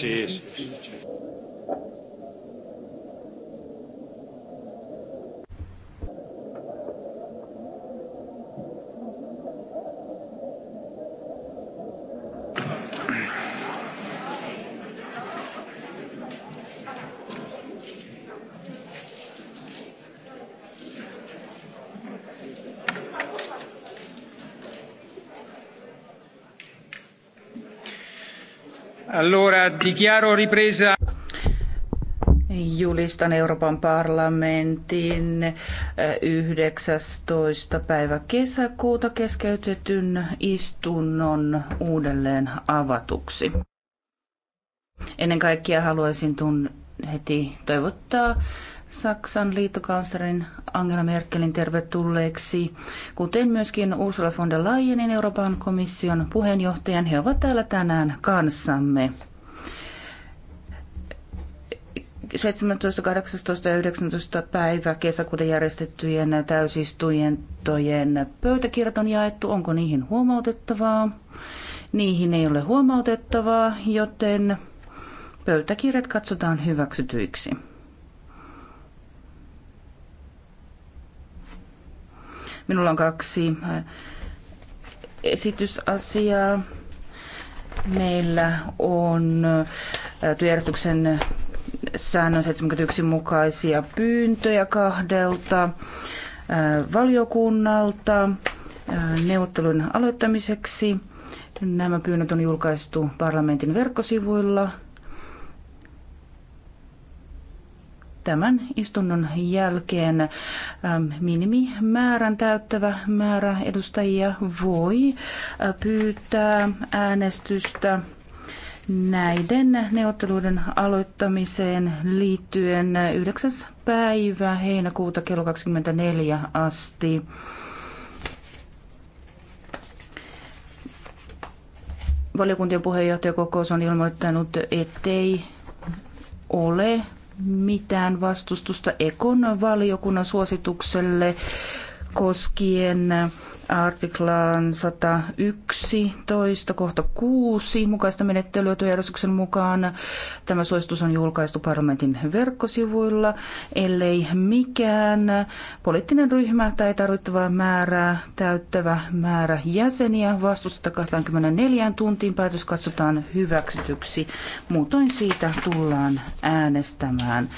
Siis. Allora, dichiaro ripresa. Julistan Euroopan parlamentin 19. Eh, päivä kesäkuuta keskeytetyn istunnon uudelleen avatuksi. Ennen kaikkea haluaisin tun heti toivottaa Saksan liittokanslerin Angela Merkelin tervetulleeksi, kuten myöskin Ursula von der Leyenin Euroopan komission puheenjohtajan. He ovat täällä tänään kanssamme. 17, 18 ja 19 päivä kesäkuuta järjestettyjen täysistujentojen pöytäkirjat on jaettu. Onko niihin huomautettavaa? Niihin ei ole huomautettavaa, joten pöytäkirjat katsotaan hyväksytyiksi. Minulla on kaksi äh, esitysasiaa. Meillä on äh, työjärjestyksen säännön 71 mukaisia pyyntöjä kahdelta äh, valiokunnalta neuvottelun aloittamiseksi. Nämä pyynnöt on julkaistu parlamentin verkkosivuilla tämän istunnon jälkeen ähm, minimimäärän täyttävä määrä edustajia voi äh, pyytää äänestystä näiden neuvotteluiden aloittamiseen liittyen 9. päivä heinäkuuta kello 24 asti. Valiokuntien puheenjohtajakokous on ilmoittanut, ettei ole mitään vastustusta Ekon valiokunnan suositukselle koskien artiklaan 111 kohta 6 mukaista menettelyä työjärjestyksen mukaan. Tämä suositus on julkaistu parlamentin verkkosivuilla, ellei mikään poliittinen ryhmä tai tarvittavaa määrää täyttävä määrä jäseniä vastusta 24 tuntiin päätös katsotaan hyväksytyksi. Muutoin siitä tullaan äänestämään.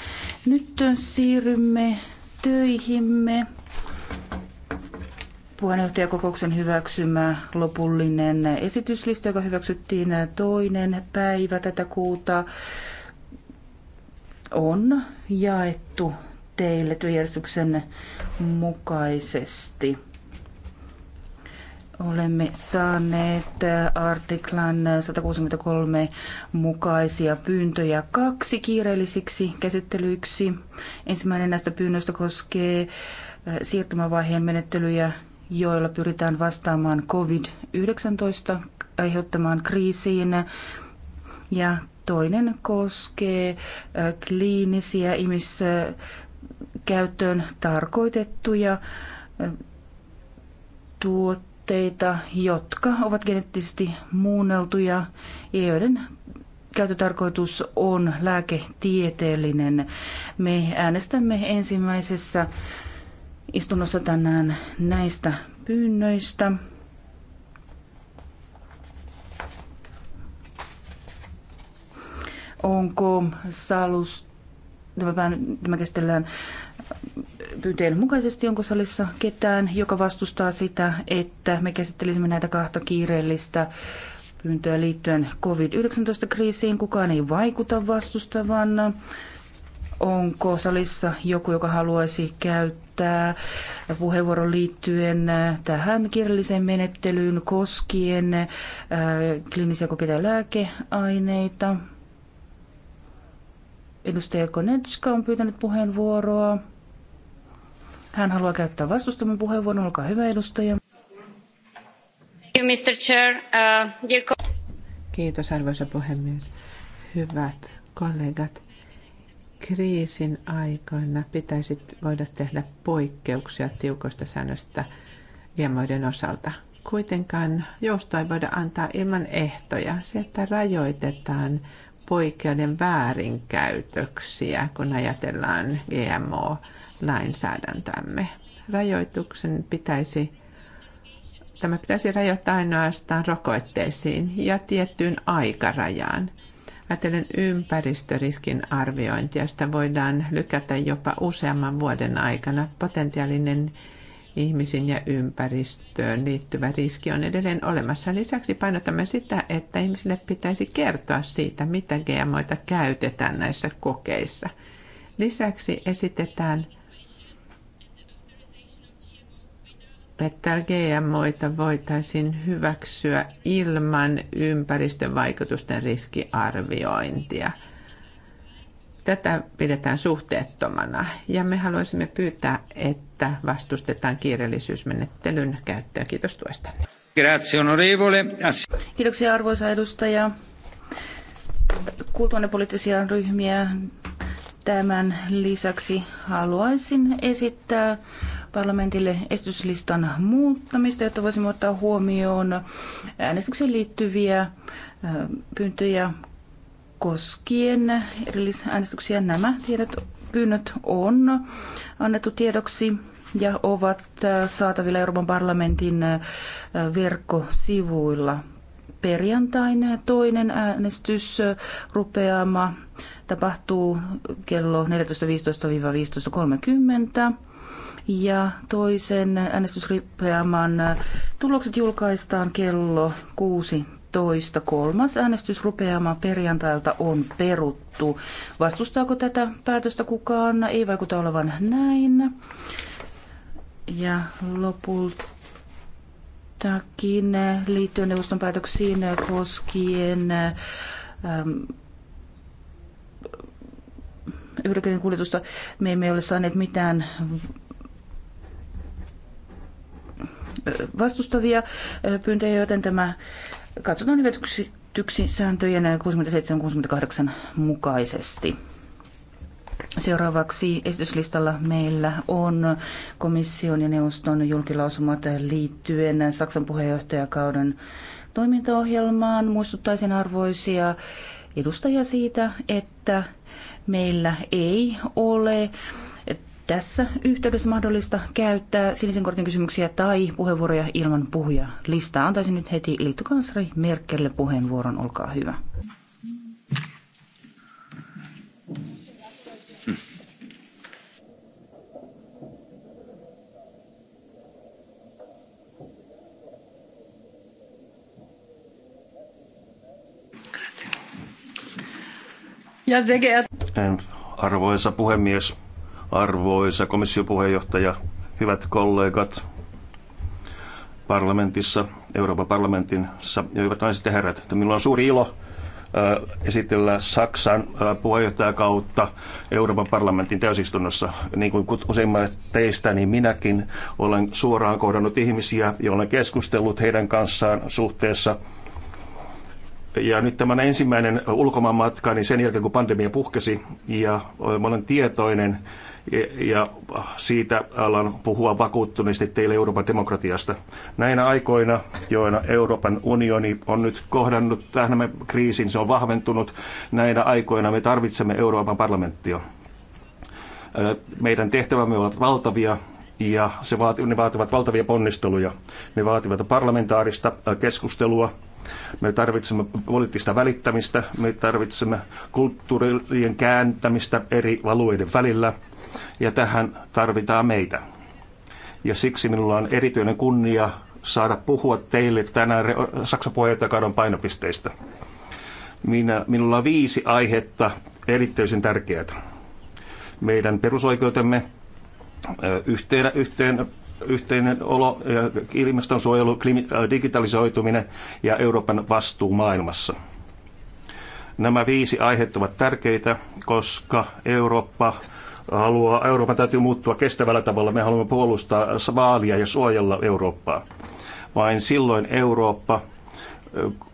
Nyt siirrymme töihimme puheenjohtajakokouksen hyväksymä lopullinen esityslista, joka hyväksyttiin toinen päivä tätä kuuta, on jaettu teille työjärjestyksen mukaisesti. Olemme saaneet artiklan 163 mukaisia pyyntöjä kaksi kiireellisiksi käsittelyiksi. Ensimmäinen näistä pyynnöistä koskee äh, siirtymävaiheen menettelyjä joilla pyritään vastaamaan COVID-19 aiheuttamaan kriisiin. Ja toinen koskee kliinisiä ihmiskäyttöön tarkoitettuja tuotteita, jotka ovat geneettisesti muunneltuja ja joiden käyttötarkoitus on lääketieteellinen. Me äänestämme ensimmäisessä istunnossa tänään näistä pyynnöistä. Onko salus, tämä, käsitellään pyyntöjen mukaisesti, onko salissa ketään, joka vastustaa sitä, että me käsittelisimme näitä kahta kiireellistä pyyntöä liittyen COVID-19-kriisiin. Kukaan ei vaikuta vastustavan onko salissa joku, joka haluaisi käyttää puheenvuoron liittyen tähän kirjalliseen menettelyyn koskien äh, kliinisiä kokeita ja lääkeaineita. Edustaja Konetska on pyytänyt puheenvuoroa. Hän haluaa käyttää vastustamon puheenvuoron. Olkaa hyvä, edustaja. Mr. Chair, uh, Kiitos, arvoisa puhemies. Hyvät kollegat kriisin aikoina pitäisi voida tehdä poikkeuksia tiukoista säännöistä viemoiden osalta. Kuitenkaan joustoa ei voida antaa ilman ehtoja. Se, että rajoitetaan poikkeuden väärinkäytöksiä, kun ajatellaan gmo lainsäädäntämme Rajoituksen pitäisi, tämä pitäisi rajoittaa ainoastaan rokotteisiin ja tiettyyn aikarajaan – Ajatellen ympäristöriskin arviointia, sitä voidaan lykätä jopa useamman vuoden aikana. Potentiaalinen ihmisiin ja ympäristöön liittyvä riski on edelleen olemassa. Lisäksi painotamme sitä, että ihmisille pitäisi kertoa siitä, mitä GMOita käytetään näissä kokeissa. Lisäksi esitetään että GMOita voitaisiin hyväksyä ilman ympäristövaikutusten riskiarviointia. Tätä pidetään suhteettomana ja me haluaisimme pyytää, että vastustetaan kiireellisyysmenettelyn käyttöä. Kiitos tuesta. Grazie, onorevole. Kiitoksia arvoisa edustaja. Kuultuanne poliittisia ryhmiä tämän lisäksi haluaisin esittää parlamentille esityslistan muuttamista, jotta voisimme ottaa huomioon äänestykseen liittyviä pyyntöjä koskien erillisäänestyksiä. Nämä tiedot, pyynnöt on annettu tiedoksi ja ovat saatavilla Euroopan parlamentin verkkosivuilla. Perjantain toinen äänestys rupeama tapahtuu kello 14.15-15.30 ja toisen äänestysrippeaman tulokset julkaistaan kello 16. Kolmas äänestysrupeama perjantailta on peruttu. Vastustaako tätä päätöstä kukaan? Ei vaikuta olevan näin. Ja lopulta liittyen neuvoston päätöksiin koskien ähm, yhdenkäden kuljetusta. Me emme ole saaneet mitään vastustavia pyyntöjä, joten tämä katsotaan hyväksytyksi sääntöjen 67-68 mukaisesti. Seuraavaksi esityslistalla meillä on komission ja neuvoston julkilausumat liittyen Saksan puheenjohtajakauden toimintaohjelmaan. Muistuttaisin arvoisia edustajia siitä, että meillä ei ole tässä yhteydessä mahdollista käyttää sinisen kortin kysymyksiä tai puheenvuoroja ilman puhuja. Listaa antaisin nyt heti liittokansleri Merkelille puheenvuoron. Olkaa hyvä. Arvoisa puhemies, Arvoisa komission puheenjohtaja, hyvät kollegat parlamentissa, Euroopan parlamentissa ja hyvät naiset ja herrat, että minulla on suuri ilo esitellä Saksan puheenjohtajakautta Euroopan parlamentin täysistunnossa. Niin kuin useimmat teistä, niin minäkin olen suoraan kohdannut ihmisiä ja olen keskustellut heidän kanssaan suhteessa ja nyt tämän ensimmäinen ulkomaanmatka, niin sen jälkeen kun pandemia puhkesi, ja olen tietoinen ja siitä alan puhua vakuuttuneesti teille Euroopan demokratiasta. Näinä aikoina, joina Euroopan unioni on nyt kohdannut tähän kriisin, se on vahventunut, näinä aikoina me tarvitsemme Euroopan parlamenttia. Meidän tehtävämme ovat valtavia, ja se vaati, ne vaativat valtavia ponnisteluja. Ne vaativat parlamentaarista keskustelua, me tarvitsemme poliittista välittämistä, me tarvitsemme kulttuurien kääntämistä eri valueiden välillä ja tähän tarvitaan meitä. Ja siksi minulla on erityinen kunnia saada puhua teille tänään Saksan puheenjohtajakauden painopisteistä. Minä, minulla on viisi aihetta erityisen tärkeää. Meidän perusoikeutemme yhteen, yhteen yhteinen olo, ilmastonsuojelu, äh, digitalisoituminen ja Euroopan vastuu maailmassa. Nämä viisi aihetta ovat tärkeitä, koska Eurooppa haluaa, Euroopan täytyy muuttua kestävällä tavalla. Me haluamme puolustaa vaalia ja suojella Eurooppaa. Vain silloin Eurooppa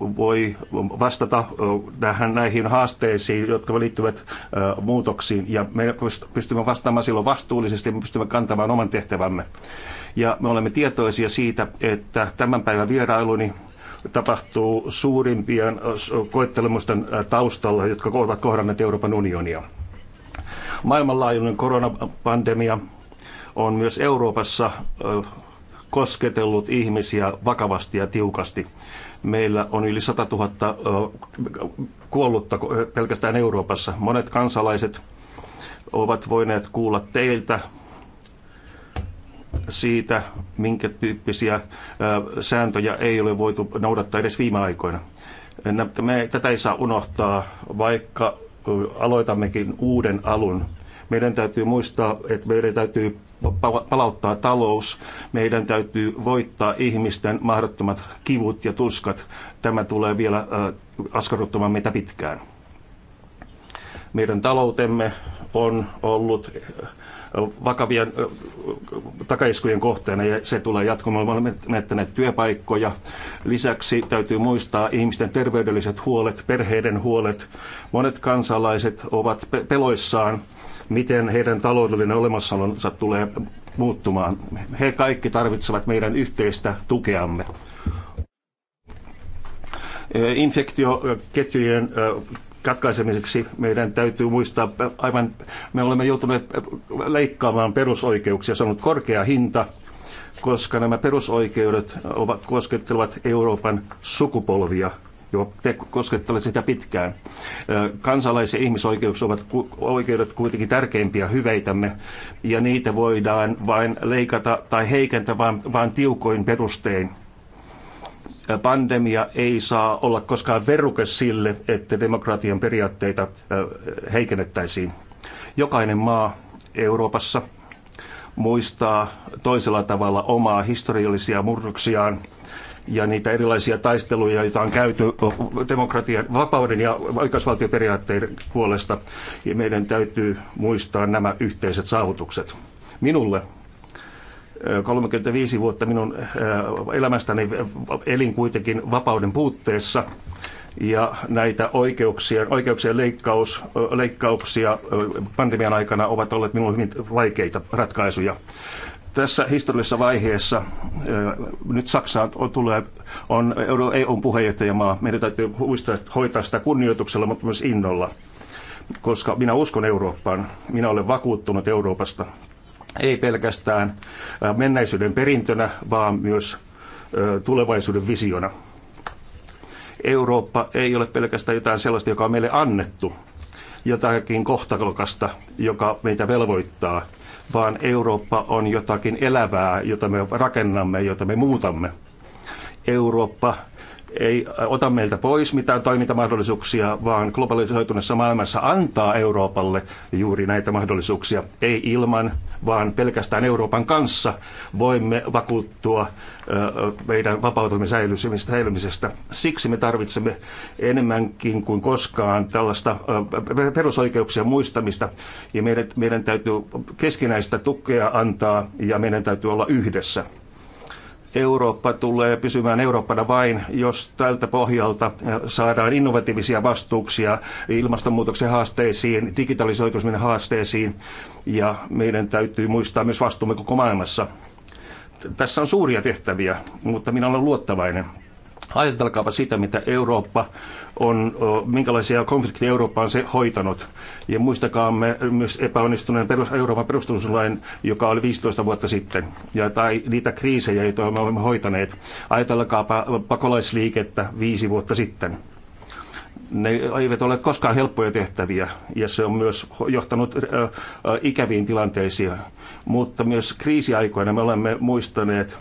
voi vastata näihin haasteisiin, jotka liittyvät muutoksiin. Ja me pystymme vastaamaan silloin vastuullisesti, me pystymme kantamaan oman tehtävämme. Ja me olemme tietoisia siitä, että tämän päivän vierailuni tapahtuu suurimpien koettelemusten taustalla, jotka ovat kohdanneet Euroopan unionia. Maailmanlaajuinen koronapandemia on myös Euroopassa kosketellut ihmisiä vakavasti ja tiukasti. Meillä on yli 100 000 kuollutta pelkästään Euroopassa. Monet kansalaiset ovat voineet kuulla teiltä siitä, minkä tyyppisiä sääntöjä ei ole voitu noudattaa edes viime aikoina. Me tätä ei saa unohtaa, vaikka aloitammekin uuden alun. Meidän täytyy muistaa, että meidän täytyy palauttaa talous. Meidän täytyy voittaa ihmisten mahdottomat kivut ja tuskat. Tämä tulee vielä askarruttamaan meitä pitkään. Meidän taloutemme on ollut vakavien takaiskujen kohteena ja se tulee jatkumaan. Me olemme menettäneet työpaikkoja. Lisäksi täytyy muistaa ihmisten terveydelliset huolet, perheiden huolet. Monet kansalaiset ovat peloissaan miten heidän taloudellinen olemassaolonsa tulee muuttumaan. He kaikki tarvitsevat meidän yhteistä tukeamme. E, infektioketjujen e, katkaisemiseksi meidän täytyy muistaa, aivan me olemme joutuneet leikkaamaan perusoikeuksia, se on ollut korkea hinta, koska nämä perusoikeudet ovat, koskettelevat Euroopan sukupolvia – jo koskettelee sitä pitkään. Kansalais- ja ihmisoikeudet ovat oikeudet kuitenkin tärkeimpiä hyveitämme, ja niitä voidaan vain leikata tai heikentää vaan, vaan tiukoin perustein. Pandemia ei saa olla koskaan veruke sille, että demokratian periaatteita heikennettäisiin. Jokainen maa Euroopassa muistaa toisella tavalla omaa historiallisia murroksiaan – ja niitä erilaisia taisteluja, joita on käyty demokratian, vapauden ja oikeusvaltioperiaatteiden puolesta. Ja meidän täytyy muistaa nämä yhteiset saavutukset. Minulle 35 vuotta minun elämästäni elin kuitenkin vapauden puutteessa ja näitä oikeuksia, oikeuksien leikkaus, leikkauksia pandemian aikana ovat olleet minulle hyvin vaikeita ratkaisuja tässä historiallisessa vaiheessa, nyt Saksa on, tulee, on EUn e puheenjohtajamaa, meidän täytyy muistaa että hoitaa sitä kunnioituksella, mutta myös innolla, koska minä uskon Eurooppaan, minä olen vakuuttunut Euroopasta, ei pelkästään menneisyyden perintönä, vaan myös tulevaisuuden visiona. Eurooppa ei ole pelkästään jotain sellaista, joka on meille annettu, jotakin kohtalokasta, joka meitä velvoittaa – vaan Eurooppa on jotakin elävää, jota me rakennamme, jota me muutamme. Eurooppa ei ota meiltä pois mitään toimintamahdollisuuksia, vaan globalisoituneessa maailmassa antaa Euroopalle juuri näitä mahdollisuuksia. Ei ilman, vaan pelkästään Euroopan kanssa voimme vakuuttua meidän vapautumisäilymisestä säilymisestä. Siksi me tarvitsemme enemmänkin kuin koskaan tällaista perusoikeuksia muistamista, ja meidän, meidän täytyy keskinäistä tukea antaa, ja meidän täytyy olla yhdessä. Eurooppa tulee pysymään Eurooppana vain, jos tältä pohjalta eh, saadaan innovatiivisia vastuuksia ilmastonmuutoksen haasteisiin, digitalisoitumisen haasteisiin ja meidän täytyy muistaa myös vastuumme koko maailmassa. Tässä on suuria tehtäviä, mutta minä olen luottavainen. Ajatelkaapa sitä, mitä Eurooppa on, minkälaisia konflikteja Eurooppa on se hoitanut. Ja muistakaamme myös epäonnistuneen perus, Euroopan perustuslain, joka oli 15 vuotta sitten, ja, tai niitä kriisejä, joita me olemme hoitaneet. Ajatelkaapa pakolaisliikettä viisi vuotta sitten. Ne eivät ole koskaan helppoja tehtäviä, ja se on myös johtanut ikäviin tilanteisiin. Mutta myös kriisiaikoina me olemme muistaneet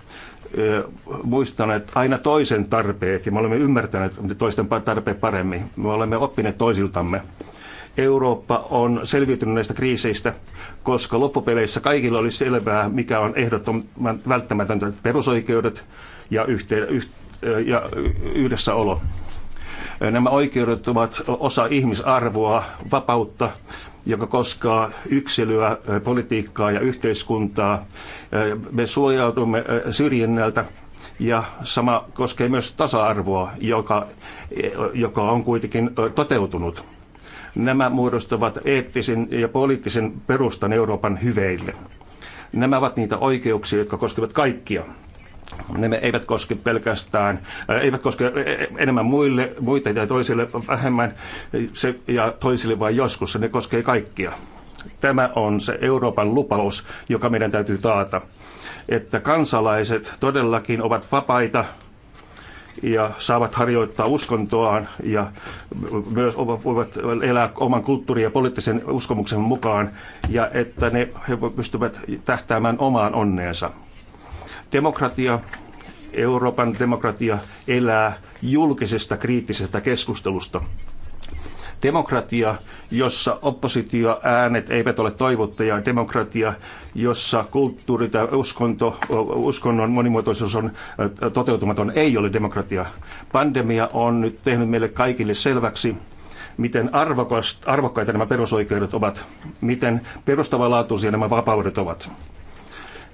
muistaneet aina toisen tarpeet ja me olemme ymmärtäneet toisten tarpeet paremmin. Me olemme oppineet toisiltamme. Eurooppa on selviytynyt näistä kriiseistä, koska loppupeleissä kaikilla oli selvää, mikä on ehdottoman välttämätöntä perusoikeudet ja, yhteen, yh, ja yhdessäolo. Nämä oikeudet ovat osa ihmisarvoa, vapautta, joka koskaa yksilöä, politiikkaa ja yhteiskuntaa. Me suojautumme äh, syrjinnältä ja sama koskee myös tasa-arvoa, joka, joka on kuitenkin äh, toteutunut. Nämä muodostavat eettisen ja poliittisen perustan Euroopan hyveille. Nämä ovat niitä oikeuksia, jotka koskevat kaikkia ne eivät koske pelkästään, äh, eivät koske äh, äh, enemmän muille, muita ja toisille vähemmän se, ja toisille vain joskus, ne koskee kaikkia. Tämä on se Euroopan lupaus, joka meidän täytyy taata, että kansalaiset todellakin ovat vapaita ja saavat harjoittaa uskontoaan ja myös voivat elää oman kulttuurin ja poliittisen uskomuksen mukaan ja että ne, he pystyvät tähtäämään omaan onneensa. Demokratia, Euroopan demokratia elää julkisesta kriittisestä keskustelusta. Demokratia, jossa oppositioäänet eivät ole toivottuja, demokratia, jossa kulttuuri tai uskonto, uskonnon monimuotoisuus on äh, toteutumaton, ei ole demokratia. Pandemia on nyt tehnyt meille kaikille selväksi, miten arvokkaita nämä perusoikeudet ovat, miten perustavanlaatuisia nämä vapaudet ovat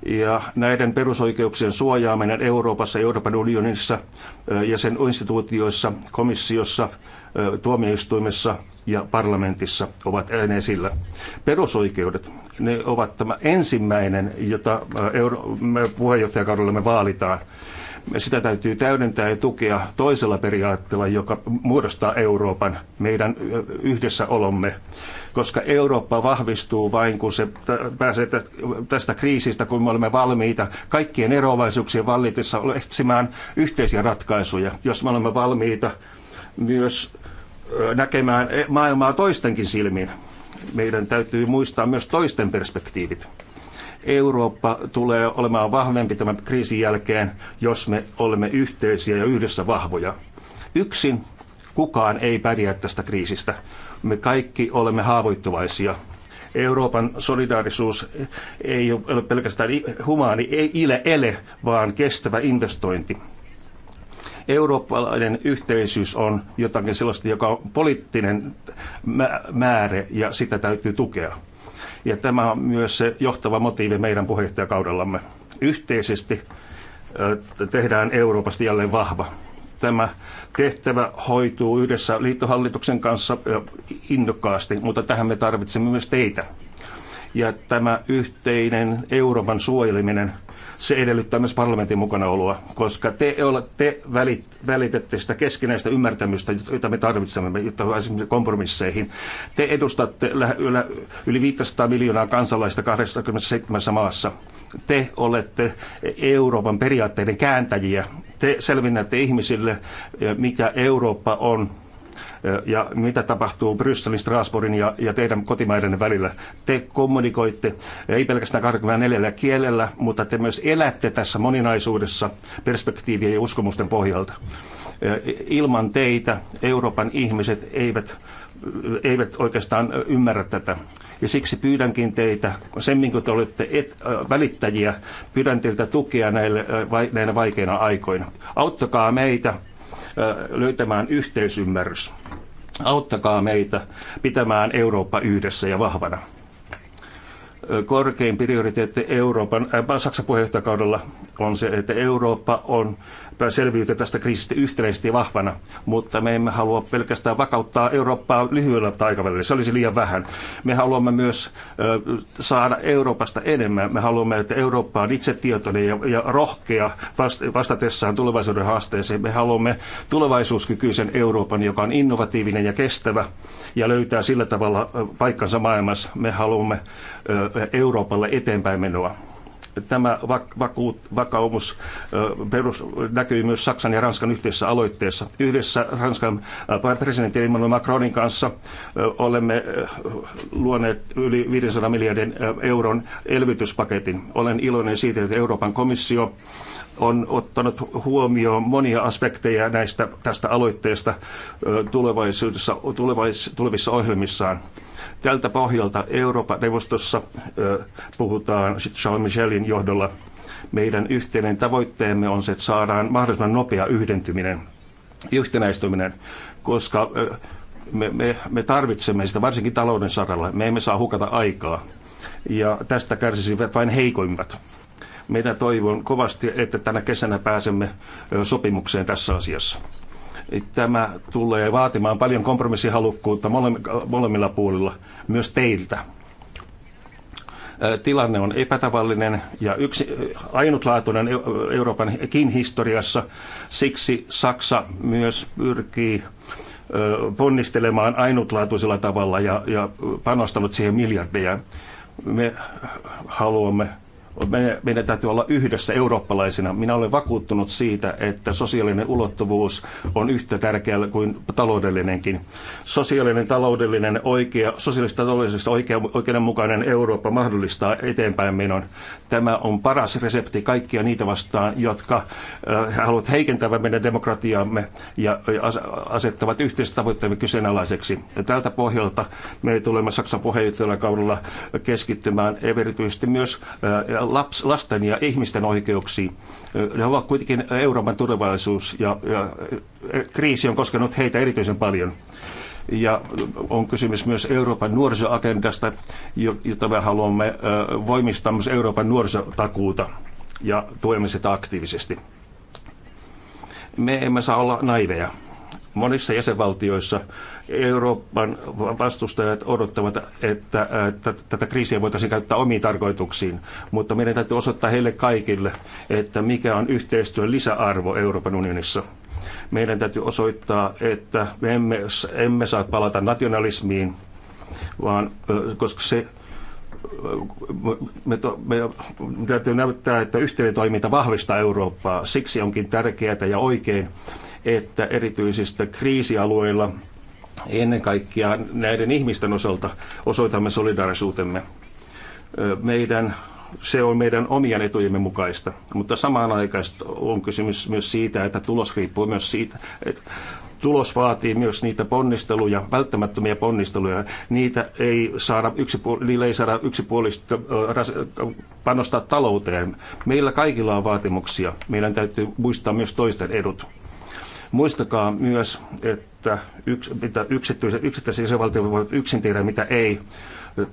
ja näiden perusoikeuksien suojaaminen Euroopassa, Euroopan unionissa ja sen instituutioissa, komissiossa, tuomioistuimessa ja parlamentissa ovat aina esillä. Perusoikeudet, ne ovat tämä ensimmäinen, jota Euro- me puheenjohtajakaudella me vaalitaan. Sitä täytyy täydentää ja tukea toisella periaatteella, joka muodostaa Euroopan, meidän yhdessä olomme koska Eurooppa vahvistuu vain, kun se pääsee tästä kriisistä, kun me olemme valmiita kaikkien eroavaisuuksien vallitessa etsimään yhteisiä ratkaisuja, jos me olemme valmiita myös näkemään e-, maailmaa toistenkin silmin. Meidän täytyy muistaa myös toisten perspektiivit. Eurooppa tulee olemaan vahvempi tämän kriisin jälkeen, jos me olemme yhteisiä ja yhdessä vahvoja. Yksin kukaan ei pärjää tästä kriisistä. Me kaikki olemme haavoittuvaisia. Euroopan solidaarisuus ei ole pelkästään humaani ei ile ele, vaan kestävä investointi. Eurooppalainen yhteisyys on jotakin sellaista, joka on poliittinen määrä ja sitä täytyy tukea. Ja tämä on myös se johtava motiivi meidän puheenjohtajakaudellamme. Yhteisesti tehdään Euroopasta jälleen vahva tämä tehtävä hoituu yhdessä liittohallituksen kanssa innokkaasti, mutta tähän me tarvitsemme myös teitä. Ja tämä yhteinen Euroopan suojeleminen, se edellyttää myös parlamentin mukanaoloa, koska te, te välit, välitette sitä keskinäistä ymmärtämystä, jota me tarvitsemme, jotta pääsemme kompromisseihin. Te edustatte yli 500 miljoonaa kansalaista 27 maassa te olette Euroopan periaatteiden kääntäjiä te selvinnätte ihmisille, eh, mikä Eurooppa on eh, ja mitä tapahtuu Brysselin, Strasbourgin ja, ja teidän kotimaiden välillä. Te kommunikoitte eh, ei pelkästään 24 kielellä, mutta te myös elätte tässä moninaisuudessa perspektiivien ja uskomusten pohjalta. Ilman teitä Euroopan ihmiset eivät, eivät oikeastaan ymmärrä tätä. Ja siksi pyydänkin teitä, semmin kun te olette et, äh, välittäjiä, pyydän teiltä tukea näille, äh, vai, näinä vaikeina aikoina. Auttakaa meitä äh, löytämään yhteisymmärrys. Auttakaa meitä pitämään Eurooppa yhdessä ja vahvana korkein prioriteetti Euroopan, Saksan puheenjohtajakaudella on se, että Eurooppa on selviytyä tästä kriisistä yhteisesti vahvana, mutta me emme halua pelkästään vakauttaa Eurooppaa lyhyellä aikavälillä. Se olisi liian vähän. Me haluamme myös saada Euroopasta enemmän. Me haluamme, että Eurooppa on itsetietoinen ja, ja rohkea vastatessaan tulevaisuuden haasteeseen. Me haluamme tulevaisuuskykyisen Euroopan, joka on innovatiivinen ja kestävä ja löytää sillä tavalla paikkansa maailmassa. Me haluamme Euroopalle eteenpäin menoa. Tämä vakuut, vakaumus perus, näkyy myös Saksan ja Ranskan yhteisessä aloitteessa. Yhdessä Ranskan presidentti Emmanuel Macronin kanssa olemme luoneet yli 500 miljardin euron elvytyspaketin. Olen iloinen siitä, että Euroopan komissio on ottanut huomioon monia aspekteja näistä, tästä aloitteesta tulevaisuudessa, tulevais, tulevissa ohjelmissaan. Tältä pohjalta Euroopan neuvostossa puhutaan Charles Michelin johdolla. Meidän yhteinen tavoitteemme on se, että saadaan mahdollisimman nopea yhdentyminen, yhtenäistyminen, koska me, me, me tarvitsemme sitä varsinkin talouden saralla. Me emme saa hukata aikaa ja tästä kärsisivät vain heikoimmat. Meidän toivon kovasti, että tänä kesänä pääsemme sopimukseen tässä asiassa. Tämä tulee vaatimaan paljon kompromissihalukkuutta molemmilla puolilla, myös teiltä tilanne on epätavallinen ja yksi ainutlaatuinen Euroopankin historiassa. Siksi Saksa myös pyrkii ponnistelemaan ainutlaatuisella tavalla ja, ja panostanut siihen miljardeja. Me haluamme meidän täytyy olla yhdessä eurooppalaisina. Minä olen vakuuttunut siitä, että sosiaalinen ulottuvuus on yhtä tärkeä kuin taloudellinenkin. Sosiaalinen, taloudellinen, oikea, sosiaalista taloudellisesti oikea, oikeudenmukainen Eurooppa mahdollistaa eteenpäin menon. Tämä on paras resepti kaikkia niitä vastaan, jotka äh, haluavat heikentää meidän demokratiaamme ja, asettavat yhteiset tavoitteemme kyseenalaiseksi. Ja tältä pohjalta me tulemme Saksan kaudella keskittymään erityisesti myös äh, laps, lasten ja ihmisten oikeuksiin. Ne ovat kuitenkin Euroopan turvallisuus ja, ja kriisi on koskenut heitä erityisen paljon ja on kysymys myös Euroopan nuorisoagendasta, jota me haluamme voimistaa myös Euroopan nuorisotakuuta ja tuemme sitä aktiivisesti. Me emme saa olla naiveja. Monissa jäsenvaltioissa Euroopan vastustajat odottavat, että äh, tätä kriisiä voitaisiin käyttää omiin tarkoituksiin, mutta meidän täytyy osoittaa heille kaikille, että mikä on yhteistyön lisäarvo Euroopan unionissa. Meidän täytyy osoittaa, että me emme, emme saa palata nationalismiin, vaan koska se me, to, me, me täytyy näyttää, että yhteinen toiminta vahvistaa Eurooppaa. Siksi onkin tärkeää ja oikein, että erityisistä kriisialueilla – Ennen kaikkea näiden ihmisten osalta osoitamme solidaarisuutemme. Meidän se on meidän omien etujemme mukaista. Mutta samaan aikaan on kysymys myös siitä, että tulos riippuu myös siitä, että tulos vaatii myös niitä ponnisteluja, välttämättömiä ponnisteluja. Niitä ei saada, yksipuol- niillä ei saada yksipuolista panostaa talouteen. Meillä kaikilla on vaatimuksia. Meidän täytyy muistaa myös toisten edut. Muistakaa myös, että yks, mitä yksittäiset jäsenvaltiot voivat yksin tehdä, mitä ei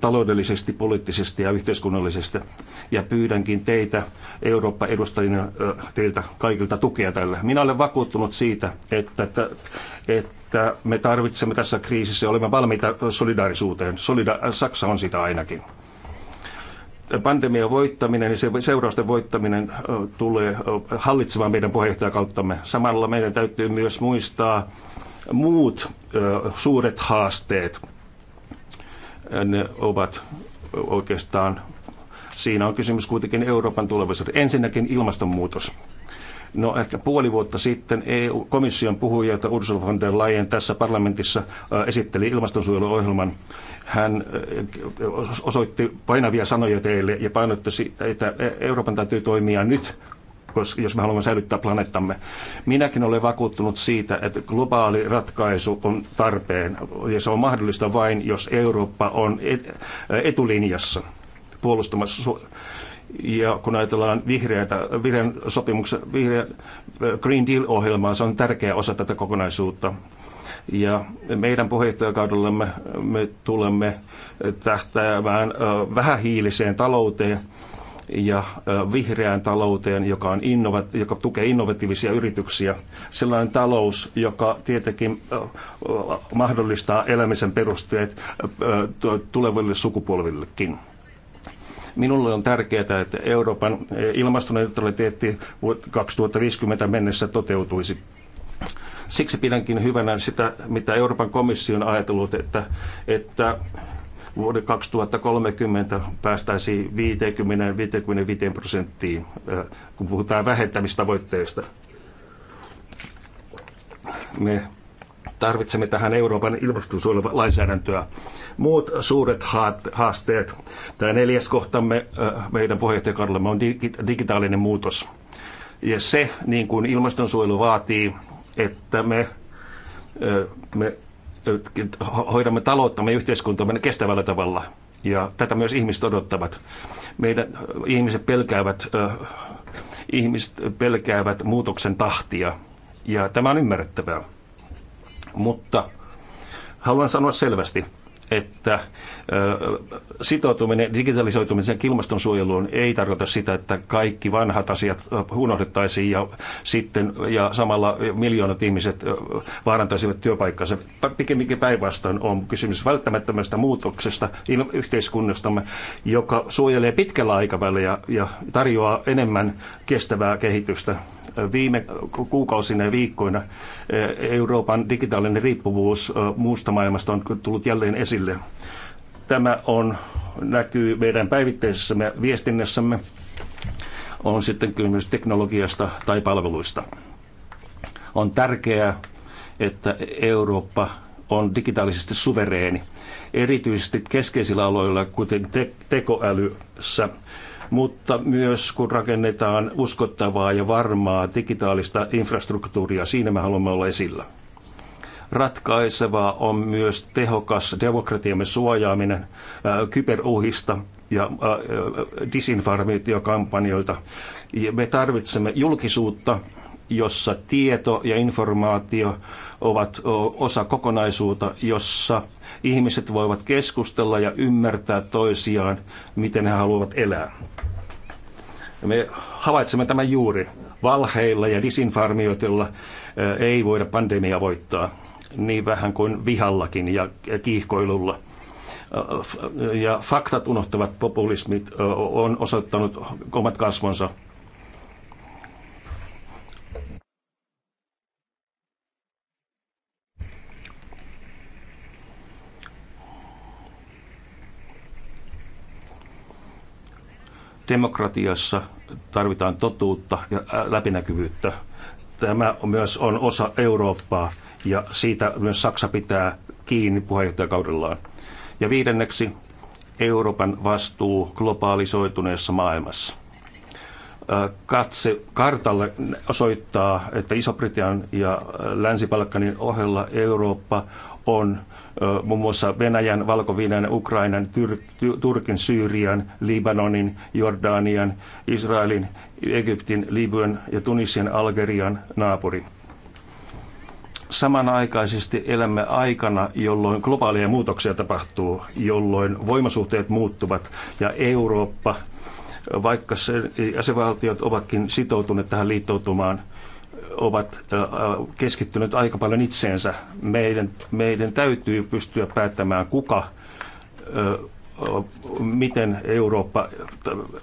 taloudellisesti, poliittisesti ja yhteiskunnallisesti. Ja pyydänkin teitä Eurooppa-edustajina, teiltä kaikilta tukea tälle. Minä olen vakuuttunut siitä, että, että, että me tarvitsemme tässä kriisissä, olemme valmiita solidaarisuuteen. Solida- Saksa on sitä ainakin pandemian voittaminen ja se seurausten voittaminen tulee hallitsemaan meidän puheenjohtajakauttamme. Samalla meidän täytyy myös muistaa muut suuret haasteet. Ne ovat oikeastaan, siinä on kysymys kuitenkin Euroopan tulevaisuudesta. Ensinnäkin ilmastonmuutos. No ehkä puoli vuotta sitten EU-komission puhuja, Ursula von der Leyen tässä parlamentissa esitteli ilmastonsuojeluohjelman, hän osoitti painavia sanoja teille ja painotti sitä, että e-, Euroopan täytyy toimia nyt, koska jos me haluamme säilyttää planeettamme. Minäkin olen vakuuttunut siitä, että globaali ratkaisu on tarpeen ja se on mahdollista vain, jos Eurooppa on etulinjassa puolustamassa ja kun ajatellaan vihreätä, vihreän sopimuksen, vihreän äh, Green Deal-ohjelmaa, se on tärkeä osa tätä kokonaisuutta. Ja meidän puheenjohtajakaudellamme me tulemme tähtäämään äh, vähähiiliseen talouteen ja äh, vihreään talouteen, joka, on innova, joka tukee innovatiivisia yrityksiä. Sellainen talous, joka tietenkin mahdollistaa elämisen perusteet tuleville sukupolvillekin. Minulle on tärkeää, että Euroopan eh, ilmastoneutraliteetti 2050 mennessä toteutuisi. Siksi pidänkin hyvänä sitä, mitä Euroopan komissio on ajatellut, että, että vuoden 2030 päästäisiin 50-55 prosenttiin, eh, kun puhutaan vähentämistavoitteista. Me tarvitsemme tähän Euroopan ilmastonsuojelulainsäädäntöä. Muut suuret haasteet. Tämä neljäs kohtamme meidän puheenjohtajakaudellamme on digitaalinen muutos. Ja se, niin kuin ilmastonsuojelu vaatii, että me, me hoidamme me yhteiskuntamme kestävällä tavalla. Ja tätä myös ihmiset odottavat. Meidän ihmiset pelkäävät, ihmiset pelkäävät muutoksen tahtia. Ja tämä on ymmärrettävää. Mutta haluan sanoa selvästi, että sitoutuminen digitalisoitumisen ilmastonsuojeluun ei tarkoita sitä, että kaikki vanhat asiat unohdettaisiin ja, sitten, ja samalla miljoonat ihmiset vaarantaisivat työpaikkansa. Pikemminkin päinvastoin on kysymys välttämättömästä muutoksesta yhteiskunnastamme, joka suojelee pitkällä aikavälillä ja tarjoaa enemmän kestävää kehitystä. Viime kuukausina ja viikkoina Euroopan digitaalinen riippuvuus muusta maailmasta on tullut jälleen esille esille. Tämä on, näkyy meidän päivittäisessä viestinnässämme, on sitten kysymys teknologiasta tai palveluista. On tärkeää, että Eurooppa on digitaalisesti suvereeni, erityisesti keskeisillä aloilla, kuten te- tekoälyssä, mutta myös kun rakennetaan uskottavaa ja varmaa digitaalista infrastruktuuria, siinä me haluamme olla esillä. Ratkaisevaa on myös tehokas demokratiamme suojaaminen äh, kyberuhista ja äh, äh, disinformaatiokampanjoilta. Me tarvitsemme julkisuutta, jossa tieto ja informaatio ovat osa kokonaisuutta, jossa ihmiset voivat keskustella ja ymmärtää toisiaan, miten he haluavat elää. Me havaitsemme tämän juuri. Valheilla ja disinformaatiolla ei voida pandemiaa voittaa niin vähän kuin vihallakin ja kiihkoilulla. Ja faktat unohtavat populismit on osoittanut omat kasvonsa. demokratiassa tarvitaan totuutta ja läpinäkyvyyttä. Tämä myös on osa Eurooppaa ja siitä myös Saksa pitää kiinni puheenjohtajakaudellaan. Ja viidenneksi Euroopan vastuu globaalisoituneessa maailmassa katse kartalle osoittaa, että iso britian ja Länsi-Balkanin ohella Eurooppa on muun mm. muassa Venäjän, valko Ukrainan, Tyr- Turkin, Syyrian, Libanonin, Jordanian, Israelin, Egyptin, Libyan ja Tunisian, Algerian naapuri. Samanaikaisesti elämme aikana, jolloin globaaleja muutoksia tapahtuu, jolloin voimasuhteet muuttuvat ja Eurooppa vaikka eh, jäsenvaltiot ovatkin sitoutuneet tähän liittoutumaan, ovat eh, eh, keskittyneet aika paljon itseensä. Meidän, meidän täytyy pystyä päättämään, kuka, miten Eurooppa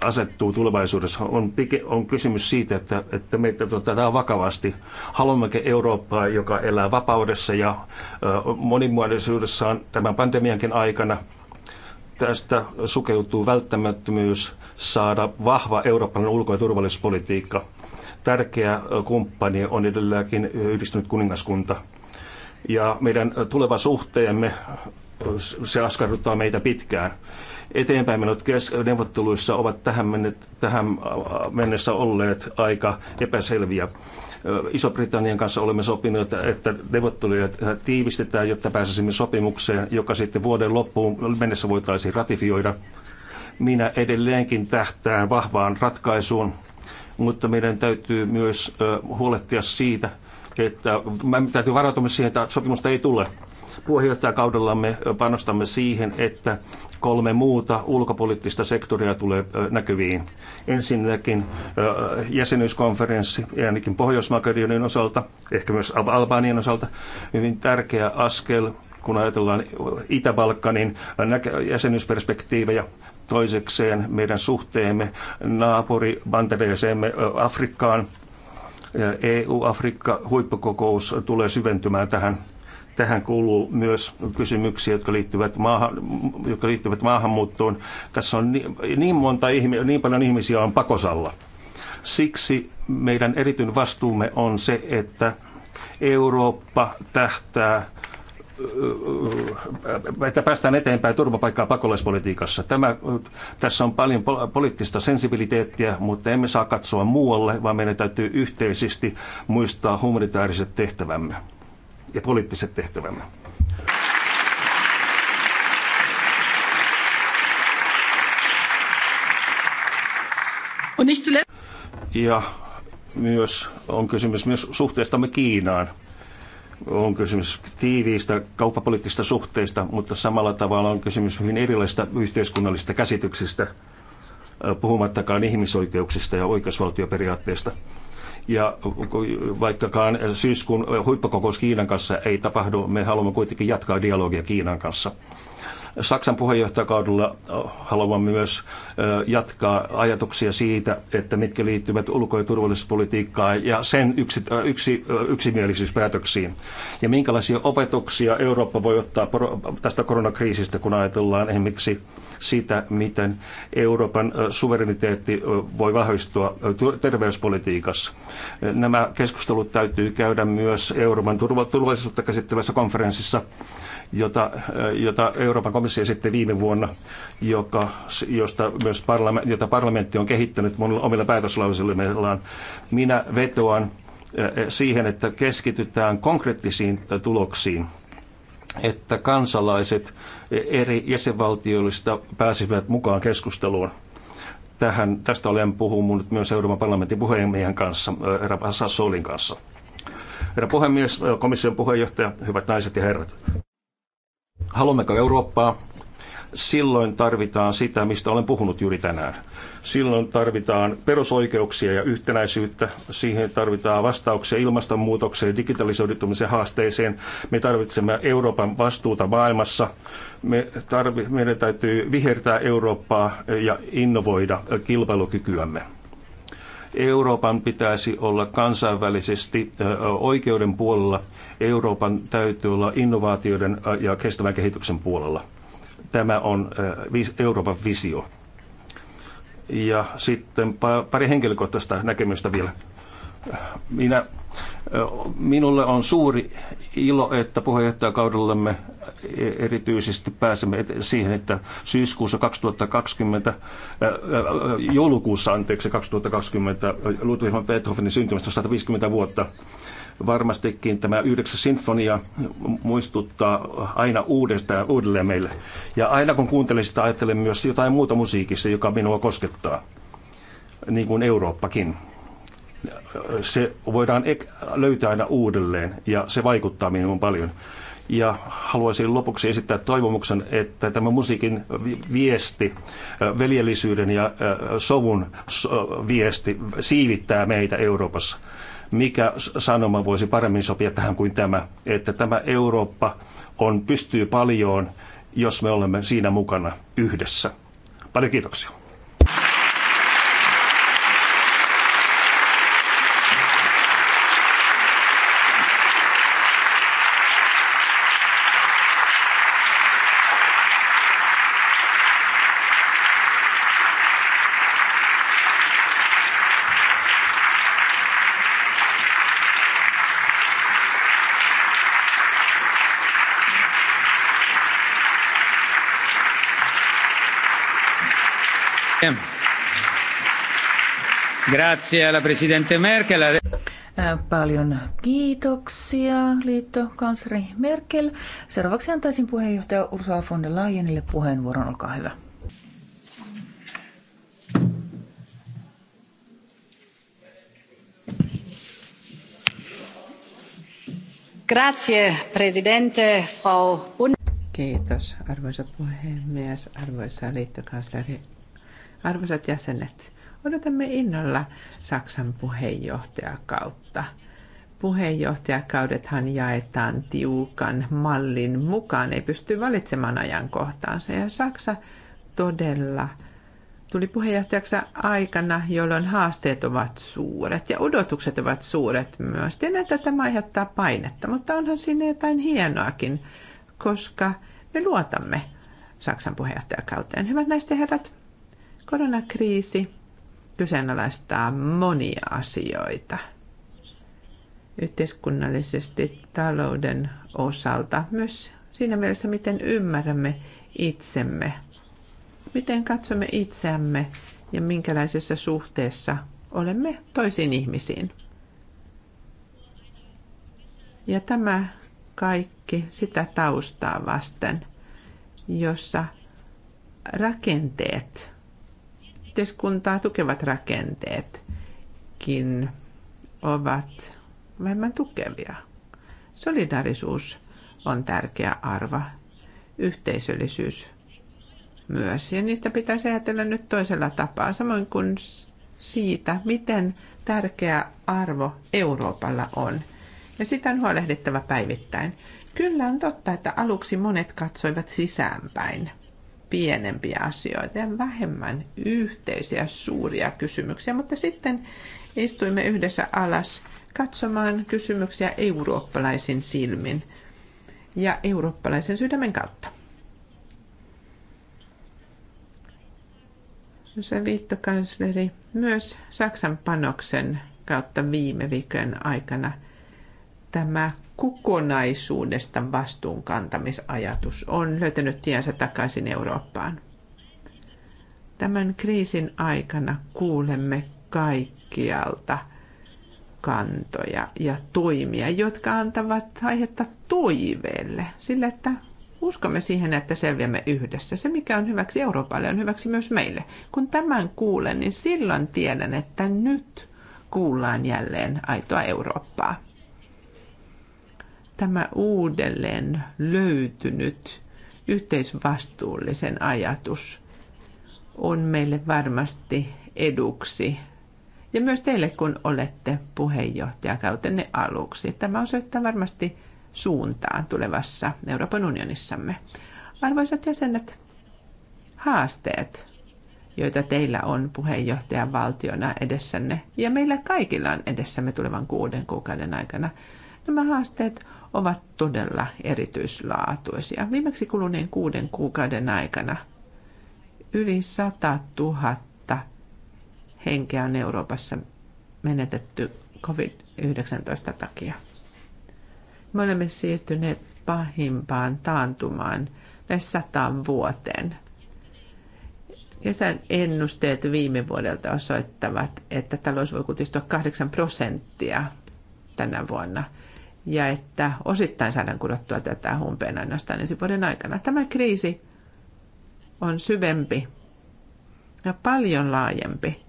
asettuu tulevaisuudessa. On, on kysymys siitä, että, että meitä otetaan vakavasti. Haluammeko Eurooppaa, joka elää vapaudessa ja monimuotoisuudessaan tämän pandemiankin aikana – tästä sukeutuu välttämättömyys saada vahva eurooppalainen ulko- ja turvallisuuspolitiikka. Tärkeä kumppani on edelläkin yhdistynyt kuningaskunta. Ja meidän tuleva suhteemme, se askarruttaa meitä pitkään. Eteenpäin menot neuvotteluissa ovat tähän, tähän mennessä olleet aika epäselviä. Iso-Britannian kanssa olemme sopineet, että neuvotteluja tiivistetään, jotta pääsisimme sopimukseen, joka sitten vuoden loppuun mennessä voitaisiin ratifioida. Minä edelleenkin tähtään vahvaan ratkaisuun, mutta meidän täytyy myös huolehtia siitä, että täytyy varautua siihen, että sopimusta ei tule. Puheenjohtajakaudellamme panostamme siihen, että kolme muuta ulkopoliittista sektoria tulee näkyviin. Ensinnäkin jäsenyyskonferenssi ainakin pohjois osalta, ehkä myös Albanian osalta, hyvin tärkeä askel kun ajatellaan Itä-Balkanin jäsenyysperspektiivejä toisekseen meidän suhteemme naapuri Bantereeseemme Afrikkaan. EU-Afrikka-huippukokous tulee syventymään tähän. Tähän kuuluu myös kysymyksiä, jotka liittyvät, maahan, jotka liittyvät maahanmuuttoon. Tässä on niin, niin monta ihmi, niin paljon ihmisiä on pakosalla. Siksi meidän erityinen vastuumme on se, että Eurooppa tähtää että päästään eteenpäin turvapaikkaa pakolaispolitiikassa. Tämä, tässä on paljon poliittista sensibiliteettiä, mutta emme saa katsoa muualle, vaan meidän täytyy yhteisesti muistaa humanitaariset tehtävämme ja poliittiset tehtävämme. Ja myös on kysymys myös suhteestamme Kiinaan. On kysymys tiiviistä kauppapoliittisista suhteista, mutta samalla tavalla on kysymys hyvin erilaisista yhteiskunnallisista käsityksistä, puhumattakaan ihmisoikeuksista ja oikeusvaltioperiaatteista ja vaikkakaan syyskuun huippukokous Kiinan kanssa ei tapahdu, me haluamme kuitenkin jatkaa dialogia Kiinan kanssa. Saksan puheenjohtajakaudella haluamme myös jatkaa ajatuksia siitä, että mitkä liittyvät ulko- ja turvallisuuspolitiikkaan ja sen yksi, yksi, yksimielisyyspäätöksiin. Ja minkälaisia opetuksia Eurooppa voi ottaa tästä koronakriisistä, kun ajatellaan esimerkiksi sitä, miten Euroopan suvereniteetti voi vahvistua terveyspolitiikassa. Nämä keskustelut täytyy käydä myös Euroopan turvallisuutta käsittelevässä konferenssissa jota, eh, jota Euroopan komissio esitti viime vuonna, joka, josta myös parlament, jota parlamentti on kehittänyt omilla päätöslauselmillaan. Minä vetoan eh, siihen, että keskitytään konkreettisiin tuloksiin että kansalaiset eri jäsenvaltioista pääsivät mukaan keskusteluun. Tähän, tästä olen puhunut myös Euroopan parlamentin puheenjohtajan kanssa, eh, herra Sassolin kanssa. Herra puhemies, komission puheenjohtaja, hyvät naiset ja herrat. Haluammeko Eurooppaa? Silloin tarvitaan sitä, mistä olen puhunut juuri tänään. Silloin tarvitaan perusoikeuksia ja yhtenäisyyttä. Siihen tarvitaan vastauksia ilmastonmuutokseen, digitalisoitumisen haasteeseen. Me tarvitsemme Euroopan vastuuta maailmassa. Me tarvi, meidän täytyy vihertää Eurooppaa ja innovoida kilpailukykyämme. Euroopan pitäisi olla kansainvälisesti oikeuden puolella. Euroopan täytyy olla innovaatioiden ja kestävän kehityksen puolella. Tämä on Euroopan visio. Ja sitten pari henkilökohtaista näkemystä vielä. Minä, minulle on suuri ilo, että puheenjohtajakaudellamme E- erityisesti pääsemme siihen, että syyskuussa 2020, joulukuussa anteeksi 2020 Ludwig van Beethovenin syntymästä 150 vuotta. Varmastikin tämä yhdeksäs sinfonia muistuttaa aina uudestaan uudelleen meille. Ja aina kun kuuntelen sitä, ajattelen myös jotain muuta musiikista, joka minua koskettaa, niin kuin Eurooppakin se voidaan löytää aina uudelleen ja se vaikuttaa minuun paljon. Ja haluaisin lopuksi esittää toivomuksen, että tämä musiikin viesti, veljellisyyden ja sovun viesti siivittää meitä Euroopassa. Mikä sanoma voisi paremmin sopia tähän kuin tämä, että tämä Eurooppa on pystyy paljon, jos me olemme siinä mukana yhdessä. Paljon kiitoksia. Paljon kiitoksia, liittokansleri Merkel. Seuraavaksi antaisin puheenjohtaja Ursula von der Leyenille puheenvuoron. Olkaa hyvä. Grazie, presidente, Frau Bund Kiitos, arvoisa puhemies, arvoisa liittokansleri, arvoisat jäsenet. Odotamme innolla Saksan puheenjohtajakautta. Puheenjohtajakaudethan jaetaan tiukan mallin mukaan, ei pysty valitsemaan ajankohtaansa. Ja Saksa todella tuli puheenjohtajaksi aikana, jolloin haasteet ovat suuret ja odotukset ovat suuret myös. Tiedän, että tämä aiheuttaa painetta, mutta onhan siinä jotain hienoakin, koska me luotamme Saksan puheenjohtajakauteen. Hyvät näistä herrat, koronakriisi kyseenalaistaa monia asioita yhteiskunnallisesti talouden osalta, myös siinä mielessä, miten ymmärrämme itsemme, miten katsomme itseämme ja minkälaisessa suhteessa olemme toisiin ihmisiin. Ja tämä kaikki sitä taustaa vasten, jossa rakenteet yhteiskuntaa tukevat rakenteetkin ovat vähemmän tukevia. Solidarisuus on tärkeä arva, yhteisöllisyys myös. Ja niistä pitäisi ajatella nyt toisella tapaa, samoin kuin siitä, miten tärkeä arvo Euroopalla on. Ja sitä on huolehdittava päivittäin. Kyllä on totta, että aluksi monet katsoivat sisäänpäin – pienempiä asioita ja vähemmän yhteisiä suuria kysymyksiä, mutta sitten istuimme yhdessä alas katsomaan kysymyksiä eurooppalaisin silmin ja eurooppalaisen sydämen kautta. Se liittokansleri myös Saksan panoksen kautta viime viikon aikana tämä kokonaisuudesta vastuunkantamisajatus on löytänyt tiensä takaisin Eurooppaan. Tämän kriisin aikana kuulemme kaikkialta kantoja ja toimia, jotka antavat aihetta toiveelle, sillä että uskomme siihen, että selviämme yhdessä. Se, mikä on hyväksi Euroopalle, on hyväksi myös meille. Kun tämän kuulen, niin silloin tiedän, että nyt kuullaan jälleen aitoa Eurooppaa tämä uudelleen löytynyt yhteisvastuullisen ajatus on meille varmasti eduksi. Ja myös teille, kun olette puheenjohtajakautenne aluksi. Tämä osoittaa varmasti suuntaan tulevassa Euroopan unionissamme. Arvoisat jäsenet, haasteet, joita teillä on puheenjohtajan valtiona edessänne ja meillä kaikilla on edessämme tulevan kuuden kuukauden aikana, nämä haasteet ovat todella erityislaatuisia. Viimeksi kuluneen kuuden kuukauden aikana yli 100 000 henkeä on Euroopassa menetetty COVID-19 takia. Me olemme siirtyneet pahimpaan taantumaan lähes sataan vuoteen. Kesän ennusteet viime vuodelta osoittavat, että talous voi kutistua 8 prosenttia tänä vuonna – ja että osittain saadaan kudottua tätä humpeen ainoastaan ensi vuoden aikana. Tämä kriisi on syvempi ja paljon laajempi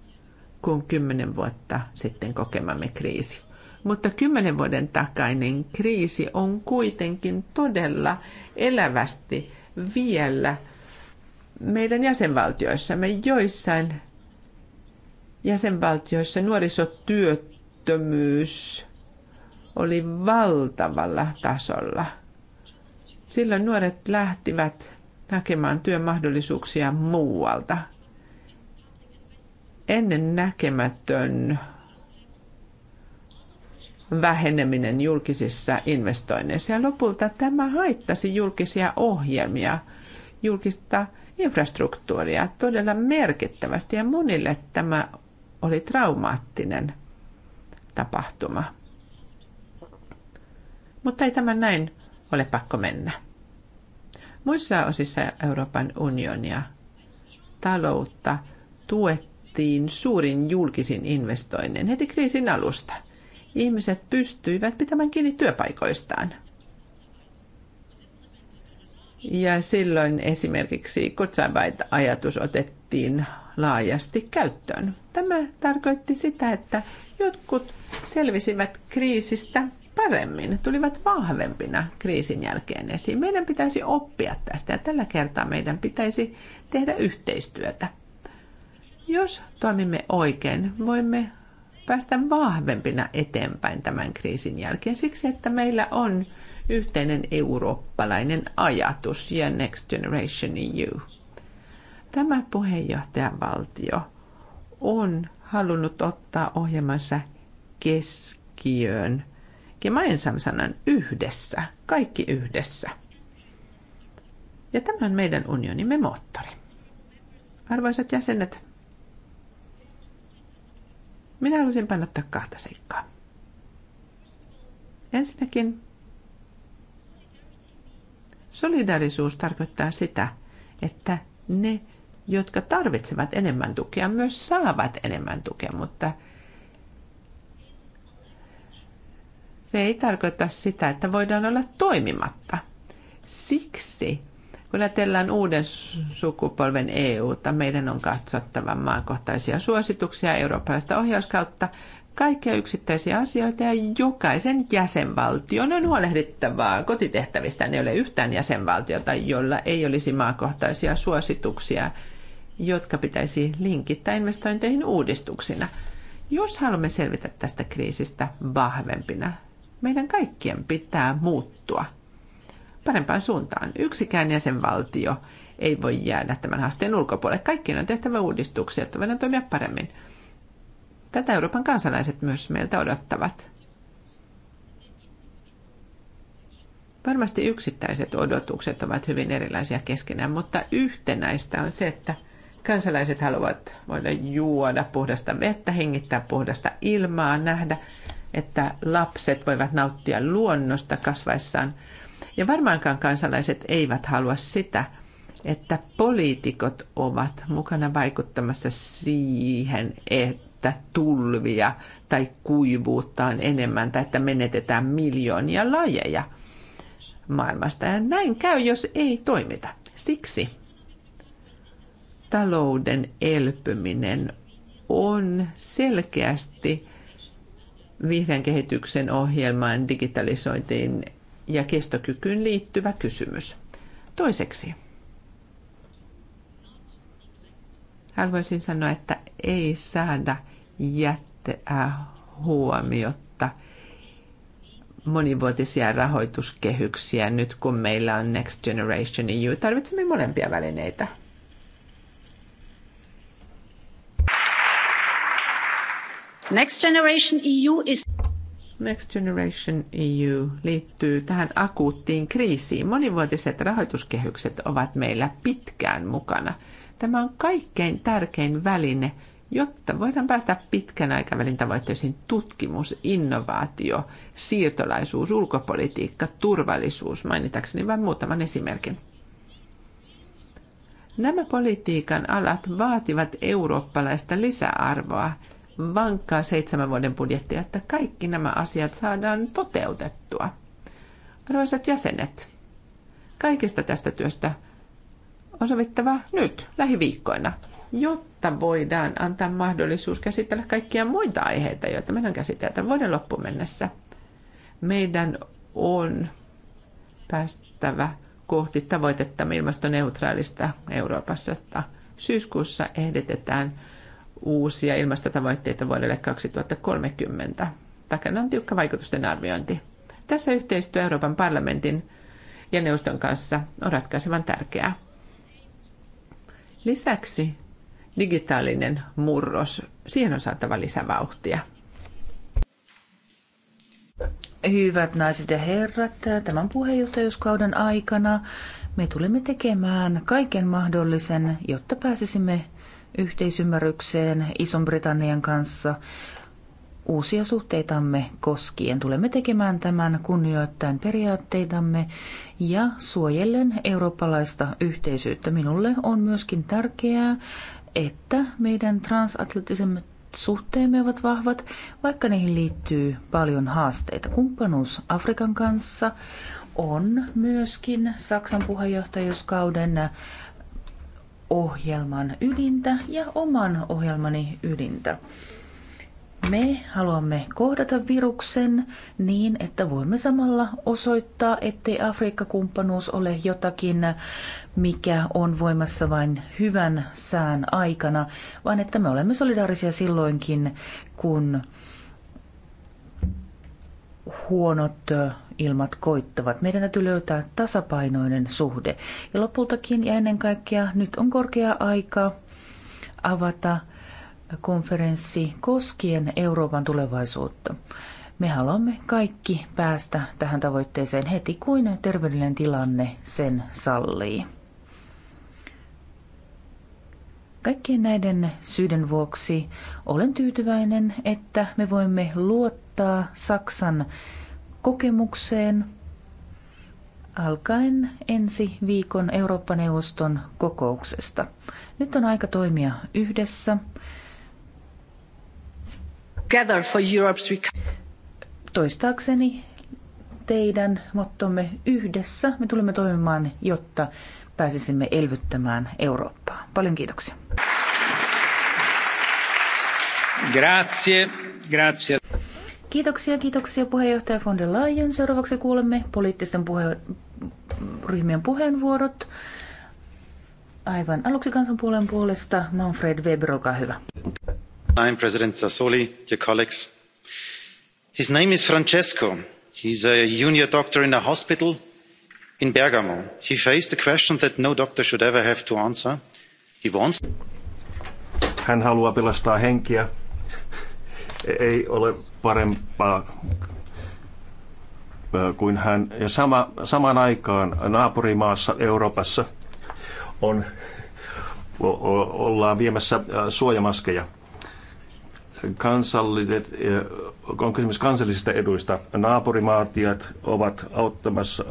kuin kymmenen vuotta sitten kokemamme kriisi. Mutta kymmenen vuoden takainen kriisi on kuitenkin todella elävästi vielä meidän jäsenvaltioissamme. Joissain jäsenvaltioissa nuorisotyöttömyys oli valtavalla tasolla. Silloin nuoret lähtivät näkemään työmahdollisuuksia muualta. Ennen näkemätön väheneminen julkisissa investoinneissa ja lopulta tämä haittasi julkisia ohjelmia, julkista infrastruktuuria todella merkittävästi ja monille tämä oli traumaattinen tapahtuma. Mutta ei tämä näin ole pakko mennä. Muissa osissa Euroopan unionia taloutta tuettiin suurin julkisin investoinnin heti kriisin alusta. Ihmiset pystyivät pitämään kiinni työpaikoistaan. Ja silloin esimerkiksi Kurzarbeit-ajatus otettiin laajasti käyttöön. Tämä tarkoitti sitä, että jotkut selvisivät kriisistä paremmin, tulivat vahvempina kriisin jälkeen esiin. Meidän pitäisi oppia tästä ja tällä kertaa meidän pitäisi tehdä yhteistyötä. Jos toimimme oikein, voimme päästä vahvempina eteenpäin tämän kriisin jälkeen siksi, että meillä on yhteinen eurooppalainen ajatus ja Next Generation EU. Tämä puheenjohtajavaltio on halunnut ottaa ohjelmansa keskiöön gemensam sanan yhdessä, kaikki yhdessä. Ja tämä on meidän unionimme moottori. Arvoisat jäsenet, minä haluaisin painottaa kahta seikkaa. Ensinnäkin solidarisuus tarkoittaa sitä, että ne, jotka tarvitsevat enemmän tukea, myös saavat enemmän tukea, mutta se ei tarkoita sitä, että voidaan olla toimimatta. Siksi, kun ajatellaan uuden sukupolven EUta, meidän on katsottava maakohtaisia suosituksia eurooppalaista ohjauskautta, kaikkia yksittäisiä asioita ja jokaisen jäsenvaltion on huolehdittavaa kotitehtävistä. Ne ei ole yhtään jäsenvaltiota, jolla ei olisi maakohtaisia suosituksia, jotka pitäisi linkittää investointeihin uudistuksina. Jos haluamme selvitä tästä kriisistä vahvempina, meidän kaikkien pitää muuttua parempaan suuntaan. Yksikään jäsenvaltio ei voi jäädä tämän haasteen ulkopuolelle. Kaikkien on tehtävä uudistuksia, että voidaan toimia paremmin. Tätä Euroopan kansalaiset myös meiltä odottavat. Varmasti yksittäiset odotukset ovat hyvin erilaisia keskenään, mutta yhtenäistä on se, että kansalaiset haluavat voida juoda puhdasta vettä, hengittää puhdasta ilmaa, nähdä että lapset voivat nauttia luonnosta kasvaessaan. Ja varmaankaan kansalaiset eivät halua sitä, että poliitikot ovat mukana vaikuttamassa siihen, että tulvia tai kuivuutta on enemmän tai että menetetään miljoonia lajeja maailmasta. Ja näin käy, jos ei toimita. Siksi talouden elpyminen on selkeästi vihreän kehityksen ohjelmaan, digitalisointiin ja kestokykyyn liittyvä kysymys. Toiseksi, haluaisin sanoa, että ei saada jättää huomiota monivuotisia rahoituskehyksiä nyt, kun meillä on Next Generation EU. Tarvitsemme molempia välineitä. Next Generation EU is Next Generation EU liittyy tähän akuuttiin kriisiin. Monivuotiset rahoituskehykset ovat meillä pitkään mukana. Tämä on kaikkein tärkein väline, jotta voidaan päästä pitkän aikavälin tavoitteisiin tutkimus, innovaatio, siirtolaisuus, ulkopolitiikka, turvallisuus, mainitakseni vain muutaman esimerkin. Nämä politiikan alat vaativat eurooppalaista lisäarvoa – vankkaa seitsemän vuoden budjettia, että kaikki nämä asiat saadaan toteutettua. Arvoisat jäsenet, kaikesta tästä työstä on sovittava nyt, lähiviikkoina, jotta voidaan antaa mahdollisuus käsitellä kaikkia muita aiheita, joita meidän käsitellään vuoden loppuun mennessä. Meidän on päästävä kohti tavoitetta ilmastoneutraalista Euroopassa, että syyskuussa ehdetetään uusia ilmastotavoitteita vuodelle 2030. Takana on tiukka vaikutusten arviointi. Tässä yhteistyö Euroopan parlamentin ja neuvoston kanssa on ratkaisevan tärkeää. Lisäksi digitaalinen murros, siihen on saatava lisävauhtia. Hyvät naiset ja herrat, tämän puheenjohtajuuskauden aikana me tulemme tekemään kaiken mahdollisen, jotta pääsisimme yhteisymmärrykseen Ison-Britannian kanssa uusia suhteitamme koskien. Tulemme tekemään tämän kunnioittain periaatteitamme ja suojellen eurooppalaista yhteisyyttä. Minulle on myöskin tärkeää, että meidän transatlanttisemmat suhteemme ovat vahvat, vaikka niihin liittyy paljon haasteita. Kumppanuus Afrikan kanssa on myöskin Saksan puheenjohtajuuskauden ohjelman ydintä ja oman ohjelmani ydintä. Me haluamme kohdata viruksen niin, että voimme samalla osoittaa, ettei Afrikka-kumppanuus ole jotakin, mikä on voimassa vain hyvän sään aikana, vaan että me olemme solidaarisia silloinkin, kun huonot ilmat koittavat. Meidän täytyy löytää tasapainoinen suhde. Ja lopultakin ja ennen kaikkea nyt on korkea aika avata konferenssi koskien Euroopan tulevaisuutta. Me haluamme kaikki päästä tähän tavoitteeseen heti, kuin terveydellinen tilanne sen sallii. Kaikkien näiden syiden vuoksi olen tyytyväinen, että me voimme luottaa Saksan kokemukseen alkaen ensi viikon Eurooppa-neuvoston kokouksesta. Nyt on aika toimia yhdessä. Gather for Europe's Toistaakseni teidän mottomme yhdessä me tulemme toimimaan, jotta pääsisimme elvyttämään Eurooppaa. Paljon kiitoksia. Grazie, grazie. Kiitoksia, kiitoksia puheenjohtaja von der Leyen. Seuraavaksi kuulemme poliittisten puhe- ryhmien puheenvuorot. Aivan aluksi kansanpuolen puolesta Manfred Weber, olkaa hyvä. I'm President Sassoli, dear colleagues. His name is Francesco. He's a junior doctor in a hospital in Bergamo. He faced a question that no doctor should ever have to answer. He wants... Hän haluaa pelastaa henkiä ei ole parempaa kuin hän. Ja sama, samaan aikaan naapurimaassa Euroopassa on, ollaan viemässä suojamaskeja. Kansalliset, on kysymys kansallisista eduista. Naapurimaatiat ovat auttamassa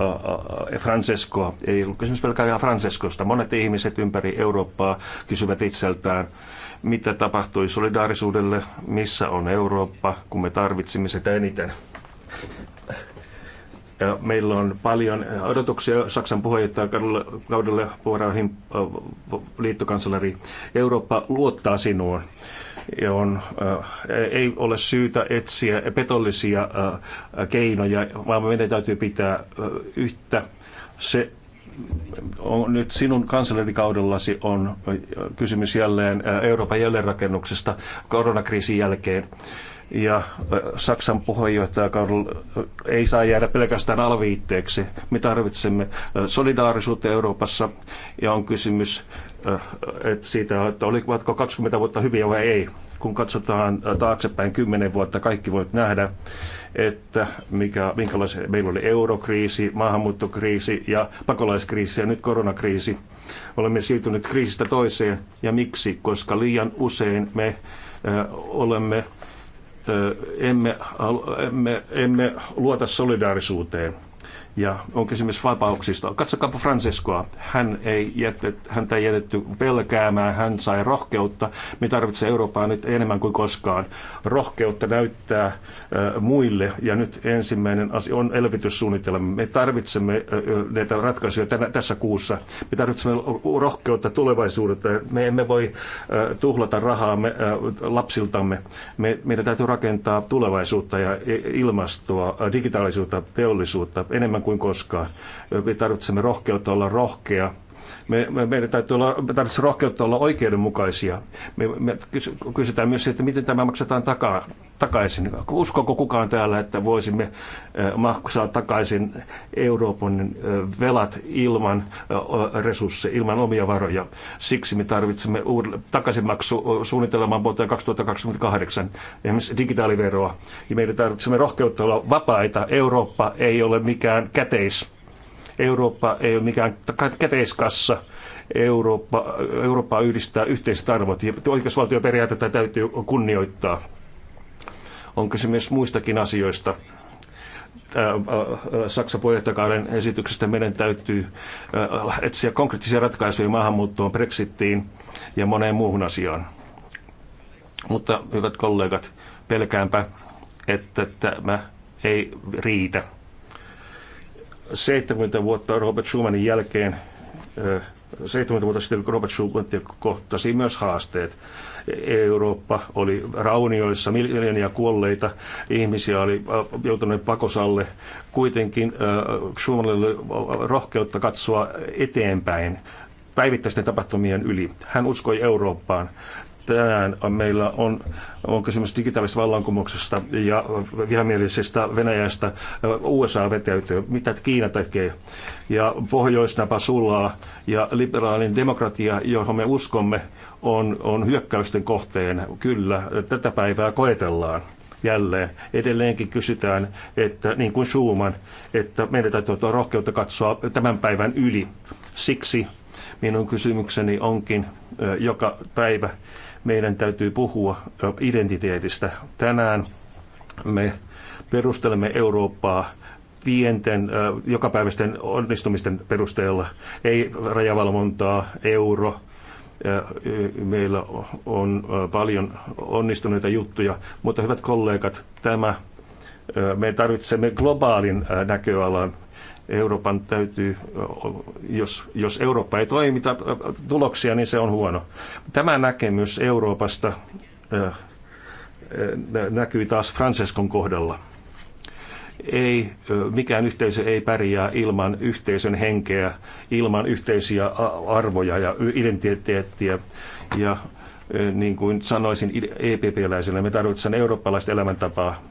Francescoa. Ei ollut kysymys pelkästään Francescosta. Monet ihmiset ympäri Eurooppaa kysyvät itseltään, mitä tapahtui solidaarisuudelle, missä on Eurooppa, kun me tarvitsimme sitä eniten. Ja meillä on paljon odotuksia Saksan puheenjohtajakaudelle Puorahin äh, liittokansleri. Eurooppa luottaa sinuun. Ja on, äh, ei ole syytä etsiä petollisia äh, keinoja, vaan meidän täytyy pitää yhtä. Se on, nyt sinun kanslerikaudellasi on kysymys jälleen Euroopan jälleenrakennuksesta koronakriisin jälkeen. Ja Saksan puheenjohtajakaudella ei saa jäädä pelkästään alviitteeksi. Me tarvitsemme solidaarisuutta Euroopassa ja on kysymys että siitä, että olivatko 20 vuotta hyviä vai ei kun katsotaan äh, taaksepäin kymmenen vuotta, kaikki voit nähdä, että mikä, minkälaisia, meillä oli eurokriisi, maahanmuuttokriisi ja pakolaiskriisi ja nyt koronakriisi. Olemme siirtyneet kriisistä toiseen. Ja miksi? Koska liian usein me ö, äh, olemme, ö, äh, emme, emme, emme luota solidaarisuuteen ja on kysymys vapauksista. Katsokaapa Francescoa. Hän ei jätet, häntä ei jätetty pelkäämään, hän sai rohkeutta. Me tarvitsee Eurooppaa nyt enemmän kuin koskaan. Rohkeutta näyttää äh, muille ja nyt ensimmäinen asia on elvytyssuunnitelma. Me tarvitsemme äh, näitä ratkaisuja tänä, tässä kuussa. Me tarvitsemme rohkeutta tulevaisuudelta. Me emme voi äh, tuhlata rahaa me, äh, lapsiltamme. Me, meidän täytyy rakentaa tulevaisuutta ja e, ilmastoa, digitaalisuutta, teollisuutta enemmän enemmän kuin koskaan. Me tarvitsemme rohkeutta olla rohkea me, me, meidän täytyy olla, me tarvitsee rohkeutta olla oikeudenmukaisia. Me, me kysytään myös, että miten tämä maksetaan takaa, takaisin. Uskoko kukaan täällä, että voisimme maksaa takaisin Euroopan velat ilman resursseja, ilman omia varoja? Siksi me tarvitsemme uudelle, takaisinmaksusuunnitelman vuoteen 2028, esimerkiksi digitaaliveroa. Ja meidän tarvitsemme rohkeutta olla vapaita. Eurooppa ei ole mikään käteis Eurooppa ei ole mikään käteiskassa. Eurooppa, Eurooppa yhdistää yhteiset arvot ja oikeusvaltioperiaatetta täytyy kunnioittaa. On kysymys muistakin asioista. Äh, äh, Saksan puheenjohtajakauden esityksestä meidän täytyy äh, etsiä konkreettisia ratkaisuja maahanmuuttoon, Brexittiin ja moneen muuhun asiaan. Mutta hyvät kollegat, pelkäänpä, että tämä ei riitä. 70 vuotta Robert Schumanin jälkeen 70 vuotta sitten Robert Schuman kohtasi myös haasteet. Eurooppa oli raunioissa, miljoonia kuolleita, ihmisiä oli joutuneet pakosalle. Kuitenkin Schumann oli rohkeutta katsoa eteenpäin päivittäisten tapahtumien yli. Hän uskoi Eurooppaan tänään meillä on, on kysymys digitaalisesta vallankumouksesta ja vihamielisestä Venäjästä. USA vetäytyy, mitä Kiina tekee. Ja pohjoisnapa sulaa ja liberaalin demokratia, johon me uskomme, on, on hyökkäysten kohteen. Kyllä, tätä päivää koetellaan jälleen. Edelleenkin kysytään, että niin kuin Schumann, että meidän täytyy tuota rohkeutta katsoa tämän päivän yli. Siksi minun kysymykseni onkin joka päivä, meidän täytyy puhua identiteetistä. Tänään me perustelemme Eurooppaa pienten jokapäiväisten onnistumisten perusteella. Ei rajavalvontaa, euro, meillä on paljon onnistuneita juttuja, mutta hyvät kollegat, tämä me tarvitsemme globaalin näköalan Euroopan täytyy, jos, jos Eurooppa ei toimita tuloksia, niin se on huono. Tämä näkemys Euroopasta eh, eh, näkyy taas Franceskon kohdalla. Ei, eh, mikään yhteisö ei pärjää ilman yhteisön henkeä, ilman yhteisiä arvoja ja identiteettiä. Ja niin kuin sanoisin epp e läisille me tarvitsemme eurooppalaista elämäntapaa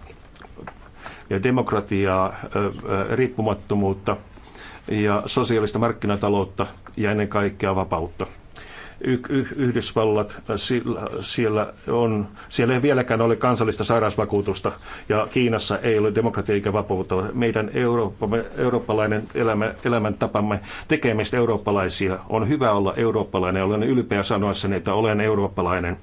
ja demokratiaa, riippumattomuutta ja sosiaalista markkinataloutta ja ennen kaikkea vapautta. Yhdysvallat, siellä, on, siellä ei vieläkään ole kansallista sairausvakuutusta ja Kiinassa ei ole demokratia eikä vapautta. Meidän Eurooppa, eurooppalainen elämä, elämäntapamme tekemistä eurooppalaisia. On hyvä olla eurooppalainen. Olen ylpeä sen, että olen eurooppalainen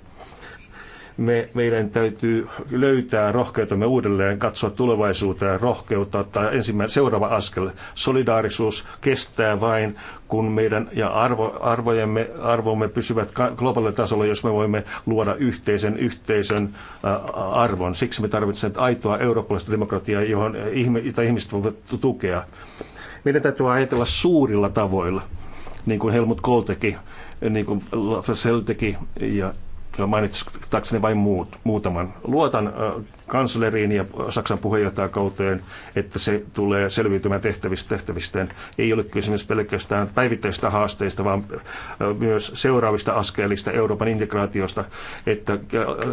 me, meidän täytyy löytää rohkeutamme uudelleen, katsoa tulevaisuuteen ja rohkeutta ottaa ensimmäinen, seuraava askel. Solidaarisuus kestää vain, kun meidän ja arvo, arvojemme, arvomme pysyvät globaalilla tasolla, jos me voimme luoda yhteisen yhteisön äh, arvon. Siksi me tarvitsemme aitoa eurooppalaista demokratiaa, johon ihme, ihmiset voivat tukea. Meidän täytyy ajatella suurilla tavoilla, niin kuin Helmut Kohl teki, niin kuin Lafayette teki ja mainitsakseni vain muut, muutaman. Luotan kansleriin ja Saksan puheenjohtajakauteen, että se tulee selviytymään tehtävistä tehtävistään. Ei ole kysymys pelkästään päivittäistä haasteista, vaan myös seuraavista askelista Euroopan integraatiosta, että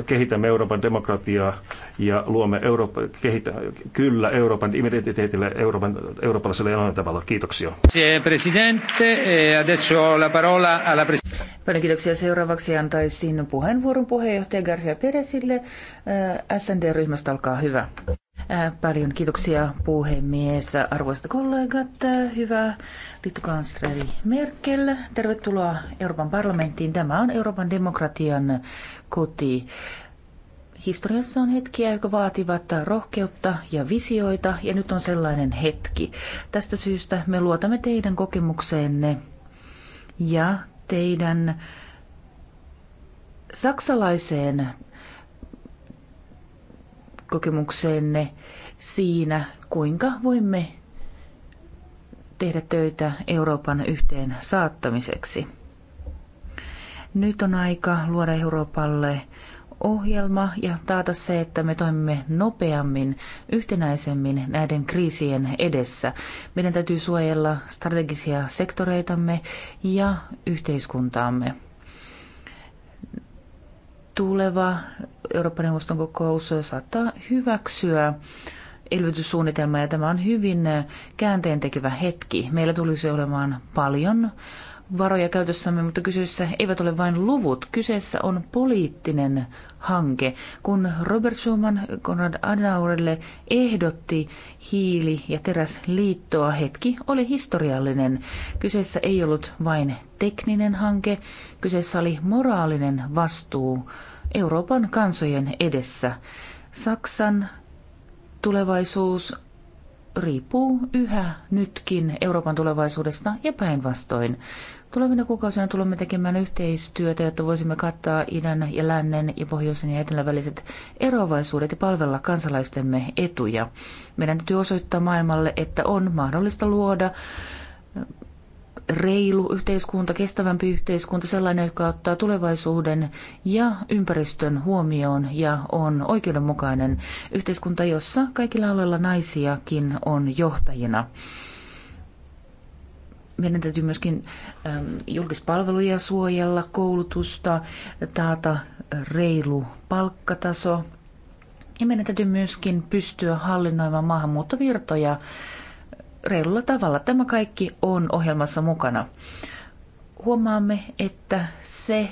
kehitämme Euroopan demokratiaa ja luomme Eurooppa, kehitä, kyllä Euroopan identiteetille Euroopan, eurooppalaiselle jollain tavalla. Kiitoksia. E adesso la parola alla Paljon kiitoksia. Seuraavaksi antaisin puheen puheenvuoron puheenjohtaja Garcia Peresille. SND-ryhmästä alkaa hyvä. Paljon kiitoksia puhemies, arvoisat kollegat, hyvä liittokansleri Merkel. Tervetuloa Euroopan parlamenttiin. Tämä on Euroopan demokratian koti. Historiassa on hetkiä, jotka vaativat rohkeutta ja visioita, ja nyt on sellainen hetki. Tästä syystä me luotamme teidän kokemukseenne ja teidän äh, saksalaiseen kokemukseenne siinä, kuinka voimme tehdä töitä Euroopan yhteen saattamiseksi. Nyt on aika luoda Euroopalle ohjelma ja taata se, että me toimimme nopeammin, yhtenäisemmin näiden kriisien edessä. Meidän täytyy suojella strategisia sektoreitamme ja yhteiskuntaamme tuleva Euroopan neuvoston kokous saattaa hyväksyä elvytyssuunnitelma ja tämä on hyvin käänteentekevä hetki. Meillä tulisi olemaan paljon varoja käytössämme, mutta kyseessä eivät ole vain luvut. Kyseessä on poliittinen hanke. Kun Robert Schuman Konrad Adenauerille ehdotti hiili- ja teräsliittoa, hetki oli historiallinen. Kyseessä ei ollut vain tekninen hanke, kyseessä oli moraalinen vastuu Euroopan kansojen edessä. Saksan tulevaisuus riippuu yhä nytkin Euroopan tulevaisuudesta ja päinvastoin. Tulevina kuukausina tulemme tekemään yhteistyötä, jotta voisimme kattaa idän ja lännen ja pohjoisen ja etelän väliset eroavaisuudet ja palvella kansalaistemme etuja. Meidän täytyy osoittaa maailmalle, että on mahdollista luoda reilu yhteiskunta, kestävämpi yhteiskunta, sellainen, joka ottaa tulevaisuuden ja ympäristön huomioon ja on oikeudenmukainen yhteiskunta, jossa kaikilla aloilla naisiakin on johtajina meidän täytyy myöskin ähm, julkispalveluja suojella, koulutusta, taata reilu palkkataso. Ja meidän täytyy myöskin pystyä hallinnoimaan maahanmuuttovirtoja reilulla tavalla. Tämä kaikki on ohjelmassa mukana. Huomaamme, että se,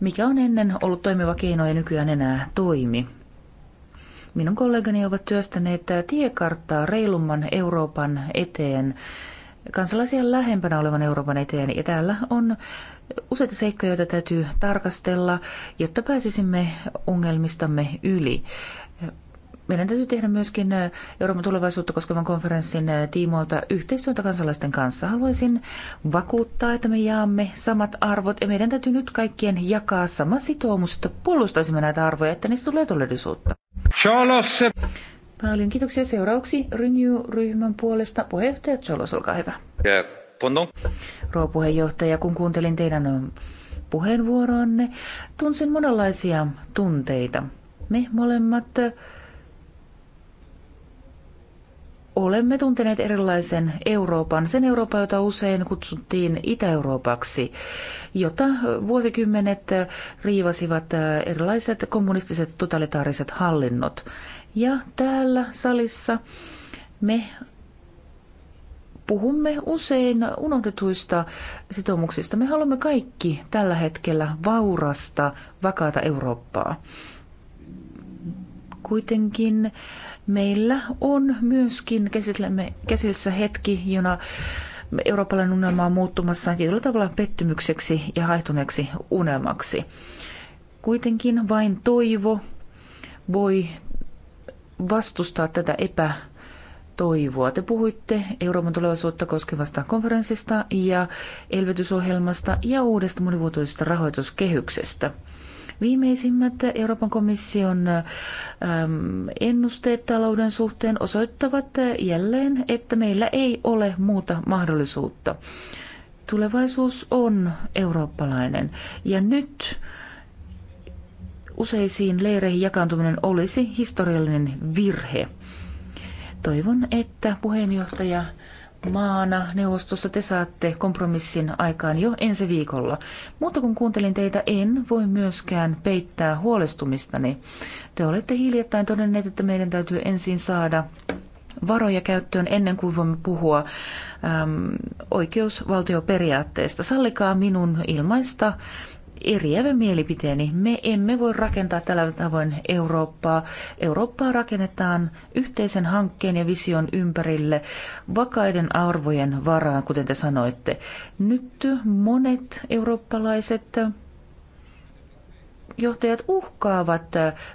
mikä on ennen ollut toimiva keino, ei nykyään enää toimi. Minun kollegani ovat työstäneet tiekarttaa reilumman Euroopan eteen kansalaisia lähempänä olevan Euroopan eteen. Ja täällä on useita seikkoja, joita täytyy tarkastella, jotta pääsisimme ongelmistamme yli. Meidän täytyy tehdä myöskin Euroopan tulevaisuutta koskevan konferenssin tiimoilta yhteistyötä kansalaisten kanssa. Haluaisin vakuuttaa, että me jaamme samat arvot ja meidän täytyy nyt kaikkien jakaa sama sitoumus, että puolustaisimme näitä arvoja, että niistä tulee todellisuutta. Charles. Paljon kiitoksia. Seuraavaksi Renew-ryhmän puolesta puheenjohtaja Cholos, olkaa hyvä. Rouva puheenjohtaja, kun kuuntelin teidän puheenvuoroanne, tunsin monenlaisia tunteita. Me molemmat olemme tunteneet erilaisen Euroopan, sen Euroopan, jota usein kutsuttiin Itä-Euroopaksi, jota vuosikymmenet riivasivat erilaiset kommunistiset totalitaariset hallinnot. Ja täällä salissa me puhumme usein unohdetuista sitoumuksista. Me haluamme kaikki tällä hetkellä vaurasta, vakaata Eurooppaa. Kuitenkin meillä on myöskin käsissä hetki, jona eurooppalainen unelma on muuttumassa tietyllä tavalla pettymykseksi ja haehtuneeksi unelmaksi. Kuitenkin vain toivo voi vastustaa tätä epätoivoa. Te puhuitte Euroopan tulevaisuutta koskevasta konferenssista ja elvytysohjelmasta ja uudesta monivuotoisesta rahoituskehyksestä. Viimeisimmät Euroopan komission ähm, ennusteet talouden suhteen osoittavat jälleen, että meillä ei ole muuta mahdollisuutta. Tulevaisuus on eurooppalainen ja nyt useisiin leireihin jakaantuminen olisi historiallinen virhe. Toivon, että puheenjohtaja maana neuvostossa te saatte kompromissin aikaan jo ensi viikolla. Mutta kun kuuntelin teitä, en voi myöskään peittää huolestumistani. Te olette hiljattain todenneet, että meidän täytyy ensin saada varoja käyttöön ennen kuin voimme puhua äm, oikeusvaltioperiaatteesta. Sallikaa minun ilmaista eriävä mielipiteeni. Me emme voi rakentaa tällä tavoin Eurooppaa. Eurooppaa rakennetaan yhteisen hankkeen ja vision ympärille vakaiden arvojen varaan, kuten te sanoitte. Nyt monet eurooppalaiset johtajat uhkaavat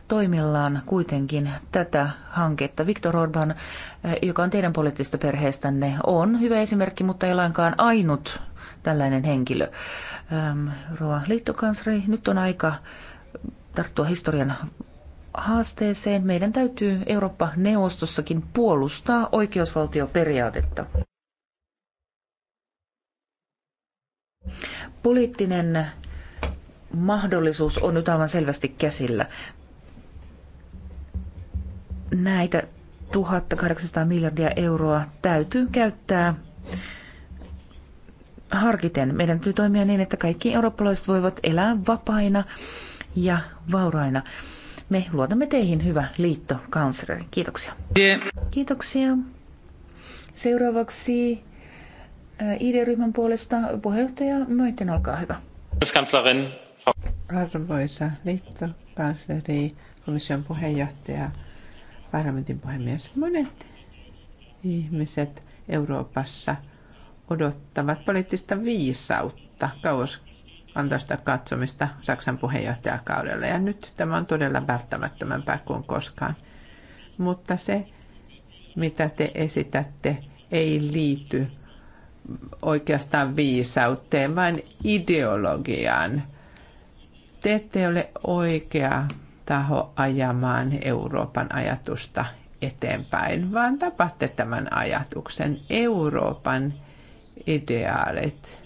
toimillaan kuitenkin tätä hanketta. Viktor Orban, joka on teidän poliittisesta perheestänne, on hyvä esimerkki, mutta ei lainkaan ainut tällainen henkilö. Rova liittokansri, nyt on aika tarttua historian haasteeseen. Meidän täytyy Eurooppa-neuvostossakin puolustaa oikeusvaltioperiaatetta. Poliittinen mahdollisuus on nyt aivan selvästi käsillä. Näitä 1800 miljardia euroa täytyy käyttää harkiten. Meidän täytyy toimia niin, että kaikki eurooppalaiset voivat elää vapaina ja vauraina. Me luotamme teihin, hyvä liitto, kansleri. Kiitoksia. Kiitoksia. Seuraavaksi äh, ID-ryhmän puolesta puheenjohtaja Möytin, olkaa hyvä. Arvoisa kansleri, komission puheenjohtaja, parlamentin puhemies, monet ihmiset Euroopassa – odottavat poliittista viisautta kauas antoista katsomista Saksan puheenjohtajakaudella. Ja nyt tämä on todella välttämättömämpää kuin koskaan. Mutta se, mitä te esitätte, ei liity oikeastaan viisauteen, vaan ideologiaan. Te ette ole oikea taho ajamaan Euroopan ajatusta eteenpäin, vaan tapatte tämän ajatuksen Euroopan ideaalit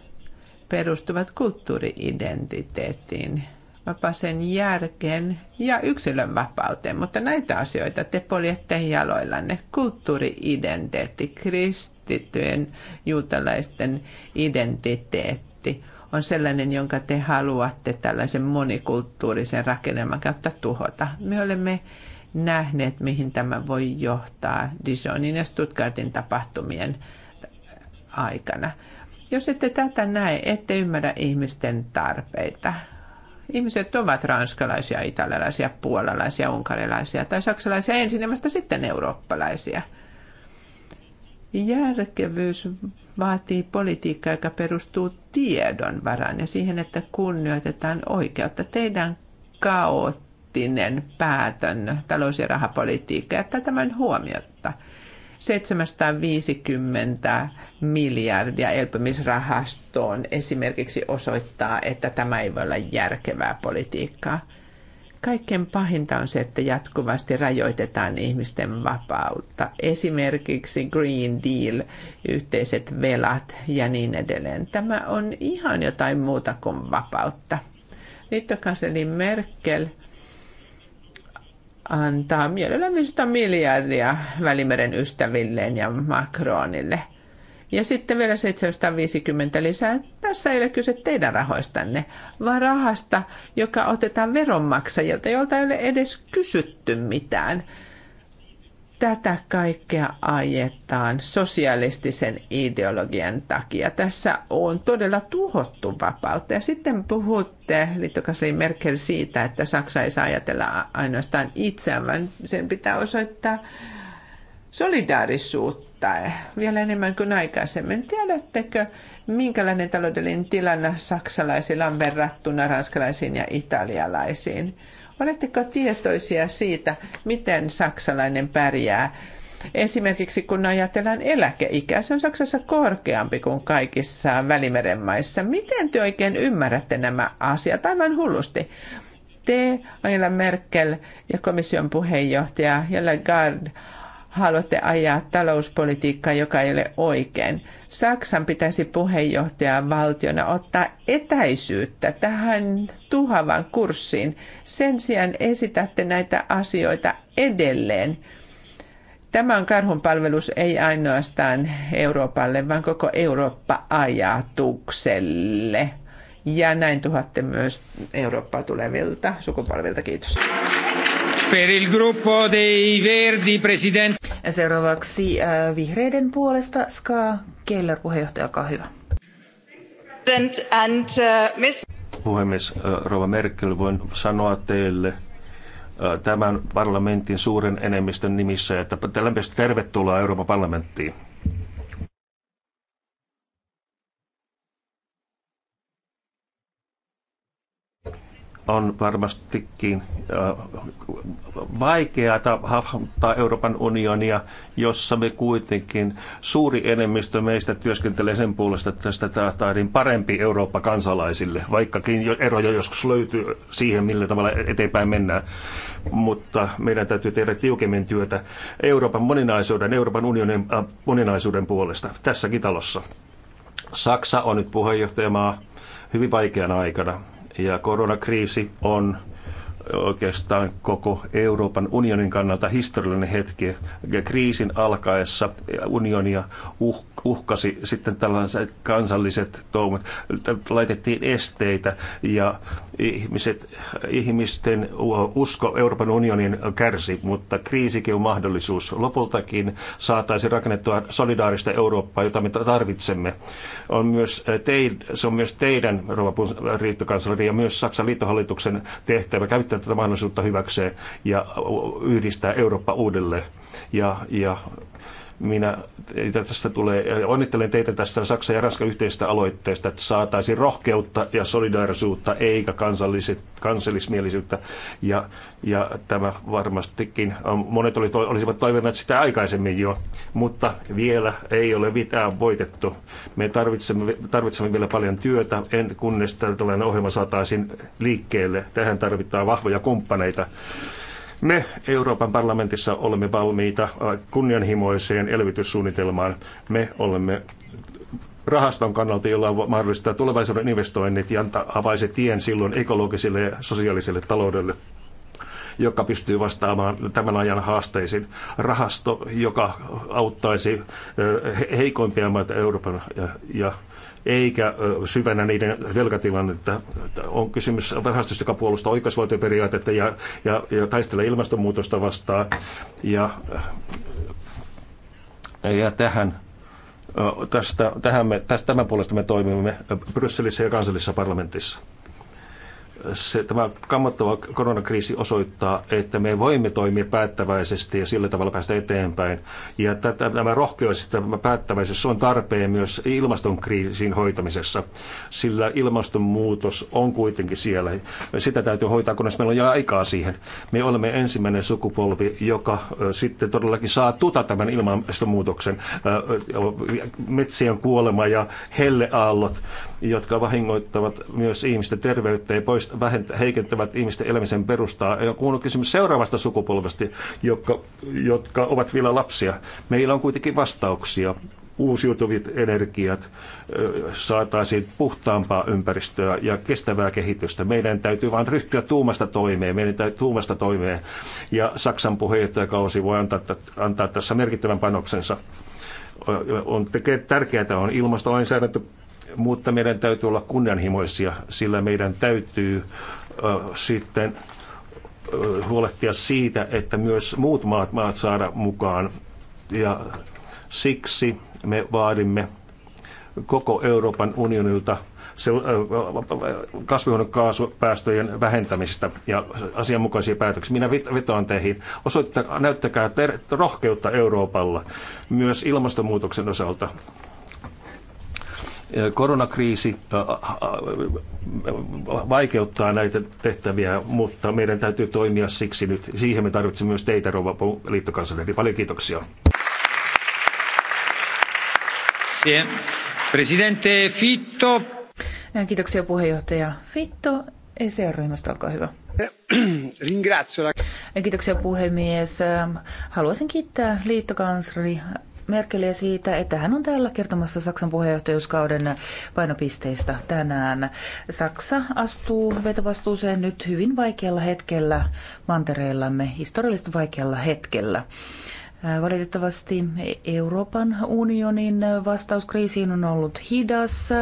perustuvat kulttuuriidentiteettiin, vapaaseen järkeen ja yksilön vapauteen, mutta näitä asioita te poljette jaloillanne. Kulttuuriidentiteetti, kristittyjen juutalaisten identiteetti on sellainen, jonka te haluatte tällaisen monikulttuurisen rakennelman kautta tuhota. Me olemme nähneet, mihin tämä voi johtaa Dijonin ja Stuttgartin tapahtumien aikana. Jos ette tätä näe, ette ymmärrä ihmisten tarpeita. Ihmiset ovat ranskalaisia, italialaisia, puolalaisia, unkarilaisia tai saksalaisia ensin ja vasta sitten eurooppalaisia. Järkevyys vaatii politiikkaa, joka perustuu tiedon varaan ja siihen, että kunnioitetaan oikeutta. Teidän kaoottinen päätön talous- ja rahapolitiikka jättää tämän huomiota. 750 miljardia elpymisrahastoon esimerkiksi osoittaa, että tämä ei voi olla järkevää politiikkaa. Kaikkein pahinta on se, että jatkuvasti rajoitetaan ihmisten vapautta. Esimerkiksi Green Deal, yhteiset velat ja niin edelleen. Tämä on ihan jotain muuta kuin vapautta. Liittokansleri Merkel – antaa mielellään 500 miljardia Välimeren ystävilleen ja Macronille. Ja sitten vielä 750 lisää. Tässä ei ole kyse teidän rahoistanne, vaan rahasta, joka otetaan veronmaksajilta, jolta ei ole edes kysytty mitään – tätä kaikkea ajetaan sosialistisen ideologian takia. Tässä on todella tuhottu vapautta. Ja sitten puhutte, liittokasli Merkel, siitä, että Saksa ei saa ajatella ainoastaan itseään, vaan sen pitää osoittaa solidaarisuutta vielä enemmän kuin aikaisemmin. Tiedättekö, minkälainen taloudellinen tilanne saksalaisilla on verrattuna ranskalaisiin ja italialaisiin? Oletteko tietoisia siitä, miten saksalainen pärjää? Esimerkiksi kun ajatellaan eläkeikää, se on Saksassa korkeampi kuin kaikissa Välimeren maissa. Miten te oikein ymmärrätte nämä asiat? Aivan hullusti. Te, Angela Merkel ja komission puheenjohtaja Jelle Gard haluatte ajaa talouspolitiikkaa, joka ei ole oikein. Saksan pitäisi puheenjohtajan valtiona ottaa etäisyyttä tähän tuhavan kurssiin. Sen sijaan esitätte näitä asioita edelleen. Tämä on karhunpalvelus ei ainoastaan Euroopalle, vaan koko Eurooppa-ajatukselle. Ja näin tuhatte myös Eurooppaa tulevilta sukupolvilta. Kiitos. Per il gruppo dei Verdi, president... Seuraavaksi äh, vihreiden puolesta Ska Keller, puheenjohtaja, olkaa hyvä. And, uh, miss... Puhemies, äh, Rova Merkel, voin sanoa teille, äh, tämän parlamentin suuren enemmistön nimissä, että lämpimästi tervetuloa Euroopan parlamenttiin. on varmastikin äh, vaikeaa hahmottaa Euroopan unionia, jossa me kuitenkin suuri enemmistö meistä työskentelee sen puolesta, että tästä tahdin parempi Eurooppa kansalaisille, vaikkakin eroja joskus löytyy siihen, millä tavalla eteenpäin mennään. Mutta meidän täytyy tehdä tiukemmin työtä Euroopan moninaisuuden, Euroopan unionin äh, moninaisuuden puolesta tässäkin talossa. Saksa on nyt puheenjohtajamaa hyvin vaikeana aikana ja koronakriisi on oikeastaan koko Euroopan unionin kannalta historiallinen hetki. Kriisin alkaessa unionia uh, uhkasi sitten tällaiset kansalliset toimet. Laitettiin esteitä ja ihmiset, ihmisten usko Euroopan unionin kärsi, mutta kriisikin on mahdollisuus. Lopultakin saataisiin rakennettua solidaarista Eurooppaa, jota me tarvitsemme. On myös teid, se on myös teidän, Euroopan riittokansleri, ja myös Saksan liittohallituksen tehtävä käyttää käyttää tätä mahdollisuutta hyväkseen ja yhdistää Eurooppa uudelleen. Ja, ja minä tästä tulee, onnittelen teitä tästä Saksan ja Ranskan yhteisestä aloitteesta, että saataisiin rohkeutta ja solidaarisuutta eikä kansallismielisyyttä. Ja, ja tämä varmastikin, ähm, monet oli, olisivat toivoneet sitä aikaisemmin jo, mutta vielä ei ole mitään voitettu. Me tarvitsemme, tarvitsemme vielä paljon työtä, en, kunnes tällainen ohjelma saataisiin liikkeelle. Tähän tarvitaan vahvoja kumppaneita. Me Euroopan parlamentissa olemme valmiita kunnianhimoiseen elvytyssuunnitelmaan. Me olemme rahaston kannalta, jolla on mahdollista tulevaisuuden investoinnit ja avaisi tien silloin ekologiselle ja sosiaaliselle taloudelle joka pystyy vastaamaan tämän ajan haasteisiin. Rahasto, joka auttaisi heikoimpia maita Euroopan ja, ja eikä syvennä niiden velkatilannetta. On kysymys rahastosta, joka puolustaa oikeusvaltioperiaatetta ja, ja, ja taistelee ilmastonmuutosta vastaan. Ja, ja tähän tästä, tähän me, tästä, tämän puolesta me toimimme Brysselissä ja kansallisessa parlamentissa se, tämä kammottava koronakriisi osoittaa, että me voimme toimia päättäväisesti ja sillä tavalla päästä eteenpäin. Ja tätä, tämä rohkeus, tämä päättäväisyys on tarpeen myös ilmastonkriisin hoitamisessa, sillä ilmastonmuutos on kuitenkin siellä. Sitä täytyy hoitaa, kunnes meillä on jo aikaa siihen. Me olemme ensimmäinen sukupolvi, joka sitten todellakin saa tuta tämän ilmastonmuutoksen, metsien kuolema ja helleaallot jotka vahingoittavat myös ihmisten terveyttä ja pois, vähentä, heikentävät ihmisten elämisen perustaa. Ja kun on kysymys seuraavasta sukupolvesta, jotka, jotka ovat vielä lapsia, meillä on kuitenkin vastauksia uusiutuvat energiat, saataisiin puhtaampaa ympäristöä ja kestävää kehitystä. Meidän täytyy vain ryhtyä tuumasta toimeen. Meidän täytyy tuumasta toimeen. Ja Saksan puheenjohtajakausi voi antaa, antaa tässä merkittävän panoksensa. On tärkeää on ilmastolainsäädäntö mutta meidän täytyy olla kunnianhimoisia, sillä meidän täytyy sitten huolehtia siitä, että myös muut maat, maat saada mukaan. Ja siksi me vaadimme koko Euroopan unionilta kasvihuonekaasupäästöjen vähentämistä ja asianmukaisia päätöksiä. Minä vetoan teihin. Osoittakaa, näyttäkää rohkeutta Euroopalla myös ilmastonmuutoksen osalta. Koronakriisi vaikeuttaa näitä tehtäviä, mutta meidän täytyy toimia siksi nyt. Siihen me tarvitsemme myös teitä, rouva liittokansleri. Paljon kiitoksia. Presidente Fitto. Kiitoksia puheenjohtaja Fitto. ECR-ryhmästä, olkaa hyvä. Kiitoksia puhemies. Haluaisin kiittää liittokansleri Merkeliä siitä, että hän on täällä kertomassa Saksan puheenjohtajuuskauden painopisteistä tänään. Saksa astuu vetovastuuseen nyt hyvin vaikealla hetkellä mantereillamme, historiallisesti vaikealla hetkellä. Äh, valitettavasti Euroopan unionin vastaus kriisiin on ollut hidas, ähm,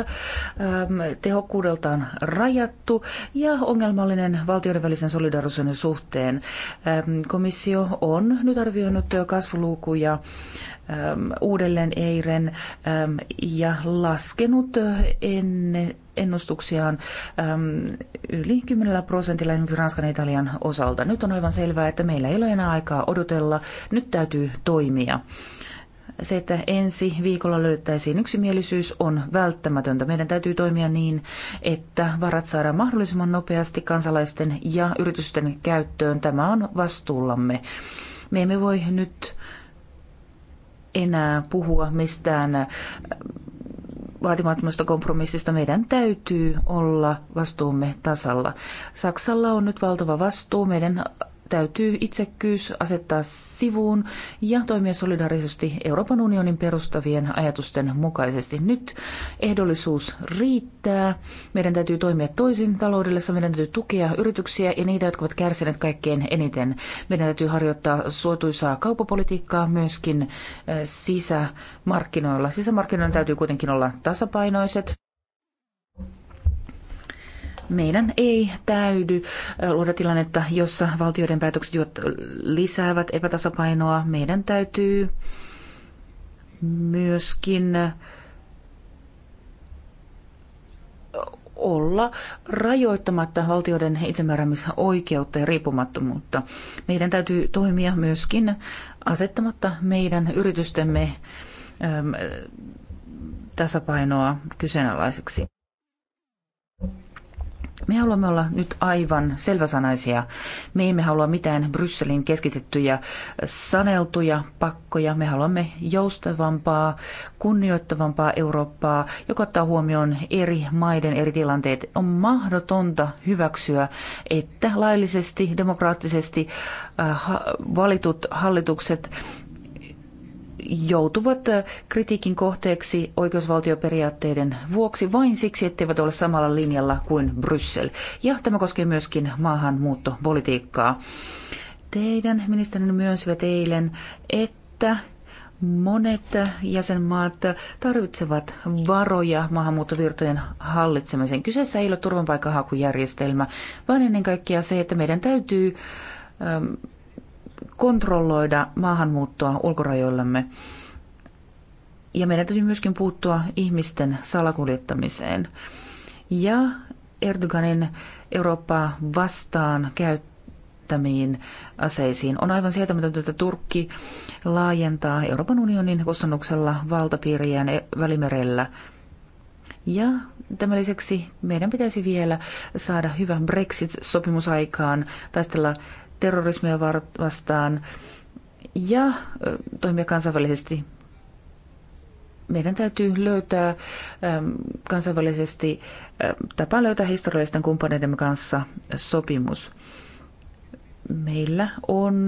tehokkuudeltaan rajattu ja ongelmallinen valtioiden välisen solidarisuuden suhteen. Ähm, komissio on nyt arvioinut kasvulukuja Ähm, uudelleen Eiren ähm, ja laskenut äh, ennustuksiaan ähm, yli 10 prosentilla esimerkiksi Ranskan ja Italian osalta. Nyt on aivan selvää, että meillä ei ole enää aikaa odotella. Nyt täytyy toimia. Se, että ensi viikolla löydettäisiin yksimielisyys, on välttämätöntä. Meidän täytyy toimia niin, että varat saadaan mahdollisimman nopeasti kansalaisten ja yritysten käyttöön. Tämä on vastuullamme. Me emme voi nyt enää puhua mistään äh, vaatimattomasta kompromissista. Meidän täytyy olla vastuumme tasalla. Saksalla on nyt valtava vastuu. Meidän täytyy itsekkyys asettaa sivuun ja toimia solidaarisesti Euroopan unionin perustavien ajatusten mukaisesti. Nyt ehdollisuus riittää. Meidän täytyy toimia toisin taloudellessa. Meidän täytyy tukea yrityksiä ja niitä, jotka ovat kärsineet kaikkein eniten. Meidän täytyy harjoittaa suotuisaa kaupapolitiikkaa myöskin eh, sisämarkkinoilla. Sisämarkkinoiden täytyy kuitenkin olla tasapainoiset meidän ei täydy luoda tilannetta, jossa valtioiden päätökset lisäävät epätasapainoa. Meidän täytyy myöskin olla rajoittamatta valtioiden itsemääräämisoikeutta ja riippumattomuutta. Meidän täytyy toimia myöskin asettamatta meidän yritystemme tasapainoa kyseenalaiseksi. Me haluamme olla nyt aivan selväsanaisia. Me emme halua mitään Brysselin keskitettyjä saneltuja pakkoja. Me haluamme joustavampaa, kunnioittavampaa Eurooppaa, joka ottaa huomioon eri maiden eri tilanteet. On mahdotonta hyväksyä, että laillisesti, demokraattisesti äh, valitut hallitukset joutuvat äh, kritiikin kohteeksi oikeusvaltioperiaatteiden vuoksi vain siksi, etteivät ole samalla linjalla kuin Bryssel. Ja tämä koskee myöskin maahanmuuttopolitiikkaa. Teidän ministerin myönsivät eilen, että monet jäsenmaat tarvitsevat varoja maahanmuuttovirtojen hallitsemiseen. Kyseessä ei ole turvapaikanhakujärjestelmä, vaan ennen kaikkea se, että meidän täytyy ähm, kontrolloida maahanmuuttoa ulkorajoillamme. Ja meidän täytyy myöskin puuttua ihmisten salakuljettamiseen. Ja Erdoganin Eurooppaa vastaan käyttämiin aseisiin. On aivan sietämätöntä, että Turkki laajentaa Euroopan unionin kustannuksella valtapiiriään e- välimerellä. Ja tämän lisäksi meidän pitäisi vielä saada hyvä Brexit-sopimus aikaan, taistella terrorismia vastaan ja toimia kansainvälisesti. Meidän täytyy löytää kansainvälisesti tapa löytää historiallisten kumppaneiden kanssa sopimus. Meillä on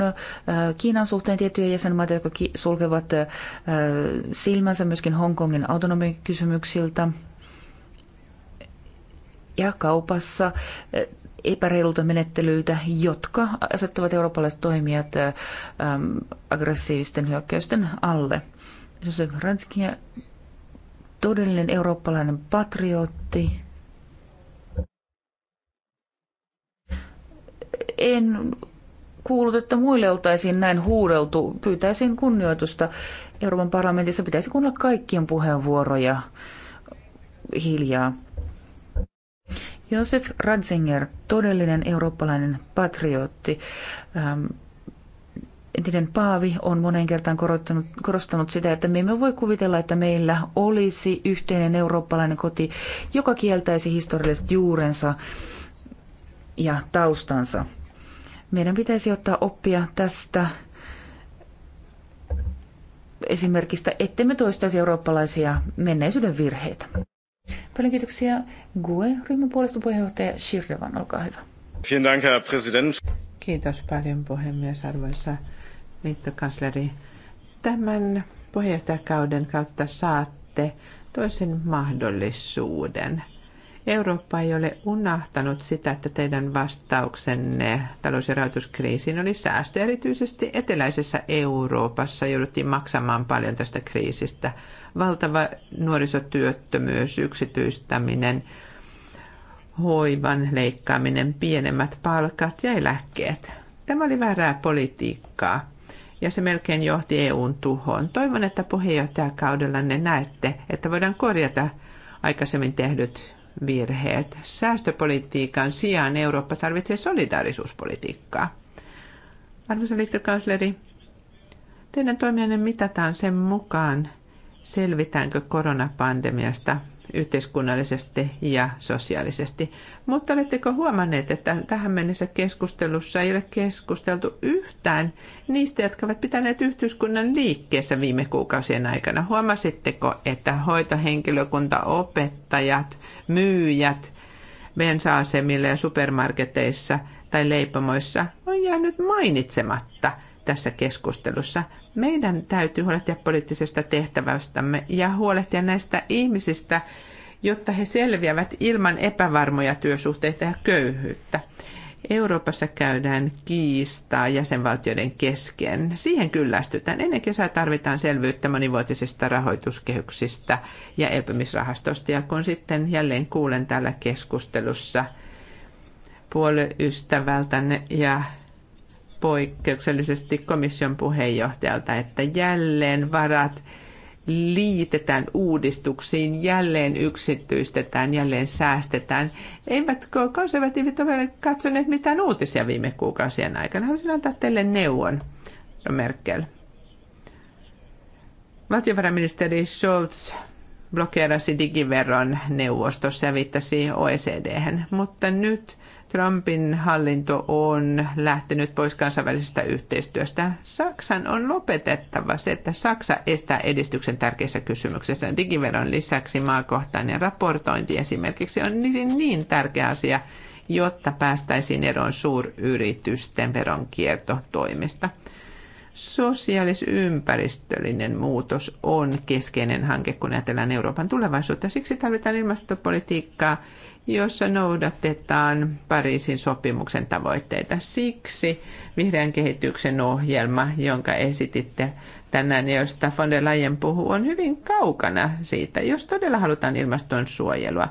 Kiinan suhteen tiettyjä jäsenmaita, jotka sulkevat silmänsä myöskin Hongkongin autonomikysymyksiltä ja kaupassa epäreilulta menettelyiltä, jotka asettavat eurooppalaiset toimijat äm, aggressiivisten hyökkäysten alle. Josef Ranski, todellinen eurooppalainen patriotti. En kuullut, että muille oltaisiin näin huudeltu. Pyytäisin kunnioitusta. Euroopan parlamentissa pitäisi kuunnella kaikkien puheenvuoroja hiljaa. Josef Ratzinger, todellinen eurooppalainen patriotti, ähm, entinen paavi, on moneen kertaan korostanut sitä, että me emme voi kuvitella, että meillä olisi yhteinen eurooppalainen koti, joka kieltäisi historialliset juurensa ja taustansa. Meidän pitäisi ottaa oppia tästä esimerkistä, ettemme toistaisi eurooppalaisia menneisyyden virheitä. Paljon kiitoksia GUE-ryhmän puolesta puheenjohtaja Shirlevan, olkaa hyvä. Kiitos paljon puhemies, arvoisa liittokansleri. Tämän puheenjohtajakauden kautta saatte toisen mahdollisuuden. Eurooppa ei ole unohtanut sitä, että teidän vastauksenne talous- ja rahoituskriisiin oli säästö. Erityisesti eteläisessä Euroopassa jouduttiin maksamaan paljon tästä kriisistä valtava nuorisotyöttömyys, yksityistäminen, hoivan leikkaaminen, pienemmät palkat ja eläkkeet. Tämä oli väärää politiikkaa ja se melkein johti EUn tuhoon. Toivon, että puheenjohtajakaudella ne näette, että voidaan korjata aikaisemmin tehdyt virheet. Säästöpolitiikan sijaan Eurooppa tarvitsee solidaarisuuspolitiikkaa. Arvoisa liittokansleri, teidän toimijanne mitataan sen mukaan, selvitäänkö koronapandemiasta yhteiskunnallisesti ja sosiaalisesti. Mutta oletteko huomanneet, että tähän mennessä keskustelussa ei ole keskusteltu yhtään niistä, jotka ovat pitäneet yhteiskunnan liikkeessä viime kuukausien aikana? Huomasitteko, että hoitohenkilökunta, opettajat, myyjät bensa-asemilla ja supermarketeissa tai leipomoissa on jäänyt mainitsematta – tässä keskustelussa. Meidän täytyy huolehtia poliittisesta tehtävästämme ja huolehtia näistä ihmisistä, jotta he selviävät ilman epävarmoja työsuhteita ja köyhyyttä. Euroopassa käydään kiistaa jäsenvaltioiden kesken. Siihen kyllästytään. Ennen kesää tarvitaan selvyyttä monivuotisista rahoituskehyksistä ja elpymisrahastosta. Ja kun sitten jälleen kuulen täällä keskustelussa puoleystävältänne ja poikkeuksellisesti komission puheenjohtajalta, että jälleen varat liitetään uudistuksiin, jälleen yksityistetään, jälleen säästetään. Eivätkö konservatiivit ole katsoneet mitään uutisia viime kuukausien aikana? Haluaisin antaa teille neuvon, Merkel. Valtiovarainministeri Scholz blokkeerasi digiveron neuvostossa ja viittasi OECD-hän, mutta nyt Trumpin hallinto on lähtenyt pois kansainvälisestä yhteistyöstä. Saksan on lopetettava se, että Saksa estää edistyksen tärkeissä kysymyksissä. Digiveron lisäksi maakohtainen raportointi esimerkiksi on niin, niin tärkeä asia, jotta päästäisiin eroon suuryritysten veronkiertotoimista. Sosiaalisympäristöllinen muutos on keskeinen hanke, kun ajatellaan Euroopan tulevaisuutta. Siksi tarvitaan ilmastopolitiikkaa, jossa noudatetaan Pariisin sopimuksen tavoitteita. Siksi vihreän kehityksen ohjelma, jonka esititte tänään, josta von der Leyen puhuu, on hyvin kaukana siitä, jos todella halutaan ilmaston suojelua.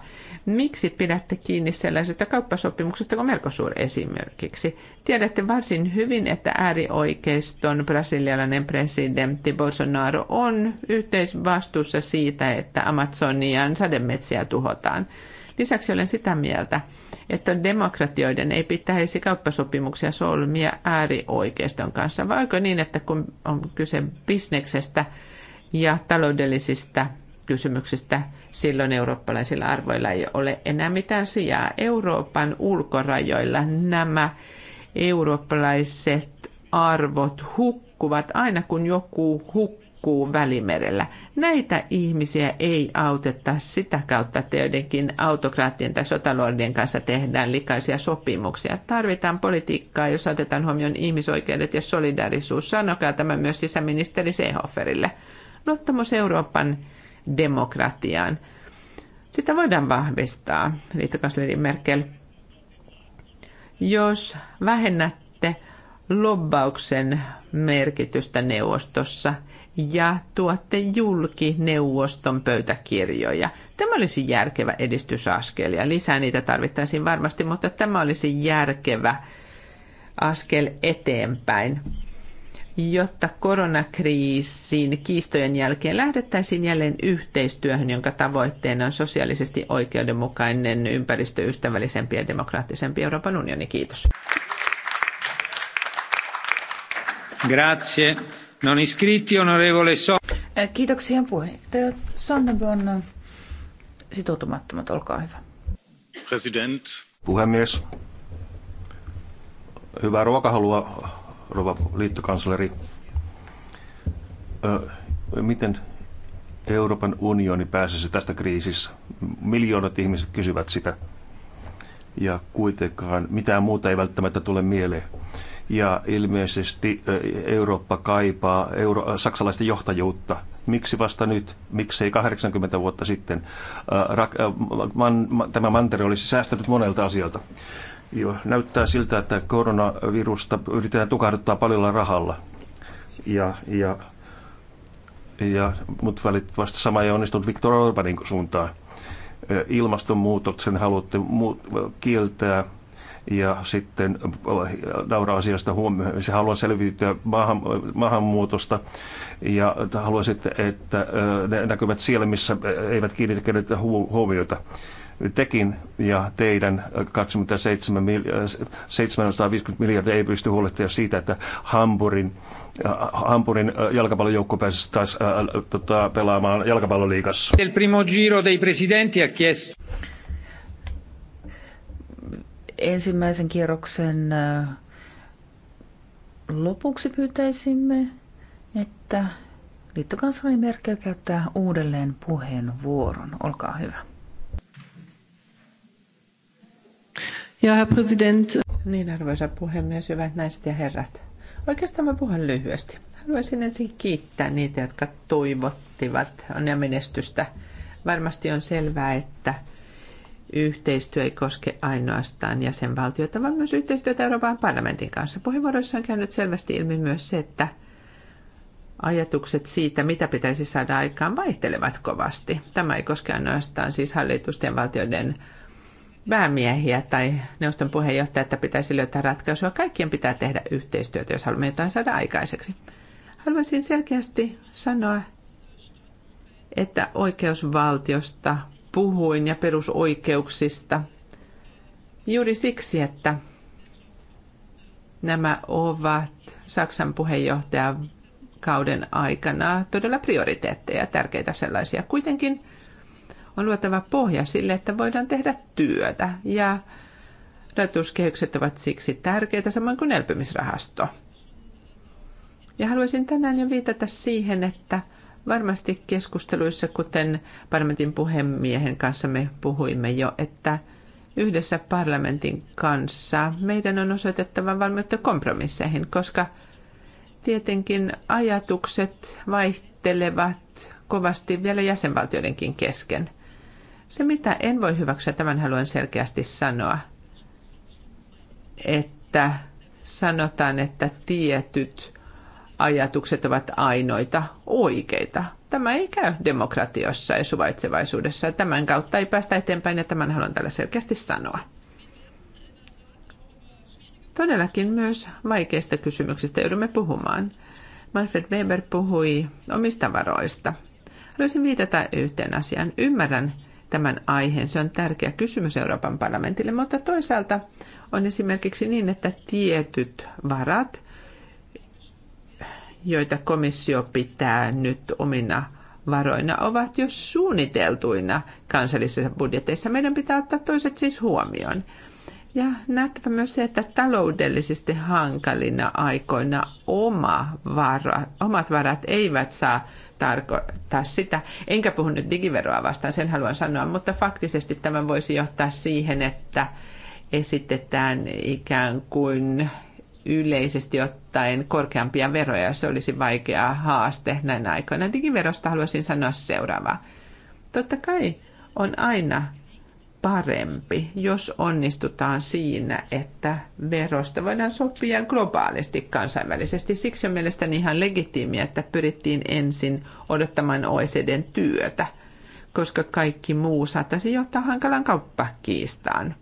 Miksi pidätte kiinni sellaisesta kauppasopimuksesta kuin Mercosur esimerkiksi? Tiedätte varsin hyvin, että äärioikeiston brasilialainen presidentti Bolsonaro on yhteisvastuussa siitä, että Amazonian sademetsiä tuhotaan. Lisäksi olen sitä mieltä, että demokratioiden ei pitäisi kauppasopimuksia solmia äärioikeiston kanssa, vaikka niin, että kun on kyse bisneksestä ja taloudellisista kysymyksistä, silloin eurooppalaisilla arvoilla ei ole enää mitään sijaa. Euroopan ulkorajoilla nämä eurooppalaiset arvot hukkuvat aina kun joku hukkuu liikkuu välimerellä. Näitä ihmisiä ei auteta sitä kautta, että joidenkin autokraattien tai sotalordien kanssa tehdään likaisia sopimuksia. Tarvitaan politiikkaa, jossa otetaan huomioon ihmisoikeudet ja solidarisuus. Sanokaa tämä myös sisäministeri Seehoferille. Luottamus Euroopan demokratiaan. Sitä voidaan vahvistaa, liittokansleri Merkel. Jos vähennätte lobbauksen merkitystä neuvostossa ja tuotte julki neuvoston pöytäkirjoja. Tämä olisi järkevä edistysaskel ja lisää niitä tarvittaisiin varmasti, mutta tämä olisi järkevä askel eteenpäin, jotta koronakriisin kiistojen jälkeen lähdettäisiin jälleen yhteistyöhön, jonka tavoitteena on sosiaalisesti oikeudenmukainen, ympäristöystävällisempi ja demokraattisempi Euroopan unioni. Kiitos. Grazie. Non iscritti, onorevole so. Eh, kiitoksia puheenjohtaja Sitoutumattomat, olkaa hyvä. President. Puhemies. Hyvää ruokahalua, rouva liittokansleri. miten Euroopan unioni pääsisi tästä kriisistä? Miljoonat ihmiset kysyvät sitä. Ja kuitenkaan mitään muuta ei välttämättä tule mieleen ja ilmeisesti Eurooppa kaipaa euro- saksalaista johtajuutta. Miksi vasta nyt? Miksei 80 vuotta sitten? Tämä mantere olisi säästänyt monelta asialta. Jo, näyttää siltä, että koronavirusta yritetään tukahduttaa paljolla rahalla. Ja, ja, ja, mutta valitettavasti sama ei onnistunut Viktor Orbanin suuntaan. Ilmastonmuutoksen haluatte kieltää ja sitten nauraa äh, asioista huomioon. Se siis haluaa selviytyä maahan, maahanmuutosta ja haluaa sitten, että äh, ne näkyvät siellä, missä äh, eivät kiinnitä kenetä huomiota tekin ja teidän 27 750 miljardia ei pysty huolehtia siitä, että Hamburin Hamburin jalkapallojoukkue pääsisi taas äh, tota, pelaamaan jalkapalloliigassa. Il primo giro dei presidenti ha chiesto ensimmäisen kierroksen äh, lopuksi pyytäisimme, että liittokansalainen Merkel käyttää uudelleen puheenvuoron. Olkaa hyvä. Ja herra president. Niin, arvoisa puhemies, hyvät naiset ja herrat. Oikeastaan mä puhun lyhyesti. Haluaisin ensin kiittää niitä, jotka toivottivat onnea menestystä. Varmasti on selvää, että yhteistyö ei koske ainoastaan jäsenvaltioita, vaan myös yhteistyötä Euroopan parlamentin kanssa. Puheenvuoroissa on käynyt selvästi ilmi myös se, että ajatukset siitä, mitä pitäisi saada aikaan, vaihtelevat kovasti. Tämä ei koske ainoastaan siis hallitusten valtioiden päämiehiä tai neuvoston puheenjohtaja, että pitäisi löytää ratkaisua. Kaikkien pitää tehdä yhteistyötä, jos haluamme jotain saada aikaiseksi. Haluaisin selkeästi sanoa, että oikeusvaltiosta puhuin ja perusoikeuksista. Juuri siksi, että nämä ovat Saksan puheenjohtajan kauden aikana todella prioriteetteja, tärkeitä sellaisia. Kuitenkin on luotava pohja sille, että voidaan tehdä työtä ja rahoituskehykset ovat siksi tärkeitä, samoin kuin elpymisrahasto. Ja haluaisin tänään jo viitata siihen, että – Varmasti keskusteluissa, kuten parlamentin puhemiehen kanssa me puhuimme jo, että yhdessä parlamentin kanssa meidän on osoitettava valmiutta kompromisseihin, koska tietenkin ajatukset vaihtelevat kovasti vielä jäsenvaltioidenkin kesken. Se, mitä en voi hyväksyä, tämän haluan selkeästi sanoa, että sanotaan, että tietyt ajatukset ovat ainoita oikeita. Tämä ei käy demokratiossa ja suvaitsevaisuudessa. Tämän kautta ei päästä eteenpäin ja tämän haluan tällä selkeästi sanoa. Todellakin myös vaikeista kysymyksistä joudumme puhumaan. Manfred Weber puhui omista varoista. Haluaisin viitata yhteen asiaan. Ymmärrän tämän aiheen. Se on tärkeä kysymys Euroopan parlamentille, mutta toisaalta on esimerkiksi niin, että tietyt varat joita komissio pitää nyt omina varoina, ovat jo suunniteltuina kansallisissa budjeteissa. Meidän pitää ottaa toiset siis huomioon. Ja nähtävä myös se, että taloudellisesti hankalina aikoina oma vara, omat varat eivät saa tarkoittaa sitä. Enkä puhu nyt digiveroa vastaan, sen haluan sanoa, mutta faktisesti tämä voisi johtaa siihen, että esitetään ikään kuin yleisesti ottaen korkeampia veroja. Se olisi vaikea haaste näin aikoina. Digiverosta haluaisin sanoa seuraavaa. Totta kai on aina parempi, jos onnistutaan siinä, että verosta voidaan sopia globaalisti kansainvälisesti. Siksi on mielestäni ihan legitiimiä, että pyrittiin ensin odottamaan OECDn työtä, koska kaikki muu saattaisi johtaa hankalan kauppakiistaan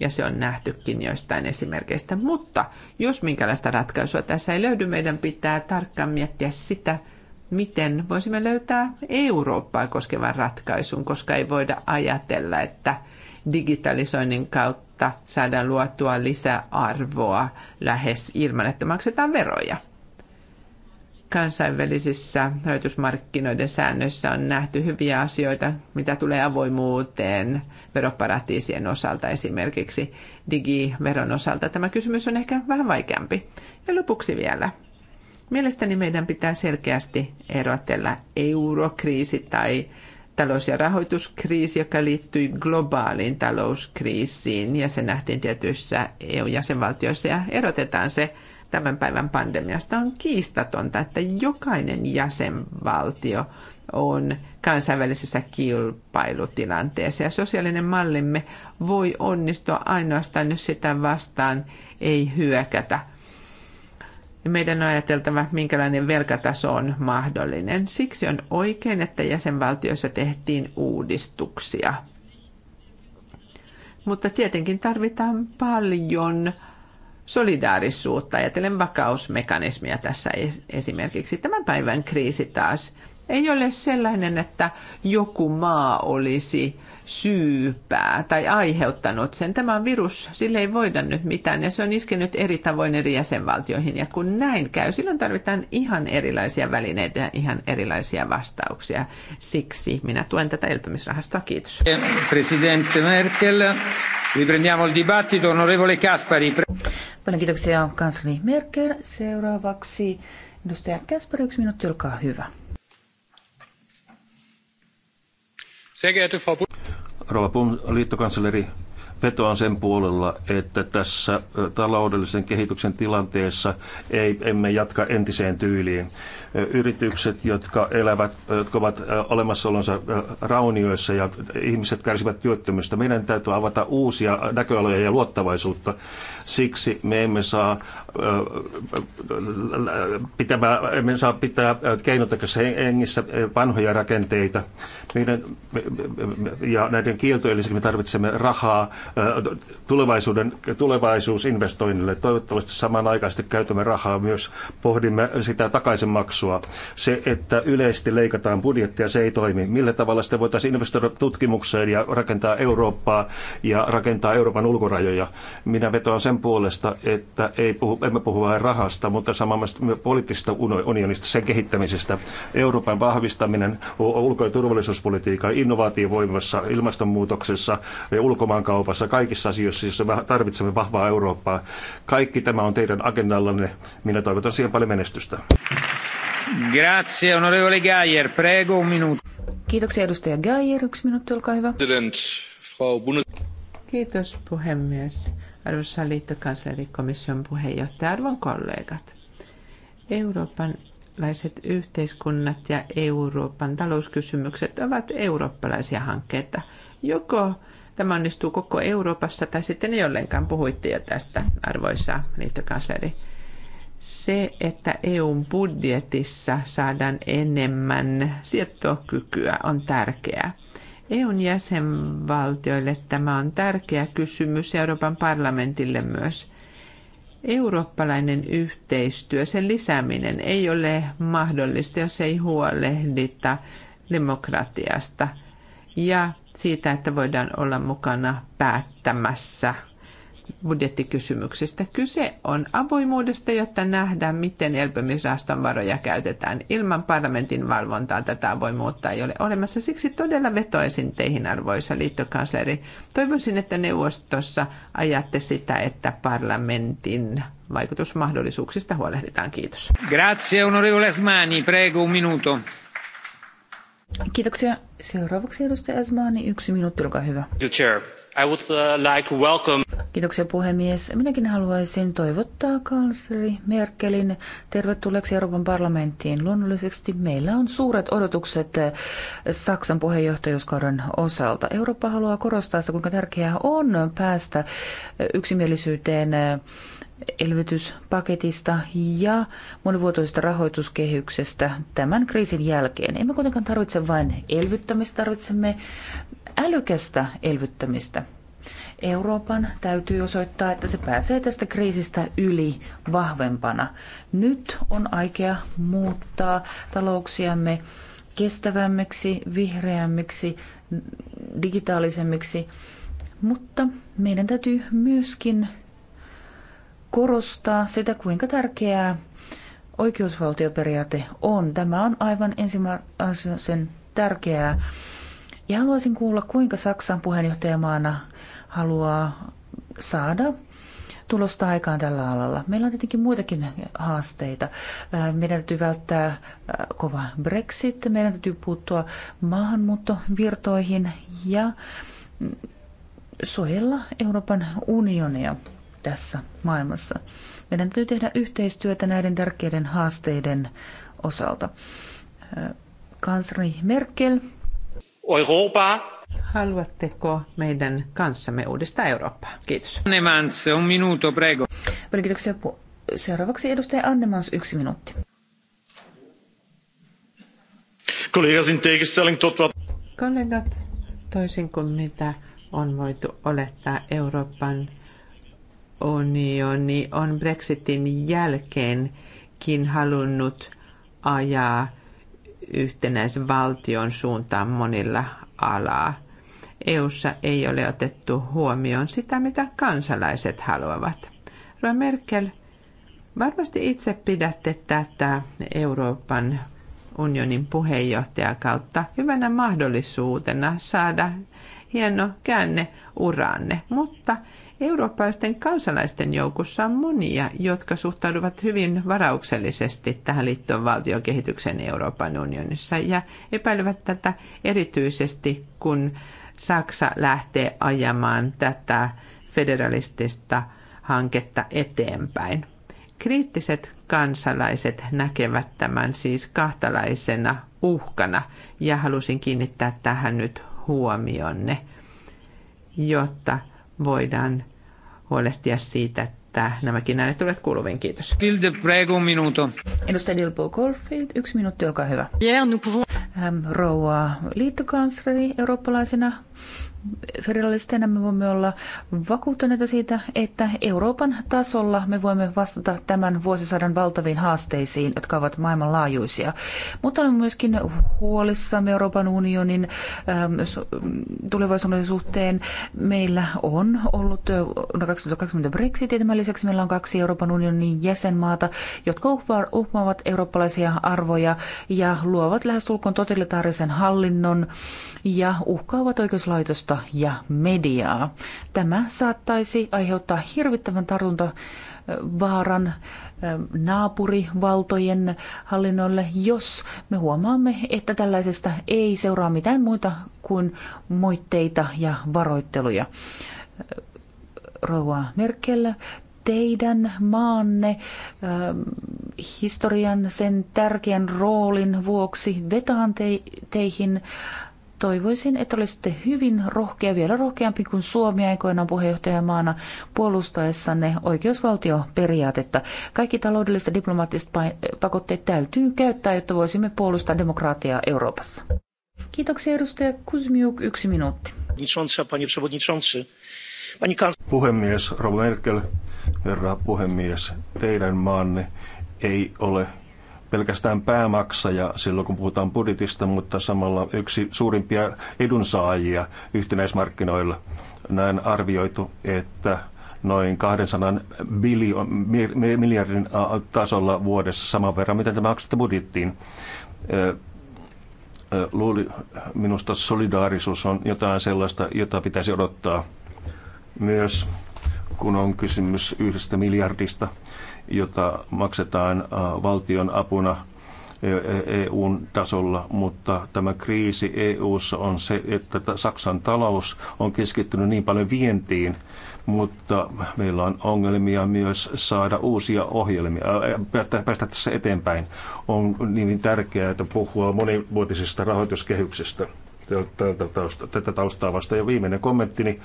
ja se on nähtykin joistain esimerkkeistä. Mutta jos minkälaista ratkaisua tässä ei löydy, meidän pitää tarkkaan miettiä sitä, miten voisimme löytää Eurooppaa koskevan ratkaisun, koska ei voida ajatella, että digitalisoinnin kautta saadaan luotua lisäarvoa lähes ilman, että maksetaan veroja kansainvälisissä rahoitusmarkkinoiden säännöissä on nähty hyviä asioita, mitä tulee avoimuuteen veroparatiisien osalta esimerkiksi digiveron osalta. Tämä kysymys on ehkä vähän vaikeampi. Ja lopuksi vielä. Mielestäni meidän pitää selkeästi erotella eurokriisi tai talous- ja rahoituskriisi, joka liittyy globaaliin talouskriisiin ja se nähtiin tietyissä EU-jäsenvaltioissa ja erotetaan se tämän päivän pandemiasta on kiistatonta, että jokainen jäsenvaltio on kansainvälisessä kilpailutilanteessa. Ja sosiaalinen mallimme voi onnistua ainoastaan, jos sitä vastaan ei hyökätä. Meidän on ajateltava, minkälainen velkataso on mahdollinen. Siksi on oikein, että jäsenvaltioissa tehtiin uudistuksia. Mutta tietenkin tarvitaan paljon solidaarisuutta, ajatellen vakausmekanismia tässä esimerkiksi. Tämän päivän kriisi taas ei ole sellainen, että joku maa olisi syypää tai aiheuttanut sen. Tämä on virus, sille ei voida nyt mitään ja se on iskenyt eri tavoin eri jäsenvaltioihin. Ja kun näin käy, silloin tarvitaan ihan erilaisia välineitä ja ihan erilaisia vastauksia. Siksi minä tuen tätä elpymisrahastoa. Kiitos. Presidente Merkel, riprendiamo il dibattito. Onorevole Kaspari. Paljon kiitoksia kansleri Merkel. Seuraavaksi edustaja Kaspari, yksi minuutti, olkaa hyvä. Sehr geehrte Frau rouva liittokansleri vetoan sen puolella, että tässä taloudellisen kehityksen tilanteessa ei, emme jatka entiseen tyyliin yritykset, jotka elävät, jotka ovat olemassaolonsa raunioissa ja ihmiset kärsivät työttömyystä. Meidän täytyy avata uusia näköaloja ja luottavaisuutta. Siksi me emme saa, pitää, emme saa pitää keinotekoisessa hengissä vanhoja rakenteita. Meidän, ja näiden kieltojen lisäksi me tarvitsemme rahaa tulevaisuuden, tulevaisuusinvestoinnille. Toivottavasti samanaikaisesti käytämme rahaa myös, pohdimme sitä takaisinmaksua maksua. Se, että yleisesti leikataan budjettia, se ei toimi. Millä tavalla sitä voitaisiin investoida tutkimukseen ja rakentaa Eurooppaa ja rakentaa Euroopan ulkorajoja? Minä vetoan sen puolesta, että ei puhu, emme puhu vain rahasta, mutta samasta poliittisesta unionista, sen kehittämisestä. Euroopan vahvistaminen ulko- ja turvallisuuspolitiikan innovaatiovoimassa, ilmastonmuutoksessa ja ulkomaankaupassa, kaikissa asioissa, joissa tarvitsemme vahvaa Eurooppaa. Kaikki tämä on teidän agendallanne. Minä toivotan siihen paljon menestystä. Grazie, onorevole Prego, un Kiitoksia edustaja Yksi minuutti, olkaa hyvä. Kiitos puhemies. Arvoisa liittokansleri, komission puheenjohtaja, arvon kollegat. Euroopan eurooppalaiset yhteiskunnat ja Euroopan talouskysymykset ovat eurooppalaisia hankkeita. Joko tämä onnistuu koko Euroopassa tai sitten ei ollenkaan. Puhuitte jo tästä, arvoisa liittokansleri se, että EUn budjetissa saadaan enemmän sietokykyä, on tärkeää. EUn jäsenvaltioille tämä on tärkeä kysymys ja Euroopan parlamentille myös. Eurooppalainen yhteistyö, sen lisääminen ei ole mahdollista, jos ei huolehdita demokratiasta ja siitä, että voidaan olla mukana päättämässä – budjettikysymyksistä. Kyse on avoimuudesta, jotta nähdään, miten elpymisrahaston varoja käytetään. Ilman parlamentin valvontaa tätä avoimuutta ei ole olemassa. Siksi todella vetoisin teihin, arvoisa liittokansleri. Toivoisin, että neuvostossa ajatte sitä, että parlamentin vaikutusmahdollisuuksista huolehditaan. Kiitos. Grazie, onorevole Asmani. Prego, un minuto. Kiitoksia. Seuraavaksi edustaja Asmani. Yksi minuutti, olkaa hyvä. The chair. I would uh, like welcome. Kiitoksia puhemies. Minäkin haluaisin toivottaa kansleri Merkelin tervetulleeksi Euroopan parlamenttiin. Luonnollisesti meillä on suuret odotukset eh, Saksan puheenjohtajuuskauden osalta. Eurooppa haluaa korostaa sitä, kuinka tärkeää on päästä eh, yksimielisyyteen eh, elvytyspaketista ja monivuotoisesta rahoituskehyksestä tämän kriisin jälkeen. Emme kuitenkaan tarvitse vain elvyttämistä, tarvitsemme älykästä elvyttämistä. Euroopan täytyy osoittaa, että se pääsee tästä kriisistä yli vahvempana. Nyt on aikea muuttaa talouksiamme kestävämmiksi, vihreämmiksi, digitaalisemmiksi, mutta meidän täytyy myöskin korostaa sitä, kuinka tärkeää oikeusvaltioperiaate on. Tämä on aivan ensimmäisen tärkeää ja haluaisin kuulla, kuinka Saksan puheenjohtajamaana haluaa saada tulosta aikaan tällä alalla. Meillä on tietenkin muitakin haasteita. Äh, meidän täytyy välttää äh, kova Brexit, meidän täytyy puuttua maahanmuuttovirtoihin ja mm, suojella Euroopan unionia tässä maailmassa. Meidän täytyy tehdä yhteistyötä näiden tärkeiden haasteiden osalta. Äh, kansleri Merkel Europa. Haluatteko meidän kanssamme uudistaa Eurooppaa? Kiitos. Annemans, un minuto, prego. kiitoksia. Seuraavaksi edustaja Annemans, yksi minuutti. Kollegat, toisin kuin mitä on voitu olettaa Euroopan unioni on Brexitin jälkeenkin halunnut ajaa yhtenäisvaltion suuntaan monilla alaa. EUssa ei ole otettu huomioon sitä, mitä kansalaiset haluavat. Roa Merkel, varmasti itse pidätte tätä Euroopan unionin puheenjohtajakautta hyvänä mahdollisuutena saada hieno käänne uraanne, mutta Eurooppalaisten kansalaisten joukossa on monia, jotka suhtautuvat hyvin varauksellisesti tähän liittyen valtiokehitykseen Euroopan unionissa ja epäilevät tätä erityisesti, kun Saksa lähtee ajamaan tätä federalistista hanketta eteenpäin. Kriittiset kansalaiset näkevät tämän siis kahtalaisena uhkana ja halusin kiinnittää tähän nyt huomionne, jotta voidaan huolehtia siitä, että nämäkin äänet tulevat kuuluviin. Kiitos. Edustaja Dilbo Goldfield, yksi minuutti, olkaa hyvä. Yeah, nous pouvons... Rouva liittokansleri eurooppalaisena federalisteina me voimme olla vakuuttuneita siitä, että Euroopan tasolla me voimme vastata tämän vuosisadan valtaviin haasteisiin, jotka ovat maailmanlaajuisia. Mutta olemme myöskin huolissamme Euroopan unionin ähm, tulevaisuuden suhteen. Meillä on ollut vuonna 2020 Brexit ja tämän lisäksi meillä on kaksi Euroopan unionin jäsenmaata, jotka uhmaavat eurooppalaisia arvoja ja luovat lähestulkoon totalitaarisen hallinnon ja uhkaavat oikeuslaitosta tiedotusta ja mediaa. Tämä saattaisi aiheuttaa hirvittävän tartuntavaaran naapurivaltojen hallinnolle, jos me huomaamme, että tällaisesta ei seuraa mitään muuta kuin moitteita ja varoitteluja. Rouva Merkel, teidän maanne historian sen tärkeän roolin vuoksi vetaan te, teihin toivoisin, että olisitte hyvin rohkea, vielä rohkeampi kuin Suomi aikoinaan puheenjohtajamaana puolustaessanne oikeusvaltioperiaatetta. Kaikki taloudelliset ja diplomaattiset pakotteet täytyy käyttää, jotta voisimme puolustaa demokratiaa Euroopassa. Kiitoksia edustaja Kuzmiuk, yksi minuutti. Puhemies, Rova Merkel, herra puhemies, teidän maanne ei ole pelkästään päämaksaja silloin, kun puhutaan budjetista, mutta samalla yksi suurimpia edunsaajia yhtenäismarkkinoilla. Näin arvioitu, että noin 200 biljo, miljardin tasolla vuodessa saman verran, mitä tämä maksatte budjettiin. Luuli, minusta solidaarisuus on jotain sellaista, jota pitäisi odottaa myös, kun on kysymys yhdestä miljardista jota maksetaan äh, valtion apuna EUn e, e tasolla, mutta tämä kriisi EUssa on se, että Saksan talous on keskittynyt niin paljon vientiin, mutta meillä on ongelmia myös saada uusia ohjelmia, päästä tässä eteenpäin. On niin tärkeää, että puhua monivuotisesta rahoituskehyksestä tätä taustaa vasta. Ja viimeinen kommenttini,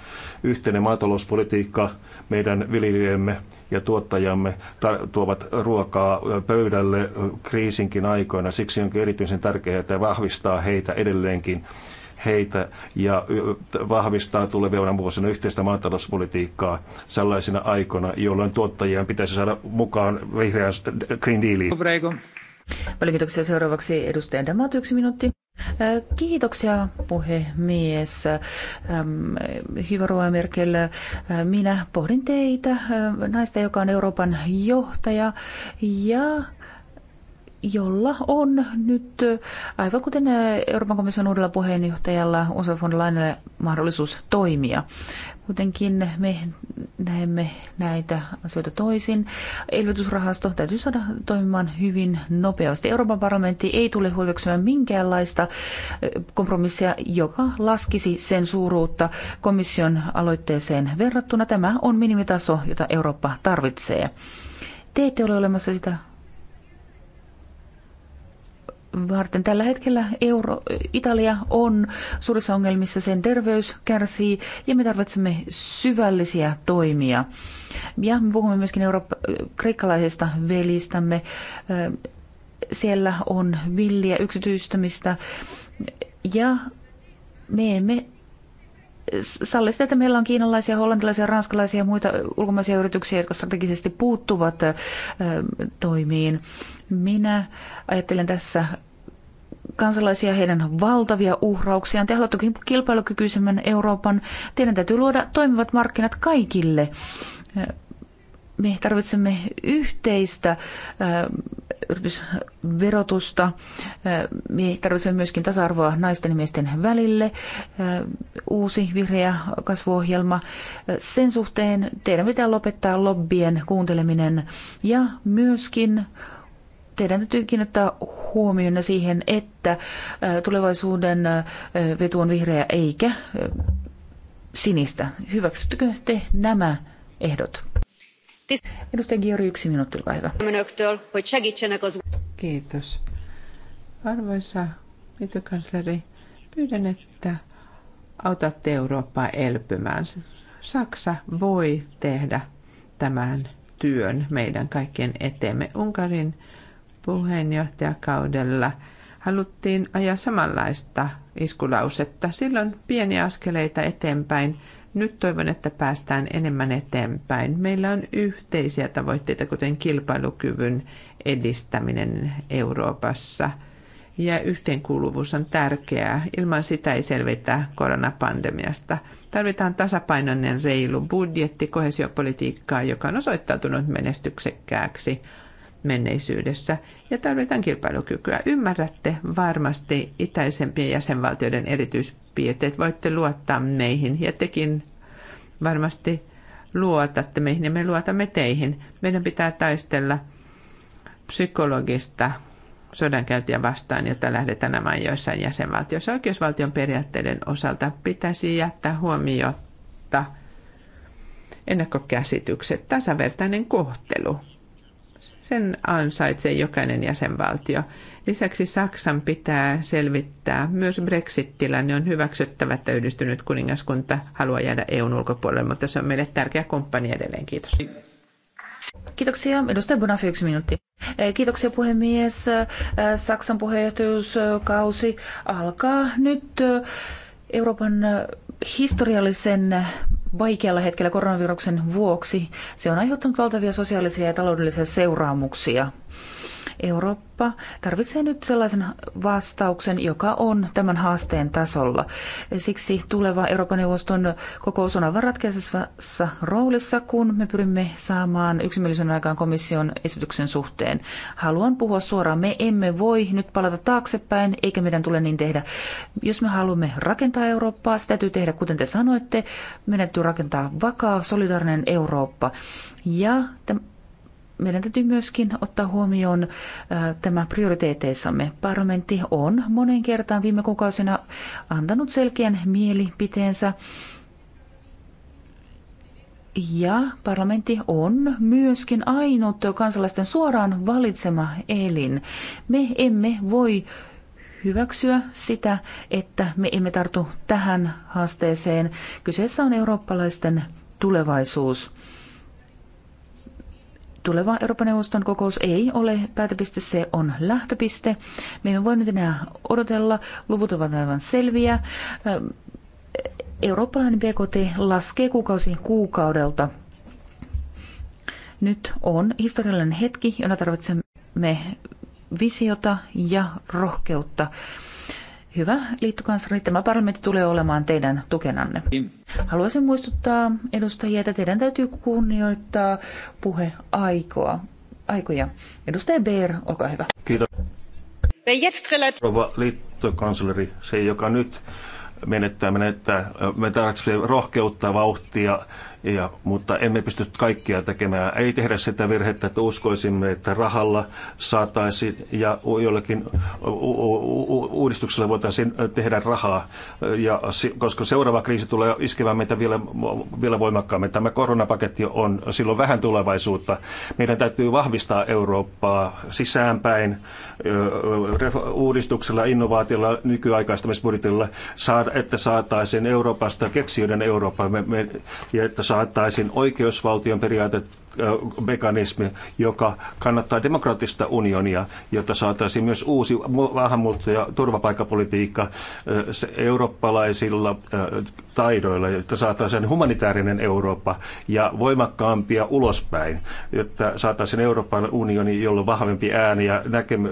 yhteinen maatalouspolitiikka, meidän viljelijämme ja tuottajamme tuovat ruokaa pöydälle kriisinkin aikoina. Siksi onkin erityisen tärkeää, että vahvistaa heitä edelleenkin heitä ja vahvistaa tulevina vuosina yhteistä maatalouspolitiikkaa sellaisina aikoina, jolloin tuottajien pitäisi saada mukaan vihreän Green Dealiin. Paljon kiitoksia. Seuraavaksi edustajan Damat, yksi minuutti. Kiitoksia puhemies. Hyvä Ruoa Merkel, minä pohdin teitä, naista, joka on Euroopan johtaja ja jolla on nyt, aivan kuten Euroopan komission uudella puheenjohtajalla Ursula von Leinelle, mahdollisuus toimia. Kuitenkin me näemme näitä asioita toisin. Elvytysrahasto täytyy saada toimimaan hyvin nopeasti. Euroopan parlamentti ei tule hyväksymään minkäänlaista kompromissia, joka laskisi sen suuruutta komission aloitteeseen verrattuna. Tämä on minimitaso, jota Eurooppa tarvitsee. Te ette ole olemassa sitä varten. Tällä hetkellä Euro, Italia on suurissa ongelmissa, sen terveys kärsii ja me tarvitsemme syvällisiä toimia. Ja me puhumme myöskin eurooppa, kreikkalaisesta velistämme. Siellä on villiä yksityistämistä ja me emme salli sitä, että meillä on kiinalaisia, hollantilaisia, ranskalaisia ja muita ulkomaisia yrityksiä, jotka strategisesti puuttuvat toimiin. Minä ajattelen tässä kansalaisia heidän valtavia uhrauksiaan. Te haluatte kilpailukykyisemmän Euroopan. Teidän täytyy luoda toimivat markkinat kaikille. Me tarvitsemme yhteistä äh, yritysverotusta. Äh, me tarvitsemme myöskin tasa-arvoa naisten ja miesten välille. Äh, uusi vihreä kasvuohjelma. Sen suhteen teidän pitää lopettaa lobbien kuunteleminen ja myöskin teidän täytyy kiinnittää huomioon siihen, että tulevaisuuden vetu on vihreä eikä sinistä. Hyväksyttekö te nämä ehdot? Edustaja Giori, yksi minuutti, olkaa hyvä. Kiitos. Arvoisa liittokansleri, pyydän, että autatte Eurooppaa elpymään. Saksa voi tehdä tämän työn meidän kaikkien eteemme. Unkarin puheenjohtajakaudella haluttiin ajaa samanlaista iskulausetta. Silloin pieniä askeleita eteenpäin. Nyt toivon, että päästään enemmän eteenpäin. Meillä on yhteisiä tavoitteita, kuten kilpailukyvyn edistäminen Euroopassa. Ja yhteenkuuluvuus on tärkeää. Ilman sitä ei selvitä koronapandemiasta. Tarvitaan tasapainoinen reilu budjetti, kohesiopolitiikkaa, joka on osoittautunut menestyksekkääksi – menneisyydessä ja tarvitaan kilpailukykyä. Ymmärrätte varmasti itäisempien jäsenvaltioiden erityispiirteet. Voitte luottaa meihin ja tekin varmasti luotatte meihin ja me luotamme teihin. Meidän pitää taistella psykologista sodankäyntiä vastaan, jota lähdetään nämään joissain jäsenvaltioissa. Oikeusvaltion periaatteiden osalta pitäisi jättää huomiota ennakkokäsitykset, tasavertainen kohtelu – sen ansaitsee jokainen jäsenvaltio. Lisäksi Saksan pitää selvittää myös Brexit-tilanne. On hyväksyttävä, että yhdistynyt kuningaskunta haluaa jäädä EUn ulkopuolelle, mutta se on meille tärkeä kumppani edelleen. Kiitos. Kiitoksia. Edustaja Bonafi, yksi minuutti. Eh, kiitoksia puhemies. Eh, Saksan puheenjohtajuuskausi alkaa nyt eh, Euroopan historiallisen vaikealla hetkellä koronaviruksen vuoksi. Se on aiheuttanut valtavia sosiaalisia ja taloudellisia seuraamuksia Eurooppa tarvitsee nyt sellaisen vastauksen, joka on tämän haasteen tasolla. Siksi tuleva Euroopan neuvoston kokous on aivan ratkaisevassa roolissa, kun me pyrimme saamaan yksimielisyyden aikaan komission esityksen suhteen. Haluan puhua suoraan, me emme voi nyt palata taaksepäin, eikä meidän tule niin tehdä. Jos me haluamme rakentaa Eurooppaa, sitä täytyy tehdä, kuten te sanoitte, meidän täytyy rakentaa vakaa, solidaarinen Eurooppa. Ja meidän täytyy myöskin ottaa huomioon tämä prioriteeteissamme. Parlamentti on monen kertaan viime kuukausina antanut selkeän mielipiteensä ja parlamentti on myöskin ainut kansalaisten suoraan valitsema elin. Me emme voi hyväksyä sitä, että me emme tartu tähän haasteeseen. Kyseessä on eurooppalaisten tulevaisuus tuleva Euroopan neuvoston kokous ei ole päätöpiste, se on lähtöpiste. Me emme voi nyt enää odotella, luvut ovat aivan selviä. Eurooppalainen BKT laskee kuukausi kuukaudelta. Nyt on historiallinen hetki, jona tarvitsemme visiota ja rohkeutta. Hyvä, liittokansari, tämä parlamentti tulee olemaan teidän tukenanne. Haluaisin muistuttaa edustajia, että teidän täytyy kunnioittaa puheaikoa. Aikoja. Edustaja Beer, olkaa hyvä. Kiitos. Rouva liittokansleri, se joka nyt menettää, menettää, me tarvitsemme rohkeutta, vauhtia ja, mutta emme pysty kaikkia tekemään. Ei tehdä sitä virhettä, että uskoisimme, että rahalla saataisiin ja jollakin uudistuksella voitaisiin tehdä rahaa, ja, koska seuraava kriisi tulee iskemään meitä vielä, vielä voimakkaammin. Tämä koronapaketti on silloin vähän tulevaisuutta. Meidän täytyy vahvistaa Eurooppaa sisäänpäin uudistuksella, innovaatiolla, nykyaikaistamisbudjetilla, että saataisiin Euroopasta keksijöiden Eurooppa ja että saa saataisiin oikeusvaltion periaatetta mekanismi, joka kannattaa demokraattista unionia, jotta saataisiin myös uusi maahanmuutto- ja turvapaikkapolitiikka eurooppalaisilla taidoilla, jotta saataisiin humanitaarinen Eurooppa ja voimakkaampia ulospäin, jotta saataisiin Euroopan unioni, jolla on vahvempi ääni ja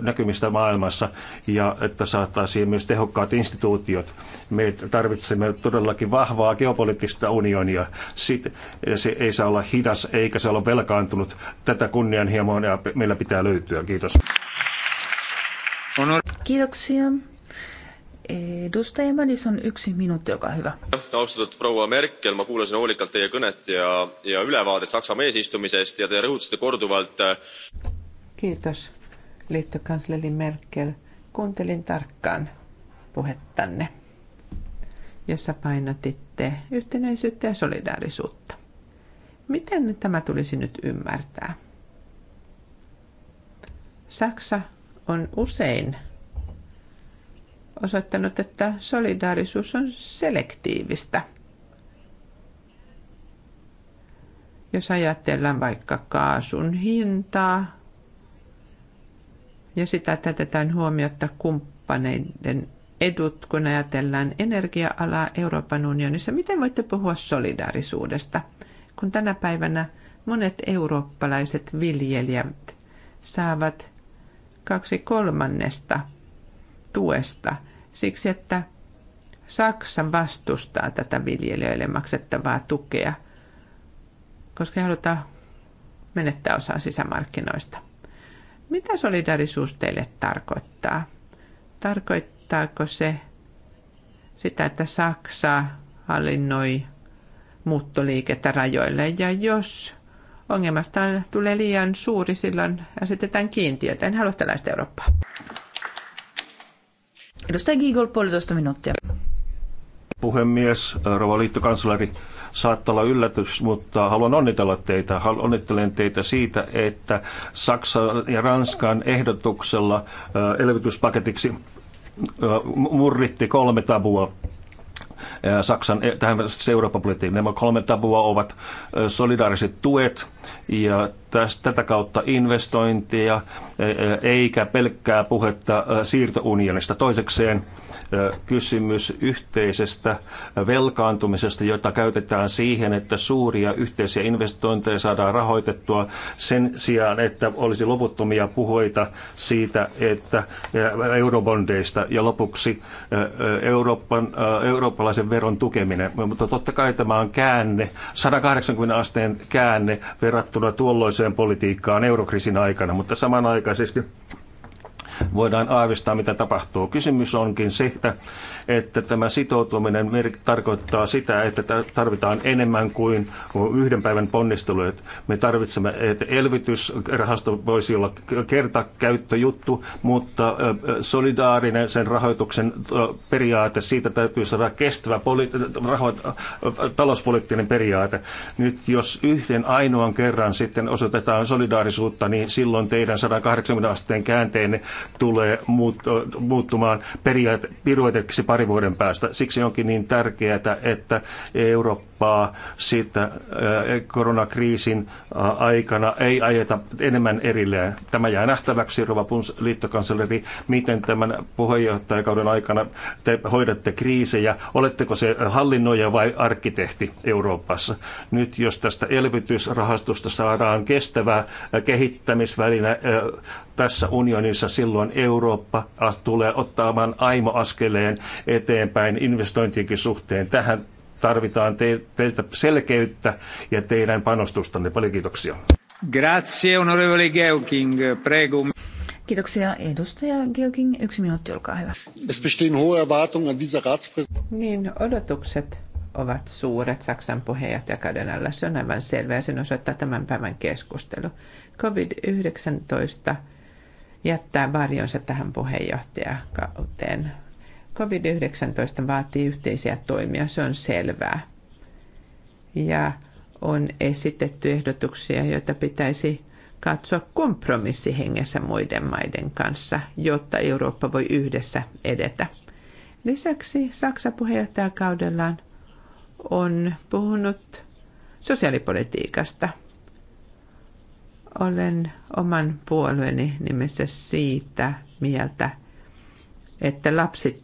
näkymistä maailmassa ja että saataisiin myös tehokkaat instituutiot. Me tarvitsemme todellakin vahvaa geopoliittista unionia. Se ei saa olla hidas eikä se olla velkaantunut. Tätä kunnianhimoa ja meillä pitää löytyä. Kiitos. Kiitoksia. Edustaja Madison, yksi minuutti, olkaa hyvä. Austatud proua Merkel, ma kuulasin hoolikalt teie kõnet ja, ja ülevaadet Saksa meesistumisest ja te rõhutasite korduvalt. Äh, Kiitos, liittokansleri Merkel. Kuuntelin tarkkaan puhettanne, jossa painotitte yhtenäisyyttä ja solidaarisuutta. Miten tämä tulisi nyt ymmärtää? Saksa on usein osoittanut, että solidaarisuus on selektiivistä. Jos ajatellaan vaikka kaasun hintaa ja sitä, tätetään huomiota kumppaneiden edut, kun ajatellaan energia-alaa Euroopan unionissa, miten voitte puhua solidaarisuudesta – kun tänä päivänä monet eurooppalaiset viljelijät saavat kaksi kolmannesta tuesta siksi, että Saksa vastustaa tätä viljelijöille maksettavaa tukea, koska he halutaan menettää osaa sisämarkkinoista. Mitä solidarisuus teille tarkoittaa? Tarkoittaako se sitä, että Saksa hallinnoi muuttoliikettä rajoille. Ja jos ongelmasta tulee liian suuri, silloin asetetaan kiintiötä. En halua tällaista Eurooppaa. Edustaja Giegel, puolitoista minuuttia. Puhemies, rouva liittokansleri, saattaa olla yllätys, mutta haluan onnitella teitä. Onnittelen teitä siitä, että Saksan ja Ranskan ehdotuksella elvytyspaketiksi murritti kolme tabua Saksan eh, tähän Euroopan politiikkaan. Nämä kolme tabua ovat eh, solidaariset tuet, ja tästä, tätä kautta investointia, e, e, eikä pelkkää puhetta e, siirtounionista. Toisekseen kysymys yhteisestä velkaantumisesta, jota käytetään siihen, että suuria yhteisiä investointeja saadaan rahoitettua sen sijaan, että olisi loputtomia puhuita siitä, että eurobondeista ja lopuksi Euroopan, eurooppalaisen veron tukeminen. Mutta totta kai tämä on käänne, 180 asteen käänne verrattuna tuolloiseen politiikkaan eurokrisin aikana, mutta samanaikaisesti voidaan aavistaa, mitä tapahtuu. Kysymys onkin se, että että tämä sitoutuminen mer- tarkoittaa sitä, että tarvitaan enemmän kuin yhden päivän ponnisteluja. Me tarvitsemme, että elvytysrahasto voisi olla kertakäyttöjuttu, mutta solidaarinen sen rahoituksen periaate, siitä täytyy saada kestävä poli- raho- talouspoliittinen periaate. Nyt jos yhden ainoan kerran sitten osoitetaan solidaarisuutta, niin silloin teidän 180 asteen käänteenne tulee muuttumaan periaate, pirueteksi pari vuoden päästä. Siksi onkin niin tärkeää, että Eurooppa kauppaa siitä äh, koronakriisin äh, aikana ei ajeta enemmän erilleen. Tämä jää nähtäväksi, Rova Puns, liittokansleri, miten tämän puheenjohtajakauden aikana te hoidatte kriisejä. Oletteko se hallinnoija vai arkkitehti Euroopassa? Nyt jos tästä elvytysrahastosta saadaan kestävä äh, kehittämisväline tässä unionissa, silloin Eurooppa tulee ottaamaan aimo askeleen eteenpäin investointienkin suhteen. Tähän tarvitaan te- teiltä selkeyttä ja teidän panostustanne. Paljon kiitoksia. Grazie, onorevole Geoking. Prego. Kiitoksia edustaja Geoking. Yksi minuutti, olkaa hyvä. Es bestehen hohe Erwartungen an dieser Niin, odotukset ovat suuret Saksan puheenjohtajakauden alla. Se on aivan selvää ja sen osoittaa tämän päivän keskustelu. COVID-19 jättää varjonsa tähän puheenjohtajakauteen. COVID-19 vaatii yhteisiä toimia, se on selvää. Ja on esitetty ehdotuksia, joita pitäisi katsoa kompromissihengessä muiden maiden kanssa, jotta Eurooppa voi yhdessä edetä. Lisäksi Saksa puheenjohtajakaudellaan on puhunut sosiaalipolitiikasta. Olen oman puolueeni nimessä siitä mieltä, että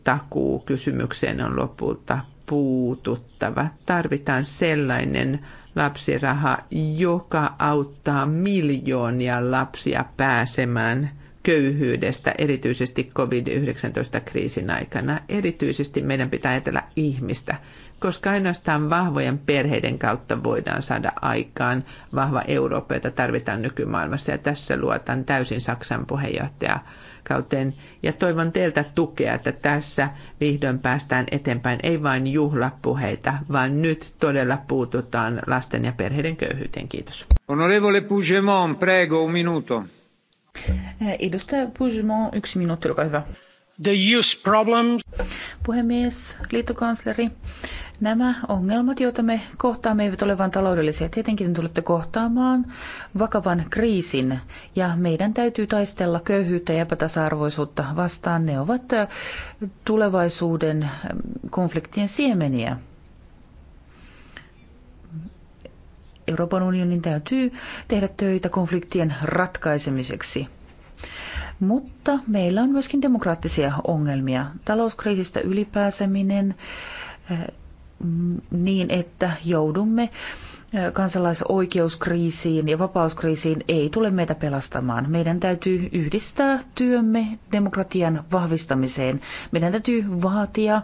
takuu kysymykseen on lopulta puututtava. Tarvitaan sellainen lapsiraha, joka auttaa miljoonia lapsia pääsemään köyhyydestä, erityisesti COVID-19-kriisin aikana. Erityisesti meidän pitää ajatella ihmistä, koska ainoastaan vahvojen perheiden kautta voidaan saada aikaan vahva Eurooppa, jota tarvitaan nykymaailmassa. Ja tässä luotan täysin Saksan puheenjohtaja rakkauteen ja toivon teiltä tukea, että tässä vihdoin päästään eteenpäin. Ei vain juhlapuheita, vaan nyt todella puututaan lasten ja perheiden köyhyyteen. Kiitos. Onorevole Puigdemont, prego, un minuto. Eh, edustaja Puigdemont, yksi minuutti, olkaa hyvä. The problems. Puhemies, liittokansleri, nämä ongelmat, joita me kohtaamme, eivät ole vain taloudellisia. Tietenkin te tulette kohtaamaan vakavan kriisin ja meidän täytyy taistella köyhyyttä ja epätasa-arvoisuutta vastaan. Ne ovat äh, tulevaisuuden ähm, konfliktien siemeniä. Euroopan unionin täytyy tehdä töitä konfliktien ratkaisemiseksi. Mutta meillä on myöskin demokraattisia ongelmia. Talouskriisistä ylipääseminen eh, mm, niin, että joudumme eh, kansalaisoikeuskriisiin ja vapauskriisiin ei tule meitä pelastamaan. Meidän täytyy yhdistää työmme demokratian vahvistamiseen. Meidän täytyy vaatia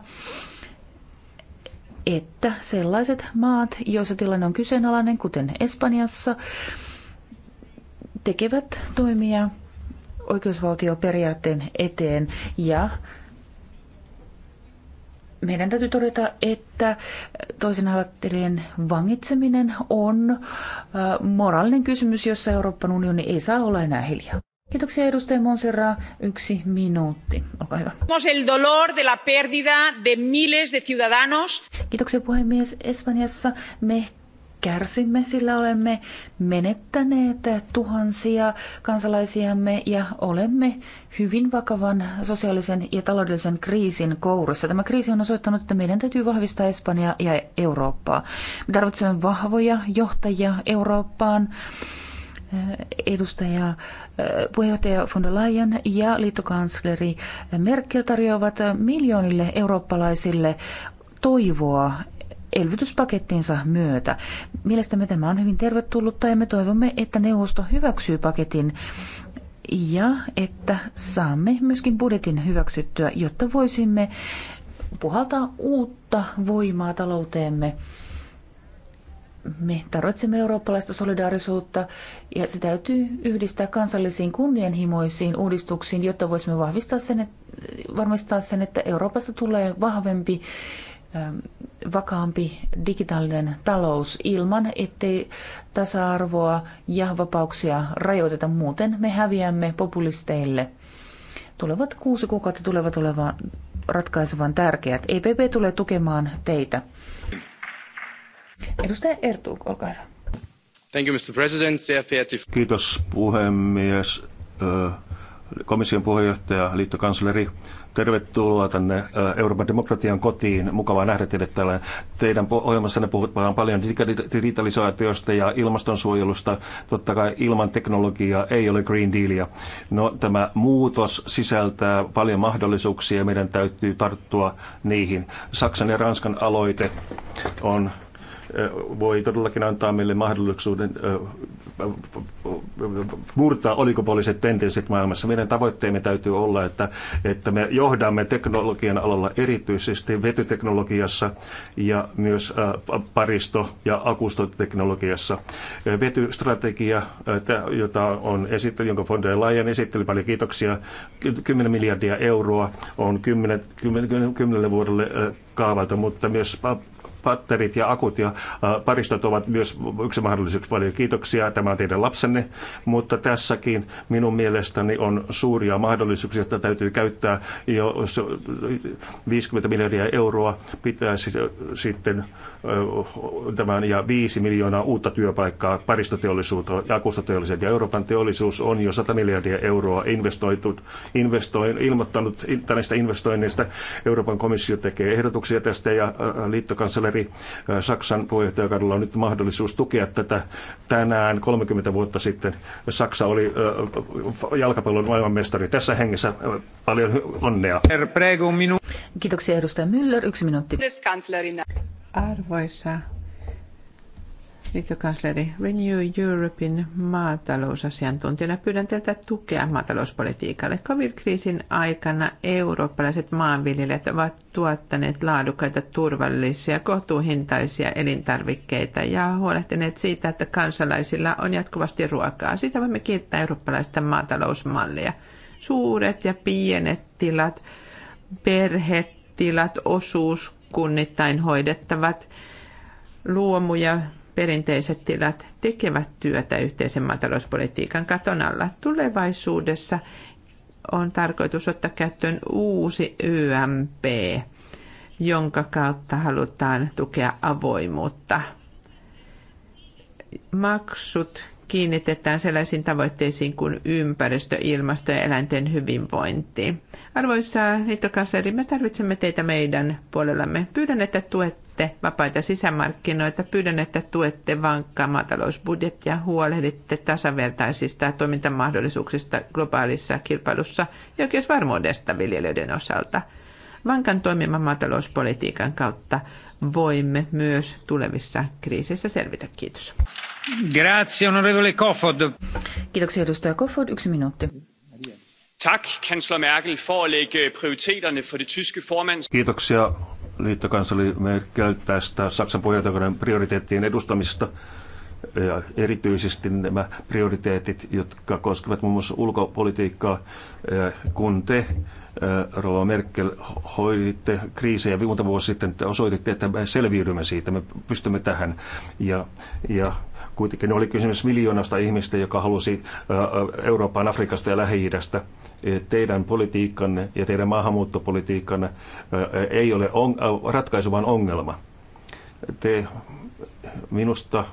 että sellaiset maat, joissa tilanne on kyseenalainen, kuten Espanjassa, tekevät toimia oikeusvaltioperiaatteen eteen ja meidän täytyy todeta, että toisen ajattelijan vangitseminen on äh, moraalinen kysymys, jossa Euroopan unioni ei saa olla enää hiljaa. Kiitoksia edustaja Monserra. Yksi minuutti. Olkaa hyvä. El dolor de la pérdida de miles de ciudadanos. Kiitoksia puhemies. Espanjassa me kärsimme, sillä olemme menettäneet tuhansia kansalaisiamme ja olemme hyvin vakavan sosiaalisen ja taloudellisen kriisin kourussa. Tämä kriisi on osoittanut, että meidän täytyy vahvistaa Espanjaa ja Eurooppaa. Me tarvitsemme vahvoja johtajia Eurooppaan edustaja, eh, puheenjohtaja von der Leyen ja liittokansleri Merkel tarjoavat miljoonille eurooppalaisille toivoa elvytyspakettinsa myötä. Mielestämme tämä on hyvin tervetullutta ja me toivomme, että neuvosto hyväksyy paketin ja että saamme myöskin budjetin hyväksyttyä, jotta voisimme puhaltaa uutta voimaa talouteemme. Me tarvitsemme eurooppalaista solidaarisuutta ja se täytyy yhdistää kansallisiin kunnianhimoisiin uudistuksiin, jotta voisimme vahvistaa sen, varmistaa sen, että Euroopasta tulee vahvempi Ähm, vakaampi digitaalinen talous ilman, ettei tasa-arvoa ja vapauksia rajoiteta. Muuten me häviämme populisteille. Tulevat kuusi kuukautta tulevat olevan ratkaisevan tärkeät. EPP tulee tukemaan teitä. Edustaja Ertug, olkaa hyvä. Thank you, Mr. President. Kiitos puhemies, komission puheenjohtaja, liittokansleri. Tervetuloa tänne Euroopan demokratian kotiin. Mukavaa nähdä teidät täällä. Teidän ohjelmassanne puhutaan paljon digitalisaatiosta ja ilmastonsuojelusta. Totta kai ilman teknologiaa ei ole Green Dealia. No, tämä muutos sisältää paljon mahdollisuuksia ja meidän täytyy tarttua niihin. Saksan ja Ranskan aloite on voi todellakin antaa meille mahdollisuuden murtaa olikopoliset tendenssit maailmassa. Meidän tavoitteemme täytyy olla, että, että me johdamme teknologian alalla erityisesti vetyteknologiassa ja myös paristo- ja akustoteknologiassa. Vetystrategia, jota on esittely, jonka von der Leyen esitteli, paljon kiitoksia, 10 miljardia euroa on 10, 10, 10 vuodelle kaavalta, mutta myös patterit ja akut ja paristot ovat myös yksi mahdollisuus. Paljon kiitoksia, tämä on teidän lapsenne, mutta tässäkin minun mielestäni on suuria mahdollisuuksia, että täytyy käyttää. jo 50 miljardia euroa pitäisi sitten tämän ja 5 miljoonaa uutta työpaikkaa paristoteollisuutta ja akustoteollisuuteen. Ja Euroopan teollisuus on jo 100 miljardia euroa investoitu, investoin, ilmoittanut tällaista investoinneista. Euroopan komissio tekee ehdotuksia tästä ja liittokansleri Junckeri Saksan puheenjohtajakadulla on nyt mahdollisuus tukea tätä tänään 30 vuotta sitten. Saksa oli jalkapallon maailmanmestari. Tässä hengessä paljon onnea. Kiitoksia edustaja Müller. Yksi minuutti. Arvoisa liittokansleri Renew Europein maatalousasiantuntijana. Pyydän teiltä tukea maatalouspolitiikalle. Covid-kriisin aikana eurooppalaiset maanviljelijät ovat tuottaneet laadukkaita, turvallisia, kohtuuhintaisia elintarvikkeita ja huolehtineet siitä, että kansalaisilla on jatkuvasti ruokaa. Siitä voimme kiittää eurooppalaista maatalousmallia. Suuret ja pienet tilat, perhetilat, osuuskunnittain hoidettavat luomu- ja perinteiset tilat tekevät työtä yhteisen maatalouspolitiikan katon alla. Tulevaisuudessa on tarkoitus ottaa käyttöön uusi YMP, jonka kautta halutaan tukea avoimuutta. Maksut kiinnitetään sellaisiin tavoitteisiin kuin ympäristö, ilmasto ja eläinten hyvinvointi. Arvoisa liittokansleri, me tarvitsemme teitä meidän puolellamme. Pyydän, että tuette vapaita sisämarkkinoita, pyydän, että tuette vankkaa maatalousbudjettia, huolehditte tasavertaisista toimintamahdollisuuksista globaalissa kilpailussa ja oikeusvarmuudesta viljelijöiden osalta. Vankan toimiman maatalouspolitiikan kautta voimme myös tulevissa kriiseissä selvitä. Kiitos. Grazie, onorevole Kofod. Kiitoksia, edustaja Kofod. Yksi minuutti. Tak, kansler Merkel, for at lægge prioriteterne for det tyske formands... Kiitoksia, liittokansleri Merkel, tästä Saksan puheenjohtajakauden prioriteettien edustamisesta. Ja erityisesti nämä prioriteetit, jotka koskevat muun muassa ulkopolitiikkaa, kun te Rova Merkel, hoiditte kriisejä muuta vuosi sitten, että osoititte, että me selviydymme siitä, me pystymme tähän. Ja, ja kuitenkin oli kysymys miljoonasta ihmistä, joka halusi Euroopan, Afrikasta ja Lähi-idästä. E, teidän politiikkanne ja teidän maahanmuuttopolitiikkanne ei ole on, ratkaisu, vaan ongelma. Te minusta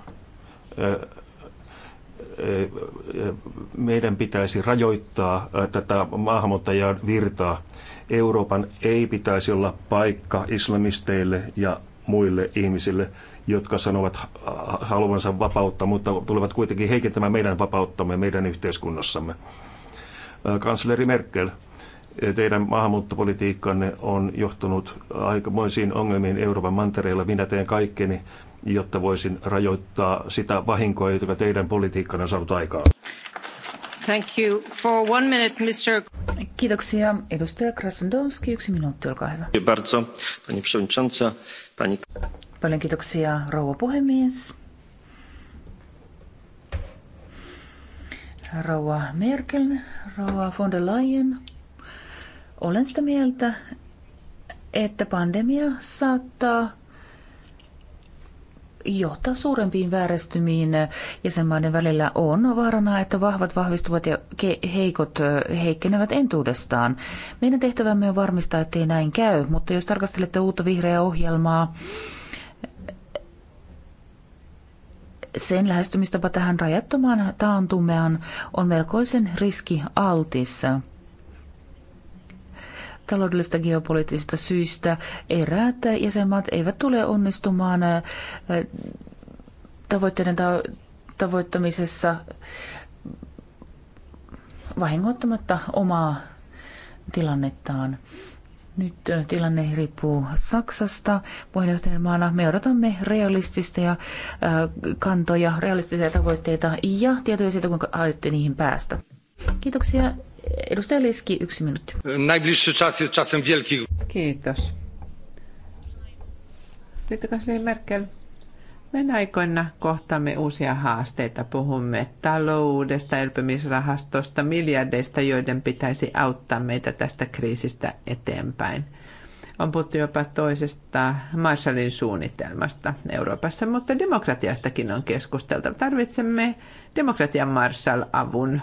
meidän pitäisi rajoittaa tätä maahanmuuttajan virtaa. Euroopan ei pitäisi olla paikka islamisteille ja muille ihmisille, jotka sanovat haluavansa vapautta, mutta tulevat kuitenkin heikentämään meidän vapauttamme meidän yhteiskunnassamme. Kansleri Merkel, teidän maahanmuuttopolitiikkanne on johtunut aikamoisiin ongelmiin Euroopan mantereilla. Minä teen kaikkeni, jotta voisin rajoittaa sitä vahinkoa, joka teidän politiikkanne on saanut aikaan. Thank you. For one minute, Mr. Kiitoksia. Edustaja Krasnodowski, yksi minuutti, olkaa hyvä. Bardzo, pani przewodnicząca, pani... Paljon kiitoksia, rouva puhemies. Rouva Merkel, rouva von der Leyen, olen sitä mieltä, että pandemia saattaa johtaa suurempiin vääristymiin jäsenmaiden välillä on vaarana, että vahvat vahvistuvat ja heikot heikkenevät entuudestaan. Meidän tehtävämme on varmistaa, ettei näin käy, mutta jos tarkastelette uutta vihreää ohjelmaa, sen lähestymistapa tähän rajattomaan taantumeaan on melkoisen riski altissa taloudellisista geopoliittisista syistä eräät jäsenmaat eivät tule onnistumaan äh, tavoitteiden tavoittamisessa vahingoittamatta omaa tilannettaan. Nyt äh, tilanne riippuu Saksasta. Puheenjohtajamaana me odotamme realistista ja äh, kantoja, realistisia tavoitteita ja tietoja siitä, kuinka aiotte niihin päästä. Kiitoksia Edustaja Liski, yksi minuutti. Najbliższy czas jest czasem wielkich. Kiitos. Liittokansleri Merkel, näinä aikoina kohtaamme uusia haasteita. Puhumme taloudesta, elpymisrahastosta, miljardeista, joiden pitäisi auttaa meitä tästä kriisistä eteenpäin. On puhuttu jopa toisesta Marshallin suunnitelmasta Euroopassa, mutta demokratiastakin on keskusteltava. Tarvitsemme demokratian Marshall-avun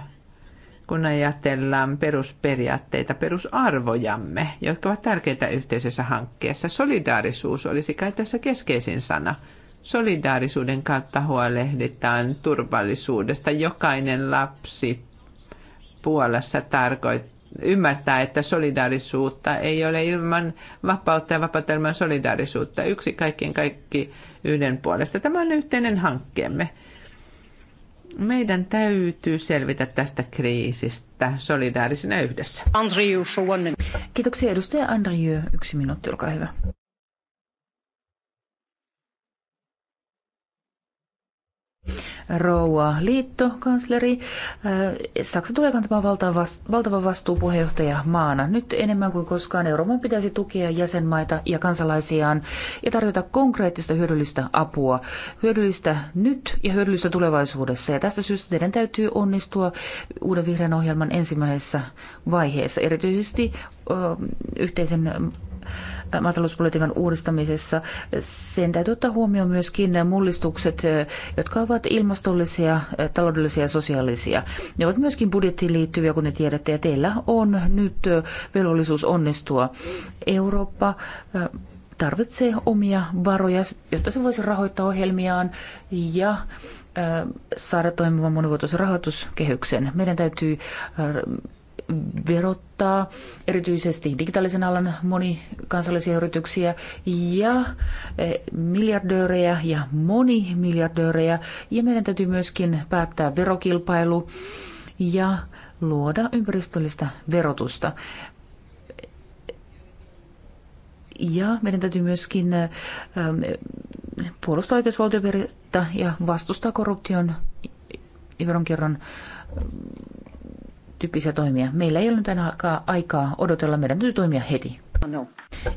kun ajatellaan perusperiaatteita, perusarvojamme, jotka ovat tärkeitä yhteisessä hankkeessa. Solidaarisuus olisi kai tässä keskeisin sana. Solidaarisuuden kautta huolehditaan turvallisuudesta. Jokainen lapsi Puolassa tarkoittaa ymmärtää, että solidaarisuutta ei ole ilman vapautta ja vapautta ilman solidaarisuutta. Yksi kaikkien kaikki yhden puolesta. Tämä on yhteinen hankkeemme. Meidän täytyy selvitä tästä kriisistä solidaarisena yhdessä. Andrew for one minute. Kiitoksia edustaja Andriu. Yksi minuutti, olkaa hyvä. rouva liittokansleri. Äh, Saksa tulee kantamaan valtava vastuu puheenjohtaja maana. Nyt enemmän kuin koskaan Euroopan pitäisi tukea jäsenmaita ja kansalaisiaan ja tarjota konkreettista hyödyllistä apua. Hyödyllistä nyt ja hyödyllistä tulevaisuudessa. Ja tästä syystä teidän täytyy onnistua uuden vihreän ohjelman ensimmäisessä vaiheessa. Erityisesti yhteisen maatalouspolitiikan uudistamisessa. Sen täytyy ottaa huomioon myöskin nämä mullistukset, jotka ovat ilmastollisia, taloudellisia ja sosiaalisia. Ne ovat myöskin budjettiin liittyviä, kun tiedätte, ja teillä on nyt velvollisuus onnistua. Eurooppa tarvitsee omia varoja, jotta se voisi rahoittaa ohjelmiaan ja saada toimivan monivuotoisen rahoituskehyksen. Meidän täytyy verottaa erityisesti digitaalisen alan monikansallisia yrityksiä ja e, miljardöörejä ja monimiljardöörejä. Ja meidän täytyy myöskin päättää verokilpailu ja luoda ympäristöllistä verotusta. Ja meidän täytyy myöskin e, puolustaa oikeusvaltioperiaatetta ja vastustaa korruption ja veronkierron tyyppisiä toimia. Meillä ei ole nyt aikaa, aikaa odotella, meidän täytyy toimia heti. No.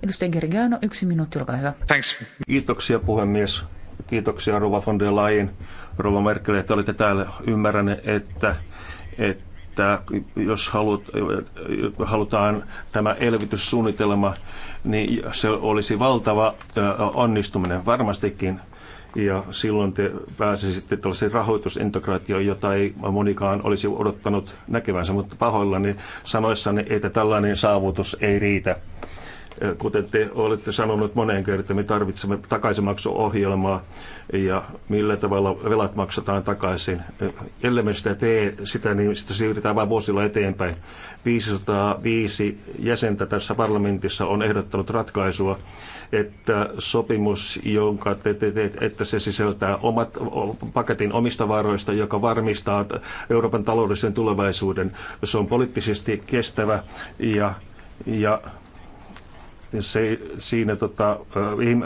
Edustaja Gergiano, yksi minuutti, olkaa hyvä. Thanks. Kiitoksia puhemies. Kiitoksia Rova von der Leyen. Rova Merkel, että olitte täällä. Ymmärrän, että, että että jos halut, halutaan tämä elvytyssuunnitelma, niin se olisi valtava onnistuminen varmastikin ja silloin te pääsisitte tällaiseen rahoitusintegraatioon, jota ei monikaan olisi odottanut näkevänsä, mutta pahoillani sanoissanne, että tällainen saavutus ei riitä. Kuten te olette sanonut moneen kertaan, me tarvitsemme takaisinmaksuohjelmaa ja millä tavalla velat maksataan takaisin. Ellei me sitä tee sitä, niin sitä siirretään vain vuosilla eteenpäin. 505 jäsentä tässä parlamentissa on ehdottanut ratkaisua, että sopimus, jonka te te, että se sisältää omat paketin omista varoista, joka varmistaa Euroopan taloudellisen tulevaisuuden. Se on poliittisesti kestävä ja, ja niin se, siinä tota,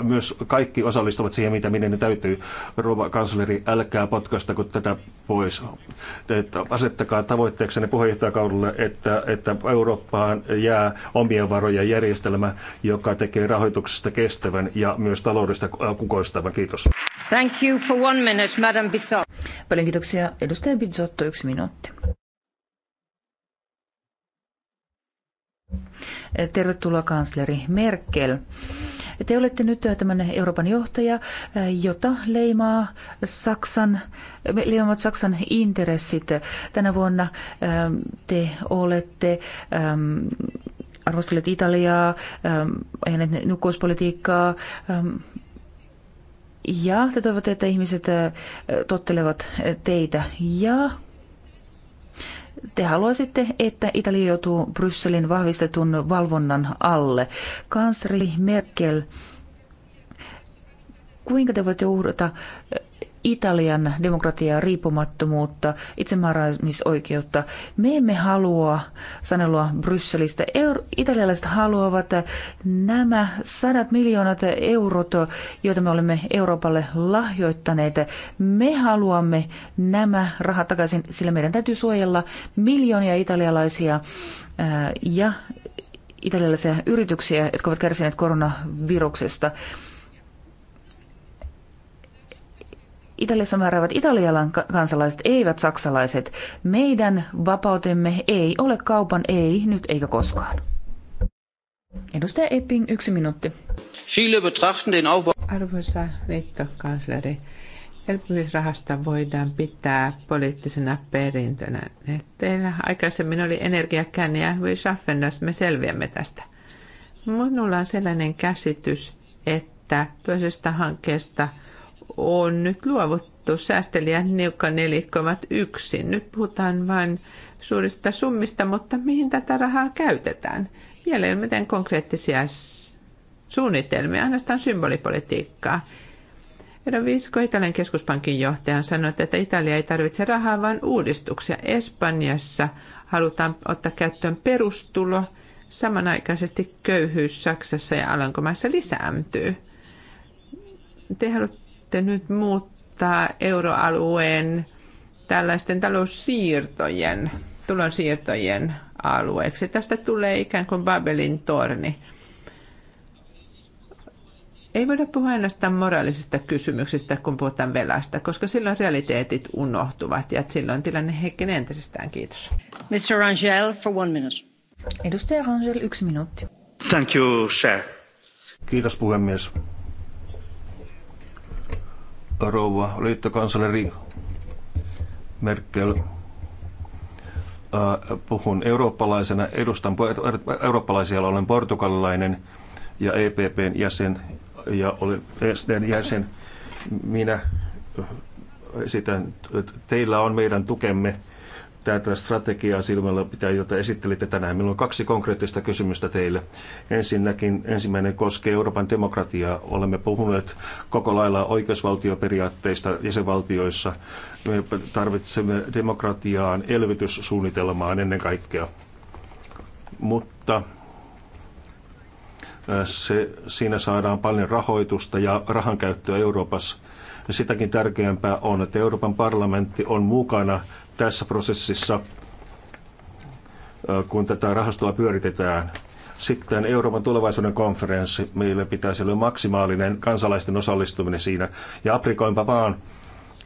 myös kaikki osallistuvat siihen, mitä minne ne täytyy. Rouva kansleri, älkää kun tätä pois. Että asettakaa tavoitteeksi ne puheenjohtajakaudelle, että, että Eurooppaan jää omien varojen järjestelmä, joka tekee rahoituksesta kestävän ja myös taloudesta kukoistavan. Kiitos. Thank you for one minute, Madam Bizzotto. Paljon kiitoksia. Edustaja Bizzotto, yksi minuutti. Tervetuloa kansleri Merkel. Te olette nyt tämän Euroopan johtaja, jota leimaa Saksan, leimaavat Saksan intressit. Tänä vuonna ähm, te olette ähm, arvostelleet Italiaa, ähm, ajaneet nukkuuspolitiikkaa, ja te toivotte, että ihmiset äh, tottelevat teitä ja te haluaisitte, että Italia joutuu Brysselin vahvistetun valvonnan alle. Kansleri Merkel, kuinka te voitte uhrata Italian demokratiaa, riippumattomuutta, itsemääräämisoikeutta. Me emme halua sanelua Brysselistä. Euro- italialaiset haluavat nämä sadat miljoonat eurot, joita me olemme Euroopalle lahjoittaneet. Me haluamme nämä rahat takaisin, sillä meidän täytyy suojella miljoonia italialaisia ja italialaisia yrityksiä, jotka ovat kärsineet koronaviruksesta. Italiassa määräävät italialan kansalaiset, eivät saksalaiset. Meidän vapautemme ei ole kaupan ei nyt eikä koskaan. Edustaja Epping, yksi minuutti. Arvoisa liittokansleri, elpymisrahasta voidaan pitää poliittisena perintönä. Teillä aikaisemmin oli energiakänni ja hyvin Schaffendas, me selviämme tästä. Minulla on sellainen käsitys, että toisesta hankkeesta – on nyt luovuttu. Säästelijät niukka nelikkoivat yksin. Nyt puhutaan vain suurista summista, mutta mihin tätä rahaa käytetään? Vielä ei ole mitään konkreettisia suunnitelmia, ainoastaan symbolipolitiikkaa. Edo Visko, Italian keskuspankin johtaja, sanoi, että Italia ei tarvitse rahaa, vaan uudistuksia. Espanjassa halutaan ottaa käyttöön perustulo. Samanaikaisesti köyhyys Saksassa ja Alankomaissa lisääntyy. Te haluatte sitten nyt muuttaa euroalueen tällaisten taloussiirtojen, tulonsiirtojen alueeksi. Tästä tulee ikään kuin Babelin torni. Ei voida puhua ainoastaan moraalisista kysymyksistä, kun puhutaan velasta, koska silloin realiteetit unohtuvat ja silloin tilanne heikkenee entisestään. Kiitos. Mr. Rangel, for one minute. Edustaja Rangel, yksi minuutti. Thank you, sir. Kiitos puhemies rouva liittokansleri Merkel. Äh, puhun eurooppalaisena, edustan eurooppalaisia, olen portugalilainen ja EPPn jäsen ja olen SDn jäsen. Minä äh, esitän, että teillä on meidän tukemme tätä strategiaa silmällä pitää, jota esittelitte tänään. Minulla on kaksi konkreettista kysymystä teille. Ensinnäkin ensimmäinen koskee Euroopan demokratiaa. Olemme puhuneet koko lailla oikeusvaltioperiaatteista jäsenvaltioissa. Me tarvitsemme demokratiaan elvytyssuunnitelmaan ennen kaikkea. Mutta äh, se, siinä saadaan paljon rahoitusta ja rahankäyttöä Euroopassa. Ja sitäkin tärkeämpää on, että Euroopan parlamentti on mukana tässä prosessissa, äh, kun tätä rahastoa pyöritetään. Sitten Euroopan tulevaisuuden konferenssi. Meillä pitäisi olla maksimaalinen kansalaisten osallistuminen siinä. Ja aprikoinpa vaan,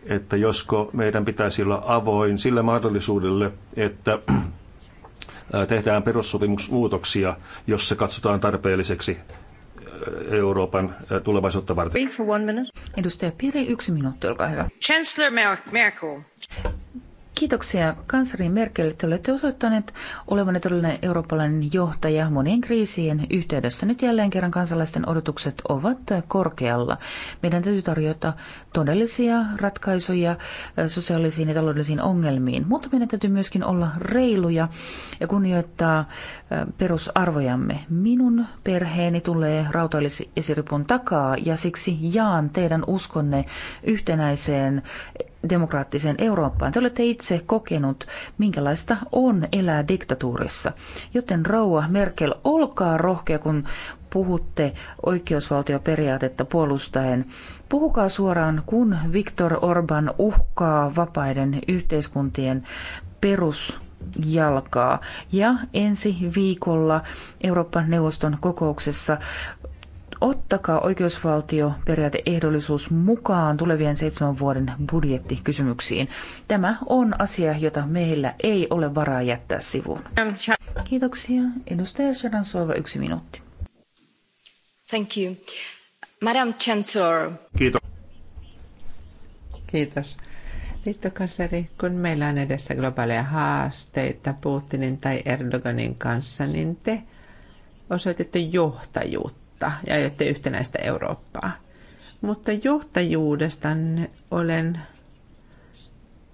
että josko meidän pitäisi olla avoin sille mahdollisuudelle, että äh, tehdään perussopimusmuutoksia, jos se katsotaan tarpeelliseksi äh, Euroopan tulevaisuutta varten. Edustaja Piri, yksi minuutti, olkaa hyvä. Chancellor Merkel. Kiitoksia kansari Merkel. että olette osoittaneet olevanne todellinen eurooppalainen johtaja monien kriisien yhteydessä. Nyt jälleen kerran kansalaisten odotukset ovat korkealla. Meidän täytyy tarjota todellisia ratkaisuja sosiaalisiin ja taloudellisiin ongelmiin, mutta meidän täytyy myöskin olla reiluja ja kunnioittaa perusarvojamme. Minun perheeni tulee rautaisiripun takaa ja siksi jaan teidän uskonne yhtenäiseen demokraattiseen Eurooppaan. Te olette itse kokenut, minkälaista on elää diktatuurissa. Joten rouva Merkel, olkaa rohkea, kun puhutte oikeusvaltioperiaatetta puolustaen. Puhukaa suoraan, kun Viktor Orban uhkaa vapaiden yhteiskuntien perus jalkaa. Ja ensi viikolla Euroopan neuvoston kokouksessa ottakaa oikeusvaltioperiaateehdollisuus mukaan tulevien seitsemän vuoden budjettikysymyksiin. Tämä on asia, jota meillä ei ole varaa jättää sivuun. Kiitoksia. Edustaja Soiva, yksi minuutti. Thank you. Madam Chancellor. Kiitos. Kiitos. Liittokansleri, kun meillä on edessä globaaleja haasteita Putinin tai Erdoganin kanssa, niin te osoititte johtajuutta taloutta ja ajoitte yhtenäistä Eurooppaa. Mutta johtajuudestaan olen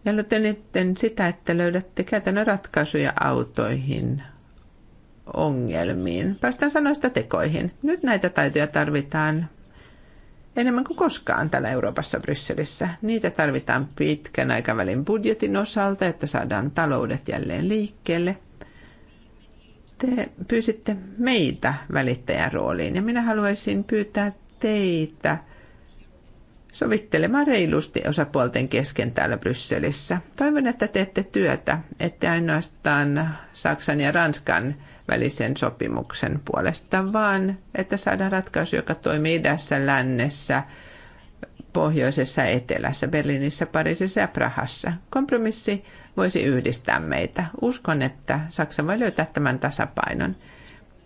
edellytän sitä, että löydätte käytännön ratkaisuja autoihin, ongelmiin. Päästään sanoista tekoihin. Nyt näitä taitoja tarvitaan enemmän kuin koskaan täällä Euroopassa Brysselissä. Niitä tarvitaan pitkän aikavälin budjetin osalta, että saadaan taloudet jälleen liikkeelle. Te pyysitte meitä välittäjän rooliin ja minä haluaisin pyytää teitä sovittelemaan reilusti osapuolten kesken täällä Brysselissä. Toivon, että teette työtä, ette ainoastaan Saksan ja Ranskan välisen sopimuksen puolesta, vaan että saadaan ratkaisu, joka toimii idässä, lännessä, pohjoisessa, etelässä, Berliinissä, Pariisissa ja Prahassa. Kompromissi voisi yhdistää meitä. Uskon, että Saksa voi löytää tämän tasapainon.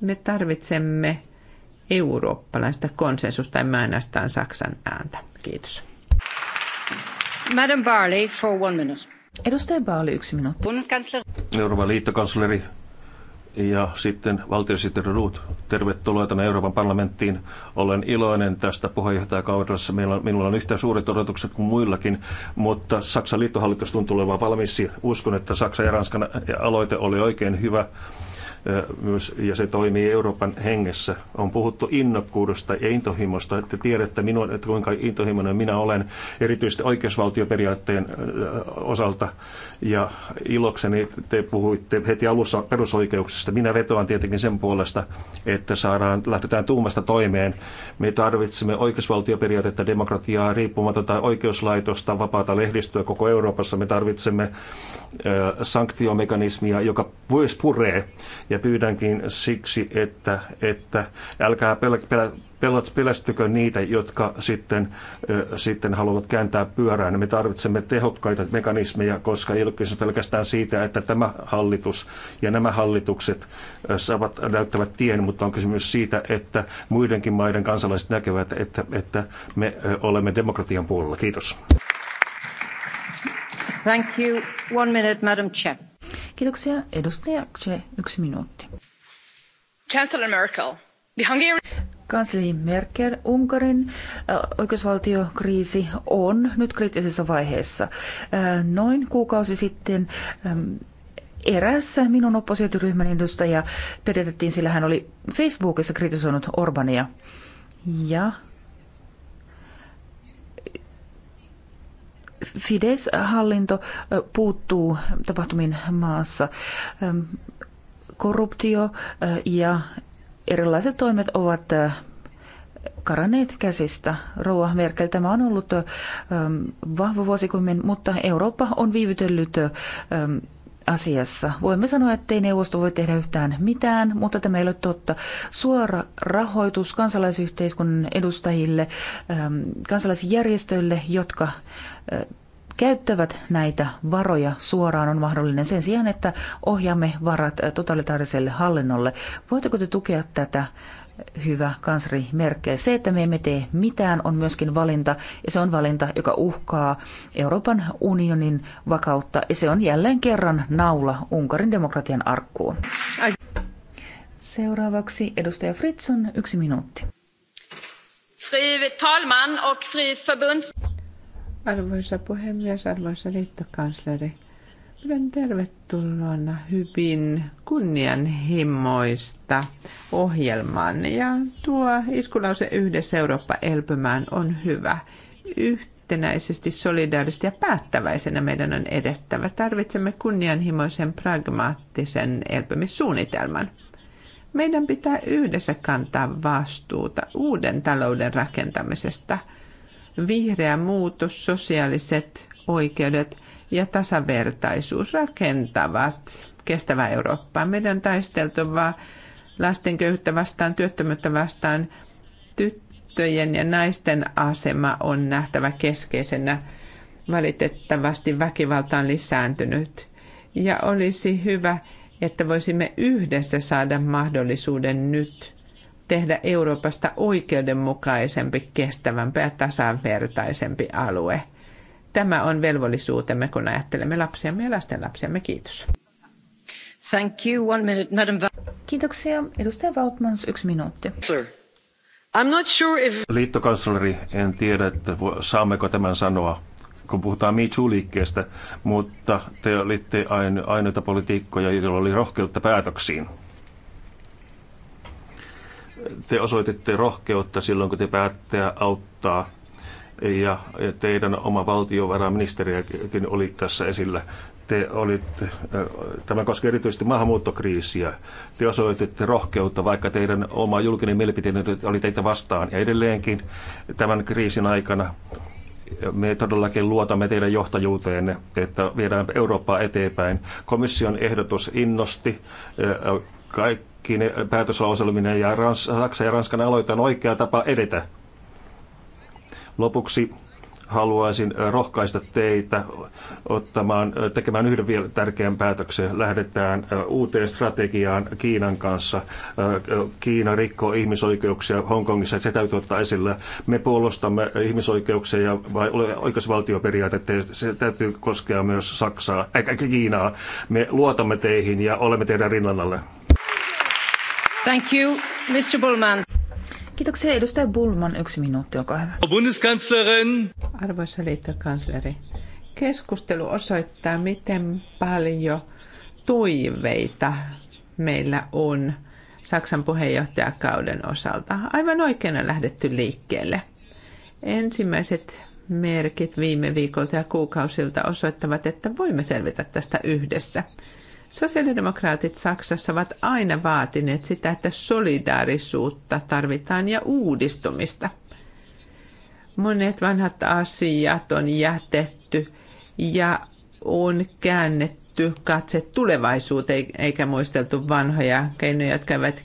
Me tarvitsemme eurooppalaista konsensusta, ja ainoastaan Saksan ääntä. Kiitos. Madam Barley for one minute. Edustaja Barley, yksi minuutti. Euroopan liittokansleri ja sitten valtiosihteeri Ruut, tervetuloa tänne Euroopan parlamenttiin. Olen iloinen tästä puheenjohtajakaudessa. Meillä on, minulla on yhtä suuret odotukset kuin muillakin, mutta Saksan liittohallitus tuntuu olevan valmis. Uskon, että Saksan ja Ranskan aloite oli oikein hyvä myös, ja se toimii Euroopan hengessä. On puhuttu innokkuudesta ja intohimosta. Että tiedätte, minua, että kuinka intohimoinen minä olen, erityisesti oikeusvaltioperiaatteen osalta. Ja ilokseni te puhuitte heti alussa perusoikeuksista. Minä vetoan tietenkin sen puolesta, että saadaan, lähtetään tuumasta toimeen. Me tarvitsemme oikeusvaltioperiaatetta, demokratiaa, riippumatonta oikeuslaitosta, vapaata lehdistöä koko Euroopassa. Me tarvitsemme sanktiomekanismia, joka myös puree ja pyydänkin siksi, että, että älkää pelät pelästykö niitä, jotka sitten, ö, sitten haluavat kääntää pyörään. Me tarvitsemme tehokkaita mekanismeja, koska ei ole kysymys pelkästään siitä, että tämä hallitus ja nämä hallitukset saavat, näyttävät tien, mutta on kysymys siitä, että muidenkin maiden kansalaiset näkevät, että, että me olemme demokratian puolella. Kiitos. Thank you. One minute, Madam Chair. Kiitoksia. Edustaja Tse, yksi minuutti. Chancellor Merkel, the Hungarian... Kansleri Merkel, Unkarin oikeusvaltiokriisi on nyt kriittisessä vaiheessa. Noin kuukausi sitten erässä minun oppositioryhmän edustaja pedetettiin, sillä hän oli Facebookissa kritisoinut Orbania. Ja Fides-hallinto puuttuu tapahtumiin maassa. Korruptio ja erilaiset toimet ovat karanneet käsistä. Rouva Merkel, tämä on ollut vahva vuosikymmen, mutta Eurooppa on viivytellyt asiassa. Voimme sanoa, ettei neuvosto voi tehdä yhtään mitään, mutta tämä ei ole totta. Suora rahoitus kansalaisyhteiskunnan edustajille, ähm, kansalaisjärjestöille, jotka äh, käyttävät näitä varoja suoraan on mahdollinen sen sijaan, että ohjaamme varat äh, totalitaariselle hallinnolle. Voitteko te tukea tätä hyvä kansri Merkel. Se, että me emme tee mitään, on myöskin valinta, ja se on valinta, joka uhkaa Euroopan unionin vakautta, ja se on jälleen kerran naula Unkarin demokratian arkkuun. Seuraavaksi edustaja Fritson, yksi minuutti. Fri talman och fri förbunds... Arvoisa puhemies, arvoisa liittokansleri. Pidän tervetuloa hyvin kunnianhimoista ohjelmaan ja tuo iskulause yhdessä Eurooppa elpymään on hyvä. Yhtenäisesti, solidaarisesti ja päättäväisenä meidän on edettävä. Tarvitsemme kunnianhimoisen pragmaattisen elpymissuunnitelman. Meidän pitää yhdessä kantaa vastuuta uuden talouden rakentamisesta. Vihreä muutos, sosiaaliset oikeudet – ja tasavertaisuus rakentavat kestävää Eurooppaa. Meidän taisteltava lasten köyhyyttä vastaan, työttömyyttä vastaan. Tyttöjen ja naisten asema on nähtävä keskeisenä. Valitettavasti väkivalta on lisääntynyt. Ja olisi hyvä, että voisimme yhdessä saada mahdollisuuden nyt tehdä Euroopasta oikeudenmukaisempi, kestävämpi ja tasavertaisempi alue – Tämä on velvollisuutemme, kun ajattelemme lapsiamme ja lapsiamme. Kiitos. Thank you. One minute, Madam Kiitoksia. Edustaja Valtmans, yksi minuutti. Sir. I'm not sure if... Liittokansleri, en tiedä, että saammeko tämän sanoa, kun puhutaan Me liikkeestä mutta te olitte ainoita politiikkoja, joilla oli rohkeutta päätöksiin te osoititte rohkeutta silloin, kun te päätte auttaa ja teidän oma valtiovarainministeriäkin oli tässä esillä. Te olitte, äh, tämä koskee erityisesti maahanmuuttokriisiä. Te osoititte rohkeutta, vaikka teidän oma julkinen mielipiteenne oli teitä vastaan. Ja edelleenkin tämän kriisin aikana me todellakin luotamme teidän johtajuuteenne, että viedään Eurooppaa eteenpäin. Komission ehdotus innosti äh, kaikki ne päätöslauselminen ja Ranska Saksa ja Ranskan aloitteen oikea tapa edetä Lopuksi haluaisin rohkaista teitä ottamaan, tekemään yhden vielä tärkeän päätöksen. Lähdetään uuteen strategiaan Kiinan kanssa. Kiina rikkoo ihmisoikeuksia Hongkongissa, se täytyy ottaa esille. Me puolustamme ihmisoikeuksia ja oikeusvaltioperiaatetta, ja se täytyy koskea myös Saksaa, eikä Kiinaa. Me luotamme teihin ja olemme teidän rinnallanne. Thank you, Mr. Bullman. Kiitoksia edustaja Bulman. Yksi minuutti, olkaa hyvä. Bundeskanzlerin. Arvoisa liittokansleri, keskustelu osoittaa, miten paljon tuiveita meillä on Saksan puheenjohtajakauden osalta. Aivan oikein on lähdetty liikkeelle. Ensimmäiset merkit viime viikolta ja kuukausilta osoittavat, että voimme selvitä tästä yhdessä – Sosiaalidemokraatit Saksassa ovat aina vaatineet sitä, että solidaarisuutta tarvitaan ja uudistumista. Monet vanhat asiat on jätetty ja on käännetty katse tulevaisuuteen eikä muisteltu vanhoja keinoja, jotka eivät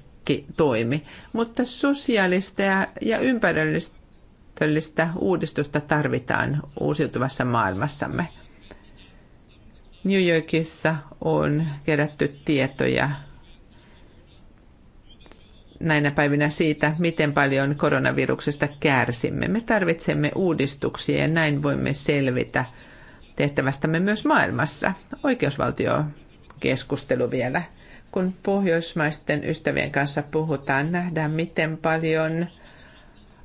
toimi. Mutta sosiaalista ja ympäristöllistä uudistusta tarvitaan uusiutuvassa maailmassamme – New Yorkissa on kerätty tietoja näinä päivinä siitä, miten paljon koronaviruksesta kärsimme. Me tarvitsemme uudistuksia ja näin voimme selvitä tehtävästämme myös maailmassa. Oikeusvaltio keskustelu vielä. Kun pohjoismaisten ystävien kanssa puhutaan, nähdään miten paljon –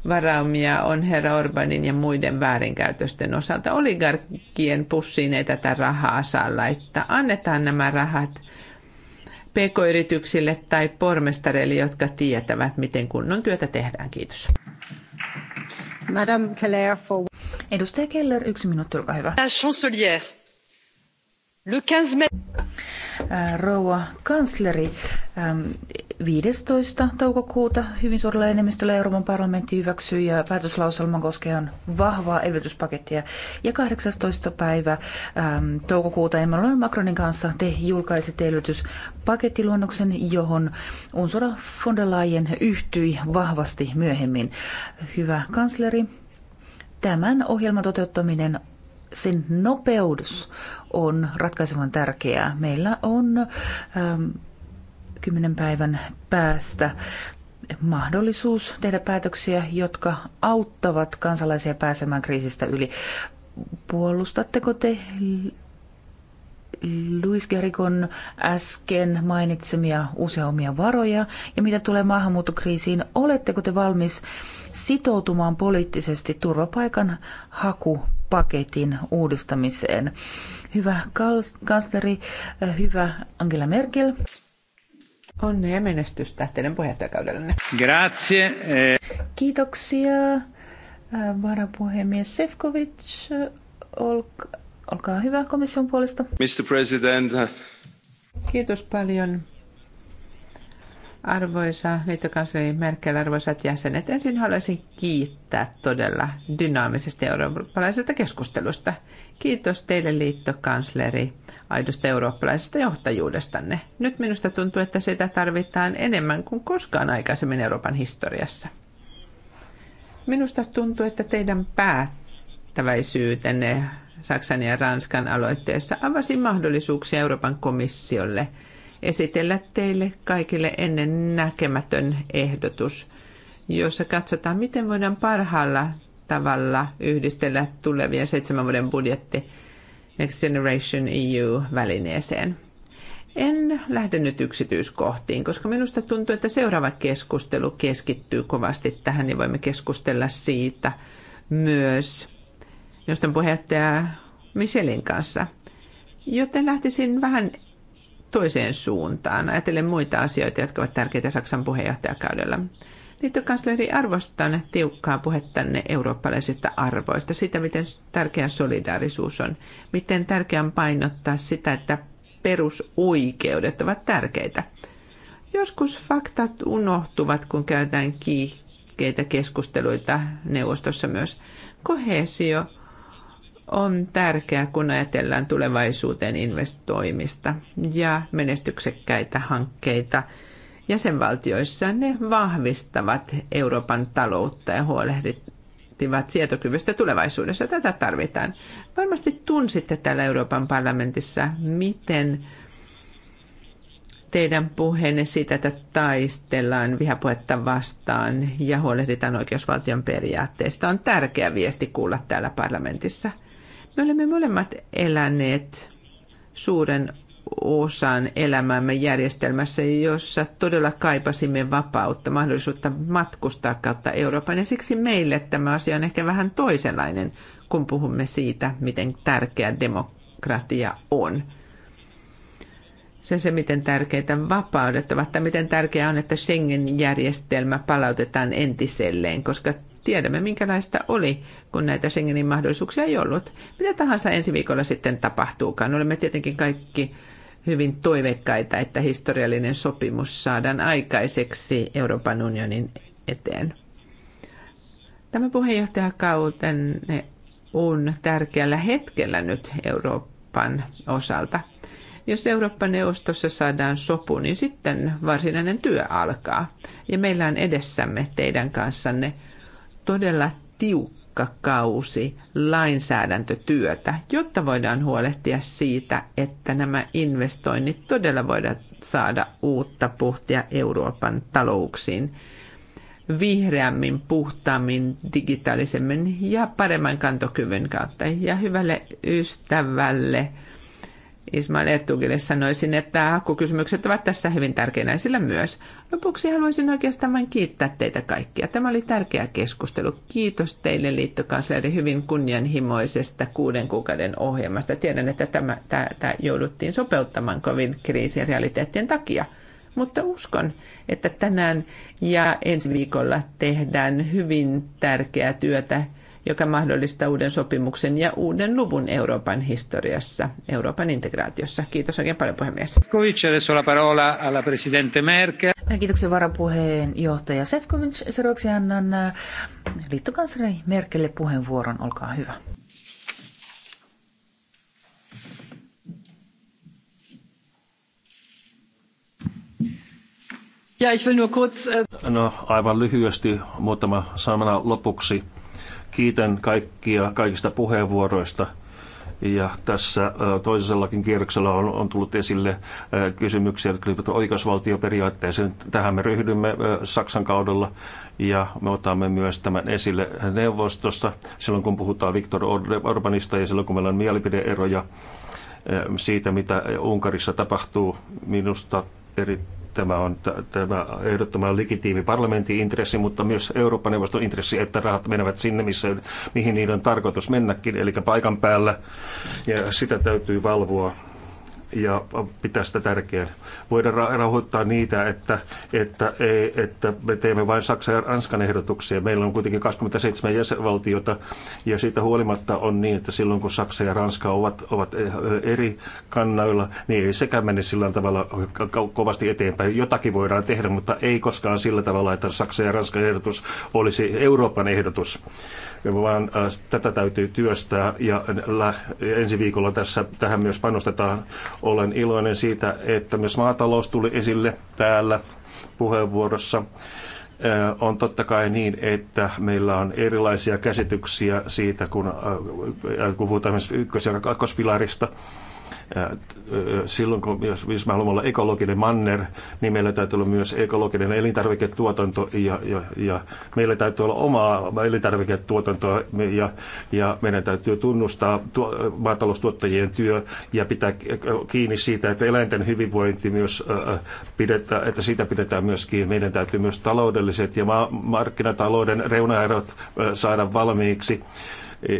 varaumia on herra Orbanin ja muiden väärinkäytösten osalta. Oligarkkien pussiin ei tätä rahaa saa laittaa. Annetaan nämä rahat pk-yrityksille tai pormestareille, jotka tietävät, miten kunnon työtä tehdään. Kiitos. Madame Keller for... Edustaja Keller, yksi minuutti, olkaa hyvä. La chancelière. Rouva kansleri, 15. toukokuuta hyvin suurella enemmistöllä Euroopan parlamentti hyväksyi ja päätöslauselman koskevan vahvaa elvytyspakettia. Ja 18. päivä toukokuuta Emmanuel Macronin kanssa te julkaisitte elvytyspakettiluonnoksen, johon Unsura von der Leyen yhtyi vahvasti myöhemmin. Hyvä kansleri, tämän ohjelman toteuttaminen sen nopeus on ratkaisevan tärkeää. Meillä on ähm, kymmenen päivän päästä mahdollisuus tehdä päätöksiä, jotka auttavat kansalaisia pääsemään kriisistä yli. Puolustatteko te Luis Gerikon äsken mainitsemia uusia omia varoja ja mitä tulee maahanmuuttokriisiin, oletteko te valmis sitoutumaan poliittisesti turvapaikan haku paketin uudistamiseen. Hyvä kansleri, äh, hyvä Angela Merkel. Onnea menestystä teidän puheenjohtajakaudellenne. Grazie. Eh. Kiitoksia. Äh, varapuhemies Sefcovic, olkaa hyvä komission puolesta. Mr. President. Kiitos paljon Arvoisa liittokansleri Merkel, arvoisat jäsenet, ensin haluaisin kiittää todella dynaamisesta eurooppalaisesta keskustelusta. Kiitos teille liittokansleri aidosta eurooppalaisesta johtajuudestanne. Nyt minusta tuntuu, että sitä tarvitaan enemmän kuin koskaan aikaisemmin Euroopan historiassa. Minusta tuntuu, että teidän päättäväisyytenne Saksan ja Ranskan aloitteessa avasi mahdollisuuksia Euroopan komissiolle – esitellä teille kaikille ennen näkemätön ehdotus, jossa katsotaan, miten voidaan parhaalla tavalla yhdistellä tulevien seitsemän vuoden budjetti Next Generation EU-välineeseen. En lähde nyt yksityiskohtiin, koska minusta tuntuu, että seuraava keskustelu keskittyy kovasti tähän, niin voimme keskustella siitä myös neuvoston puheenjohtaja Michelin kanssa. Joten lähtisin vähän toiseen suuntaan, ajatellen muita asioita, jotka ovat tärkeitä Saksan puheenjohtajakaudella. Liittokansleri, arvostan tiukkaa puhettanne eurooppalaisista arvoista, sitä miten tärkeä solidaarisuus on, miten tärkeää on painottaa sitä, että perusoikeudet ovat tärkeitä. Joskus faktat unohtuvat, kun käytään kiihkeitä keskusteluita neuvostossa myös. Kohesio on tärkeää, kun ajatellaan tulevaisuuteen investoimista ja menestyksekkäitä hankkeita jäsenvaltioissa. Ne vahvistavat Euroopan taloutta ja huolehdittivat sietokyvystä tulevaisuudessa. Tätä tarvitaan. Varmasti tunsitte täällä Euroopan parlamentissa, miten teidän puheenne siitä, että taistellaan vihapuhetta vastaan ja huolehditaan oikeusvaltion periaatteista, on tärkeä viesti kuulla täällä parlamentissa – me olemme molemmat eläneet suuren osan elämämme järjestelmässä, jossa todella kaipasimme vapautta, mahdollisuutta matkustaa kautta Euroopan. Ja siksi meille tämä asia on ehkä vähän toisenlainen, kun puhumme siitä, miten tärkeä demokratia on. Se, se miten tärkeitä vapaudet ovat, tai miten tärkeää on, että Schengen-järjestelmä palautetaan entiselleen, koska tiedämme, minkälaista oli, kun näitä Schengenin mahdollisuuksia ei ollut. Mitä tahansa ensi viikolla sitten tapahtuukaan. Olemme tietenkin kaikki hyvin toiveikkaita, että historiallinen sopimus saadaan aikaiseksi Euroopan unionin eteen. Tämä puheenjohtajakauten on tärkeällä hetkellä nyt Euroopan osalta. Jos Euroopan neuvostossa saadaan sopu, niin sitten varsinainen työ alkaa. Ja meillä on edessämme teidän kanssanne – todella tiukka kausi lainsäädäntötyötä, jotta voidaan huolehtia siitä, että nämä investoinnit todella voidaan saada uutta puhtia Euroopan talouksiin vihreämmin, puhtaammin, digitaalisemmin ja paremman kantokyvyn kautta. Ja hyvälle ystävälle Ismail Ertugille sanoisin, että hakukysymykset ovat tässä hyvin tärkeinä esillä myös. Lopuksi haluaisin oikeastaan vain kiittää teitä kaikkia. Tämä oli tärkeä keskustelu. Kiitos teille liittokansleri hyvin kunnianhimoisesta kuuden kuukauden ohjelmasta. Tiedän, että tämä, tämä jouduttiin sopeuttamaan COVID-kriisin realiteettien takia. Mutta uskon, että tänään ja ensi viikolla tehdään hyvin tärkeää työtä joka mahdollistaa uuden sopimuksen ja uuden luvun Euroopan historiassa, Euroopan integraatiossa. Kiitos oikein paljon puhemies. Kiitoksia varapuheenjohtaja Sefcovic. Seuraavaksi annan äh, liittokansleri Merkelle puheenvuoron. Olkaa hyvä. Ja, ich will nur kurz... Äh, no, aivan lyhyesti muutama sana lopuksi. Kiitän kaikkia kaikista puheenvuoroista. Ja tässä toisellakin kierroksella on, on tullut esille kysymyksiä, jotka liittyvät oikeusvaltioperiaatteeseen. Tähän me ryhdymme Saksan kaudella ja me otamme myös tämän esille neuvostosta silloin, kun puhutaan Viktor Orbanista ja silloin, kun meillä on mielipideeroja siitä, mitä Unkarissa tapahtuu. Minusta erittäin Tämä on tämä ehdottoman legitiimi parlamentin intressi, mutta myös Euroopan neuvoston intressi, että rahat menevät sinne, missä, mihin niiden on tarkoitus mennäkin, eli paikan päällä. Ja sitä täytyy valvoa ja pitää sitä tärkeänä. Voidaan rauhoittaa niitä, että, että, että me teemme vain Saksan ja Ranskan ehdotuksia. Meillä on kuitenkin 27 jäsenvaltiota ja siitä huolimatta on niin, että silloin kun Saksa ja Ranska ovat, ovat eri kannoilla, niin ei sekään mene sillä tavalla kovasti eteenpäin. Jotakin voidaan tehdä, mutta ei koskaan sillä tavalla, että Saksa ja Ranskan ehdotus olisi Euroopan ehdotus vaan äh, tätä täytyy työstää ja ensi viikolla tässä, tähän myös panostetaan. Olen iloinen siitä, että myös maatalous tuli esille täällä puheenvuorossa äh, on totta kai niin, että meillä on erilaisia käsityksiä siitä, kun, äh, kun puhutaan ykkös- ja kakkospilarista silloin, kun, jos, jos mä haluan olla ekologinen manner, niin meillä täytyy olla myös ekologinen elintarviketuotanto ja, ja, ja meillä täytyy olla omaa elintarviketuotantoa ja, ja meidän täytyy tunnustaa tuo, maataloustuottajien työ ja pitää kiinni siitä, että eläinten hyvinvointi myös äh, pidetään, että siitä pidetään myös kiinni. Meidän täytyy myös taloudelliset ja ma- markkinatalouden reunaerot saada valmiiksi e,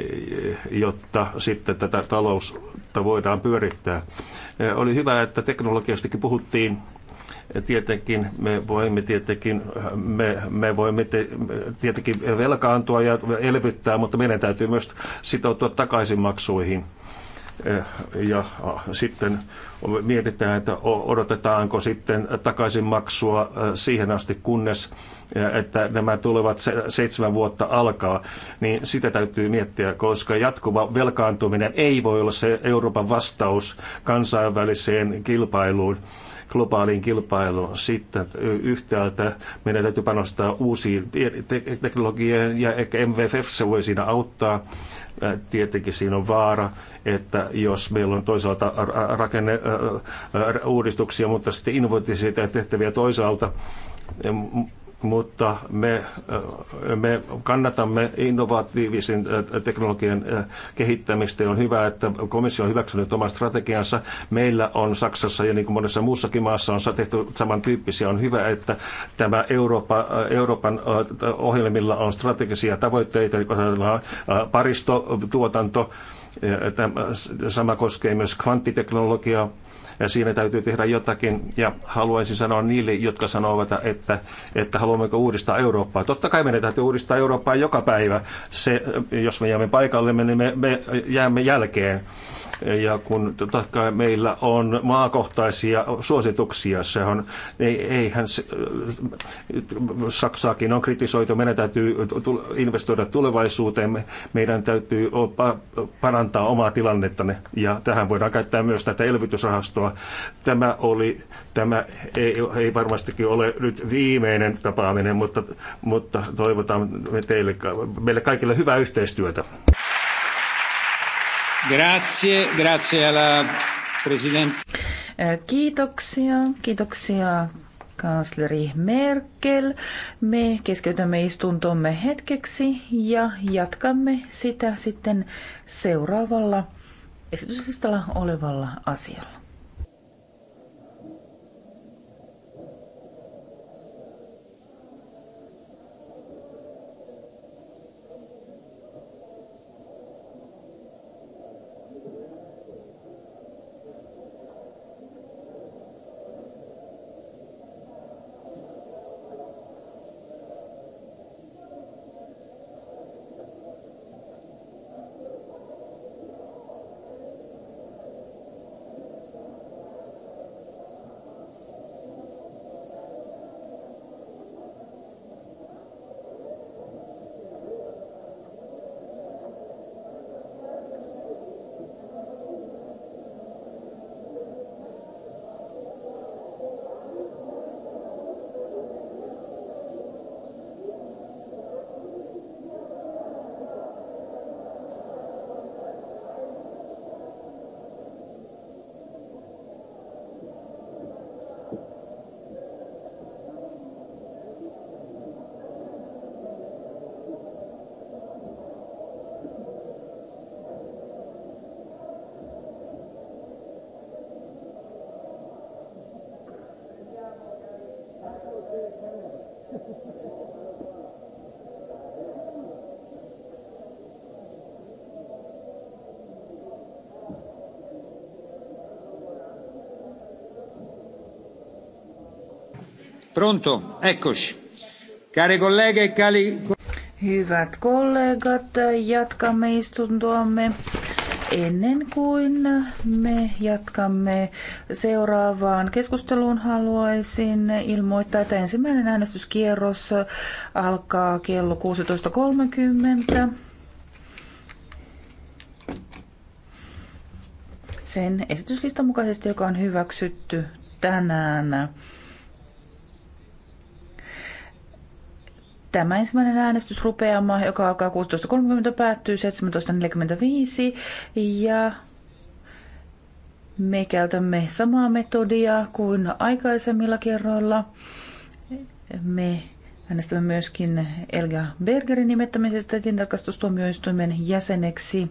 jotta sitten tätä talous taloutta voidaan pyörittää. Oli hyvä, että teknologiastakin puhuttiin tietenkin me voimme tietenkin, me, me voimme te, tietenkin velkaantua ja elvyttää, mutta meidän täytyy myös sitoutua takaisinmaksuihin. Eh, ja ah, sitten mietitään, että odotetaanko sitten takaisinmaksua eh, siihen asti, kunnes eh, että nämä tulevat seitsemän vuotta alkaa, niin sitä täytyy miettiä, koska jatkuva velkaantuminen ei voi olla se Euroopan vastaus kansainväliseen kilpailuun globaaliin kilpailuun. Sitten yhtäältä meidän täytyy panostaa uusiin teknologioihin ja ehkä MVFF se voi siinä auttaa. Äh, tietenkin siinä on vaara, että jos meillä on toisaalta rakenneuudistuksia, äh, äh, mutta sitten innovointisia tehtäviä toisaalta, mutta me, me kannatamme innovatiivisen teknologian kehittämistä. On hyvä, että komissio on hyväksynyt oman strategiansa. Meillä on Saksassa ja niin kuin monessa muussakin maassa on tehty samantyyppisiä. On hyvä, että tämä Eurooppa, Euroopan ohjelmilla on strategisia tavoitteita, paristotuotanto, sama koskee myös kvanttiteknologiaa ja siinä täytyy tehdä jotakin. Ja haluaisin sanoa niille, jotka sanovat, että, että haluammeko uudistaa Eurooppaa. Totta kai meidän täytyy uudistaa Eurooppaa joka päivä. Se, jos me jäämme paikallemme, niin me, me jäämme jälkeen. Ja kun totta kai meillä on maakohtaisia suosituksia, se on, ei, eihän se, Saksaakin on kritisoitu, meidän täytyy investoida tulevaisuuteen, meidän täytyy parantaa omaa tilannettamme ja tähän voidaan käyttää myös tätä elvytysrahastoa. Tämä oli, tämä ei, ei varmastikin ole nyt viimeinen tapaaminen, mutta, mutta toivotan teille, meille kaikille hyvää yhteistyötä. Grazie, grazie alla president. Äh, kiitoksia, kiitoksia kansleri Merkel. Me keskeytämme istuntomme hetkeksi ja jatkamme sitä sitten seuraavalla esityslistalla olevalla asialla. Pronto, eccoci. E cari... Hyvät kollegat, jatkamme istuntoamme ennen kuin me jatkamme seuraavaan keskusteluun, haluaisin ilmoittaa, että ensimmäinen äänestyskierros alkaa kello 16.30. Sen esityslistan mukaisesti, joka on hyväksytty tänään. Tämä ensimmäinen äänestys äänestysrupeama, joka alkaa 16.30, päättyy 17.45 ja me käytämme samaa metodia kuin aikaisemmilla kerroilla. Me äänestämme myöskin Elga Bergerin nimettämisestä tintarkastustuomioistuimen jäseneksi.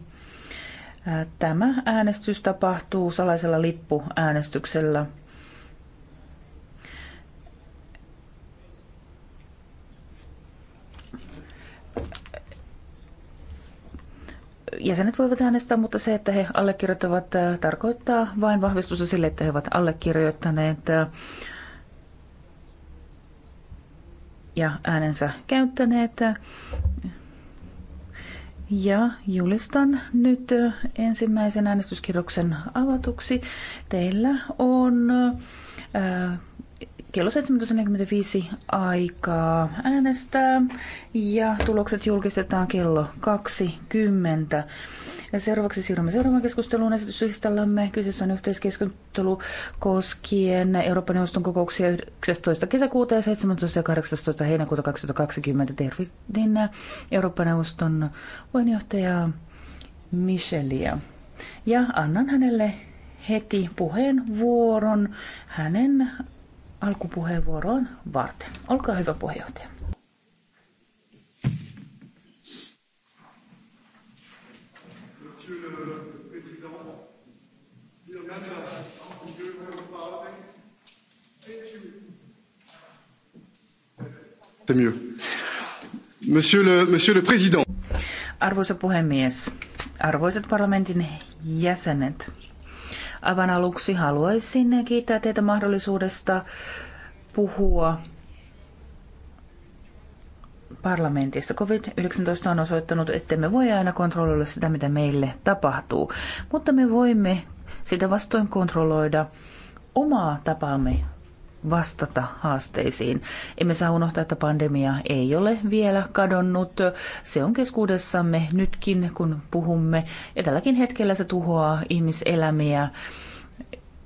Tämä äänestys tapahtuu salaisella lippuäänestyksellä. jäsenet voivat äänestää, mutta se, että he allekirjoittavat, äh, tarkoittaa vain vahvistusta sille, että he ovat allekirjoittaneet äh, ja äänensä käyttäneet. Ja julistan nyt äh, ensimmäisen äänestyskirjoksen avatuksi. Teillä on äh, kello 17.45 aikaa äänestää ja tulokset julkistetaan kello 20. Ja seuraavaksi siirrymme seuraavaan keskusteluun esityslistallamme. Kyseessä on yhteiskeskustelu koskien Euroopan neuvoston kokouksia 19. kesäkuuta ja 17. ja 18. heinäkuuta 2020. Tervitin Euroopan neuvoston puheenjohtajaa Michelia ja annan hänelle heti puheenvuoron hänen alkupuheenvuoroon varten. Olkaa hyvä puheenjohtaja. Monsieur le, monsieur le président. Arvoisa puhemies, arvoisat parlamentin jäsenet, Aivan aluksi haluaisin kiittää teitä mahdollisuudesta puhua parlamentissa. COVID-19 on osoittanut, että me voi aina kontrolloida sitä, mitä meille tapahtuu, mutta me voimme sitä vastoin kontrolloida omaa tapaamme vastata haasteisiin. Emme saa unohtaa, että pandemia ei ole vielä kadonnut. Se on keskuudessamme nytkin, kun puhumme. Ja tälläkin hetkellä se tuhoaa ihmiselämiä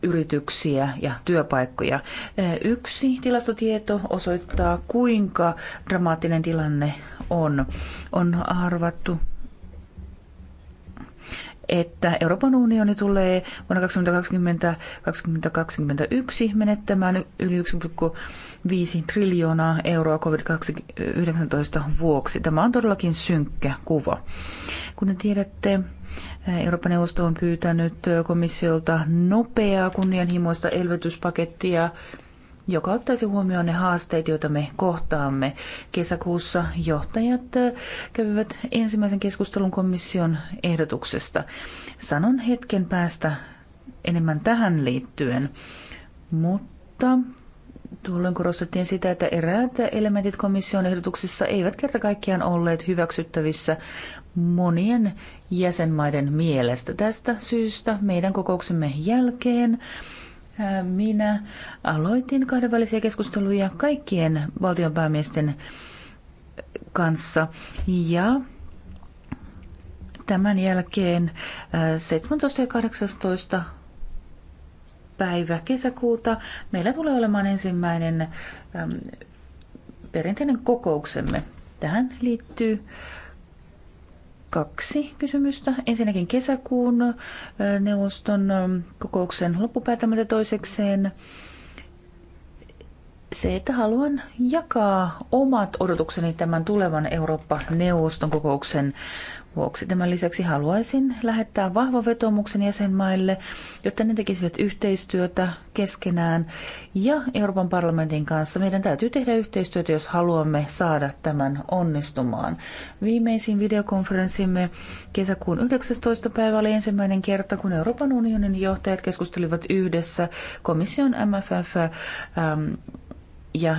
yrityksiä ja työpaikkoja. Yksi tilastotieto osoittaa, kuinka dramaattinen tilanne on. On arvattu, että Euroopan unioni tulee vuonna 2020 2021 menettämään yli 1,5 triljoonaa euroa COVID-19 vuoksi. Tämä on todellakin synkkä kuva. Kuten tiedätte, Euroopan neuvosto on pyytänyt komissiolta nopeaa kunnianhimoista elvytyspakettia joka ottaisi huomioon ne haasteet, joita me kohtaamme. Kesäkuussa johtajat äh, kävivät ensimmäisen keskustelun komission ehdotuksesta. Sanon hetken päästä enemmän tähän liittyen, mutta tuolloin korostettiin sitä, että eräät elementit komission ehdotuksissa eivät kerta kaikkiaan olleet hyväksyttävissä monien jäsenmaiden mielestä. Tästä syystä meidän kokouksemme jälkeen minä aloitin kahdenvälisiä keskusteluja kaikkien valtionpäämiesten kanssa ja tämän jälkeen 17 äh, ja 18 päivä kesäkuuta meillä tulee olemaan ensimmäinen perinteinen kokouksemme. Tähän liittyy kaksi kysymystä. Ensinnäkin kesäkuun neuvoston kokouksen loppupäätämät ja toisekseen se, että haluan jakaa omat odotukseni tämän tulevan Eurooppa-neuvoston kokouksen vuoksi. Tämän lisäksi haluaisin lähettää vahvan vetomuksen jäsenmaille, jotta ne tekisivät yhteistyötä keskenään ja Euroopan parlamentin kanssa. Meidän täytyy tehdä yhteistyötä, jos haluamme saada tämän onnistumaan. Viimeisin videokonferenssimme kesäkuun 19. päivä oli ensimmäinen kerta, kun Euroopan unionin johtajat keskustelivat yhdessä komission MFF ähm, ja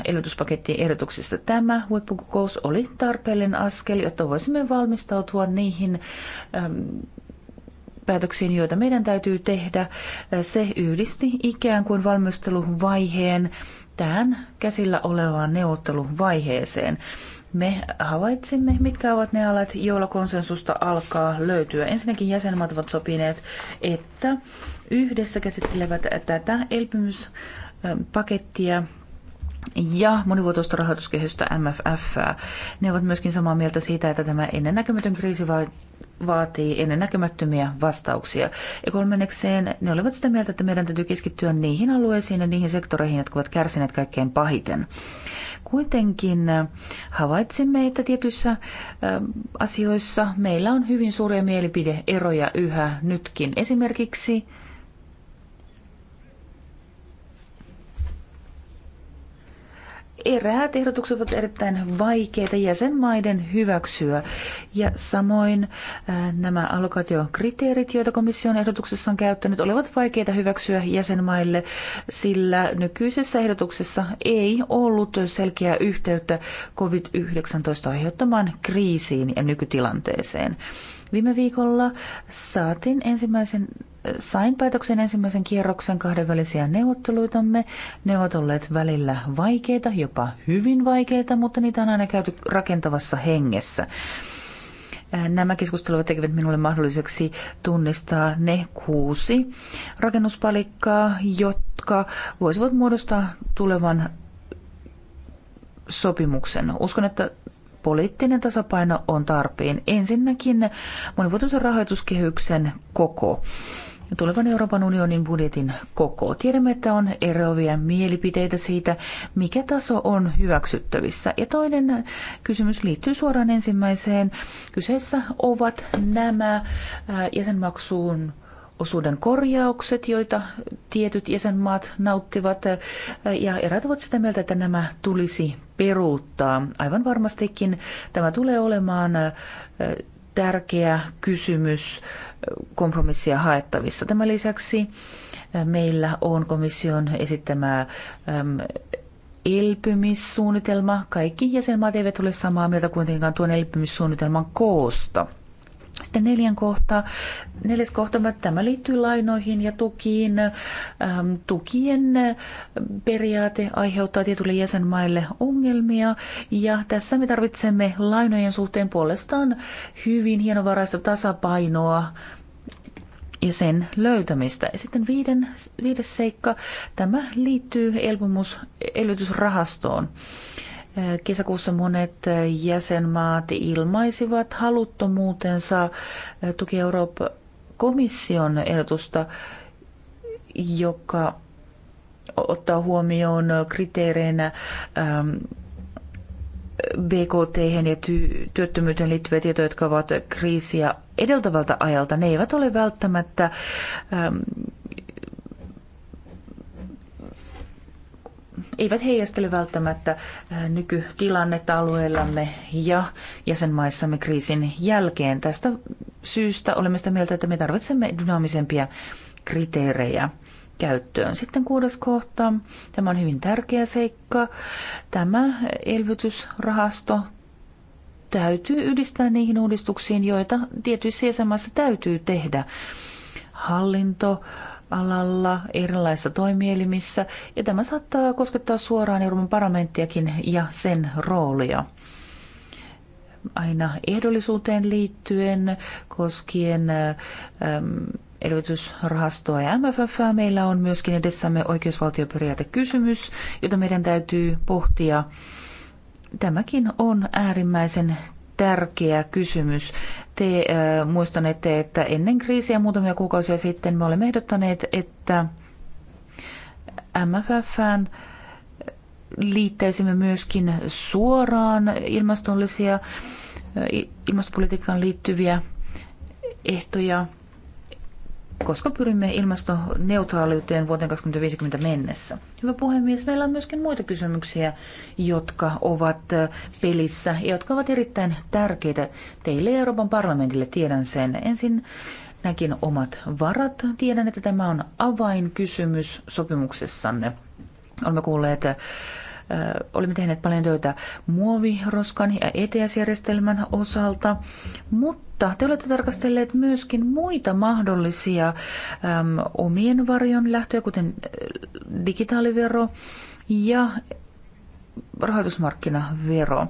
ehdotuksista tämä huippukokous oli tarpeellinen askel, jotta voisimme valmistautua niihin äm, päätöksiin, joita meidän täytyy tehdä. Se yhdisti ikään kuin valmisteluvaiheen tähän käsillä olevaan neuvotteluvaiheeseen. Me havaitsimme, mitkä ovat ne alat, joilla konsensusta alkaa löytyä. Ensinnäkin jäsenmaat ovat sopineet, että yhdessä käsittelevät tätä elpymyspakettia ja monivuotoista rahoituskehystä MFF. Ne ovat myöskin samaa mieltä siitä, että tämä ennennäkemätön kriisi vaatii ennennäkemättömiä vastauksia. Ja kolmennekseen ne olivat sitä mieltä, että meidän täytyy keskittyä niihin alueisiin ja niihin sektoreihin, jotka ovat kärsineet kaikkein pahiten. Kuitenkin äh, havaitsimme, että tietyissä äh, asioissa meillä on hyvin suuria mielipideeroja yhä nytkin. Esimerkiksi eräät ehdotukset ovat erittäin vaikeita jäsenmaiden hyväksyä. Ja samoin äh, nämä allokaatiokriteerit, joita komission ehdotuksessa on käyttänyt, olivat vaikeita hyväksyä jäsenmaille, sillä nykyisessä ehdotuksessa ei ollut selkeää yhteyttä COVID-19 aiheuttamaan kriisiin ja nykytilanteeseen. Viime viikolla saatiin ensimmäisen sain päätöksen ensimmäisen kierroksen kahdenvälisiä neuvotteluitamme. Ne ovat olleet välillä vaikeita, jopa hyvin vaikeita, mutta niitä on aina käyty rakentavassa hengessä. Äh, nämä keskustelut tekevät minulle mahdolliseksi tunnistaa ne kuusi rakennuspalikkaa, jotka voisivat muodostaa tulevan sopimuksen. Uskon, että poliittinen tasapaino on tarpeen. Ensinnäkin monivuotisen rahoituskehyksen koko tulevan Euroopan unionin budjetin koko. Tiedämme, että on eroavia mielipiteitä siitä, mikä taso on hyväksyttävissä. Ja toinen kysymys liittyy suoraan ensimmäiseen. Kyseessä ovat nämä äh, jäsenmaksuun osuuden korjaukset, joita tietyt jäsenmaat nauttivat, äh, ja erät ovat sitä mieltä, että nämä tulisi peruuttaa. Aivan varmastikin tämä tulee olemaan äh, tärkeä kysymys kompromissia haettavissa. Tämän lisäksi meillä on komission esittämää elpymissuunnitelma. Kaikki jäsenmaat eivät ole samaa mieltä kuitenkaan tuon elpymissuunnitelman koosta. Sitten neljän kohta, neljäs kohta, tämä liittyy lainoihin ja tukiin. Ähm, tukien äh, periaate aiheuttaa tietyille jäsenmaille ongelmia ja tässä me tarvitsemme lainojen suhteen puolestaan hyvin hienovaraista tasapainoa ja sen löytämistä. Ja sitten viiden, viides seikka, tämä liittyy elpymus, elvytysrahastoon. Kesäkuussa monet jäsenmaat ilmaisivat haluttomuutensa tuki Euroopan komission ehdotusta, joka ottaa huomioon kriteereinä ähm, BKT ja työttömyyteen liittyviä tietoja, jotka ovat kriisiä edeltävältä ajalta. Ne eivät ole välttämättä ähm, eivät heijastele välttämättä äh, nykytilannetta alueellamme ja jäsenmaissamme kriisin jälkeen. Tästä syystä olemme sitä mieltä, että me tarvitsemme dynaamisempia kriteerejä käyttöön. Sitten kuudes kohta. Tämä on hyvin tärkeä seikka. Tämä elvytysrahasto täytyy yhdistää niihin uudistuksiin, joita tietyissä jäsenmaissa täytyy tehdä. Hallinto, alalla, erilaisissa toimielimissä, ja tämä saattaa koskettaa suoraan Euroopan parlamenttiakin ja sen roolia. Aina ehdollisuuteen liittyen, koskien äm, elvytysrahastoa ja MFF, meillä on myöskin edessämme oikeusvaltioperiaatekysymys, jota meidän täytyy pohtia. Tämäkin on äärimmäisen tärkeä kysymys. Te äh, muistanette, että ennen kriisiä muutamia kuukausia sitten me olemme ehdottaneet, että MFFään liittäisimme myöskin suoraan ilmastollisia, äh, ilmastopolitiikkaan liittyviä ehtoja koska pyrimme ilmastoneutraaliuteen vuoteen 2050 mennessä. Hyvä puhemies, meillä on myöskin muita kysymyksiä, jotka ovat pelissä ja jotka ovat erittäin tärkeitä teille Euroopan parlamentille, tiedän sen. Ensin näkin omat varat. Tiedän, että tämä on avainkysymys sopimuksessanne. Olemme kuulleet olemme tehneet paljon töitä muoviroskan ja ETS-järjestelmän osalta, mutta te olette tarkastelleet myöskin muita mahdollisia äm, omien varjon lähtöjä, kuten digitaalivero ja rahoitusmarkkinavero.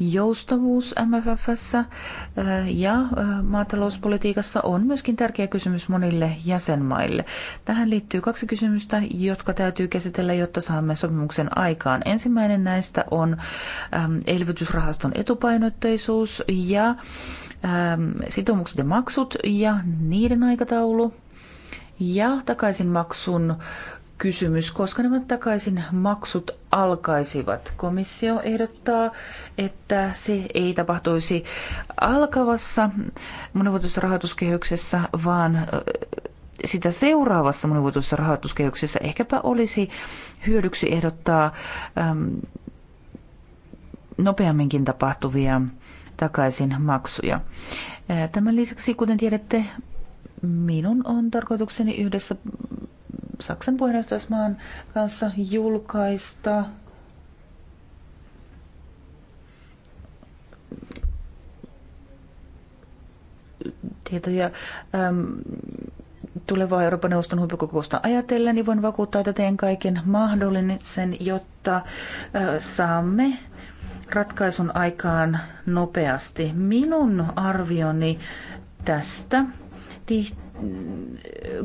Joustavuus MFFssä eh, ja eh, maatalouspolitiikassa on myöskin tärkeä kysymys monille jäsenmaille. Tähän liittyy kaksi kysymystä, jotka täytyy käsitellä, jotta saamme sopimuksen aikaan. Ensimmäinen näistä on ehm, elvytysrahaston etupainotteisuus ja ehm, sitoumukset ja maksut ja niiden aikataulu ja takaisinmaksun kysymys, koska nämä takaisin maksut alkaisivat. Komissio ehdottaa, että se ei tapahtuisi alkavassa monivuotisessa rahoituskehyksessä, vaan sitä seuraavassa monivuotisessa rahoituskehyksessä ehkäpä olisi hyödyksi ehdottaa ähm, nopeamminkin tapahtuvia takaisin maksuja. Tämän lisäksi, kuten tiedätte, minun on tarkoitukseni yhdessä Saksan puheenjohtajasmaan kanssa julkaista tietoja ähm, tulevaa Euroopan neuvoston huippukokousta ajatellen, niin voin vakuuttaa, että teen kaiken mahdollisen, jotta äh, saamme ratkaisun aikaan nopeasti. Minun arvioni tästä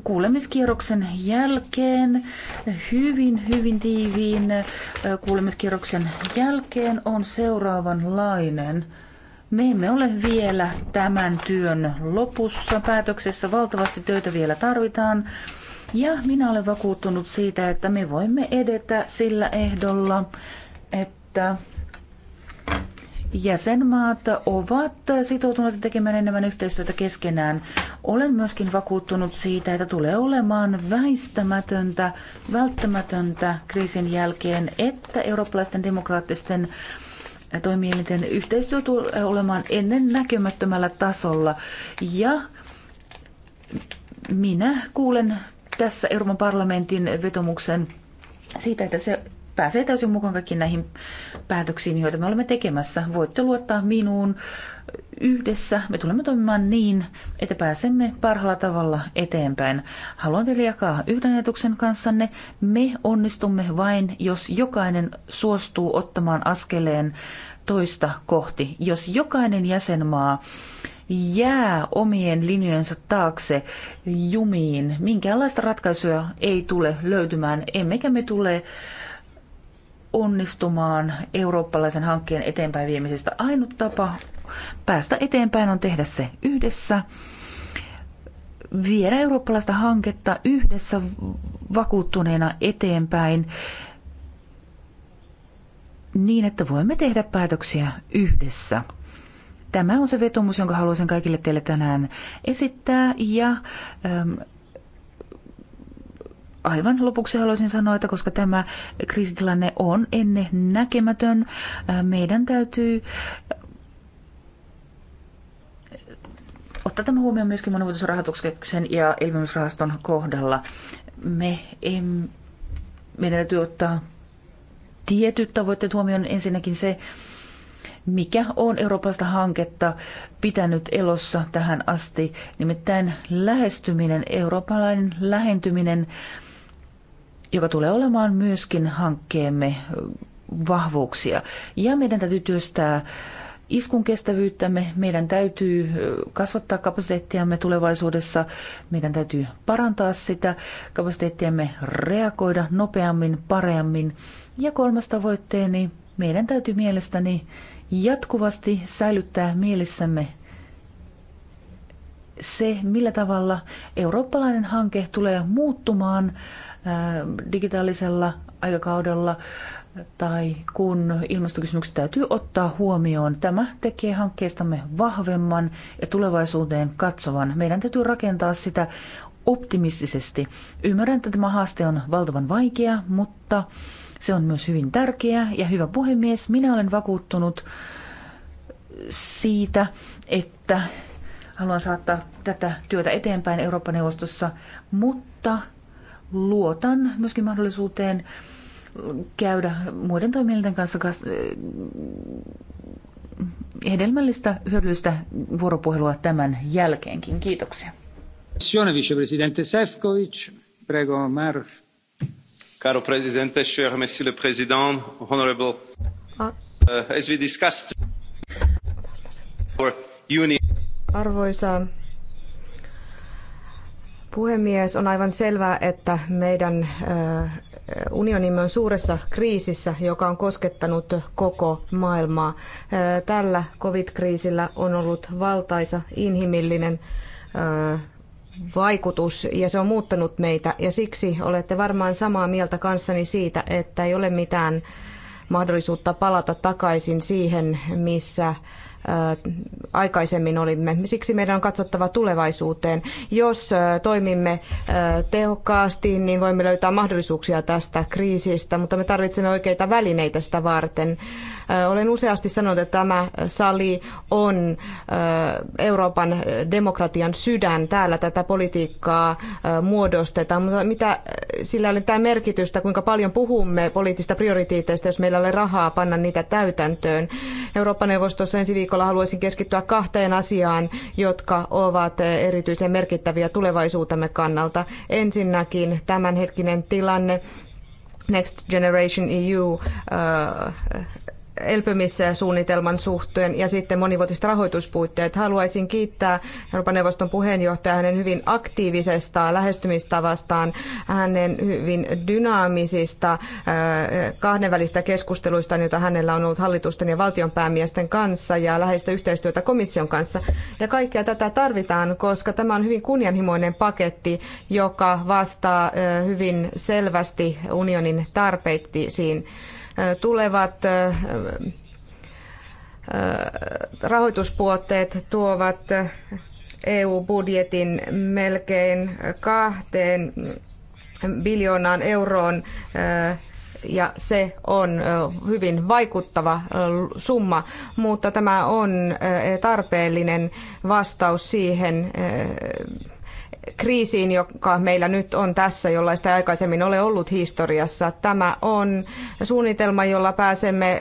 kuulemiskierroksen jälkeen, hyvin, hyvin tiiviin kuulemiskierroksen jälkeen on seuraavanlainen. Me emme ole vielä tämän työn lopussa. Päätöksessä valtavasti töitä vielä tarvitaan. Ja minä olen vakuuttunut siitä, että me voimme edetä sillä ehdolla, että jäsenmaat ovat sitoutuneet tekemään enemmän yhteistyötä keskenään. Olen myöskin vakuuttunut siitä, että tulee olemaan väistämätöntä, välttämätöntä kriisin jälkeen, että eurooppalaisten demokraattisten toimielinten yhteistyö tulee olemaan ennen näkymättömällä tasolla. Ja minä kuulen tässä Euroopan parlamentin vetomuksen siitä, että se pääsee täysin mukaan kaikkiin näihin päätöksiin, joita me olemme tekemässä. Voitte luottaa minuun yhdessä. Me tulemme toimimaan niin, että pääsemme parhaalla tavalla eteenpäin. Haluan vielä jakaa yhden ajatuksen kanssanne. Me onnistumme vain, jos jokainen suostuu ottamaan askeleen toista kohti. Jos jokainen jäsenmaa jää omien linjojensa taakse jumiin, minkäänlaista ratkaisuja ei tule löytymään, emmekä me tule onnistumaan eurooppalaisen hankkeen eteenpäin viemisestä. Ainut tapa päästä eteenpäin on tehdä se yhdessä, viedä eurooppalaista hanketta yhdessä vakuuttuneena eteenpäin niin, että voimme tehdä päätöksiä yhdessä. Tämä on se vetomus, jonka haluaisin kaikille teille tänään esittää ja ähm, aivan lopuksi haluaisin sanoa, että koska tämä kriisitilanne on ennen näkemätön, äh, meidän täytyy äh, ottaa tämä huomioon myöskin monivuotisrahoituksen ja elvymysrahaston kohdalla. Me em, meidän täytyy ottaa tietyt tavoitteet huomioon. Ensinnäkin se, mikä on Euroopasta hanketta pitänyt elossa tähän asti, nimittäin lähestyminen, eurooppalainen lähentyminen joka tulee olemaan myöskin hankkeemme vahvuuksia. Ja meidän täytyy työstää iskun kestävyyttämme, meidän täytyy kasvattaa kapasiteettiamme tulevaisuudessa, meidän täytyy parantaa sitä, kapasiteettiamme reagoida nopeammin, paremmin. Ja kolmas tavoitteeni, meidän täytyy mielestäni jatkuvasti säilyttää mielissämme se, millä tavalla eurooppalainen hanke tulee muuttumaan digitaalisella aikakaudella tai kun ilmastokysymykset täytyy ottaa huomioon. Tämä tekee hankkeestamme vahvemman ja tulevaisuuteen katsovan. Meidän täytyy rakentaa sitä optimistisesti. Ymmärrän, että tämä haaste on valtavan vaikea, mutta se on myös hyvin tärkeä. Ja hyvä puhemies, minä olen vakuuttunut siitä, että haluan saattaa tätä työtä eteenpäin Eurooppa-neuvostossa, mutta luotan myöskin mahdollisuuteen käydä muiden toimielinten kanssa hedelmällistä, hyödyllistä vuoropuhelua tämän jälkeenkin. Kiitoksia. Vicepresidente Sefcovic, prego Maros. Caro Presidente, cher Monsieur le Président, honorable, ah. eh, as we discussed, Arvoisa Puhemies, on aivan selvää, että meidän unionimme on suuressa kriisissä, joka on koskettanut koko maailmaa. Tällä covid-kriisillä on ollut valtaisa inhimillinen vaikutus ja se on muuttanut meitä ja siksi olette varmaan samaa mieltä kanssani siitä, että ei ole mitään mahdollisuutta palata takaisin siihen, missä aikaisemmin olimme. Siksi meidän on katsottava tulevaisuuteen. Jos toimimme tehokkaasti, niin voimme löytää mahdollisuuksia tästä kriisistä, mutta me tarvitsemme oikeita välineitä sitä varten olen useasti sanonut, että tämä sali on Euroopan demokratian sydän. Täällä tätä politiikkaa muodostetaan, mutta mitä sillä on tämä merkitystä, kuinka paljon puhumme poliittista prioriteeteista, jos meillä ei ole rahaa panna niitä täytäntöön. Euroopan neuvostossa ensi viikolla haluaisin keskittyä kahteen asiaan, jotka ovat erityisen merkittäviä tulevaisuutemme kannalta. Ensinnäkin tämänhetkinen tilanne Next Generation EU elpymissuunnitelman suhteen ja sitten monivuotiset rahoituspuitteet. Haluaisin kiittää Euroopan neuvoston puheenjohtajaa hänen hyvin aktiivisesta lähestymistavastaan, hänen hyvin dynaamisista äh, kahdenvälistä keskusteluista, joita hänellä on ollut hallitusten ja valtionpäämiesten kanssa ja läheistä yhteistyötä komission kanssa. Ja kaikkea tätä tarvitaan, koska tämä on hyvin kunnianhimoinen paketti, joka vastaa äh, hyvin selvästi unionin tarpeisiin tulevat rahoituspuotteet tuovat EU-budjetin melkein kahteen biljoonaan euroon ja se on hyvin vaikuttava summa, mutta tämä on tarpeellinen vastaus siihen, kriisiin, joka meillä nyt on tässä, jollaista ei aikaisemmin ole ollut historiassa. Tämä on suunnitelma, jolla pääsemme eh,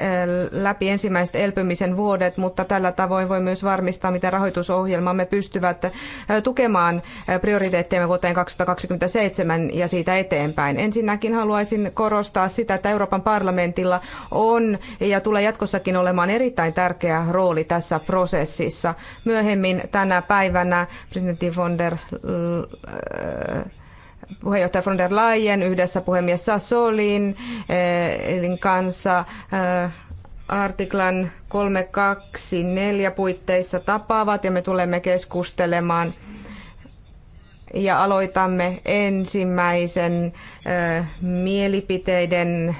läpi ensimmäiset elpymisen vuodet, mutta tällä tavoin voi myös varmistaa, miten rahoitusohjelmamme pystyvät eh, tukemaan eh, prioriteettiamme vuoteen 2027 ja siitä eteenpäin. Ensinnäkin haluaisin korostaa sitä, että Euroopan parlamentilla on ja tulee jatkossakin olemaan erittäin tärkeä rooli tässä prosessissa. Myöhemmin tänä päivänä presidentti von der Äh, puheenjohtaja von der Leyen yhdessä puhemies Sassolin äh, kanssa äh, artiklan 324 puitteissa tapaavat ja me tulemme keskustelemaan ja aloitamme ensimmäisen mielipiteiden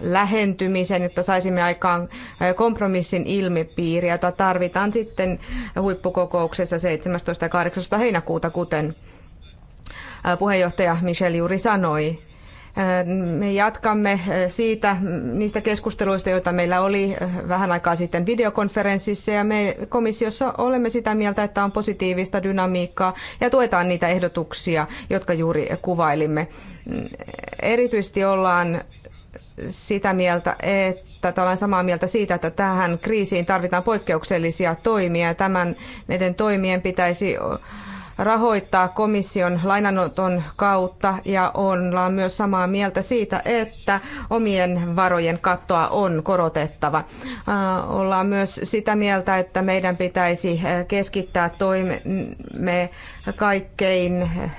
lähentymisen, jotta saisimme aikaan kompromissin ilmipiiriä, jota tarvitaan sitten huippukokouksessa 17. ja 18. heinäkuuta, kuten puheenjohtaja Michel juuri sanoi. Me jatkamme siitä, niistä keskusteluista, joita meillä oli vähän aikaa sitten videokonferenssissa ja me komissiossa olemme sitä mieltä, että on positiivista dynamiikkaa ja tuetaan niitä ehdotuksia, jotka juuri kuvailimme. Mm, erityisesti ollaan sitä mieltä, että olen samaa mieltä siitä, että tähän kriisiin tarvitaan poikkeuksellisia toimia. Tämän näiden toimien pitäisi rahoittaa komission lainanoton kautta ja ollaan myös samaa mieltä siitä, että omien varojen kattoa on korotettava. Äh, ollaan myös sitä mieltä, että meidän pitäisi äh, keskittää toimme kaikkein äh,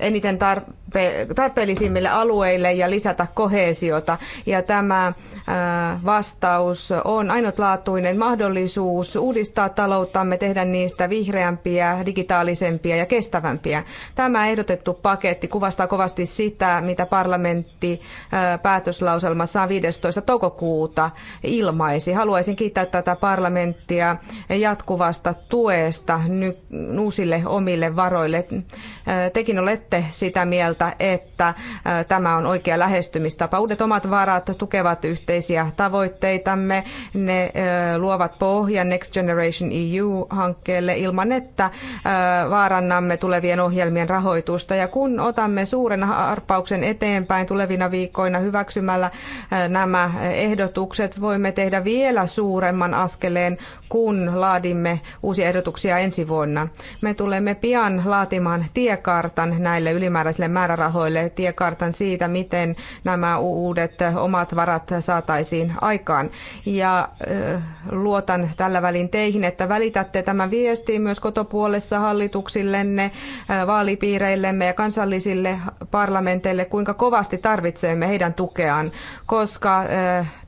eniten tarpeeseen tarpeellisimmille alueille ja lisätä kohesiota. Ja tämä äh, vastaus on ainutlaatuinen mahdollisuus uudistaa talouttamme, tehdä niistä vihreämpiä, digitaalisempia ja kestävämpiä. Tämä ehdotettu paketti kuvastaa kovasti sitä, mitä parlamentti äh, päätöslauselmassa 15. toukokuuta ilmaisi. Haluaisin kiittää tätä parlamenttia jatkuvasta tuesta uusille omille varoille. Äh, tekin olette sitä mieltä, mieltä, että äh, tämä on oikea lähestymistapa. Uudet omat varat tukevat yhteisiä tavoitteitamme. Ne äh, luovat pohjan Next Generation EU-hankkeelle ilman, että äh, vaarannamme tulevien ohjelmien rahoitusta. Ja kun otamme suuren harppauksen eteenpäin tulevina viikkoina hyväksymällä nämä ehdotukset, voimme tehdä vielä suuremman askeleen, kun laadimme uusia ehdotuksia ensi vuonna. Me tulemme pian laatimaan tiekartan näille ylimääräisille määrärahoille määrärahoille tiekartan siitä, miten nämä uudet omat varat saataisiin aikaan. Ja luotan tällä välin teihin, että välitätte tämän viestin myös kotopuolessa hallituksillenne, vaalipiireillemme ja kansallisille parlamenteille, kuinka kovasti tarvitsemme heidän tukeaan, koska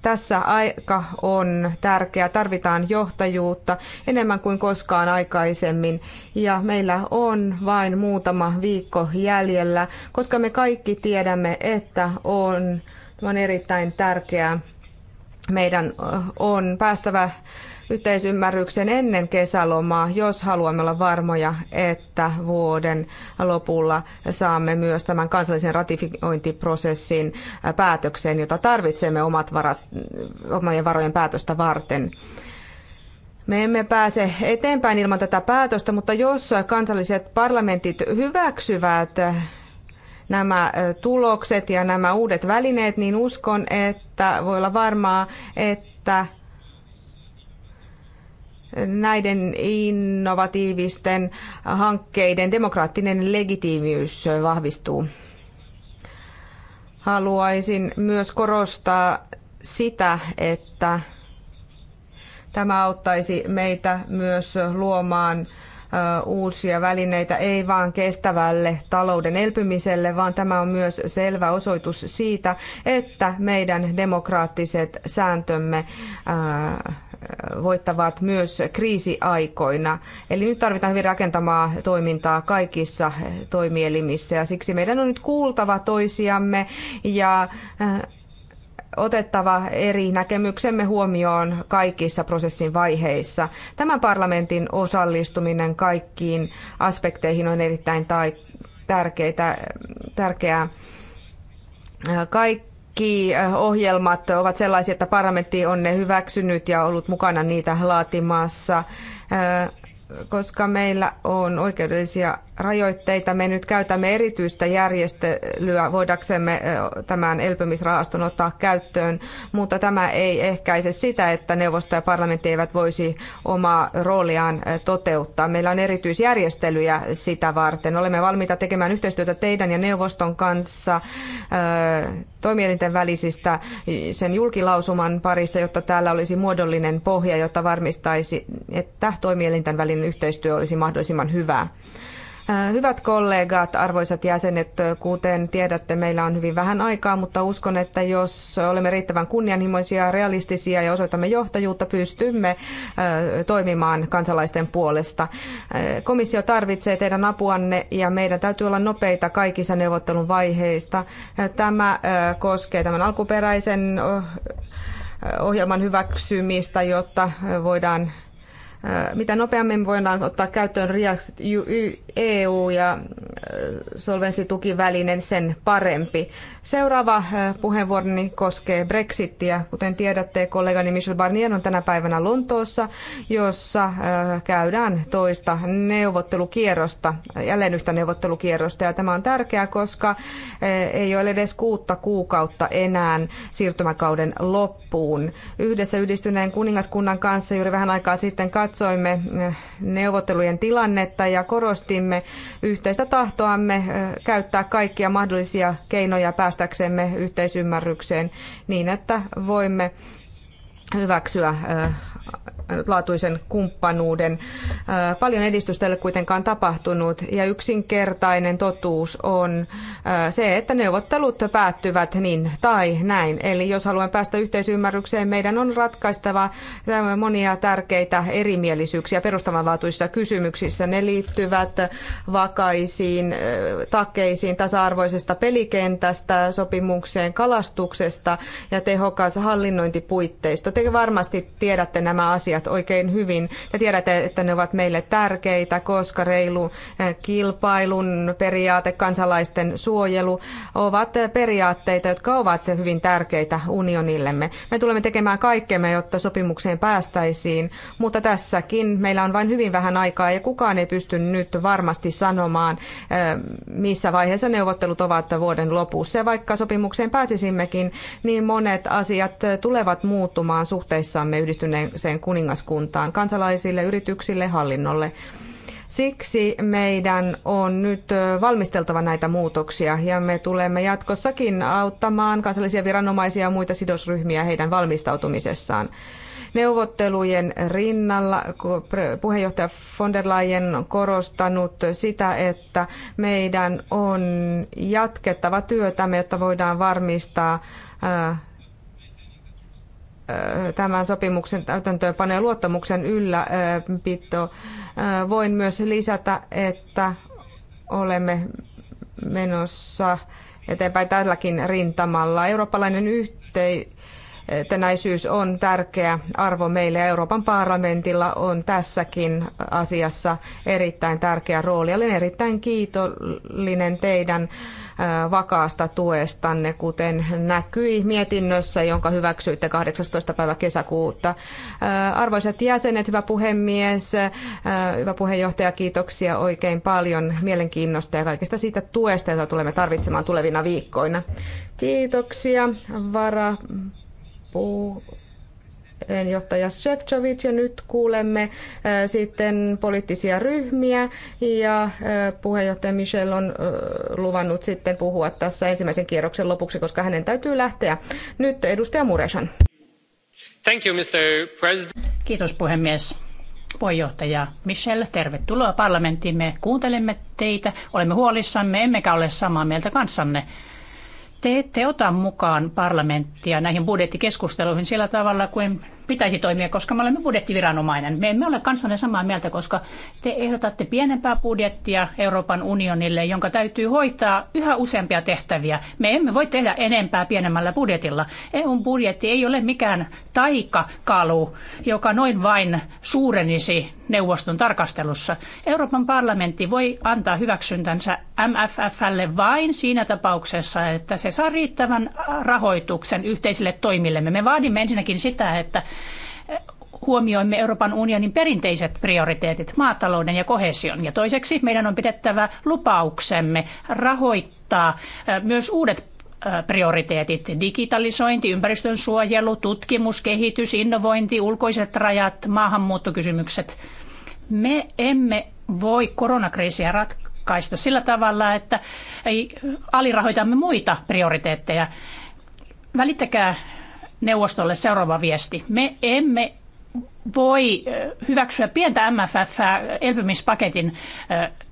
tässä aika on tärkeä. Tarvitaan johtajuutta enemmän kuin koskaan aikaisemmin. Ja meillä on vain muutama viikko jäljellä, koska me kaikki tiedämme, että on, on erittäin tärkeää. Meidän on päästävä yhteisymmärryksen ennen kesälomaa, jos haluamme olla varmoja, että vuoden lopulla saamme myös tämän kansallisen ratifiointiprosessin päätökseen, jota tarvitsemme omat varat, omien varojen päätöstä varten. Me emme pääse eteenpäin ilman tätä päätöstä, mutta jos kansalliset parlamentit hyväksyvät nämä tulokset ja nämä uudet välineet, niin uskon, että voi olla varmaa, että näiden innovatiivisten hankkeiden demokraattinen legitiimiys vahvistuu. Haluaisin myös korostaa sitä, että tämä auttaisi meitä myös luomaan uusia välineitä ei vain kestävälle talouden elpymiselle, vaan tämä on myös selvä osoitus siitä, että meidän demokraattiset sääntömme voittavat myös kriisiaikoina. Eli nyt tarvitaan hyvin rakentamaa toimintaa kaikissa toimielimissä ja siksi meidän on nyt kuultava toisiamme ja äh, otettava eri näkemyksemme huomioon kaikissa prosessin vaiheissa. Tämän parlamentin osallistuminen kaikkiin aspekteihin on erittäin tärkeää. tärkeää. Kaik- kaikki eh, ohjelmat ovat sellaisia, että parlamentti on ne hyväksynyt ja ollut mukana niitä laatimassa, eh, koska meillä on oikeudellisia rajoitteita me nyt käytämme erityistä järjestelyä voidaksemme tämän elpymisrahaston ottaa käyttöön, mutta tämä ei ehkäise sitä, että neuvosto ja parlamentti eivät voisi omaa rooliaan toteuttaa. Meillä on erityisjärjestelyjä sitä varten. Olemme valmiita tekemään yhteistyötä teidän ja neuvoston kanssa toimielinten välisistä sen julkilausuman parissa, jotta täällä olisi muodollinen pohja, jotta varmistaisi, että toimielinten välinen yhteistyö olisi mahdollisimman hyvää. Äh, hyvät kollegat, arvoisat jäsenet, kuten tiedätte, meillä on hyvin vähän aikaa, mutta uskon, että jos olemme riittävän kunnianhimoisia, realistisia ja osoitamme johtajuutta, pystymme äh, toimimaan kansalaisten puolesta. Äh, komissio tarvitsee teidän apuanne ja meidän täytyy olla nopeita kaikissa neuvottelun vaiheista. Tämä koskee tämän alkuperäisen ohjelman hyväksymistä, jotta voidaan mitä nopeammin voidaan ottaa käyttöön React EU e ja solvenssitukivälinen, sen parempi. Seuraava puheenvuoroni koskee Brexittiä. Kuten tiedätte, kollegani Michel Barnier on tänä päivänä Lontoossa, jossa käydään toista neuvottelukierrosta, jälleen yhtä neuvottelukierrosta. Ja tämä on tärkeää, koska ei ole edes kuutta kuukautta enää siirtymäkauden loppuun. Yhdessä yhdistyneen kuningaskunnan kanssa juuri vähän aikaa sitten kat- katsoimme eh, neuvottelujen tilannetta ja korostimme yhteistä tahtoamme eh, käyttää kaikkia mahdollisia keinoja päästäksemme yhteisymmärrykseen niin, että voimme hyväksyä eh, ainutlaatuisen kumppanuuden. Paljon edistystä ei ole kuitenkaan tapahtunut ja yksinkertainen totuus on se, että neuvottelut päättyvät niin tai näin. Eli jos haluan päästä yhteisymmärrykseen, meidän on ratkaistava monia tärkeitä erimielisyyksiä perustavanlaatuisissa kysymyksissä. Ne liittyvät vakaisiin takeisiin tasa-arvoisesta pelikentästä, sopimukseen kalastuksesta ja tehokas hallinnointipuitteista. Te varmasti tiedätte nämä asiat asiat oikein hyvin. Ja tiedätte, että ne ovat meille tärkeitä, koska reilu eh, kilpailun periaate, kansalaisten suojelu ovat eh, periaatteita, jotka ovat hyvin tärkeitä unionillemme. Me tulemme tekemään kaikkemme, jotta sopimukseen päästäisiin, mutta tässäkin meillä on vain hyvin vähän aikaa ja kukaan ei pysty nyt varmasti sanomaan, eh, missä vaiheessa neuvottelut ovat vuoden lopussa. Ja vaikka sopimukseen pääsisimmekin, niin monet asiat tulevat muuttumaan suhteissamme yhdistyneeseen kuningaskuntaan kuningaskuntaan, kansalaisille, yrityksille, hallinnolle. Siksi meidän on nyt valmisteltava näitä muutoksia ja me tulemme jatkossakin auttamaan kansallisia viranomaisia ja muita sidosryhmiä heidän valmistautumisessaan. Neuvottelujen rinnalla puheenjohtaja von der Leyen on korostanut sitä, että meidän on jatkettava työtämme, jotta voidaan varmistaa tämän sopimuksen täytäntöönpaneen luottamuksen ylläpito. Voin myös lisätä, että olemme menossa eteenpäin tälläkin rintamalla. Eurooppalainen yhtenäisyys on tärkeä arvo meille Euroopan parlamentilla on tässäkin asiassa erittäin tärkeä rooli. Olen erittäin kiitollinen teidän äh, vakaasta tuestanne, kuten näkyi mietinnössä, jonka hyväksyitte 18. päivä kesäkuuta. Arvoisat jäsenet, hyvä puhemies, hyvä puheenjohtaja, kiitoksia oikein paljon mielenkiinnosta ja kaikesta siitä tuesta, jota tulemme tarvitsemaan tulevina viikkoina. Kiitoksia, vara puu puheenjohtaja Shevchovic ja nyt kuulemme äh, sitten poliittisia ryhmiä ja äh, puheenjohtaja Michel on äh, luvannut sitten puhua tässä ensimmäisen kierroksen lopuksi, koska hänen täytyy lähteä. Nyt edustaja Mureshan. Thank you, Mr. President. Kiitos puhemies. Puheenjohtaja Michel, tervetuloa parlamenttiin. Me kuuntelemme teitä, olemme huolissamme, emmekä ole samaa mieltä kanssanne te ette ota mukaan parlamenttia näihin budjettikeskusteluihin sillä tavalla kuin pitäisi toimia, koska me olemme budjettiviranomainen. Me emme ole kanssanne samaa mieltä, koska te ehdotatte pienempää budjettia Euroopan unionille, jonka täytyy hoitaa yhä useampia tehtäviä. Me emme voi tehdä enempää pienemmällä budjetilla. EUn budjetti ei ole mikään taikakalu, joka noin vain suurenisi neuvoston tarkastelussa. Euroopan parlamentti voi antaa hyväksyntänsä MFFlle vain siinä tapauksessa, että se saa riittävän rahoituksen yhteisille toimillemme. Me vaadimme ensinnäkin sitä, että huomioimme Euroopan unionin perinteiset prioriteetit, maatalouden ja kohesion. Ja toiseksi meidän on pidettävä lupauksemme rahoittaa myös uudet prioriteetit, digitalisointi, ympäristön tutkimus, kehitys, innovointi, ulkoiset rajat, maahanmuuttokysymykset. Me emme voi koronakriisiä ratkaista sillä tavalla, että alirahoitamme muita prioriteetteja. Välittäkää neuvostolle seuraava viesti. Me emme voi hyväksyä pientä MFF elpymispaketin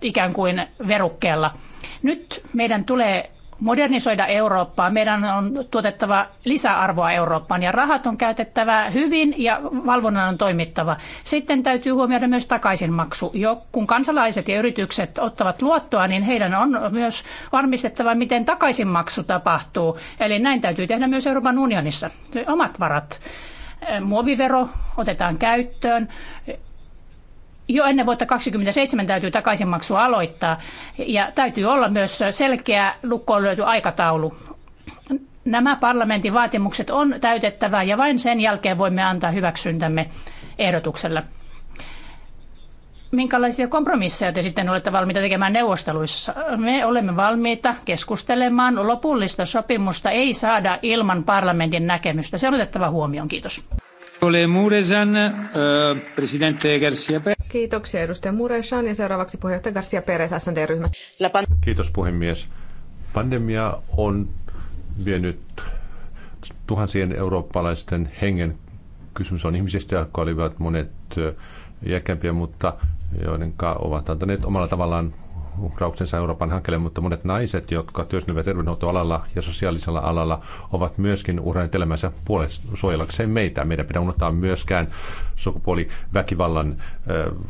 ikään kuin verukkeella. Nyt meidän tulee modernisoida Eurooppaa, meidän on tuotettava lisäarvoa Eurooppaan ja rahat on käytettävä hyvin ja valvonnan on toimittava. Sitten täytyy huomioida myös takaisinmaksu. Jo kun kansalaiset ja yritykset ottavat luottoa, niin heidän on myös varmistettava, miten takaisinmaksu tapahtuu. Eli näin täytyy tehdä myös Euroopan unionissa. Omat varat muovivero otetaan käyttöön. Jo ennen vuotta 2027 täytyy takaisinmaksu aloittaa ja täytyy olla myös selkeä lukkoon löyty aikataulu. Nämä parlamentin vaatimukset on täytettävä ja vain sen jälkeen voimme antaa hyväksyntämme ehdotukselle minkälaisia kompromisseja te sitten olette valmiita tekemään neuvosteluissa? Me olemme valmiita keskustelemaan. Lopullista sopimusta ei saada ilman parlamentin näkemystä. Se on otettava huomioon. Kiitos. Kiitoksia edustaja Muresan ja seuraavaksi puheenjohtaja Garcia Perez SND-ryhmästä. Kiitos puhemies. Pandemia on vienyt tuhansien eurooppalaisten hengen. Kysymys on ihmisistä, jotka olivat monet jäkempiä, mutta joiden ovat antaneet omalla tavallaan uhrauksensa Euroopan hankkeelle, mutta monet naiset, jotka työskentelevät terveydenhuoltoalalla ja sosiaalisella alalla, ovat myöskin uhranneet elämänsä puolesta suojellakseen meitä. Meidän pitää unohtaa myöskään sukupuoliväkivallan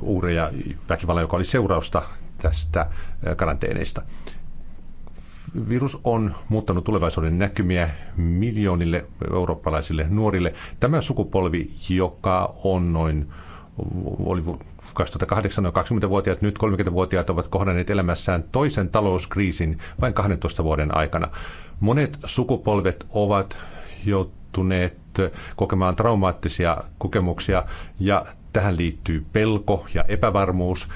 uhreja, väkivallan, joka oli seurausta tästä karanteeneista. Virus on muuttanut tulevaisuuden näkymiä miljoonille eurooppalaisille nuorille. Tämä sukupolvi, joka on noin oli 2008 20-vuotiaat, nyt 30-vuotiaat ovat kohdanneet elämässään toisen talouskriisin vain 12 vuoden aikana. Monet sukupolvet ovat joutuneet kokemaan traumaattisia kokemuksia ja tähän liittyy pelko ja epävarmuus.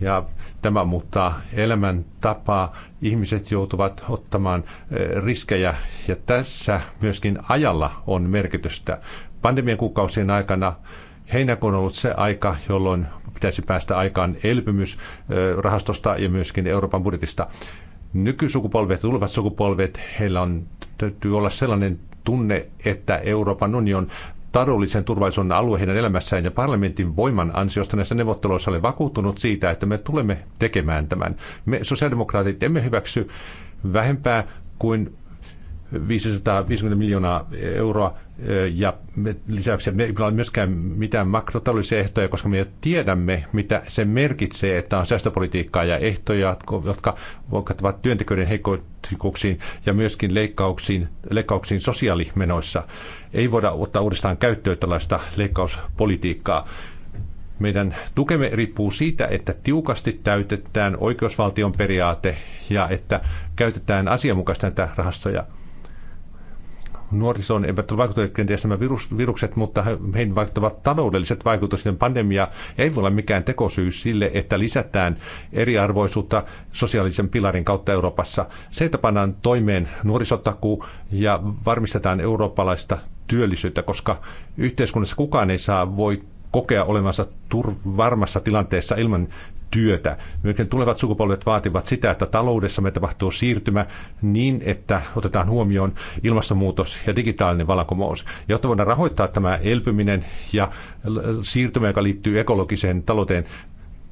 Ja tämä muuttaa elämäntapaa. Ihmiset joutuvat ottamaan eh, riskejä ja tässä myöskin ajalla on merkitystä. Pandemian kuukausien aikana Heinäkuun on ollut se aika, jolloin pitäisi päästä aikaan elpymysrahastosta ja myöskin Euroopan budjetista. Nykysukupolvet, tulevat sukupolvet, heillä on, täytyy olla sellainen tunne, että Euroopan union taloudellisen turvallisuuden alue heidän elämässään ja parlamentin voiman ansiosta näissä neuvotteluissa oli vakuuttunut siitä, että me tulemme tekemään tämän. Me sosiaalidemokraatit emme hyväksy vähempää kuin 550 miljoonaa euroa eh, ja lisäksi me ei ole myöskään mitään makrotaloudellisia ehtoja, koska me tiedämme, mitä se merkitsee, että on säästöpolitiikkaa ja ehtoja, jotka vaikuttavat työntekijöiden heikkoituksiin ja myöskin leikkauksiin, leikkauksiin sosiaalimenoissa. Ei voida ottaa uudestaan käyttöön tällaista leikkauspolitiikkaa. Meidän tukemme riippuu siitä, että tiukasti täytetään oikeusvaltion periaate ja että käytetään asianmukaisesti näitä rahastoja – nuorisoon eivät ole vaikuttaneet kenties nämä virus, virukset, mutta heihin vaikuttavat taloudelliset vaikutukset. Niin pandemia ei voi olla mikään tekosyy sille, että lisätään eriarvoisuutta sosiaalisen pilarin kautta Euroopassa. Se, että pannaan toimeen nuorisotakuu ja varmistetaan eurooppalaista työllisyyttä, koska yhteiskunnassa kukaan ei saa voittaa kokea olevansa tur- varmassa tilanteessa ilman työtä. Myöskin tulevat sukupolvet vaativat sitä, että taloudessa me tapahtuu siirtymä niin, että otetaan huomioon ilmastonmuutos ja digitaalinen vallankumous. Jotta voidaan rahoittaa tämä elpyminen ja siirtymä, joka liittyy ekologiseen talouteen,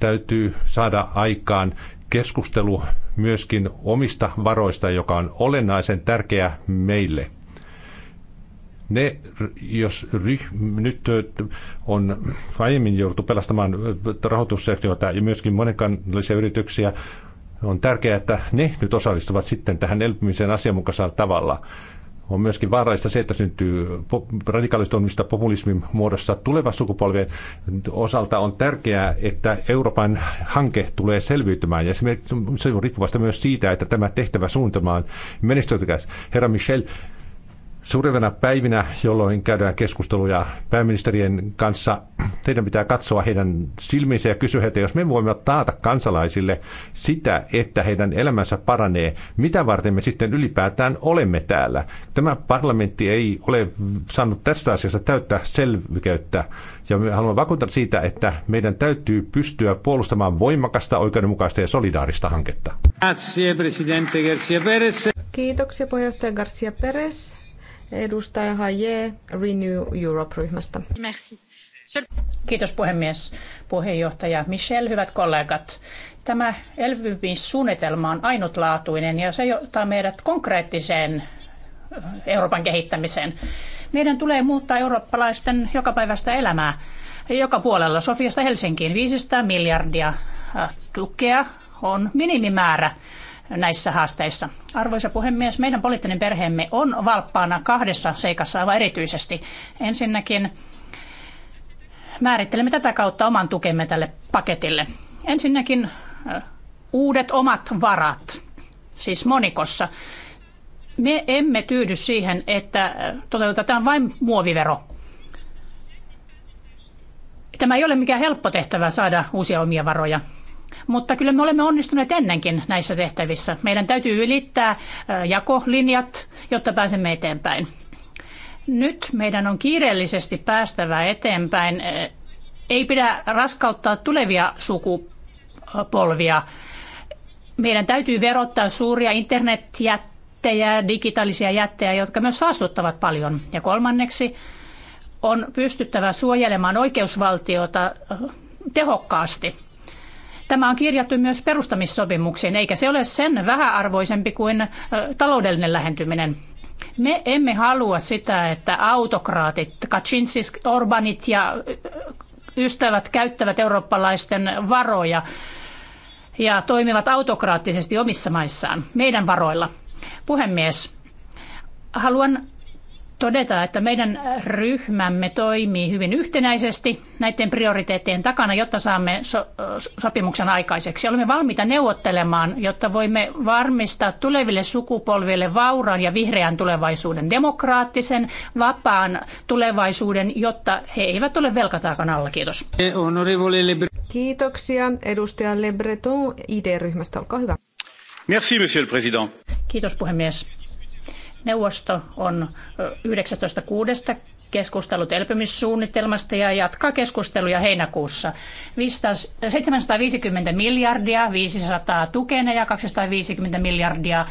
täytyy saada aikaan keskustelu myöskin omista varoista, joka on olennaisen tärkeä meille – ne, jos ryhmä nyt on aiemmin joutu pelastamaan rahoitussektiota ja myöskin monenkansallisia yrityksiä, on tärkeää, että ne nyt osallistuvat sitten tähän elpymiseen asianmukaisella tavalla. On myöskin vaarallista se, että syntyy radikaalistumista populismin muodossa tuleva sukupolvien osalta. On tärkeää, että Euroopan hanke tulee selviytymään ja se on riippuvasta myös siitä, että tämä tehtävä suuntamaan menestykäs. Herra Michel, Suurevana päivinä, jolloin käydään keskusteluja pääministerien kanssa, teidän pitää katsoa heidän silmiinsä ja kysyä heiltä, jos me voimme taata kansalaisille sitä, että heidän elämänsä paranee, mitä varten me sitten ylipäätään olemme täällä. Tämä parlamentti ei ole saanut tästä asiasta täyttää selvykäyttä. Ja me haluamme vakuuttaa siitä, että meidän täytyy pystyä puolustamaan voimakasta, oikeudenmukaista ja solidaarista hanketta. Kiitoksia puheenjohtaja Garcia Perez. Edustaja Haje Renew Europe-ryhmästä. Merci. Kiitos puhemies, puheenjohtaja Michel, hyvät kollegat. Tämä elvymissuunnitelma on ainutlaatuinen ja se johtaa meidät konkreettiseen eh, Euroopan kehittämiseen. Meidän tulee muuttaa eurooppalaisten jokapäiväistä elämää joka puolella Sofiasta Helsinkiin 500 miljardia eh, tukea on minimimäärä näissä haasteissa. Arvoisa puhemies, meidän poliittinen perheemme on valppaana kahdessa seikassa aivan erityisesti. Ensinnäkin määrittelemme tätä kautta oman tukemme tälle paketille. Ensinnäkin uudet omat varat, siis monikossa. Me emme tyydy siihen, että toteutetaan vain muovivero. Tämä ei ole mikään helppo tehtävä saada uusia omia varoja mutta kyllä me olemme onnistuneet ennenkin näissä tehtävissä. Meidän täytyy ylittää jakolinjat, jotta pääsemme eteenpäin. Nyt meidän on kiireellisesti päästävä eteenpäin. Ei pidä raskauttaa tulevia sukupolvia. Meidän täytyy verottaa suuria internetjättejä, digitaalisia jättejä, jotka myös saastuttavat paljon. Ja kolmanneksi on pystyttävä suojelemaan oikeusvaltiota tehokkaasti. Tämä on kirjattu myös perustamissopimuksiin, eikä se ole sen vähäarvoisempi kuin taloudellinen lähentyminen. Me emme halua sitä, että autokraatit, Kaczynskis, Orbanit ja ystävät käyttävät eurooppalaisten varoja ja toimivat autokraattisesti omissa maissaan, meidän varoilla. Puhemies, haluan todeta, että meidän ryhmämme toimii hyvin yhtenäisesti näiden prioriteettien takana, jotta saamme so- sopimuksen aikaiseksi. Olemme valmiita neuvottelemaan, jotta voimme varmistaa tuleville sukupolville vauraan ja vihreän tulevaisuuden, demokraattisen, vapaan tulevaisuuden, jotta he eivät ole velkataakan alla. Kiitos. Kiitoksia. Edustaja Le Breton ID-ryhmästä, olkaa hyvä. Merci, monsieur le président. Kiitos puhemies Neuvosto on 19.6. keskustellut elpymissuunnitelmasta ja jatkaa keskusteluja heinäkuussa. 750 miljardia, 500 tukena ja 250 miljardia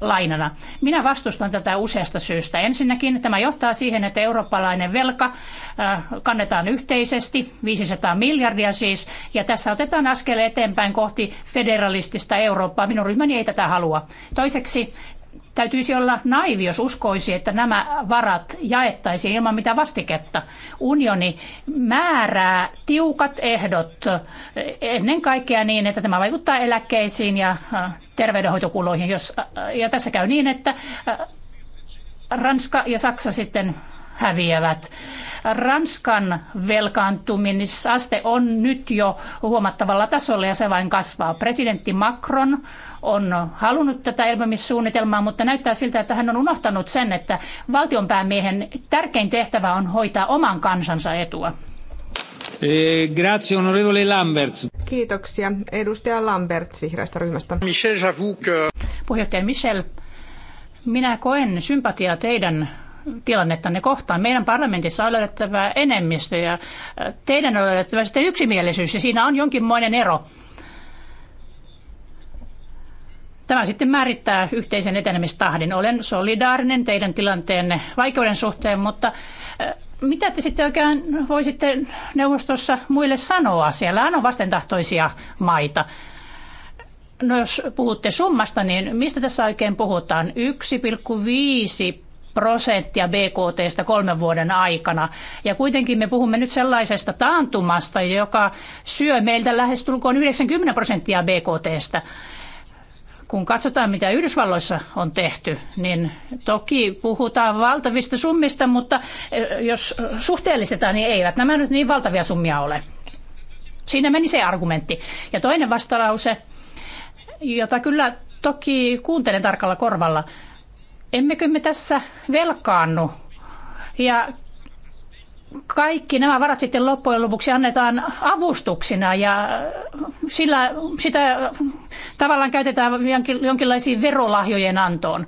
lainana. Minä vastustan tätä useasta syystä. Ensinnäkin tämä johtaa siihen, että eurooppalainen velka kannetaan yhteisesti, 500 miljardia siis, ja tässä otetaan askel eteenpäin kohti federalistista Eurooppaa. Minun ryhmäni ei tätä halua. Toiseksi Täytyisi olla naivi, jos uskoisi, että nämä varat jaettaisiin ilman mitä vastiketta. Unioni määrää tiukat ehdot ennen kaikkea niin, että tämä vaikuttaa eläkkeisiin ja äh, terveydenhoitokuluihin. Jos, äh, ja tässä käy niin, että äh, Ranska ja Saksa sitten häviävät. Ranskan velkaantumisaste on nyt jo huomattavalla tasolla ja se vain kasvaa. Presidentti Macron on halunnut tätä elpymissuunnitelmaa, mutta näyttää siltä, että hän on unohtanut sen, että valtionpäämiehen tärkein tehtävä on hoitaa oman kansansa etua. Eh, grazie, onorevole Lamberts. Kiitoksia. Edustaja Lamberts vihreästä ryhmästä. Michel Javouque. Puheenjohtaja Michel, minä koen sympatiaa teidän tilannettanne kohtaan. Meidän parlamentissa on löydettävä enemmistö ja eh, teidän on löydettävä sitten yksimielisyys ja siinä on jonkinmoinen ero. Tämä sitten määrittää yhteisen etenemistahdin. Olen solidaarinen teidän tilanteenne vaikeuden suhteen, mutta eh, mitä te sitten oikein voisitte neuvostossa muille sanoa? siellä on vastentahtoisia maita. No jos puhutte summasta, niin mistä tässä oikein puhutaan? 1,5 prosenttia BKTstä kolmen vuoden aikana. Ja kuitenkin me puhumme nyt sellaisesta taantumasta, joka syö meiltä lähestulkoon 90 prosenttia BKTstä kun katsotaan, mitä Yhdysvalloissa on tehty, niin toki puhutaan valtavista summista, mutta e, jos suhteellistetaan, niin eivät nämä nyt niin valtavia summia ole. Siinä meni se argumentti. Ja toinen vastalause, jota kyllä toki kuuntelen tarkalla korvalla. Emmekö me tässä velkaannu ja kaikki nämä varat sitten loppujen lopuksi annetaan avustuksina ja sillä, sitä tavallaan käytetään jonkinlaisiin verolahjojen antoon.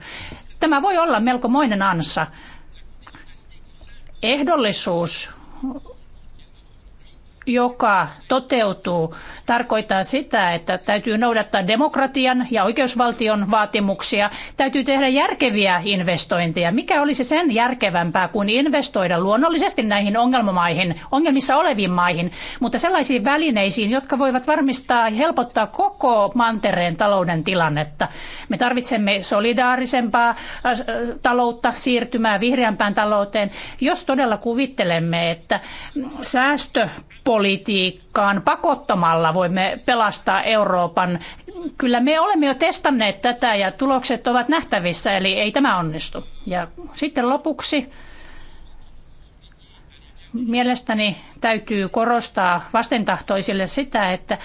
Tämä voi olla melko moinen ansa. Ehdollisuus joka toteutuu, tarkoittaa sitä, että täytyy noudattaa demokratian ja oikeusvaltion vaatimuksia, täytyy tehdä järkeviä investointeja. Mikä olisi sen järkevämpää kuin investoida luonnollisesti näihin ongelmamaihin, ongelmissa oleviin maihin, mutta sellaisiin välineisiin, jotka voivat varmistaa ja helpottaa koko mantereen talouden tilannetta. Me tarvitsemme solidaarisempaa äh, taloutta, siirtymää vihreämpään talouteen. Jos todella kuvittelemme, että säästö politiikkaan pakottamalla voimme pelastaa Euroopan. Kyllä me olemme jo testanneet tätä ja tulokset ovat nähtävissä, eli ei tämä onnistu. Ja sitten lopuksi mielestäni täytyy korostaa vastentahtoisille sitä, että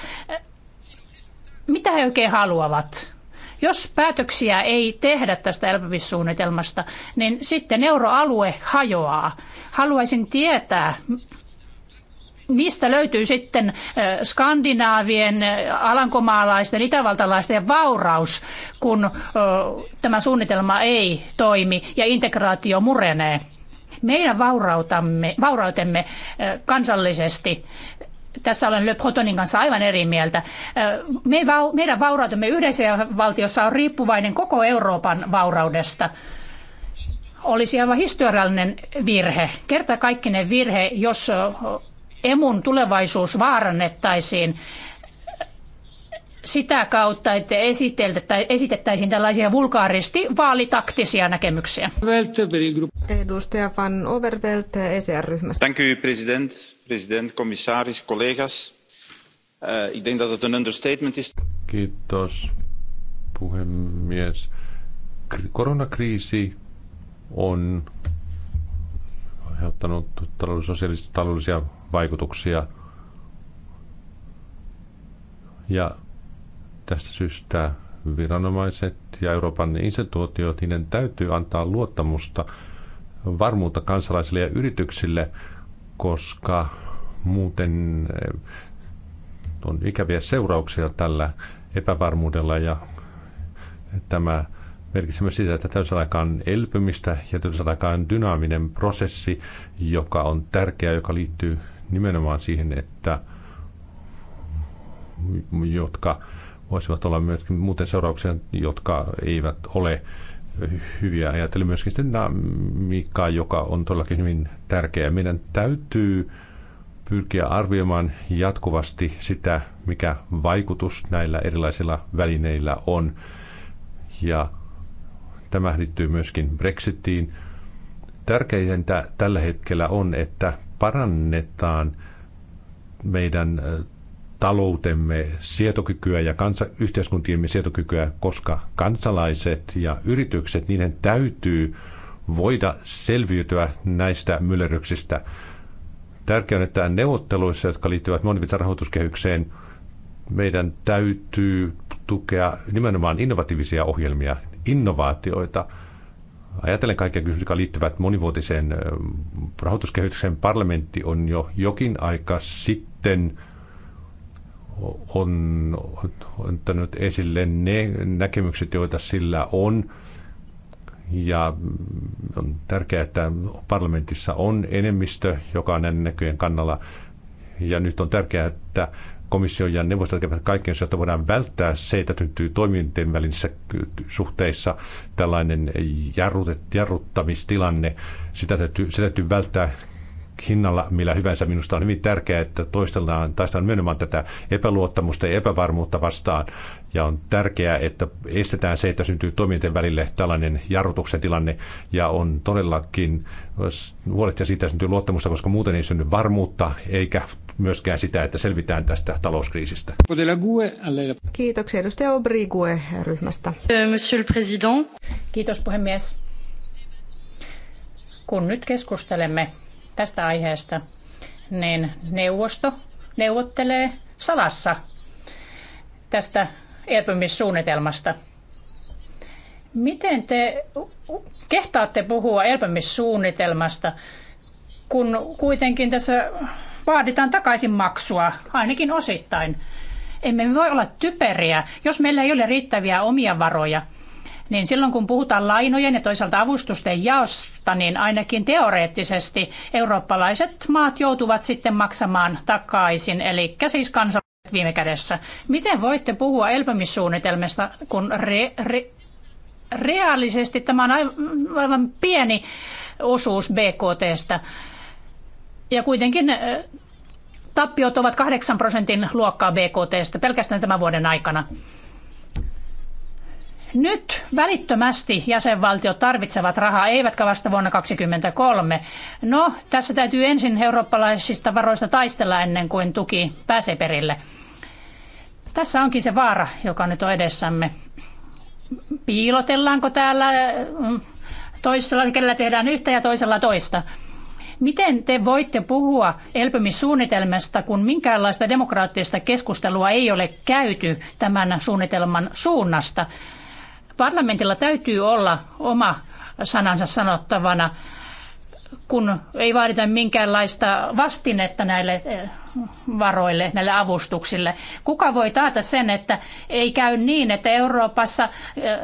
mitä he oikein haluavat. Jos päätöksiä ei tehdä tästä elpymissuunnitelmasta, niin sitten euroalue hajoaa. Haluaisin tietää, mistä löytyy sitten skandinaavien, alankomaalaisten, itävaltalaisten vauraus, kun tämä suunnitelma ei toimi ja integraatio murenee. Meidän vaurautamme, vaurautemme kansallisesti tässä olen Le Protonin kanssa aivan eri mieltä. Me, meidän vaurautemme yhdessä valtiossa on riippuvainen koko Euroopan vauraudesta. Olisi aivan historiallinen virhe, kertakaikkinen virhe, jos emun tulevaisuus vaarannettaisiin sitä kautta, että esitettäisiin tällaisia vulgaaristi vaalitaktisia näkemyksiä. Edustaja Van Overveld ECR-ryhmästä. Thank you, president, president, komissaaris, kollegas. Uh, eh, ik denk understatement is. Kiitos, puhemies. Koronakriisi on aiheuttanut taloudellisia vaikutuksia. Ja tästä syystä viranomaiset ja Euroopan instituutiot, niiden täytyy antaa luottamusta, varmuutta kansalaisille ja yrityksille, koska muuten eh, on ikäviä seurauksia tällä epävarmuudella ja tämä merkitsee myös sitä, että täytyy saada aikaan elpymistä ja täytyy saada aikaan dynaaminen prosessi, joka on tärkeä, joka liittyy nimenomaan siihen, että jotka voisivat olla myöskin muuten seurauksia, jotka eivät ole hyviä. Ajattelin myöskin sitä dynamiikkaa, joka on todellakin hyvin tärkeä, Meidän täytyy pyrkiä arvioimaan jatkuvasti sitä, mikä vaikutus näillä erilaisilla välineillä on. Ja Tämä liittyy myöskin Brexitiin. Tärkeintä tällä hetkellä on, että parannetaan meidän taloutemme sietokykyä ja kansa, yhteiskuntiemme sietokykyä, koska kansalaiset ja yritykset, niiden täytyy voida selviytyä näistä myllerryksistä. Tärkeää on, että neuvotteluissa, jotka liittyvät monivitsarahoituskehykseen, meidän täytyy tukea nimenomaan innovatiivisia ohjelmia innovaatioita. Ajatellen kaikkia kysymyksiä, jotka liittyvät monivuotiseen rahoituskehitykseen, parlamentti on jo jokin aika sitten on ottanut esille ne näkemykset, joita sillä on. Ja on tärkeää, että parlamentissa on enemmistö, joka on näiden näköjen kannalla. Ja nyt on tärkeää, että komissio ja neuvosto tekevät kaiken, jotta voidaan välttää se, että syntyy toimintien välissä suhteissa tällainen jarrut, jarruttamistilanne. Sitä täytyy, sitä täytyy välttää hinnalla millä hyvänsä. Minusta on hyvin tärkeää, että toistellaan, taistellaan nimenomaan tätä epäluottamusta ja epävarmuutta vastaan. Ja on tärkeää, että estetään se, että syntyy toimijoiden välille tällainen jarrutuksen tilanne. Ja on todellakin huolehtia siitä, että syntyy luottamusta, koska muuten ei synny varmuutta eikä myöskään sitä, että selvitään tästä talouskriisistä. Kiitoksia edustaja Obrigue ryhmästä. Monsieur le Président. Kiitos puhemies. Kun nyt keskustelemme tästä aiheesta, niin neuvosto neuvottelee salassa tästä elpymissuunnitelmasta. Miten te kehtaatte puhua elpymissuunnitelmasta, kun kuitenkin tässä vaaditaan takaisin maksua, ainakin osittain? Emme voi olla typeriä, jos meillä ei ole riittäviä omia varoja – niin silloin kun puhutaan lainojen ja toisaalta avustusten jaosta, niin ainakin teoreettisesti eurooppalaiset maat joutuvat sitten maksamaan takaisin, eli siis kansalaiset viime kädessä. Miten voitte puhua elpymissuunnitelmista, kun re, re, reaalisesti tämä on aivan pieni osuus BKTstä? Ja kuitenkin tappiot ovat 8 prosentin luokkaa BKTstä pelkästään tämän vuoden aikana. Nyt välittömästi jäsenvaltiot tarvitsevat rahaa, eivätkä vasta vuonna 2023. No, tässä täytyy ensin eurooppalaisista varoista taistella ennen kuin tuki pääsee perille. Tässä onkin se vaara, joka nyt on edessämme. Piilotellaanko täällä mm, toisella, kellä tehdään yhtä ja toisella toista? Miten te voitte puhua elpymissuunnitelmasta, kun minkäänlaista demokraattista keskustelua ei ole käyty tämän suunnitelman suunnasta? Parlamentilla täytyy olla oma sanansa sanottavana, kun ei vaadita minkäänlaista vastinetta näille eh, varoille, näille avustuksille. Kuka voi taata sen, että ei käy niin, että Euroopassa eh,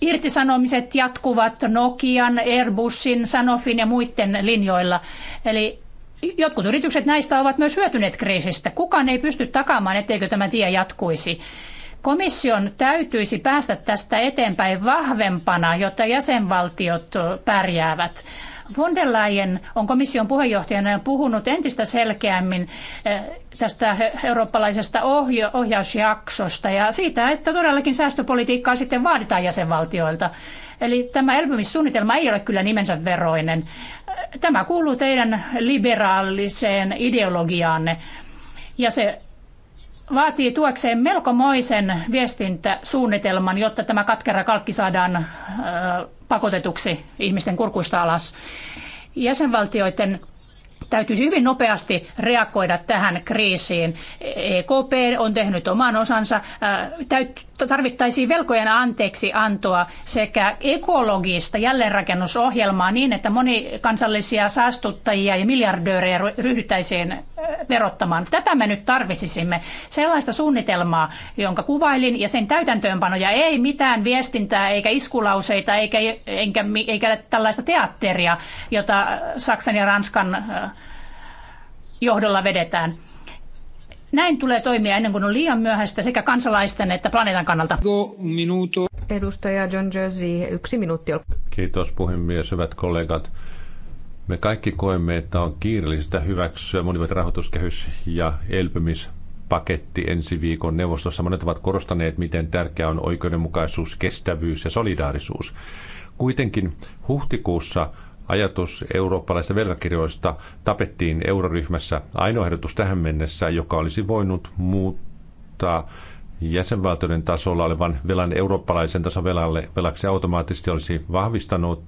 irtisanomiset jatkuvat Nokian, Airbusin, Sanofin ja muiden linjoilla. Eli jotkut yritykset näistä ovat myös hyötyneet kriisistä. Kukaan ei pysty takaamaan, etteikö tämä tie jatkuisi. Komission täytyisi päästä tästä eteenpäin vahvempana, jotta jäsenvaltiot pärjäävät. Von der Leyen on komission puheenjohtajana puhunut entistä selkeämmin eh, tästä eurooppalaisesta ohjausjaksosta ja siitä, että todellakin säästöpolitiikkaa sitten vaaditaan jäsenvaltioilta. Eli tämä elpymissuunnitelma ei ole kyllä nimensä veroinen. Tämä kuuluu teidän liberaaliseen ideologiaanne ja se vaatii tuekseen melkomoisen viestintäsuunnitelman, jotta tämä katkera kalkki saadaan pakotetuksi ihmisten kurkuista alas. Jäsenvaltioiden täytyisi hyvin nopeasti reagoida tähän kriisiin. EKP on tehnyt oman osansa. Äh, tarvittaisiin velkojen anteeksi antoa sekä ekologista jälleenrakennusohjelmaa niin, että monikansallisia saastuttajia ja miljardöörejä ryhdyttäisiin äh, verottamaan. Tätä me nyt tarvitsisimme. Sellaista suunnitelmaa, jonka kuvailin, ja sen täytäntöönpanoja ei mitään viestintää eikä iskulauseita eikä, eikä, eikä tällaista teatteria, jota Saksan ja Ranskan äh, johdolla vedetään. Näin tulee toimia ennen kuin on liian myöhäistä sekä kansalaisten että planeetan kannalta. Edustaja John Jersey, yksi minuutti. Kiitos puhemies, hyvät kollegat. Me kaikki koemme, että on kiireellistä hyväksyä monivuotinen rahoituskehys ja elpymispaketti ensi viikon neuvostossa. Monet ovat korostaneet, miten tärkeää on oikeudenmukaisuus, kestävyys ja solidaarisuus. Kuitenkin huhtikuussa ajatus eurooppalaisista velkakirjoista tapettiin euroryhmässä. Ainoa ehdotus tähän mennessä, joka olisi voinut muuttaa jäsenvaltioiden tasolla olevan velan eurooppalaisen tason velalle, velaksi automaattisesti olisi vahvistanut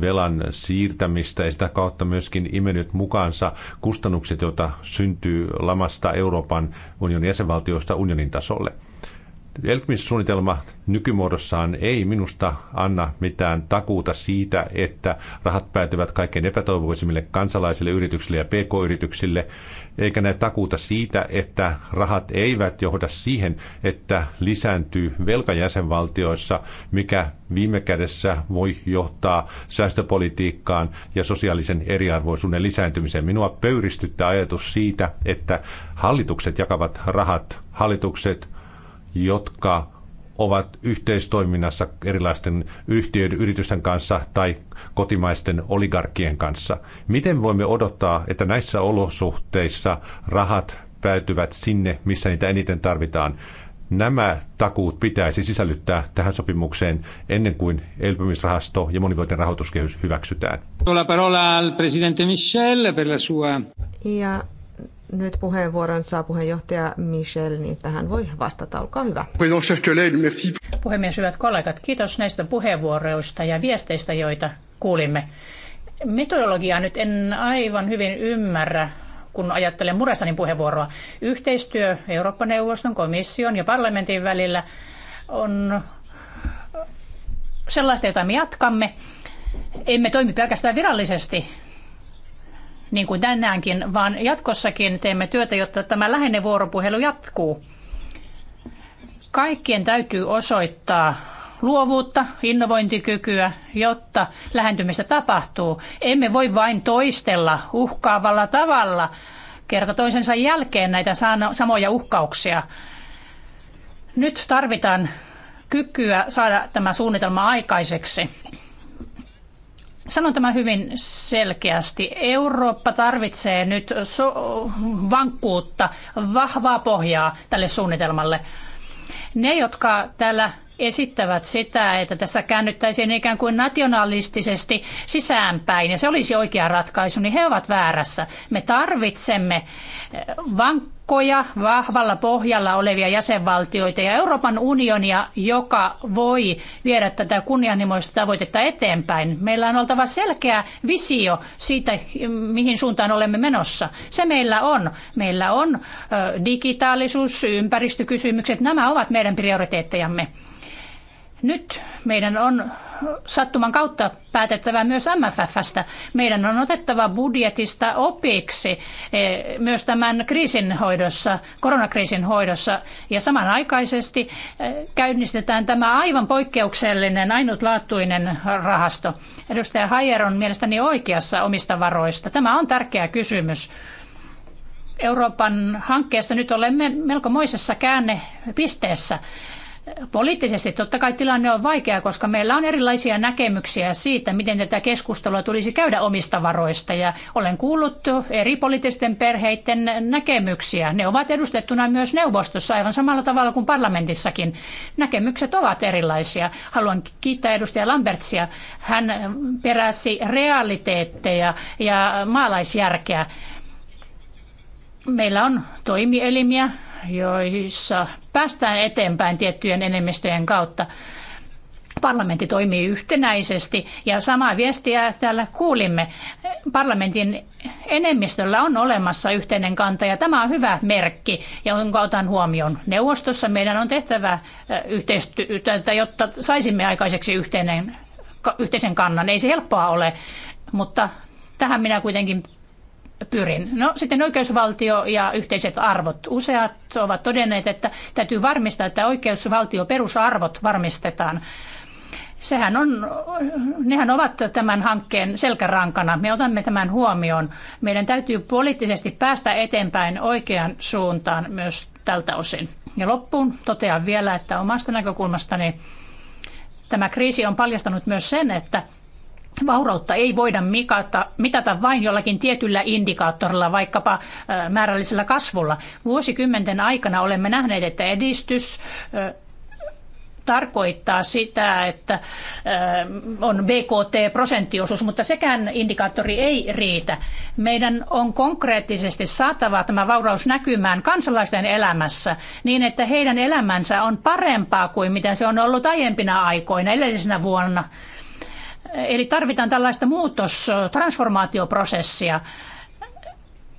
velan siirtämistä ja sitä kautta myöskin imenyt mukaansa kustannukset, joita syntyy lamasta Euroopan unionin jäsenvaltioista unionin tasolle. Elpymissuunnitelma nykymuodossaan ei minusta anna mitään takuuta siitä, että rahat päätyvät kaikkein epätoivoisimmille kansalaisille, yrityksille ja pk-yrityksille, eikä näe takuuta siitä, että rahat eivät johda siihen, että lisääntyy velka jäsenvaltioissa, mikä viime kädessä voi johtaa säästöpolitiikkaan ja sosiaalisen eriarvoisuuden lisääntymiseen. Minua pöyristyttää ajatus siitä, että hallitukset jakavat rahat, hallitukset jotka ovat yhteistoiminnassa erilaisten yhtiöiden, yritysten kanssa tai kotimaisten oligarkkien kanssa. Miten voimme odottaa, että näissä olosuhteissa rahat päätyvät sinne, missä niitä eniten tarvitaan? Nämä takuut pitäisi sisällyttää tähän sopimukseen ennen kuin elpymisrahasto ja monivuotinen rahoituskehys hyväksytään. La parola al presidente Michel per la sua... Ja nyt puheenvuoron saa puheenjohtaja Michel, niin tähän voi vastata. Olkaa hyvä. Puhemies, hyvät kollegat, kiitos näistä puheenvuoroista ja viesteistä, joita kuulimme. Metodologiaa nyt en aivan hyvin ymmärrä, kun ajattelen Murasanin puheenvuoroa. Yhteistyö Eurooppa-neuvoston, komission ja parlamentin välillä on sellaista, jota me jatkamme. Emme toimi pelkästään virallisesti niin kuin tänäänkin, vaan jatkossakin teemme työtä, jotta tämä läheinen vuoropuhelu jatkuu. Kaikkien täytyy osoittaa luovuutta, innovointikykyä, jotta lähentymistä tapahtuu. Emme voi vain toistella uhkaavalla tavalla kerta toisensa jälkeen näitä samoja uhkauksia. Nyt tarvitaan kykyä saada tämä suunnitelma aikaiseksi. Sanon tämä hyvin selkeästi. Eurooppa tarvitsee nyt so- vankkuutta, vahvaa pohjaa tälle suunnitelmalle. Ne, jotka täällä esittävät sitä, että tässä käännyttäisiin ikään kuin nationalistisesti sisäänpäin ja se olisi oikea ratkaisu, niin he ovat väärässä. Me tarvitsemme eh, vankkoja, vahvalla pohjalla olevia jäsenvaltioita ja Euroopan unionia, joka voi viedä tätä kunnianhimoista tavoitetta eteenpäin. Meillä on oltava selkeä visio siitä, mihin suuntaan olemme menossa. Se meillä on. Meillä on eh, digitaalisuus, ympäristökysymykset, nämä ovat meidän prioriteettejamme. Nyt meidän on sattuman kautta päätettävä myös MFFstä. Meidän on otettava budjetista opiksi eh, myös tämän kriisin hoidossa, koronakriisin hoidossa. Ja samanaikaisesti eh, käynnistetään tämä aivan poikkeuksellinen, ainutlaatuinen rahasto. Edustaja Hajer on mielestäni oikeassa omista varoista. Tämä on tärkeä kysymys. Euroopan hankkeessa nyt olemme melko moisessa käännepisteessä. pisteessä Poliittisesti totta kai tilanne on vaikea, koska meillä on erilaisia näkemyksiä siitä, miten tätä keskustelua tulisi käydä omista varoista. Ja olen kuullut eri poliittisten perheiden näkemyksiä. Ne ovat edustettuna myös neuvostossa aivan samalla tavalla kuin parlamentissakin. Näkemykset ovat erilaisia. Haluan kiittää edustaja Lambertsia. Hän peräsi realiteetteja ja maalaisjärkeä meillä on toimielimiä, joissa päästään eteenpäin tiettyjen enemmistöjen kautta. Parlamentti toimii yhtenäisesti ja samaa viestiä täällä kuulimme. Parlamentin enemmistöllä on olemassa yhteinen kanta ja tämä on hyvä merkki, ja jonka otan huomioon. Neuvostossa meidän on tehtävä yhteistyötä, jotta saisimme aikaiseksi yhteinen, yhteisen kannan. Ei se helppoa ole, mutta tähän minä kuitenkin pyrin. No sitten oikeusvaltio ja yhteiset arvot. Useat ovat todenneet, että täytyy varmistaa, että oikeusvaltio perusarvot varmistetaan. Sehän on, nehän ovat tämän hankkeen selkärankana. Me otamme tämän huomioon. Meidän täytyy poliittisesti päästä eteenpäin oikean suuntaan myös tältä osin. Ja loppuun totean vielä, että omasta näkökulmastani tämä kriisi on paljastanut myös sen, että – Vaurautta ei voida mikata, mitata vain jollakin tietyllä indikaattorilla, vaikkapa määrällisellä kasvulla. Vuosikymmenten aikana olemme nähneet, että edistys tarkoittaa sitä, että on BKT-prosenttiosuus, mutta sekään indikaattori ei riitä. Meidän on konkreettisesti saatava tämä vauraus näkymään kansalaisten elämässä niin, että heidän elämänsä on parempaa kuin mitä se on ollut aiempina aikoina, edellisenä vuonna – Eli tarvitaan tällaista muutos, transformaatioprosessia.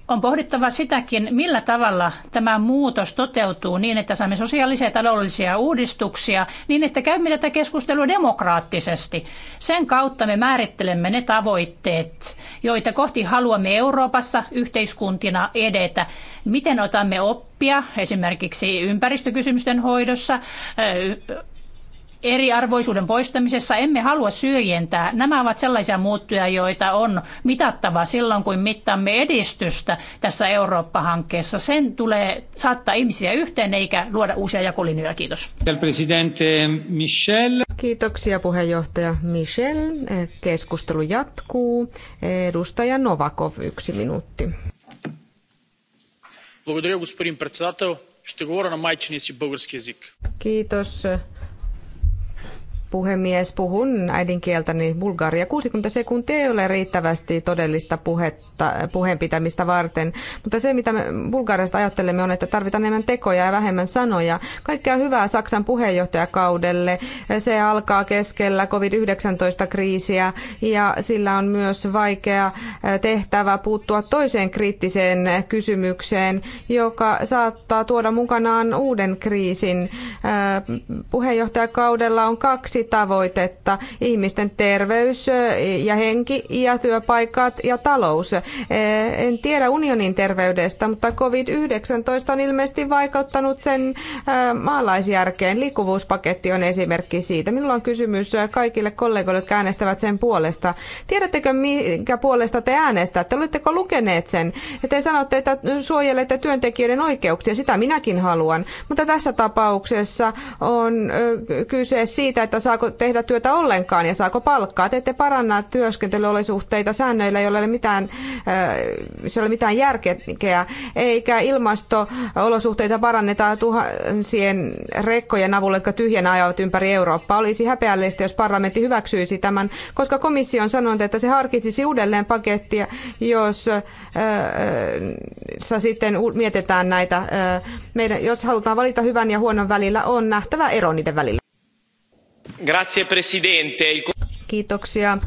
On pohdittava sitäkin, millä tavalla tämä muutos toteutuu niin, että saamme sosiaalisia ja taloudellisia uudistuksia, niin että käymme tätä keskustelua demokraattisesti. Sen kautta me määrittelemme ne tavoitteet, joita kohti haluamme Euroopassa yhteiskuntina edetä. Miten otamme oppia esimerkiksi ympäristökysymysten hoidossa, eriarvoisuuden poistamisessa emme halua syrjintää. Nämä ovat sellaisia muuttuja, joita on mitattava silloin, kun mittaamme edistystä tässä Eurooppa-hankkeessa. Sen tulee saattaa ihmisiä yhteen eikä luoda uusia jakolinjoja. Kiitos. Michel. Kiitoksia puheenjohtaja Michel. Keskustelu jatkuu. Edustaja Novakov, yksi minuutti. Благодаря, господин председател. Ще говоря на майчиния си български язик. Kiitos, puhemies, puhun äidinkieltäni bulgaria. 60 sekuntia ei ole riittävästi todellista puhetta puhetta, puheen pitämistä varten. Mutta se, mitä me Bulgariasta ajattelemme, on, että tarvitaan enemmän tekoja ja vähemmän sanoja. Kaikkea hyvää Saksan puheenjohtajakaudelle. Se alkaa keskellä COVID-19-kriisiä ja sillä on myös vaikea eh, tehtävä puuttua toiseen kriittiseen kysymykseen, joka saattaa tuoda mukanaan uuden kriisin. Eh, puheenjohtajakaudella on kaksi tavoitetta. Ihmisten terveys eh, ja henki ja työpaikat ja talous. Eh, en tiedä unionin terveydestä, mutta COVID-19 on ilmeisesti vaikuttanut sen eh, maalaisjärkeen. Liikkuvuuspaketti on esimerkki siitä. Minulla on kysymys eh, kaikille kollegoille, jotka äänestävät sen puolesta. Tiedättekö, minkä puolesta te äänestätte? Oletteko lukeneet sen? Ja te sanotte, että suojelette työntekijöiden oikeuksia. Sitä minäkin haluan. Mutta tässä tapauksessa on kyse siitä, että saako tehdä työtä ollenkaan ja saako palkkaa. Te ette paranna työskentelyolosuhteita säännöillä, joilla ei ole mitään Äh, se ole mitään järkeä, eikä ilmasto-olosuhteita paranneta tuhansien rekkojen avulla, jotka tyhjänä ajavat ympäri Eurooppaa. Olisi häpeällistä, jos parlamentti hyväksyisi tämän, koska komissio on sanonut, että se harkitsisi uudelleen pakettia, jos ää, äh, sitten mietitään näitä, ää, äh, meidän, jos halutaan valita hyvän ja huonon välillä, on nähtävä ero niiden välillä. Grazie Presidente. Kiitoksia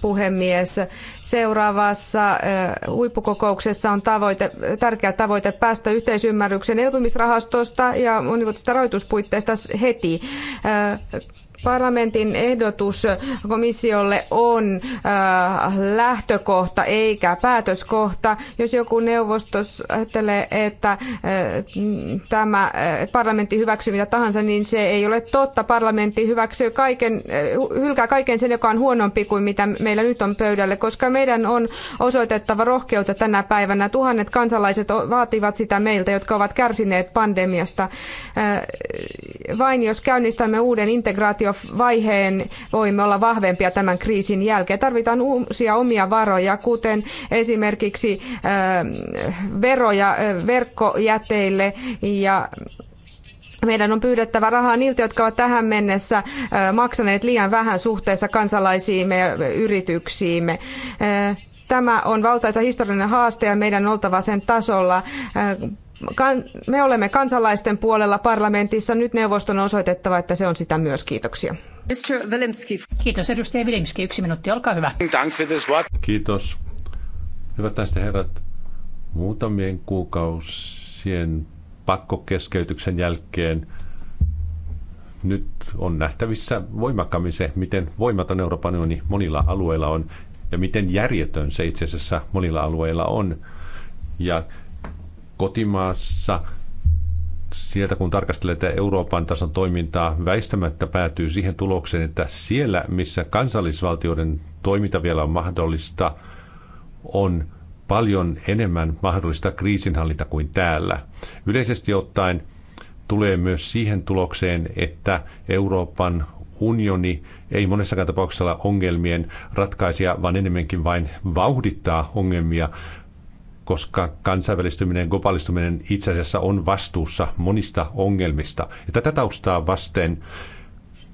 puhemies. Seuraavassa huippukokouksessa on tavoite, tärkeä tavoite päästä yhteisymmärryksen elpymisrahastosta ja monivuotisesta rahoituspuitteista heti. Parlamentin ehdotus komissiolle on äh, lähtökohta eikä päätöskohta. Jos joku neuvosto ajattelee, että äh, tämä äh, parlamentti hyväksyy mitä tahansa, niin se ei ole totta. Parlamentti hyväksyy kaiken, hylkää kaiken sen, joka on huonompi kuin mitä meillä nyt on pöydälle, koska meidän on osoitettava rohkeutta tänä päivänä. Tuhannet kansalaiset vaativat sitä meiltä, jotka ovat kärsineet pandemiasta. Vain jos käynnistämme uuden integraatio vaiheen voimme olla vahvempia tämän kriisin jälkeen. Tarvitaan uusia omia varoja, kuten esimerkiksi äh, veroja äh, verkkojäteille ja meidän on pyydettävä rahaa niiltä, jotka ovat tähän mennessä äh, maksaneet liian vähän suhteessa kansalaisiimme ja yrityksiimme. Tämä on valtaisa historiallinen haaste ja meidän on oltava sen tasolla me olemme kansalaisten puolella parlamentissa. Nyt neuvoston on osoitettava, että se on sitä myös. Kiitoksia. Mr. Kiitos edustaja Vilimski. Yksi minuutti, olkaa hyvä. Kiitos. Hyvät näistä herrat, muutamien kuukausien pakkokeskeytyksen jälkeen nyt on nähtävissä voimakkaammin se, miten voimaton Euroopan unioni monilla alueilla on ja miten järjetön se itse asiassa monilla alueilla on. Ja kotimaassa, sieltä kun tarkastelee tätä Euroopan tason toimintaa, väistämättä päätyy siihen tulokseen, että siellä, missä kansallisvaltioiden toiminta vielä on mahdollista, on paljon enemmän mahdollista kriisinhallinta kuin täällä. Yleisesti ottaen tulee myös siihen tulokseen, että Euroopan unioni ei monessakaan tapauksessa ole ongelmien ratkaisija, vaan enemmänkin vain vauhdittaa ongelmia koska kansainvälistyminen, globalistuminen itse asiassa on vastuussa monista ongelmista. Ja tätä taustaa vasten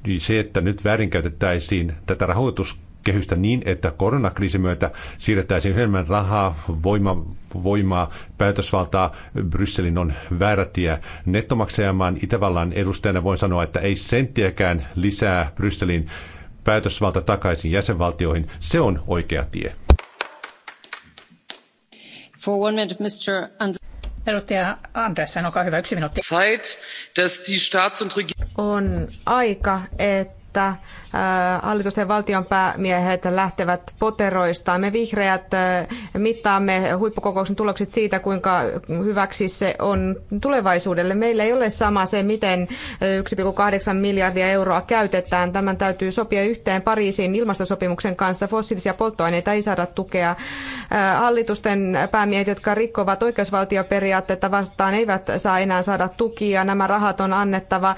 niin se, että nyt väärinkäytettäisiin tätä rahoituskehystä niin, että koronakriisin myötä siirrettäisiin enemmän rahaa, voima, voimaa, päätösvaltaa. Brysselin on väärä tie nettomaksajamaan. Itävallan edustajana voin sanoa, että ei senttiäkään lisää Brysselin päätösvalta takaisin jäsenvaltioihin. Se on oikea tie. For one minute, Mr. And- Edustaja olkaa hyvä, yksi minuutti. Zeit, dass die Staats- und on aika, että hallitusten ja valtionpäämiehet lähtevät poteroistaan. Me vihreät mittaamme huippukokouksen tulokset siitä, kuinka hyväksi se on tulevaisuudelle. Meillä ei ole sama se, miten 1,8 miljardia euroa käytetään. Tämän täytyy sopia yhteen Pariisin ilmastosopimuksen kanssa. Fossiilisia polttoaineita ei saada tukea. Hallitusten päämiehet, jotka rikkovat oikeusvaltioperiaatteita vastaan, eivät saa enää saada tukia. Nämä rahat on annettava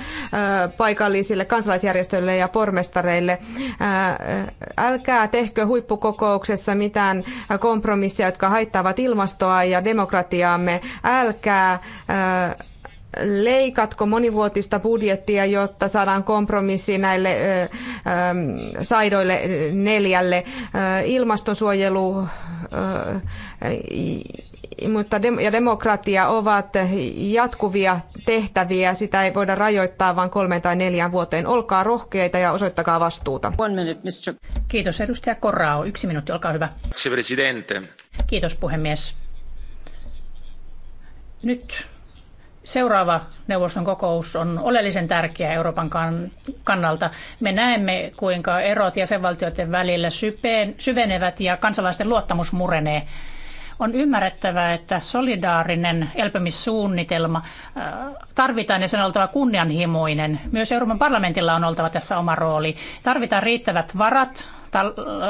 paikallisille kansalaisjärjestöille ja pormestarille lobbareille. Älkää tehkö huippukokouksessa mitään kompromissia, jotka haittaavat ilmastoa ja demokratiaamme. Älkää leikatko monivuotista budjettia, jotta saadaan kompromissi näille ö, saidoille neljälle. Ö, ilmastonsuojelu mutta dem- ja demokratia ovat jatkuvia tehtäviä. Sitä ei voida rajoittaa vain kolmeen tai neljään vuoteen. Olkaa rohkeita ja osoittakaa vastuuta. One minute, Mr. Kiitos edustaja Korrao. Yksi minuutti, olkaa hyvä. Kiitos puhemies. Nyt seuraava neuvoston kokous on oleellisen tärkeä Euroopan kannalta. Me näemme, kuinka erot jäsenvaltioiden välillä syvenevät ja kansalaisten luottamus murenee. On ymmärrettävää, että solidaarinen elpymissuunnitelma äh, tarvitaan ja sen on oltava kunnianhimoinen. Myös Euroopan parlamentilla on oltava tässä oma rooli. Tarvitaan riittävät varat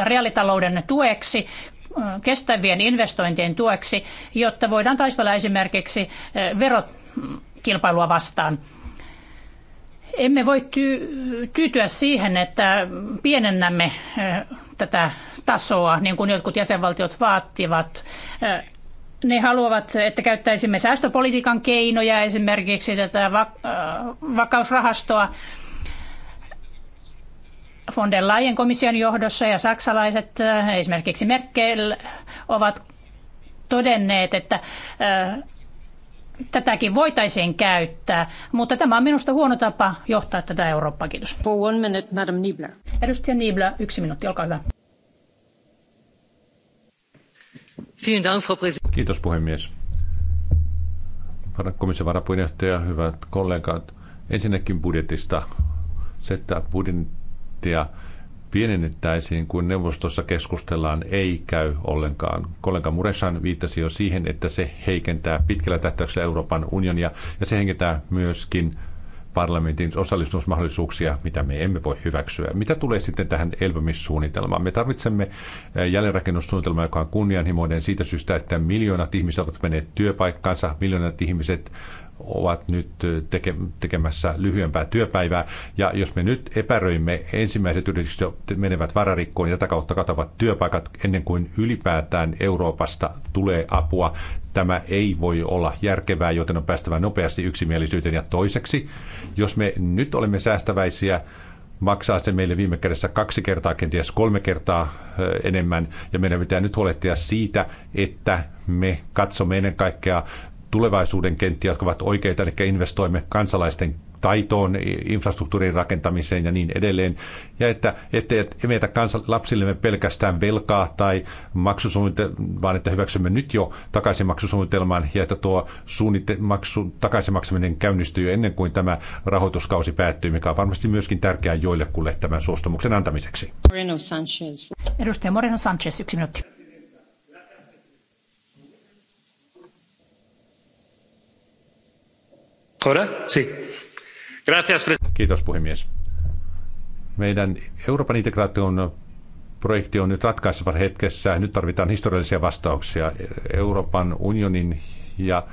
reaalitalouden tueksi, äh, kestävien investointien tueksi, jotta voidaan taistella esimerkiksi äh, verokilpailua mm, vastaan. Emme voi tyytyä siihen, että pienennämme tätä tasoa, niin kuin jotkut jäsenvaltiot vaativat. Ne haluavat, että käyttäisimme säästöpolitiikan keinoja, esimerkiksi tätä vakausrahastoa. Von der Leyen komission johdossa ja saksalaiset, esimerkiksi Merkel, ovat todenneet, että tätäkin voitaisiin käyttää, mutta tämä on minusta huono tapa johtaa tätä Eurooppaa. Kiitos. For one minute, Madam Niebler. Edustaja Niebler, yksi minuutti, olkaa hyvä. Kiitos puhemies. Komission varapuheenjohtaja, hyvät kollegat. Ensinnäkin budjetista. Se, että budjettia pienennettäisiin, kun neuvostossa keskustellaan, ei käy ollenkaan. Kollega Muresan viittasi jo siihen, että se heikentää pitkällä tähtäyksellä Euroopan unionia ja se heikentää myöskin parlamentin osallistumismahdollisuuksia, mitä me emme voi hyväksyä. Mitä tulee sitten tähän elpymissuunnitelmaan? Me tarvitsemme eh, jälleenrakennussuunnitelmaa, joka on kunnianhimoinen siitä syystä, että miljoonat ihmiset ovat menneet työpaikkaansa, miljoonat ihmiset ovat nyt teke, tekemässä lyhyempää työpäivää. Ja jos me nyt epäröimme, ensimmäiset yritykset menevät vararikkoon ja tätä kautta katavat työpaikat ennen kuin ylipäätään Euroopasta tulee apua. Tämä ei voi olla järkevää, joten on päästävä nopeasti yksimielisyyteen. Ja toiseksi, jos me nyt olemme säästäväisiä, maksaa se meille viime kädessä kaksi kertaa, kenties kolme kertaa enemmän. Ja meidän pitää nyt huolehtia siitä, että me katsomme ennen kaikkea tulevaisuuden kenttiä, jotka ovat oikeita, eli investoimme kansalaisten taitoon, infrastruktuurin rakentamiseen ja niin edelleen. Ja että ettei meitä kansa, lapsillemme pelkästään velkaa tai maksusuunnitelmaa, vaan että hyväksymme nyt jo takaisinmaksusuunnitelman ja että tuo suunnite- maksu, takaisinmaksaminen käynnistyy jo ennen kuin tämä rahoituskausi päättyy, mikä on varmasti myöskin tärkeää joillekulle tämän suostumuksen antamiseksi. Moreno Sanchez. Edustaja Moreno Sanchez, yksi minuutti. Kiitos puhemies. Meidän Euroopan integraation projekti on nyt ratkaisevassa hetkessä. Nyt tarvitaan historiallisia vastauksia. Euroopan unionin ja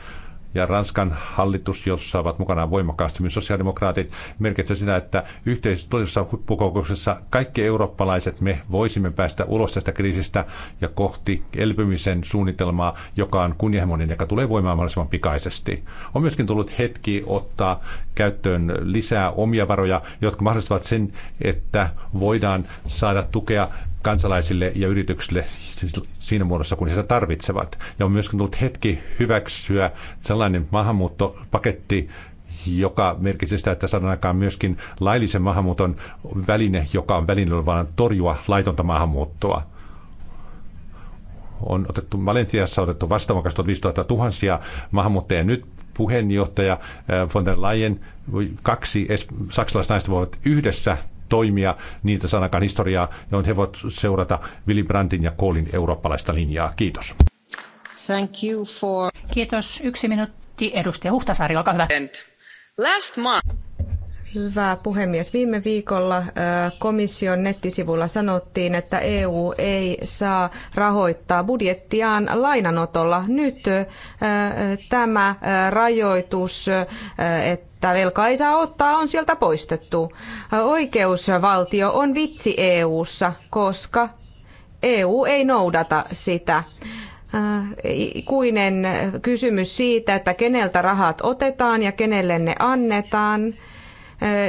ja Ranskan hallitus, jossa ovat mukana voimakkaasti myös sosiaalidemokraatit, merkitsee sitä, että yhteisessä toisessa huippukokouksessa kaikki eurooppalaiset me voisimme päästä ulos tästä kriisistä ja kohti elpymisen suunnitelmaa, joka on kunnianhimoinen, joka tulee voimaan mahdollisimman pikaisesti. On myöskin tullut hetki ottaa käyttöön lisää omia varoja, jotka mahdollistavat sen, että voidaan saada tukea kansalaisille ja yrityksille siinä muodossa, kun he sitä tarvitsevat. Ja on myöskin tullut hetki hyväksyä sellainen maahanmuuttopaketti, joka merkitsee sitä, että saadaan aikaan myöskin laillisen maahanmuuton väline, joka on väline, vaan torjua laitonta maahanmuuttoa. On otettu, Valentiassa otettu vastaan 2015 tuhansia maahanmuuttajia. Nyt puheenjohtaja äh, von der Leyen, kaksi saksalaisnaista voivat yhdessä toimia, niitä sanakaan historiaa, johon he voivat seurata Willy Brandtin ja Koolin eurooppalaista linjaa. Kiitos. Thank you for... Kiitos. Yksi minuutti. Edustaja Huhtasaari, olkaa hyvä. Last month. Hyvä puhemies. Viime viikolla komission nettisivulla sanottiin, että EU ei saa rahoittaa budjettiaan lainanotolla. Nyt tämä rajoitus, että että velka ei saa ottaa, on sieltä poistettu. Oikeusvaltio on vitsi EU:ssa, koska EU ei noudata sitä. Ikuinen kysymys siitä, että keneltä rahat otetaan ja kenelle ne annetaan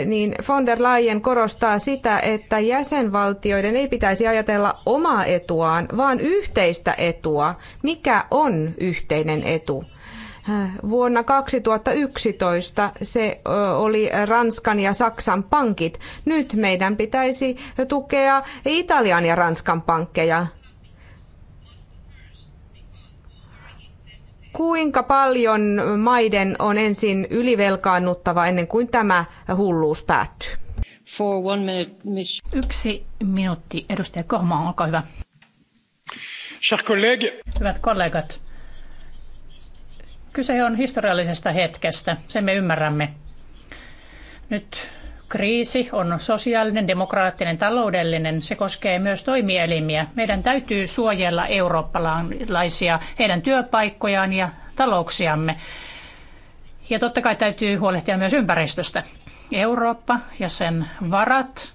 niin von der Leyen korostaa sitä, että jäsenvaltioiden ei pitäisi ajatella omaa etuaan, vaan yhteistä etua. Mikä on yhteinen etu? Vuonna 2011 se oli Ranskan ja Saksan pankit. Nyt meidän pitäisi tukea Italian ja Ranskan pankkeja. Kuinka paljon maiden on ensin ylivelkaannuttava ennen kuin tämä hulluus päättyy? Minute, Yksi minuutti. Edustaja Kohma, olkaa hyvä. Hyvät kollegat, Kyse on historiallisesta hetkestä, sen me ymmärrämme. Nyt kriisi on sosiaalinen, demokraattinen, taloudellinen. Se koskee myös toimielimiä. Meidän täytyy suojella eurooppalaisia, heidän työpaikkojaan ja talouksiamme. Ja totta kai täytyy huolehtia myös ympäristöstä. Eurooppa ja sen varat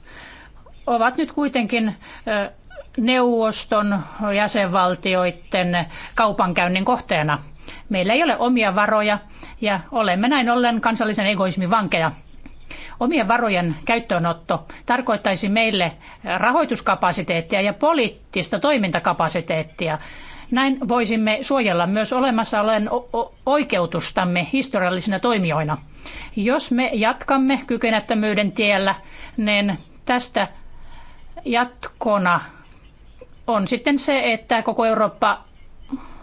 ovat nyt kuitenkin neuvoston jäsenvaltioiden kaupankäynnin kohteena – Meillä ei ole omia varoja ja olemme näin ollen kansallisen egoismin vankeja. Omien varojen käyttöönotto tarkoittaisi meille rahoituskapasiteettia ja poliittista toimintakapasiteettia. Näin voisimme suojella myös olemassa olen oikeutustamme historiallisina toimijoina. Jos me jatkamme kykenättömyyden tiellä, niin tästä jatkona on sitten se, että koko Eurooppa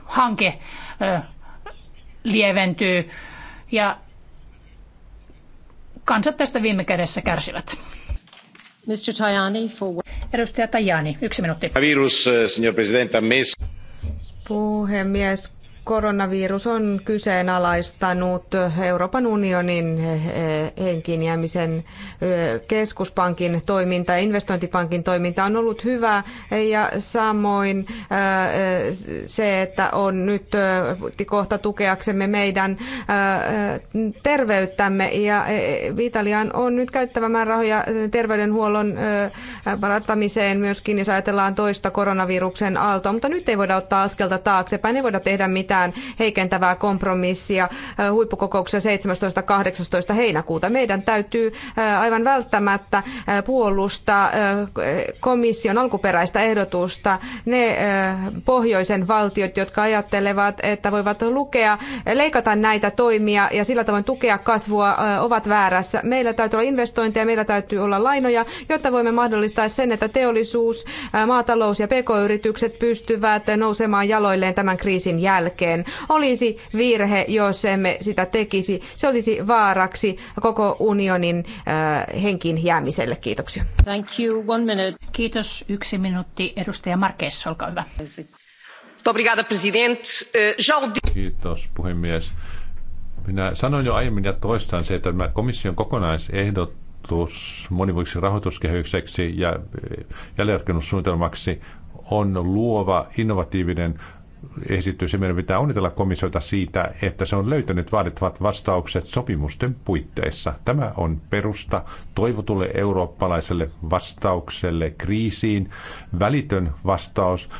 hanke lieventyy ja kansat tästä viime kädessä kärsivät. Mr. Tajani, for... Edustaja Tajani, yksi minuutti. Virus, eh, signor Presidente, Puhemies, koronavirus on kyseenalaistanut Euroopan unionin henkiin jäämisen keskuspankin toiminta ja investointipankin toiminta on ollut hyvä ja samoin äh, se, että on nyt äh, kohta tukeaksemme meidän äh, terveyttämme ja Italian on nyt käyttävä määrärahoja terveydenhuollon parantamiseen myöskin, jos ajatellaan toista koronaviruksen aaltoa, mutta nyt ei voida ottaa askelta taaksepäin, ei voida tehdä mitään mitään heikentävää kompromissia huippukokouksessa 17.–18. heinäkuuta. Meidän täytyy aivan välttämättä puolustaa komission alkuperäistä ehdotusta ne pohjoisen valtiot, jotka ajattelevat, että voivat lukea, leikata näitä toimia ja sillä tavoin tukea kasvua ovat väärässä. Meillä täytyy olla investointeja, meillä täytyy olla lainoja, jotta voimme mahdollistaa sen, että teollisuus, maatalous ja pk-yritykset pystyvät nousemaan jaloilleen tämän kriisin jälkeen jälkeen. Olisi virhe, jos emme sitä tekisi. Se olisi vaaraksi koko unionin äh, henkin jäämiselle. Kiitoksia. Thank you. One minute. Kiitos. Yksi minuutti. Edustaja Marques, olkaa hyvä. Eh, Kiitos puhemies. Minä sanoin jo aiemmin ja toistan se, että tämä komission kokonaisehdotus monivuotiseksi rahoituskehykseksi ja eh, jälleenrakennussuunnitelmaksi on luova, innovatiivinen esitys ja meidän pitää onnitella komissiota siitä, että se on löytänyt vaadittavat vastaukset sopimusten puitteissa. Tämä on perusta toivotulle eurooppalaiselle vastaukselle kriisiin, välitön vastaus,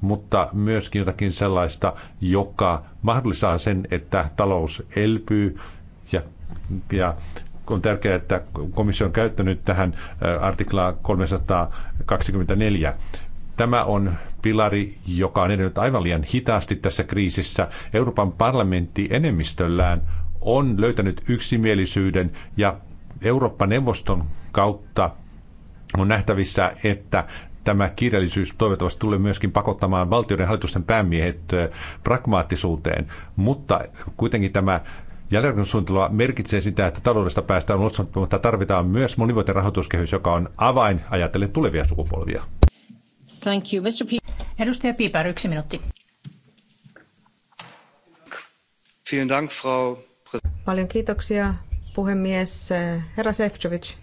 mutta myöskin jotakin sellaista, joka mahdollistaa sen, että talous elpyy ja, ja on tärkeää, että komissio on käyttänyt tähän artiklaa 324. Tämä on pilari, joka on edennyt aivan liian hitaasti tässä kriisissä. Euroopan parlamentti enemmistöllään on löytänyt yksimielisyyden ja Eurooppa-neuvoston kautta on nähtävissä, että tämä kirjallisuus toivottavasti tulee myöskin pakottamaan valtioiden hallitusten päämiehet pragmaattisuuteen, mutta kuitenkin tämä Jälleenrakennussuunnitelma merkitsee sitä, että taloudesta päästään ulos, mutta tarvitaan myös monivuotinen rahoituskehys, joka on avain ajatellen tulevia sukupolvia. Thank you. Mr. Edustaja Piper, yksi minuutti. Vielen Dank, Frau Paljon kiitoksia, puhemies. Eh, herra Sefcovic,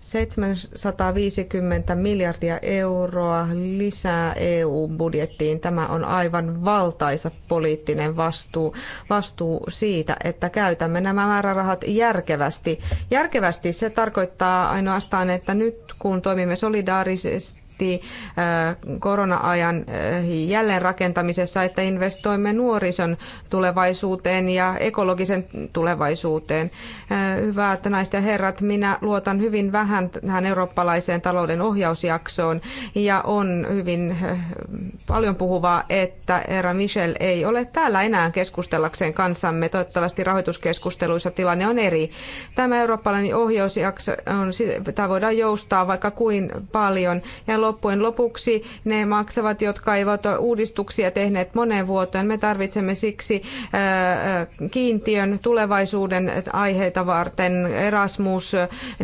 750 miljardia euroa lisää EU-budjettiin. Tämä on aivan valtaisa poliittinen vastuu, vastuu siitä, että käytämme nämä määrärahat järkevästi. Järkevästi se tarkoittaa ainoastaan, että nyt kun toimimme solidaarisesti, miettii äh, korona-ajan äh, jälleenrakentamisessa, että investoimme nuorison tulevaisuuteen ja ekologisen tulevaisuuteen. Äh, hyvät naiset ja herrat, minä luotan hyvin vähän tähän eurooppalaiseen talouden ohjausjaksoon ja on hyvin paljon puhuvaa, että herra Michel ei ole täällä enää keskustellakseen kanssamme. Toivottavasti rahoituskeskusteluissa tilanne on eri. Tämä eurooppalainen ohjausjakso, on, sitä voidaan joustaa vaikka kuin paljon ja loppujen lopuksi ne maksavat, jotka eivät ole uudistuksia tehneet moneen vuoteen. Me tarvitsemme siksi äh, äh, kiintiön tulevaisuuden aiheita varten, Erasmus,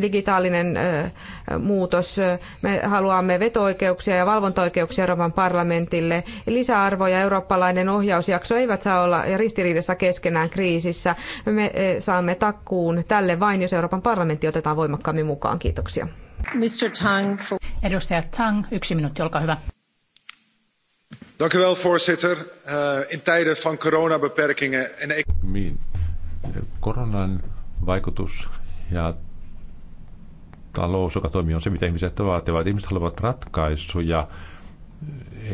digitaalinen äh, muutos. Me haluamme veto-oikeuksia ja valvontaoikeuksia Euroopan parlamentille. Lisäarvo ja eurooppalainen ohjausjakso eivät saa olla ristiriidassa keskenään kriisissä. Me saamme takkuun tälle vain, jos Euroopan parlamentti otetaan voimakkaammin mukaan. Kiitoksia. Mr. Tang for... Edustaja Tang, yksi minuutti, olkaa hyvä. Dank u wel, voorzitter. Uh, in tijden van coronabeperkingen en... Niin. Koronan vaikutus ja talous, joka toimii, on se, mitä ihmiset vaativat. Ihmiset haluavat ratkaisuja,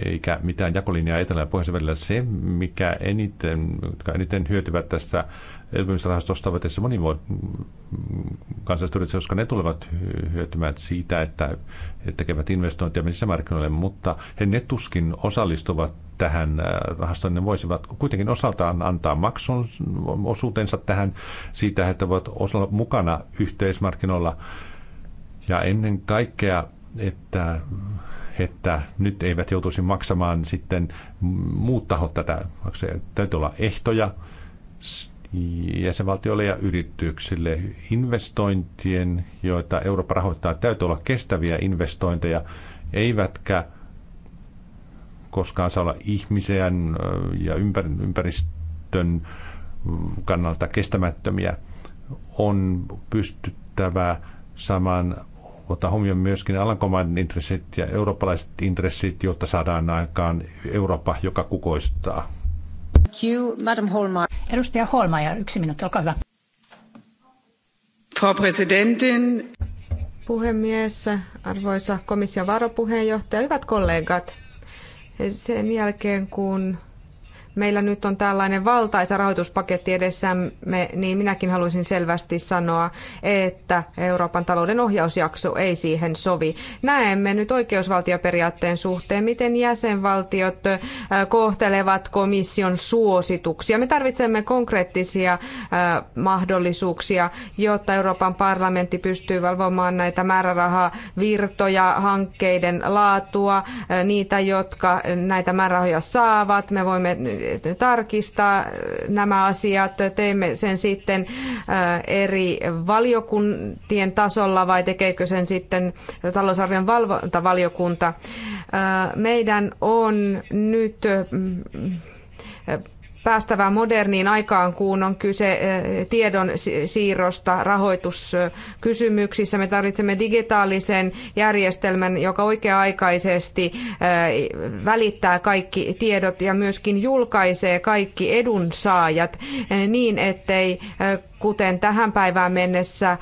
eikä mitään jakolinjaa etelä ja pohjoisen välillä. Se, mikä eniten, jotka eniten hyötyvät tästä elpymisrahastosta ovat moni voi yritykset, koska ne tulevat hyötymään siitä, että he tekevät investointia markkinoille, mutta he ne tuskin osallistuvat tähän äh, rahastoon. Ne voisivat kuitenkin osaltaan antaa maksun osuutensa tähän siitä, että voivat olla mukana yhteismarkkinoilla ja ennen kaikkea, että että nyt eivät joutuisi maksamaan sitten muut tahot tätä. Täytyy olla ehtoja, jäsenvaltioille ja yrityksille. Investointien, joita Eurooppa rahoittaa, täytyy olla kestäviä investointeja, eivätkä koskaan saa olla ihmisen ja ympäristön kannalta kestämättömiä. On pystyttävä saman ottaa huomioon myöskin Alankomaiden intressit ja eurooppalaiset intressit, jotta saadaan aikaan Eurooppa, joka kukoistaa. You, Madam Holmeier. Edustaja Holmeier, yksi minuutti, olkaa hyvä. Frau Präsidentin. Puhemies, arvoisa komission varapuheenjohtaja, hyvät kollegat. Sen jälkeen kun meillä nyt on tällainen valtaisa rahoituspaketti edessämme, niin minäkin haluaisin selvästi sanoa, että Euroopan talouden ohjausjakso ei siihen sovi. Näemme nyt oikeusvaltioperiaatteen suhteen, miten jäsenvaltiot äh, kohtelevat komission suosituksia. Me tarvitsemme konkreettisia äh, mahdollisuuksia, jotta Euroopan parlamentti pystyy valvomaan näitä määrärahavirtoja, hankkeiden laatua, äh, niitä, jotka näitä määrärahoja saavat. Me voimme tarkistaa nämä asiat? Teemme sen sitten äh, eri valiokuntien tasolla vai tekeekö sen sitten talousarvion valvontavaliokunta? Äh, meidän on nyt mm, päästävä moderniin aikaan, kun on kyse eh, tiedon siirrosta rahoituskysymyksissä. Me tarvitsemme digitaalisen järjestelmän, joka oikea-aikaisesti eh, välittää kaikki tiedot ja myöskin julkaisee kaikki edunsaajat eh, niin, ettei kuten tähän päivään mennessä äh,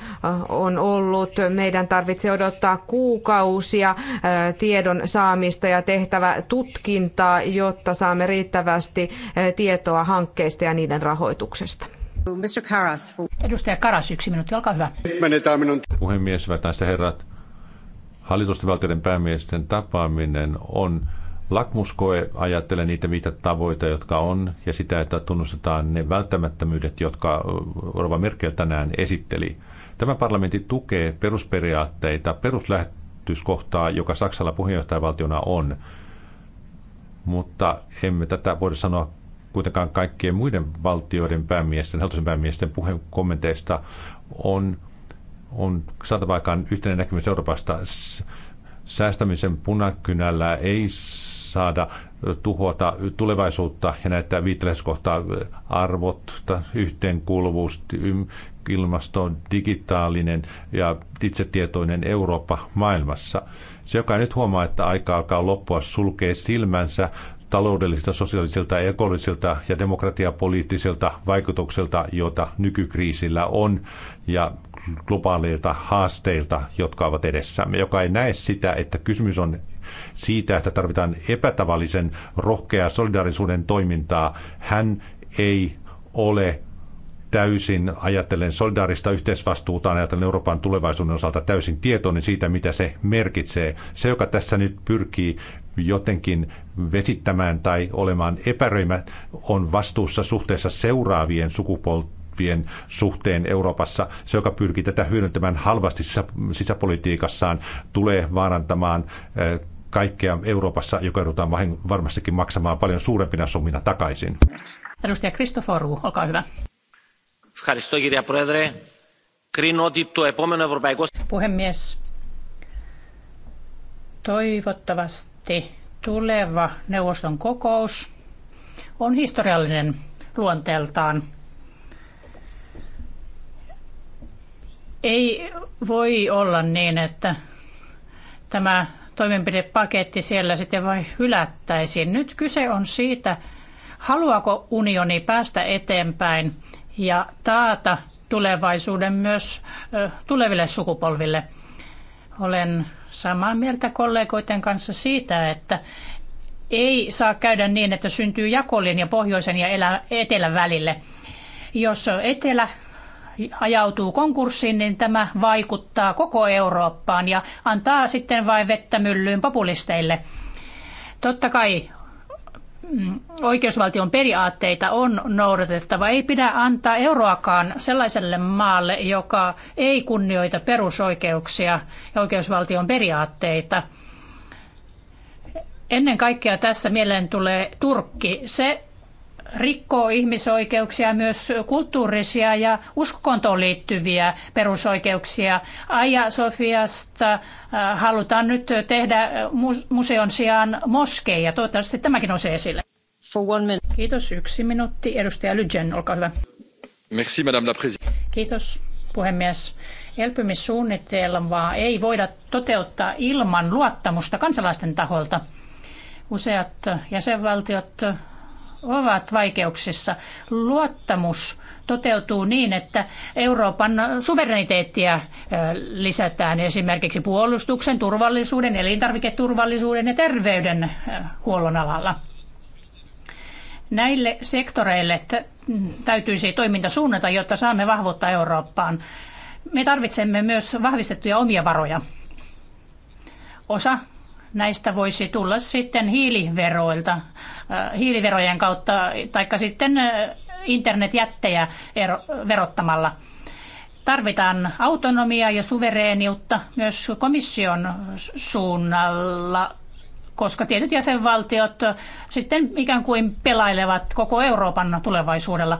on ollut. Meidän tarvitsee odottaa kuukausia äh, tiedon saamista ja tehtävä tutkintaa, jotta saamme riittävästi äh, tietoa hankkeista ja niiden rahoituksesta. Mr. Karas. Edustaja Karas, yksi minuutti, olkaa hyvä. Menetään minun... Puhemies, hyvät naiset herrat. Hallitusten valtioiden päämiesten tapaaminen on lakmuskoe ajattelee niitä mitä tavoita, jotka on, ja sitä, että tunnustetaan ne välttämättömyydet, jotka Orva Merkel tänään esitteli. Tämä parlamentti tukee perusperiaatteita, peruslähtyskohtaa, joka Saksalla puheenjohtajavaltiona on, mutta emme tätä voida sanoa kuitenkaan kaikkien muiden valtioiden päämiesten, hallituksen päämiesten puheen kommenteista on, on saatava aikaan yhteinen näkemys Euroopasta. Säästämisen punakynällä ei saada tuhota tulevaisuutta ja näyttää kohtaa arvot, yhteenkuuluvuus, ilmasto, digitaalinen ja itsetietoinen Eurooppa maailmassa. Se, joka nyt huomaa, että aika alkaa loppua, sulkee silmänsä taloudellisilta, sosiaalisilta, ekologisilta ja demokratiapoliittisilta vaikutuksilta, joita nykykriisillä on, ja globaaleilta haasteilta, jotka ovat edessämme, joka ei näe sitä, että kysymys on siitä, että tarvitaan epätavallisen rohkeaa solidarisuuden toimintaa. Hän ei ole täysin, ajattelen solidaarista yhteisvastuutaan, ajatellen Euroopan tulevaisuuden osalta täysin tietoinen siitä, mitä se merkitsee. Se, joka tässä nyt pyrkii jotenkin vesittämään tai olemaan epäröimä, on vastuussa suhteessa seuraavien sukupolvien suhteen Euroopassa. Se, joka pyrkii tätä hyödyntämään halvasti sisäpolitiikassaan, tulee vaarantamaan eh, kaikkea Euroopassa, joka joudutaan varmastikin maksamaan paljon suurempina summina takaisin. Edustaja Kristoforu, olkaa hyvä. Puhemies, toivottavasti tuleva neuvoston kokous on historiallinen luonteeltaan. Ei voi olla niin, että tämä toimenpidepaketti siellä sitten vain hylättäisiin. Nyt kyse on siitä, haluaako unioni päästä eteenpäin ja taata tulevaisuuden myös tuleville sukupolville. Olen samaa mieltä kollegoiden kanssa siitä, että ei saa käydä niin, että syntyy jakolinja pohjoisen ja etelän välille. Jos etelä Ajautuu konkurssiin, niin tämä vaikuttaa koko Eurooppaan ja antaa sitten vain vettä myllyyn populisteille. Totta kai mm, oikeusvaltion periaatteita on noudatettava. Ei pidä antaa euroakaan sellaiselle maalle, joka ei kunnioita perusoikeuksia ja oikeusvaltion periaatteita. Ennen kaikkea tässä mieleen tulee Turkki. Se rikkoo ihmisoikeuksia, myös kulttuurisia ja uskontoon liittyviä perusoikeuksia. Aja Sofiasta äh, halutaan nyt tehdä museon sijaan moskeja. Toivottavasti tämäkin on se esille. For one minute. Kiitos. Yksi minuutti. Edustaja Lyjen, olkaa hyvä. Merci, madame la Kiitos, puhemies. Elpymissuunnitelmaa ei voida toteuttaa ilman luottamusta kansalaisten taholta. Useat jäsenvaltiot ovat vaikeuksissa. Luottamus toteutuu niin, että Euroopan suvereniteettia lisätään esimerkiksi puolustuksen, turvallisuuden, elintarviketurvallisuuden ja terveydenhuollon alalla. Näille sektoreille täytyisi toiminta suunnata, jotta saamme vahvuutta Eurooppaan. Me tarvitsemme myös vahvistettuja omia varoja. Osa näistä voisi tulla sitten hiiliveroilta, äh, hiiliverojen kautta, tai sitten äh, internetjättejä verottamalla. Tarvitaan autonomiaa ja suvereeniutta myös komission suunnalla, koska tietyt jäsenvaltiot sitten ikään kuin pelailevat koko Euroopan tulevaisuudella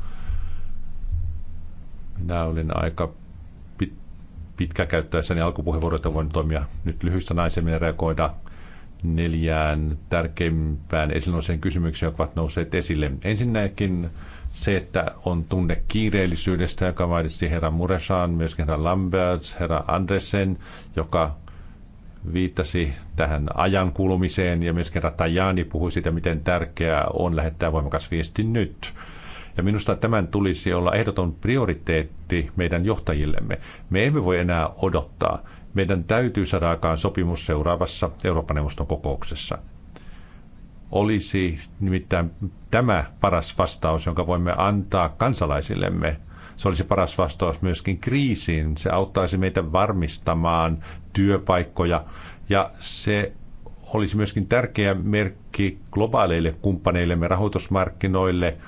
Minä olin aika pit, pitkäkäyttäessäni alkupuheenvuoroita voin toimia nyt lyhyissä naisemmin ja reagoida neljään tärkeimpään esille kysymykseen, jotka ovat nousseet esille. Ensinnäkin se, että on tunne kiireellisyydestä, joka mainitsi herra Muresan, myöskin herra Lamberts, herra Andresen, joka viittasi tähän ajan kulumiseen ja myöskin herra Tajani puhui siitä, miten tärkeää on lähettää voimakas viesti nyt. Ja minusta tämän tulisi olla ehdoton prioriteetti meidän johtajillemme. Me emme voi enää odottaa. Meidän täytyy saada aikaan sopimus seuraavassa Euroopan neuvoston kokouksessa. Olisi nimittäin tämä paras vastaus, jonka voimme antaa kansalaisillemme. Se olisi paras vastaus myöskin kriisiin. Se auttaisi meitä varmistamaan työpaikkoja ja se olisi myöskin tärkeä merkki globaaleille kumppaneillemme rahoitusmarkkinoille –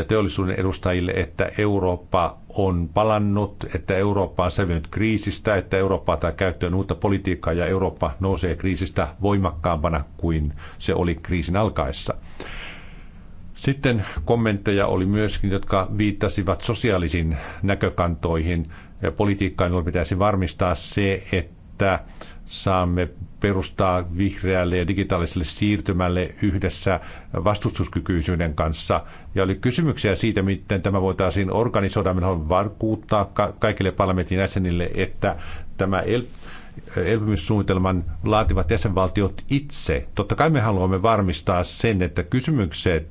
ja teollisuuden edustajille, että Eurooppa on palannut, että Eurooppa on säilynyt kriisistä, että Eurooppa tai käyttöön uutta politiikkaa ja Eurooppa nousee kriisistä voimakkaampana kuin se oli kriisin alkaessa. Sitten kommentteja oli myöskin, jotka viittasivat sosiaalisiin näkökantoihin ja politiikkaan, jolla pitäisi varmistaa se, että että saamme perustaa vihreälle ja digitaaliselle siirtymälle yhdessä vastustuskykyisyyden kanssa. Ja oli kysymyksiä siitä, miten tämä voitaisiin organisoida. Minä haluan varkuuttaa kaikille parlamentin jäsenille, että tämä el- elpymissuunnitelman laativat jäsenvaltiot itse. Totta kai me haluamme varmistaa sen, että kysymykset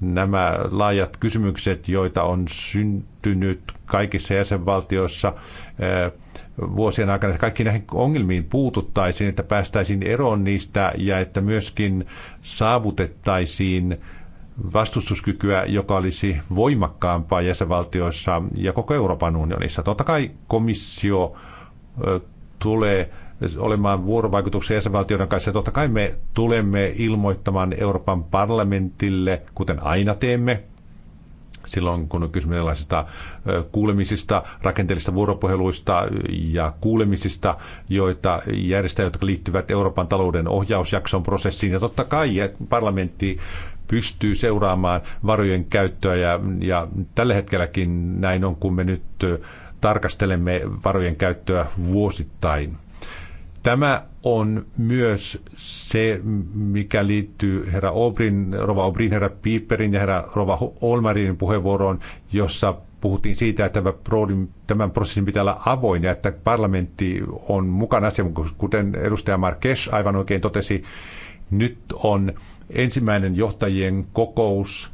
nämä laajat kysymykset, joita on syntynyt kaikissa jäsenvaltioissa, vuosien aikana, että kaikki näihin ongelmiin puututtaisiin, että päästäisiin eroon niistä ja että myöskin saavutettaisiin vastustuskykyä, joka olisi voimakkaampaa jäsenvaltioissa ja koko Euroopan unionissa. Totta kai komissio tulee olemaan vuorovaikutuksen jäsenvaltioiden kanssa. Ja totta kai me tulemme ilmoittamaan Euroopan parlamentille, kuten aina teemme, silloin, kun on kysymys erilaisista kuulemisista, rakenteellisista vuoropuheluista ja kuulemisista, joita järjestää, jotka liittyvät Euroopan talouden ohjausjakson prosessiin. Ja totta kai parlamentti pystyy seuraamaan varojen käyttöä ja, ja tällä hetkelläkin näin on, kun me nyt tarkastelemme varojen käyttöä vuosittain. Tämä on myös se, mikä liittyy herra Obrin, rova Obrin, herra Piiperin ja herra rova Olmarin puheenvuoroon, jossa puhuttiin siitä, että tämän prosessin pitää olla avoin ja että parlamentti on mukana asia, kuten edustaja Marques aivan oikein totesi, nyt on ensimmäinen johtajien kokous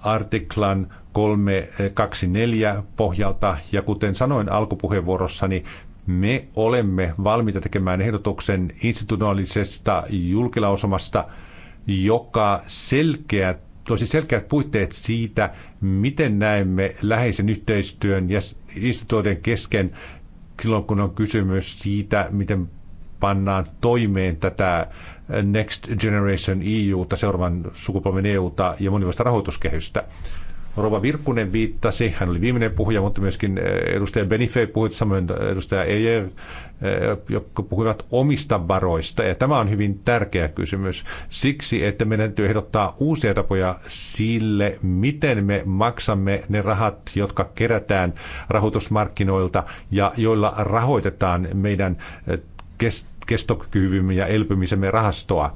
artiklan 324 pohjalta ja kuten sanoin alkupuheenvuorossani, me olemme valmiita tekemään ehdotuksen institutionaalisesta julkilausumasta, joka selkeä, tosi selkeät puitteet siitä, miten näemme läheisen yhteistyön ja instituutioiden kesken silloin, kun on kysymys siitä, miten pannaan toimeen tätä Next Generation EUta, seuraavan sukupolven EUta ja monivuotista rahoituskehystä. Rova Virkkunen viittasi, hän oli viimeinen puhuja, mutta myöskin eh, edustaja Benife puhui, samoin edustaja Eijer, eh, jotka puhuivat omista varoista. Ja tämä on hyvin tärkeä kysymys siksi, että meidän täytyy ehdottaa uusia tapoja sille, miten me maksamme ne rahat, jotka kerätään rahoitusmarkkinoilta ja joilla rahoitetaan meidän eh, kestokyvymme ja elpymisemme rahastoa.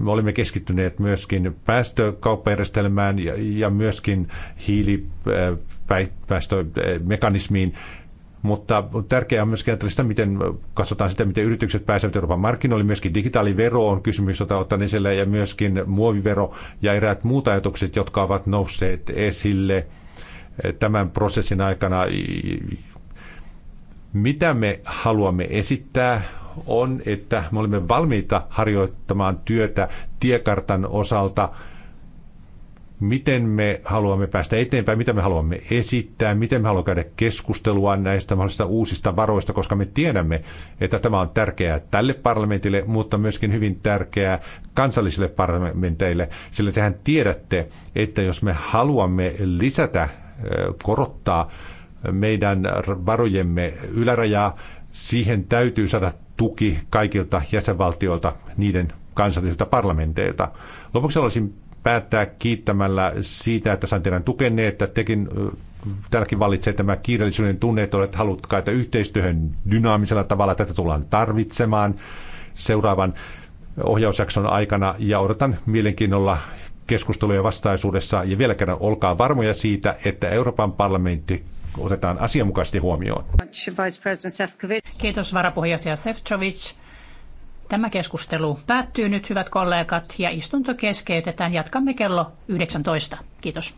Me olimme keskittyneet myöskin päästökauppajärjestelmään ja, ja myöskin hiilipäästömekanismiin, äh, mutta tärkeää on myöskin ajatella sitä, miten katsotaan sitä, miten yritykset pääsevät Euroopan markkinoille. Myöskin digitaalivero on kysymys, jota otan esille, ja myöskin muovivero ja eräät muut ajatukset, jotka ovat nousseet esille eh, tämän prosessin aikana. Mitä me haluamme esittää on, että me olimme valmiita harjoittamaan työtä tiekartan osalta, miten me haluamme päästä eteenpäin, mitä me haluamme esittää, miten me haluamme käydä keskustelua näistä mahdollisista uusista varoista, koska me tiedämme, että tämä on tärkeää tälle parlamentille, mutta myöskin hyvin tärkeää kansallisille parlamenteille, sillä sehän tiedätte, että jos me haluamme lisätä, korottaa meidän varojemme ylärajaa, siihen täytyy saada tuki kaikilta jäsenvaltioilta, niiden kansallisilta parlamenteilta. Lopuksi haluaisin päättää kiittämällä siitä, että sain teidän tukenne, että tekin täälläkin valitsee tämä kiireellisyyden tunne, että olet halukkaita yhteistyöhön dynaamisella tavalla. Tätä tullaan tarvitsemaan seuraavan ohjausjakson aikana ja odotan mielenkiinnolla keskusteluja vastaisuudessa. Ja vielä kerran olkaa varmoja siitä, että Euroopan parlamentti otetaan asianmukaisesti huomioon. Kiitos varapuheenjohtaja Sefcovic. Tämä keskustelu päättyy nyt, hyvät kollegat, ja istunto keskeytetään. Jatkamme kello 19. Kiitos.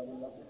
ಮಾತಾಡಲ್ಲ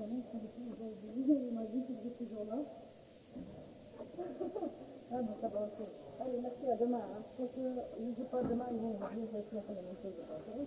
البنات متزوجين ومالين في الجولة انا طبعا اي نحكي يا جماعه يجي با دمان هو مهم في الحلم من كل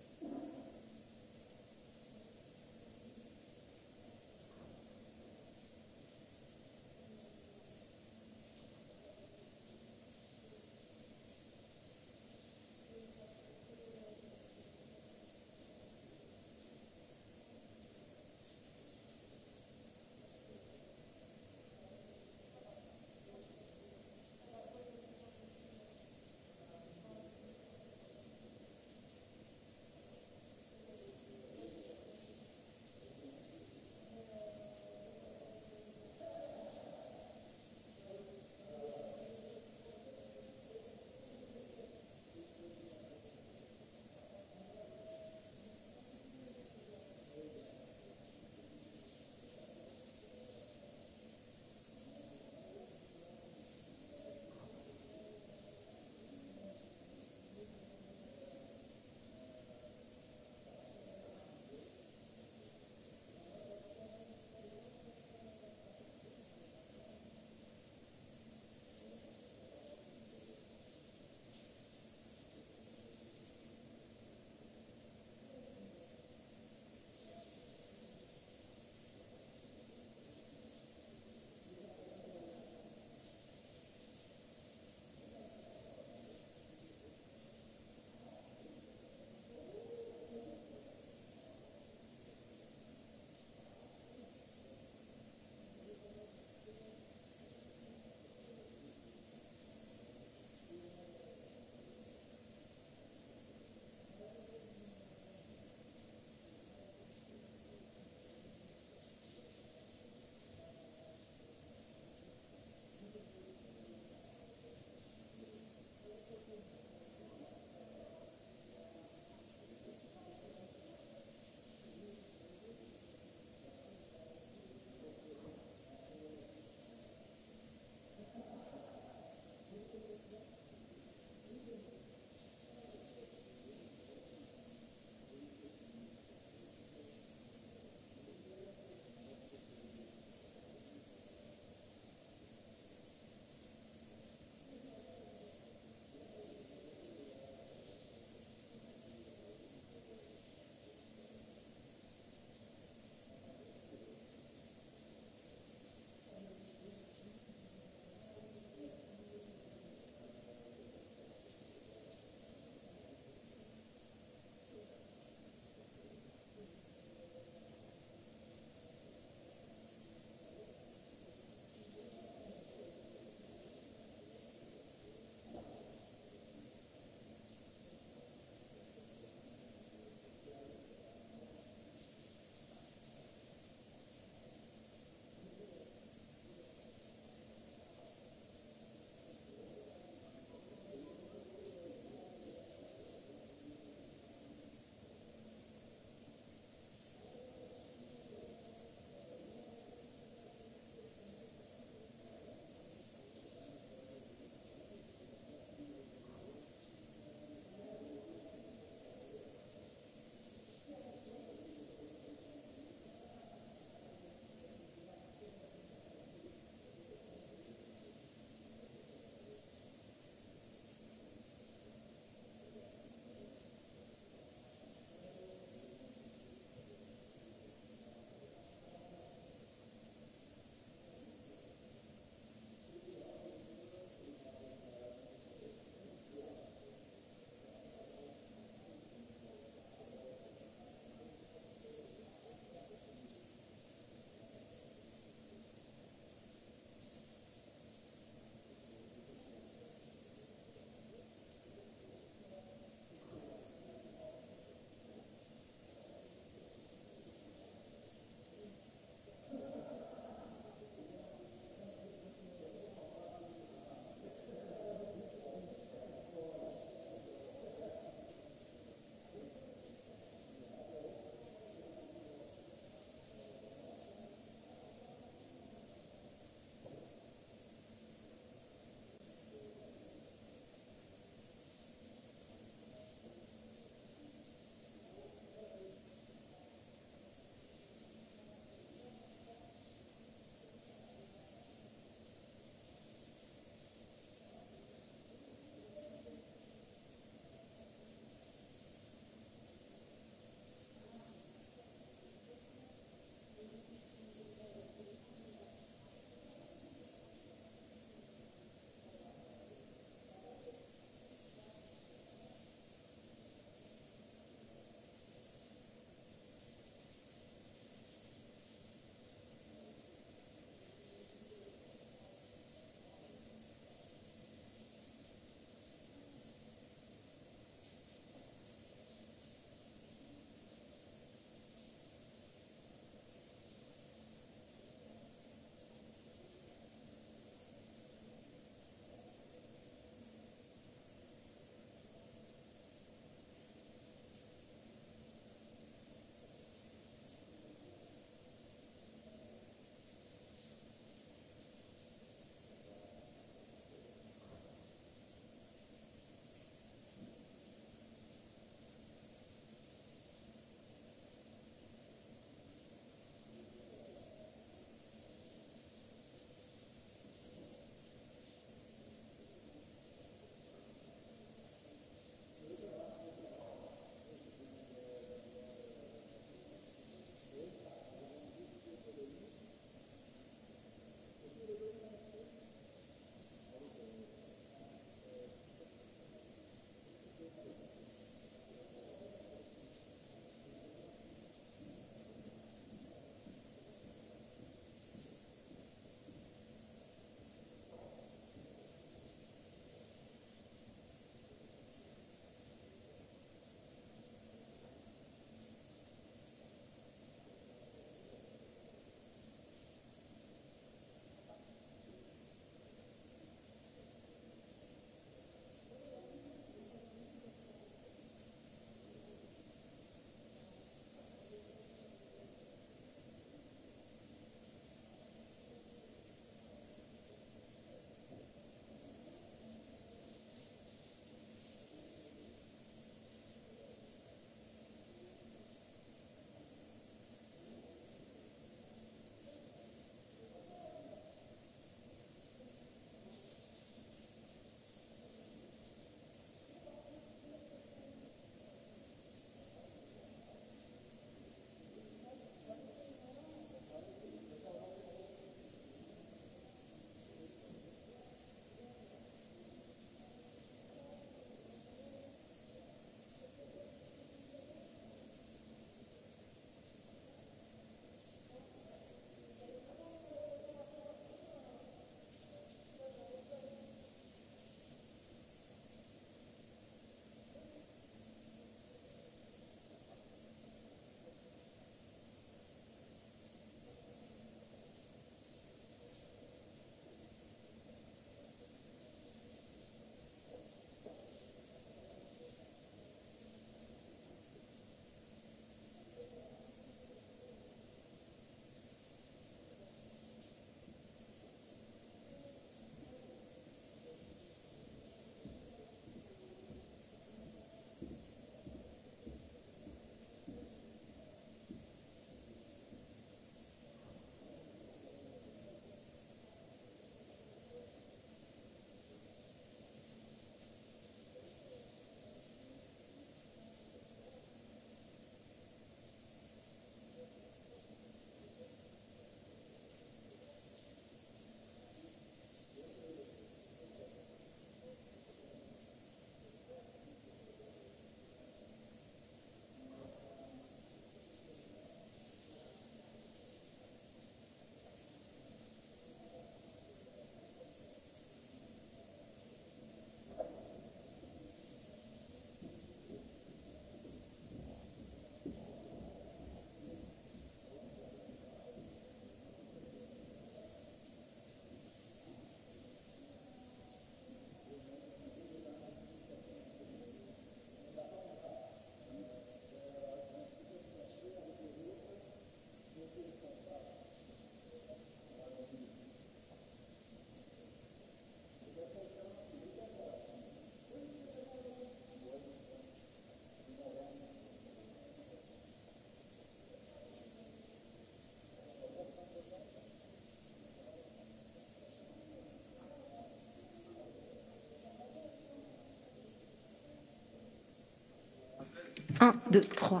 1, 2, 3.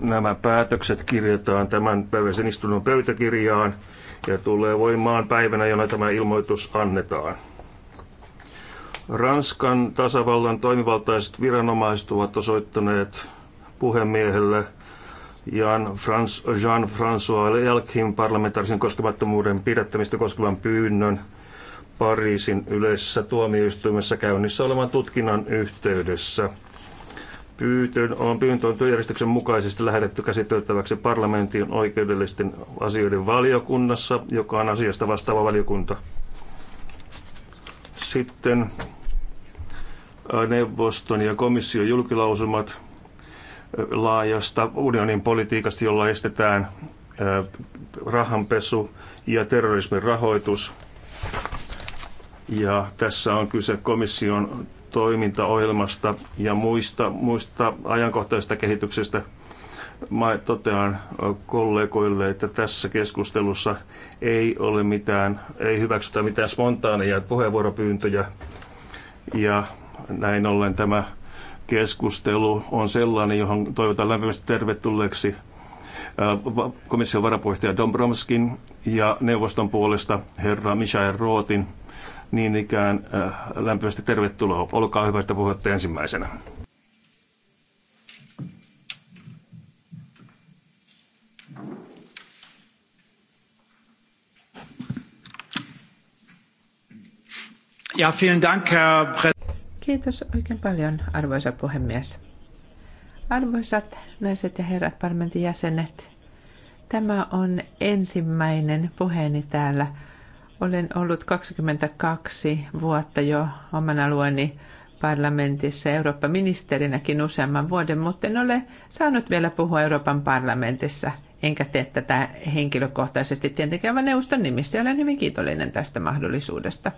Nämä päätökset kirjataan tämän päiväisen istunnon pöytäkirjaan ja tulee voimaan päivänä, jona tämä ilmoitus annetaan. Ranskan tasavallan toimivaltaiset viranomaiset ovat osoittaneet puhemiehelle Jean-François Elkin parlamentaarisen koskemattomuuden pidättämistä koskevan pyynnön Pariisin yleisessä tuomioistuimessa käynnissä olevan tutkinnan yhteydessä. Pyytön on, pyyntö on työjärjestyksen mukaisesti lähetetty käsiteltäväksi parlamentin oikeudellisten asioiden valiokunnassa, joka on asiasta vastaava valiokunta. Sitten neuvoston ja komission julkilausumat laajasta unionin politiikasta, jolla estetään rahanpesu ja terrorismin rahoitus. Ja tässä on kyse komission toimintaohjelmasta ja muista, muista ajankohtaisista kehityksestä. Mä totean kollegoille, että tässä keskustelussa ei ole mitään, ei hyväksytä mitään spontaaneja puheenvuoropyyntöjä. Ja näin ollen tämä keskustelu on sellainen, johon toivotan lämpimästi tervetulleeksi komission varapuheenjohtaja Dombromskin ja neuvoston puolesta herra Michael Rootin niin ikään äh, lämpimästi tervetuloa. Olkaa hyvä, että puhutte ensimmäisenä. Ja, vielen Dank, Herr Kiitos oikein paljon, arvoisa puhemies. Arvoisat naiset ja herrat parlamentin jäsenet, tämä on ensimmäinen puheeni täällä olen ollut 22 vuotta jo oman alueeni parlamentissa Eurooppa-ministerinäkin useamman vuoden, mutta en ole saanut vielä puhua Euroopan parlamentissa, enkä tee tätä henkilökohtaisesti tietenkään, vaan neuvoston nimissä. Olen hyvin kiitollinen tästä mahdollisuudesta.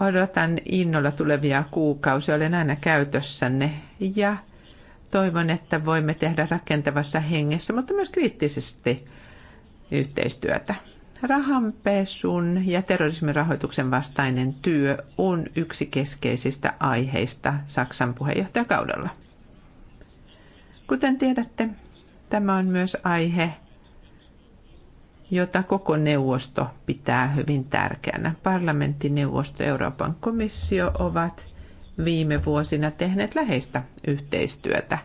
Odotan innolla tulevia kuukausia, olen aina käytössänne ja toivon, että voimme tehdä rakentavassa hengessä, mutta myös kriittisesti yhteistyötä. Rahanpesun ja terrorismin rahoituksen vastainen työ on yksi keskeisistä aiheista Saksan puheenjohtajakaudella. Kuten tiedätte, tämä on myös aihe, jota koko neuvosto pitää hyvin tärkeänä. Parlamenttineuvosto ja Euroopan komissio ovat viime vuosina tehneet läheistä yhteistyötä,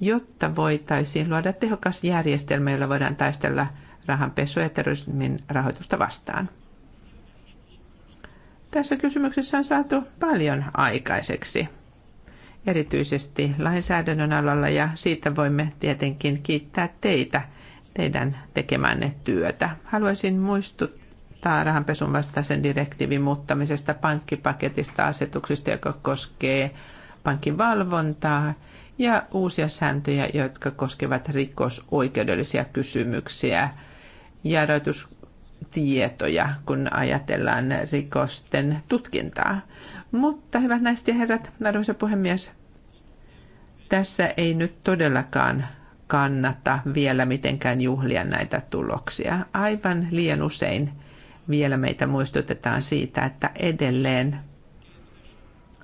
jotta voitaisiin luoda tehokas järjestelmä, jolla voidaan taistella – rahanpesu ja terrorismin rahoitusta vastaan. Tässä kysymyksessä on saatu paljon aikaiseksi, erityisesti lainsäädännön alalla, ja siitä voimme tietenkin kiittää teitä teidän tekemänne työtä. Haluaisin muistuttaa rahanpesun vastaisen direktiivin muuttamisesta pankkipaketista asetuksista, joka koskee pankin valvontaa ja uusia sääntöjä, jotka koskevat rikosoikeudellisia kysymyksiä ja kun ajatellaan rikosten tutkintaa. Mutta hyvät naiset ja herrat, arvoisa puhemies, tässä ei nyt todellakaan kannata vielä mitenkään juhlia näitä tuloksia. Aivan liian usein vielä meitä muistutetaan siitä, että edelleen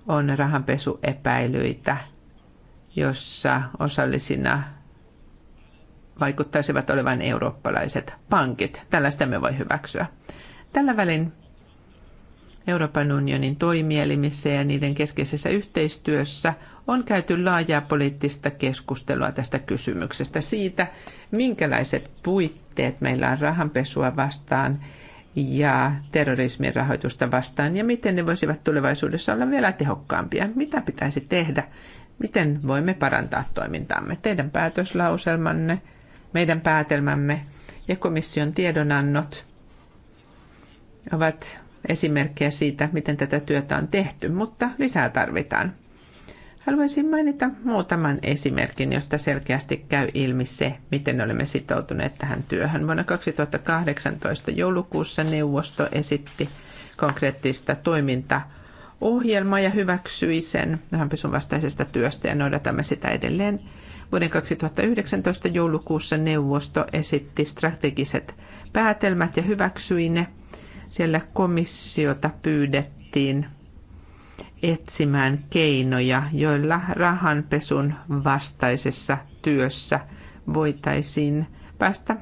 on rahanpesuepäilyitä, jossa osallisina vaikuttaisivat olevan eurooppalaiset pankit. Tällaista me voi hyväksyä. Tällä välin Euroopan unionin toimielimissä ja niiden keskeisessä yhteistyössä on käyty laajaa poliittista keskustelua tästä kysymyksestä siitä, minkälaiset puitteet meillä on rahanpesua vastaan ja terrorismin rahoitusta vastaan ja miten ne voisivat tulevaisuudessa olla vielä tehokkaampia. Mitä pitäisi tehdä? Miten voimme parantaa toimintaamme? Teidän päätöslauselmanne meidän päätelmämme ja komission tiedonannot ovat esimerkkejä siitä, miten tätä työtä on tehty, mutta lisää tarvitaan. Haluaisin mainita muutaman esimerkin, josta selkeästi käy ilmi se, miten olemme sitoutuneet tähän työhön. Vuonna 2018 joulukuussa neuvosto esitti konkreettista toimintaohjelmaa ja hyväksyi sen rahanpesun vastaisesta työstä ja noudatamme sitä edelleen. Vuoden 2019 joulukuussa neuvosto esitti strategiset päätelmät ja hyväksyi ne. Siellä komissiota pyydettiin etsimään keinoja, joilla rahanpesun vastaisessa työssä voitaisiin päästä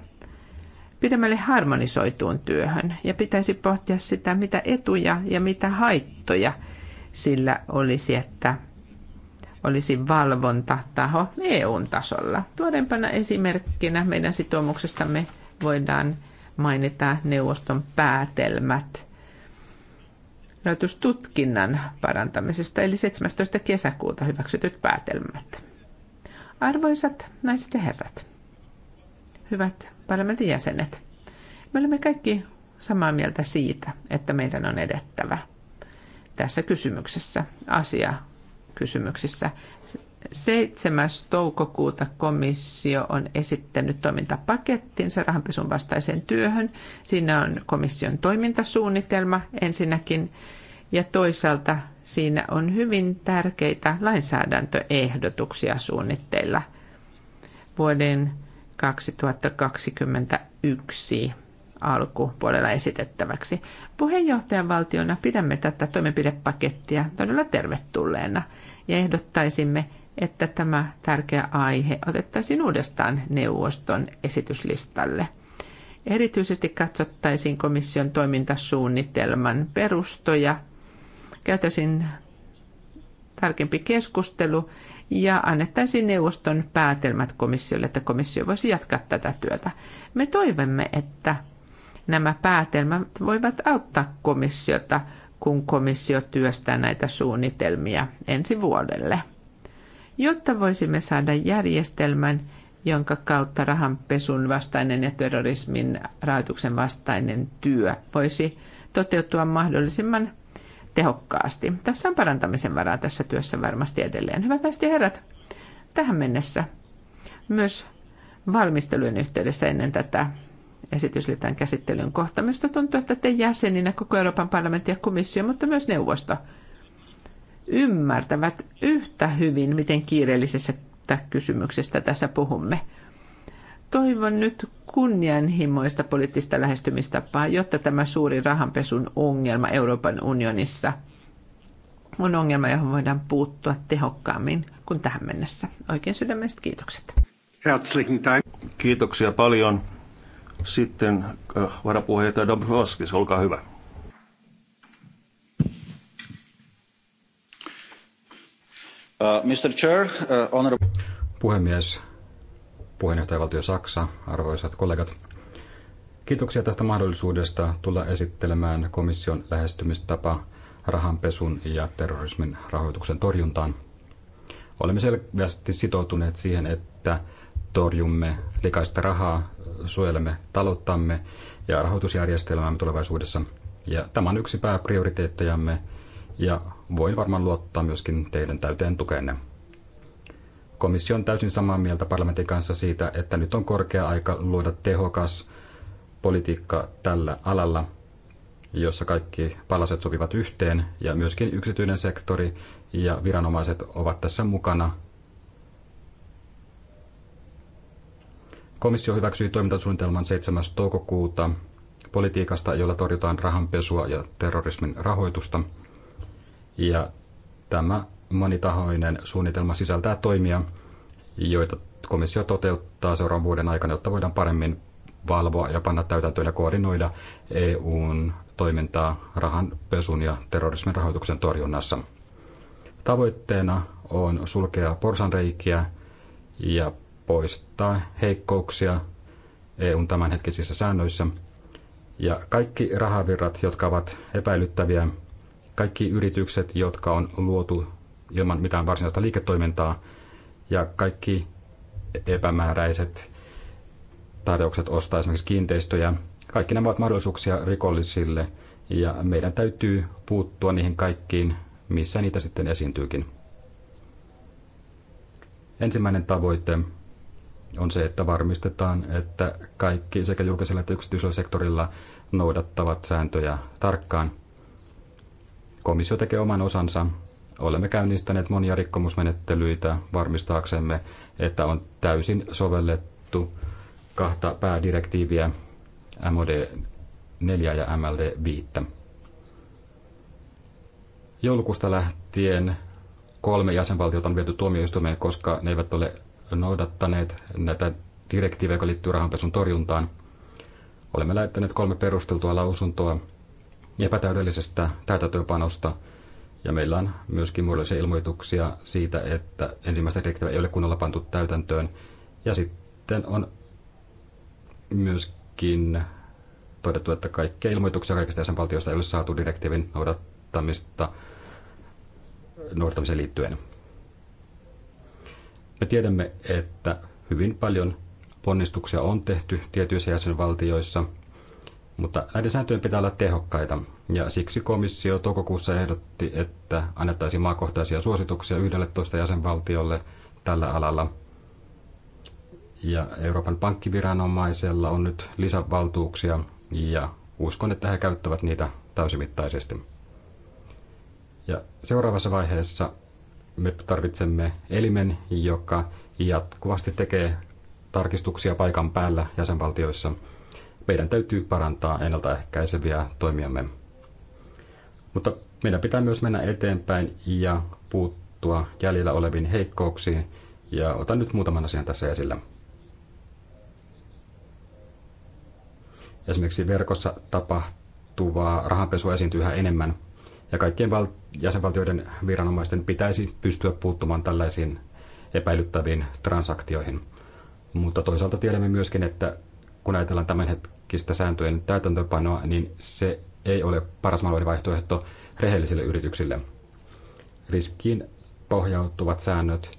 pidemmälle harmonisoituun työhön ja pitäisi pohtia sitä, mitä etuja ja mitä haittoja sillä olisi, että olisi valvontataho eu tasolla. Tuodempana esimerkkinä meidän sitoumuksestamme voidaan mainita neuvoston päätelmät rahoitustutkinnan parantamisesta, eli 17. kesäkuuta hyväksytyt päätelmät. Arvoisat naiset ja herrat, hyvät parlamentin jäsenet, me olemme kaikki samaa mieltä siitä, että meidän on edettävä tässä kysymyksessä. Asia kysymyksissä. 7. toukokuuta komissio on esittänyt toimintapakettinsa rahanpesun vastaiseen työhön. Siinä on komission toimintasuunnitelma ensinnäkin ja toisaalta siinä on hyvin tärkeitä lainsäädäntöehdotuksia suunnitteilla vuoden 2021 alkupuolella esitettäväksi. Puheenjohtajan valtiona pidämme tätä toimenpidepakettia todella tervetulleena ja ehdottaisimme, että tämä tärkeä aihe otettaisiin uudestaan neuvoston esityslistalle. Erityisesti katsottaisiin komission toimintasuunnitelman perustoja, käytäisiin tarkempi keskustelu ja annettaisiin neuvoston päätelmät komissiolle, että komissio voisi jatkaa tätä työtä. Me toivomme, että nämä päätelmät voivat auttaa komissiota, kun komissio työstää näitä suunnitelmia ensi vuodelle. Jotta voisimme saada järjestelmän, jonka kautta rahanpesun vastainen ja terrorismin rahoituksen vastainen työ voisi toteutua mahdollisimman tehokkaasti. Tässä on parantamisen varaa tässä työssä varmasti edelleen. Hyvät naiset ja herrat, tähän mennessä myös valmistelujen yhteydessä ennen tätä liittyen käsittelyn kohta. Minusta tuntuu, että te jäseninä koko Euroopan parlamentti ja komissio, mutta myös neuvosto ymmärtävät yhtä hyvin, miten kiireellisessä kysymyksestä tässä puhumme. Toivon nyt kunnianhimoista poliittista lähestymistapaa, jotta tämä suuri rahanpesun ongelma Euroopan unionissa on ongelma, johon voidaan puuttua tehokkaammin kuin tähän mennessä. Oikein sydämestä kiitokset. Herzlichen Dank. Kiitoksia paljon. Sitten äh, varapuheenjohtaja Dombrovskis, olkaa hyvä. Uh, Mr. Chair, uh, honorable... Puhemies, puheenjohtajavaltio Saksa, arvoisat kollegat. Kiitoksia tästä mahdollisuudesta tulla esittelemään komission lähestymistapa rahanpesun ja terrorismin rahoituksen torjuntaan. Olemme selvästi sitoutuneet siihen, että torjumme likaista rahaa, suojelemme talouttamme ja rahoitusjärjestelmämme tulevaisuudessa. Ja tämä on yksi pääprioriteettejamme ja voin varmaan luottaa myöskin teidän täyteen tukenne. Komissio on täysin samaa mieltä parlamentin kanssa siitä, että nyt on korkea aika luoda tehokas politiikka tällä alalla, jossa kaikki palaset sopivat yhteen ja myöskin yksityinen sektori ja viranomaiset ovat tässä mukana Komissio hyväksyi toimintasuunnitelman 7. toukokuuta politiikasta, jolla torjutaan rahanpesua ja terrorismin rahoitusta. Ja tämä monitahoinen suunnitelma sisältää toimia, joita komissio toteuttaa seuraavan vuoden aikana, jotta voidaan paremmin valvoa ja panna täytäntöön ja koordinoida EUn toimintaa rahanpesun ja terrorismin rahoituksen torjunnassa. Tavoitteena on sulkea porsanreikiä ja poistaa heikkouksia EUn tämänhetkisissä säännöissä. Ja kaikki rahavirrat, jotka ovat epäilyttäviä, kaikki yritykset, jotka on luotu ilman mitään varsinaista liiketoimintaa, ja kaikki epämääräiset tarjoukset ostaa esimerkiksi kiinteistöjä, kaikki nämä ovat mahdollisuuksia rikollisille, ja meidän täytyy puuttua niihin kaikkiin, missä niitä sitten esiintyykin. Ensimmäinen tavoite on se, että varmistetaan, että kaikki sekä julkisella että yksityisellä sektorilla noudattavat sääntöjä tarkkaan. Komissio tekee oman osansa. Olemme käynnistäneet monia rikkomusmenettelyitä varmistaaksemme, että on täysin sovellettu kahta päädirektiiviä MOD 4 ja MLD 5. Joulukuusta lähtien kolme jäsenvaltiota on viety tuomioistuimeen, koska ne eivät ole noudattaneet näitä direktiivejä, jotka liittyy rahanpesun torjuntaan. Olemme lähettäneet kolme perusteltua lausuntoa epätäydellisestä täytäntöönpanosta ja meillä on myöskin muodollisia ilmoituksia siitä, että ensimmäistä direktiiviä ei ole kunnolla pantu täytäntöön. Ja sitten on myöskin todettu, että kaikkia ilmoituksia kaikista jäsenvaltioista ei ole saatu direktiivin noudattamista noudattamiseen liittyen. Me tiedämme, että hyvin paljon ponnistuksia on tehty tietyissä jäsenvaltioissa, mutta näiden sääntöjen pitää olla tehokkaita. Ja siksi komissio toukokuussa ehdotti, että annettaisiin maakohtaisia suosituksia 11 jäsenvaltiolle tällä alalla. Ja Euroopan pankkiviranomaisella on nyt lisävaltuuksia ja uskon, että he käyttävät niitä täysimittaisesti. Ja seuraavassa vaiheessa me tarvitsemme elimen, joka jatkuvasti tekee tarkistuksia paikan päällä jäsenvaltioissa. Meidän täytyy parantaa ennaltaehkäiseviä toimiamme. Mutta meidän pitää myös mennä eteenpäin ja puuttua jäljellä oleviin heikkouksiin, ja otan nyt muutaman asian tässä esillä. Esimerkiksi verkossa tapahtuvaa rahanpesua esiintyy yhä enemmän – ja kaikkien val- jäsenvaltioiden viranomaisten pitäisi pystyä puuttumaan tällaisiin epäilyttäviin transaktioihin. Mutta toisaalta tiedämme myöskin, että kun ajatellaan tämänhetkistä sääntöjen täytäntöönpanoa, niin se ei ole paras mahdollinen vaihtoehto rehellisille yrityksille. Riskiin pohjautuvat säännöt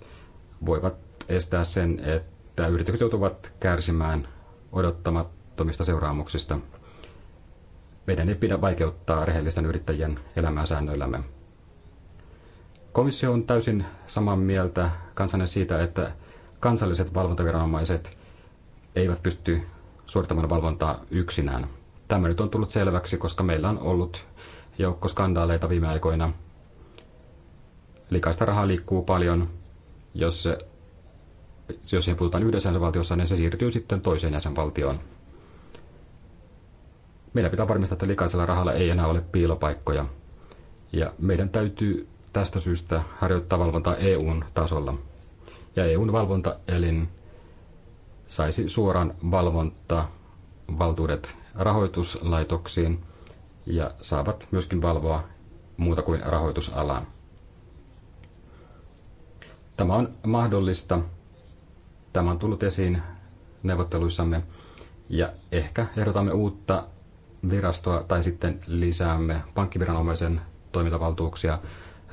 voivat estää sen, että yritykset joutuvat kärsimään odottamattomista seuraamuksista – meidän ei pidä vaikeuttaa rehellisten yrittäjien elämää säännöillämme. Komissio on täysin samaa mieltä kansanne siitä, että kansalliset valvontaviranomaiset eivät pysty suorittamaan valvontaa yksinään. Tämä nyt on tullut selväksi, koska meillä on ollut joukko skandaaleita viime aikoina. Likaista rahaa liikkuu paljon. Jos, jos siihen puhutaan yhdessä jäsenvaltiossa, niin se siirtyy sitten toiseen jäsenvaltioon meillä pitää varmistaa, että likaisella rahalla ei enää ole piilopaikkoja. Ja meidän täytyy tästä syystä harjoittaa valvontaa EUn tasolla. Ja EUn valvontaelin saisi valvonta valtuudet rahoituslaitoksiin ja saavat myöskin valvoa muuta kuin rahoitusalaa. Tämä on mahdollista. Tämä on tullut esiin neuvotteluissamme ja ehkä ehdotamme uutta virastoa tai sitten lisäämme pankkiviranomaisen toimintavaltuuksia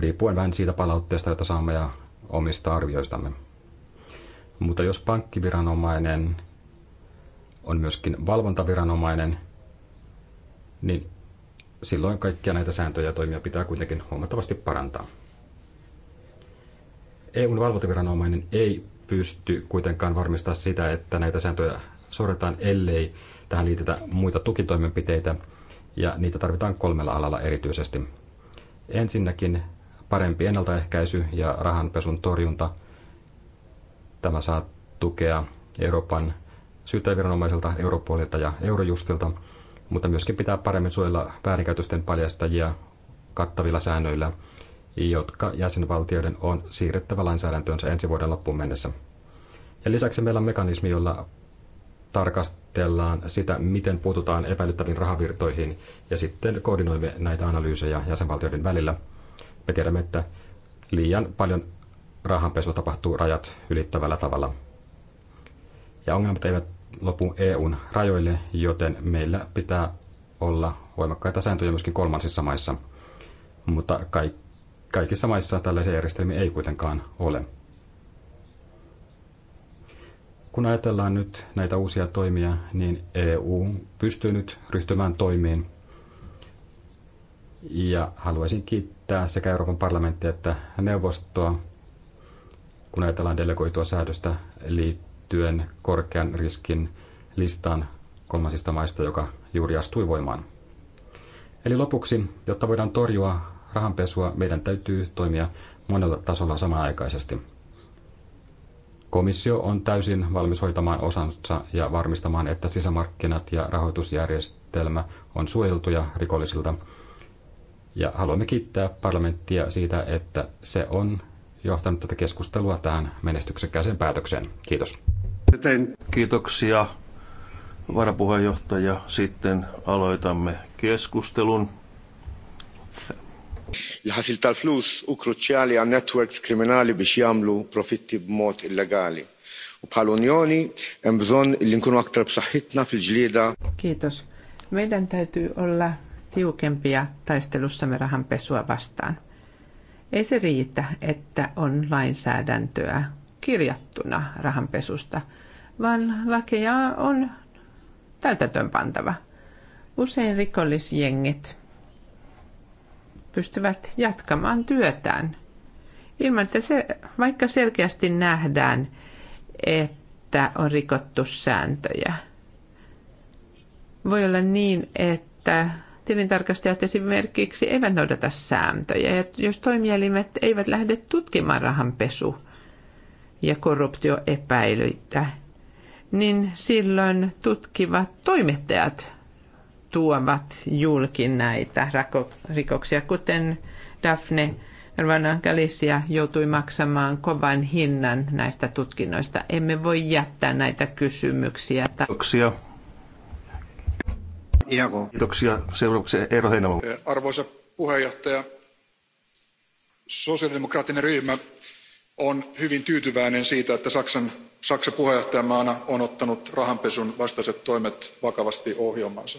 riippuen vähän siitä palautteesta, jota saamme ja omista arvioistamme. Mutta jos pankkiviranomainen on myöskin valvontaviranomainen, niin silloin kaikkia näitä sääntöjä ja toimia pitää kuitenkin huomattavasti parantaa. EUn valvontaviranomainen ei pysty kuitenkaan varmistaa sitä, että näitä sääntöjä sorretaan, ellei Tähän liitetään muita tukitoimenpiteitä ja niitä tarvitaan kolmella alalla erityisesti. Ensinnäkin parempi ennaltaehkäisy ja rahanpesun torjunta. Tämä saa tukea Euroopan syyttäjäviranomaiselta, Europolilta ja Eurojustilta, mutta myöskin pitää paremmin suojella väärinkäytösten paljastajia kattavilla säännöillä, jotka jäsenvaltioiden on siirrettävä lainsäädäntöönsä ensi vuoden loppuun mennessä. Ja lisäksi meillä on mekanismi, jolla tarkastellaan sitä, miten puututaan epäilyttäviin rahavirtoihin ja sitten koordinoimme näitä analyysejä jäsenvaltioiden välillä. Me tiedämme, että liian paljon rahanpesua tapahtuu rajat ylittävällä tavalla. Ja ongelmat eivät lopu EUn rajoille, joten meillä pitää olla voimakkaita sääntöjä myöskin kolmansissa maissa. Mutta kaikissa maissa tällaisia järjestelmiä ei kuitenkaan ole. Kun ajatellaan nyt näitä uusia toimia, niin EU pystyy nyt ryhtymään toimiin. Ja haluaisin kiittää sekä Euroopan parlamenttia että neuvostoa, kun ajatellaan delegoitua säädöstä liittyen korkean riskin listaan kolmansista maista, joka juuri astui voimaan. Eli lopuksi, jotta voidaan torjua rahanpesua, meidän täytyy toimia monella tasolla samanaikaisesti – Komissio on täysin valmis hoitamaan osansa ja varmistamaan, että sisämarkkinat ja rahoitusjärjestelmä on suojeltuja rikollisilta. Ja haluamme kiittää parlamenttia siitä, että se on johtanut tätä keskustelua tähän menestyksekkääseen päätökseen. Kiitos. Kiitoksia varapuheenjohtaja. Sitten aloitamme keskustelun. Il-ħasil tal-flus hu kruċjali għan netwerks kriminali biex jagħmlu profitti b'mod illegali. U bħal Unjoni hemm bżonn li nkunu aktar b'saħħitna fil-ġlieda. Kiitos. Meidän täytyy olla tiukempia taistelussamme rahanpesua vastaan. Ei se riitä, että on lainsäädäntöä kirjattuna rahanpesusta, vaan lakeja on täytäntöönpantava. Usein rikollisjengit pystyvät jatkamaan työtään. Ilman, että se, vaikka selkeästi nähdään, että on rikottu sääntöjä. Voi olla niin, että tilintarkastajat esimerkiksi eivät noudata sääntöjä. Ja jos toimielimet eivät lähde tutkimaan rahanpesu- ja korruptioepäilyitä, niin silloin tutkivat toimittajat tuovat julkin näitä rikoksia, kuten Daphne Rwana Galicia joutui maksamaan kovan hinnan näistä tutkinnoista. Emme voi jättää näitä kysymyksiä. Kiitoksia. Iago. Kiitoksia. Seuraavaksi Eero Heinäluoma. Eh, arvoisa puheenjohtaja, sosiaalidemokraattinen ryhmä on hyvin tyytyväinen siitä, että Saksan, Saksa puheenjohtajamaana on ottanut rahanpesun vastaiset toimet vakavasti ohjelmansa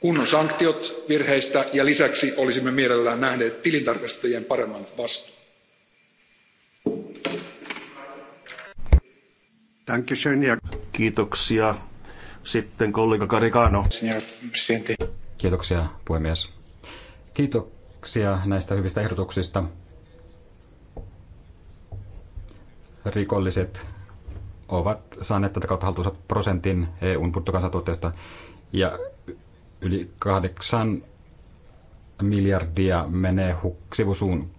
kunnon sanktiot virheistä ja lisäksi olisimme mielellään nähneet tilintarkastajien paremman vastuun. Kiitoksia. Sitten kollega Karikano. Kiitoksia puhemies. Kiitoksia näistä hyvistä ehdotuksista. Rikolliset ovat saaneet tätä kautta haltuunsa prosentin EUn bruttokansantuotteesta ja Yli kahdeksan miljardia menee huk- sivusuun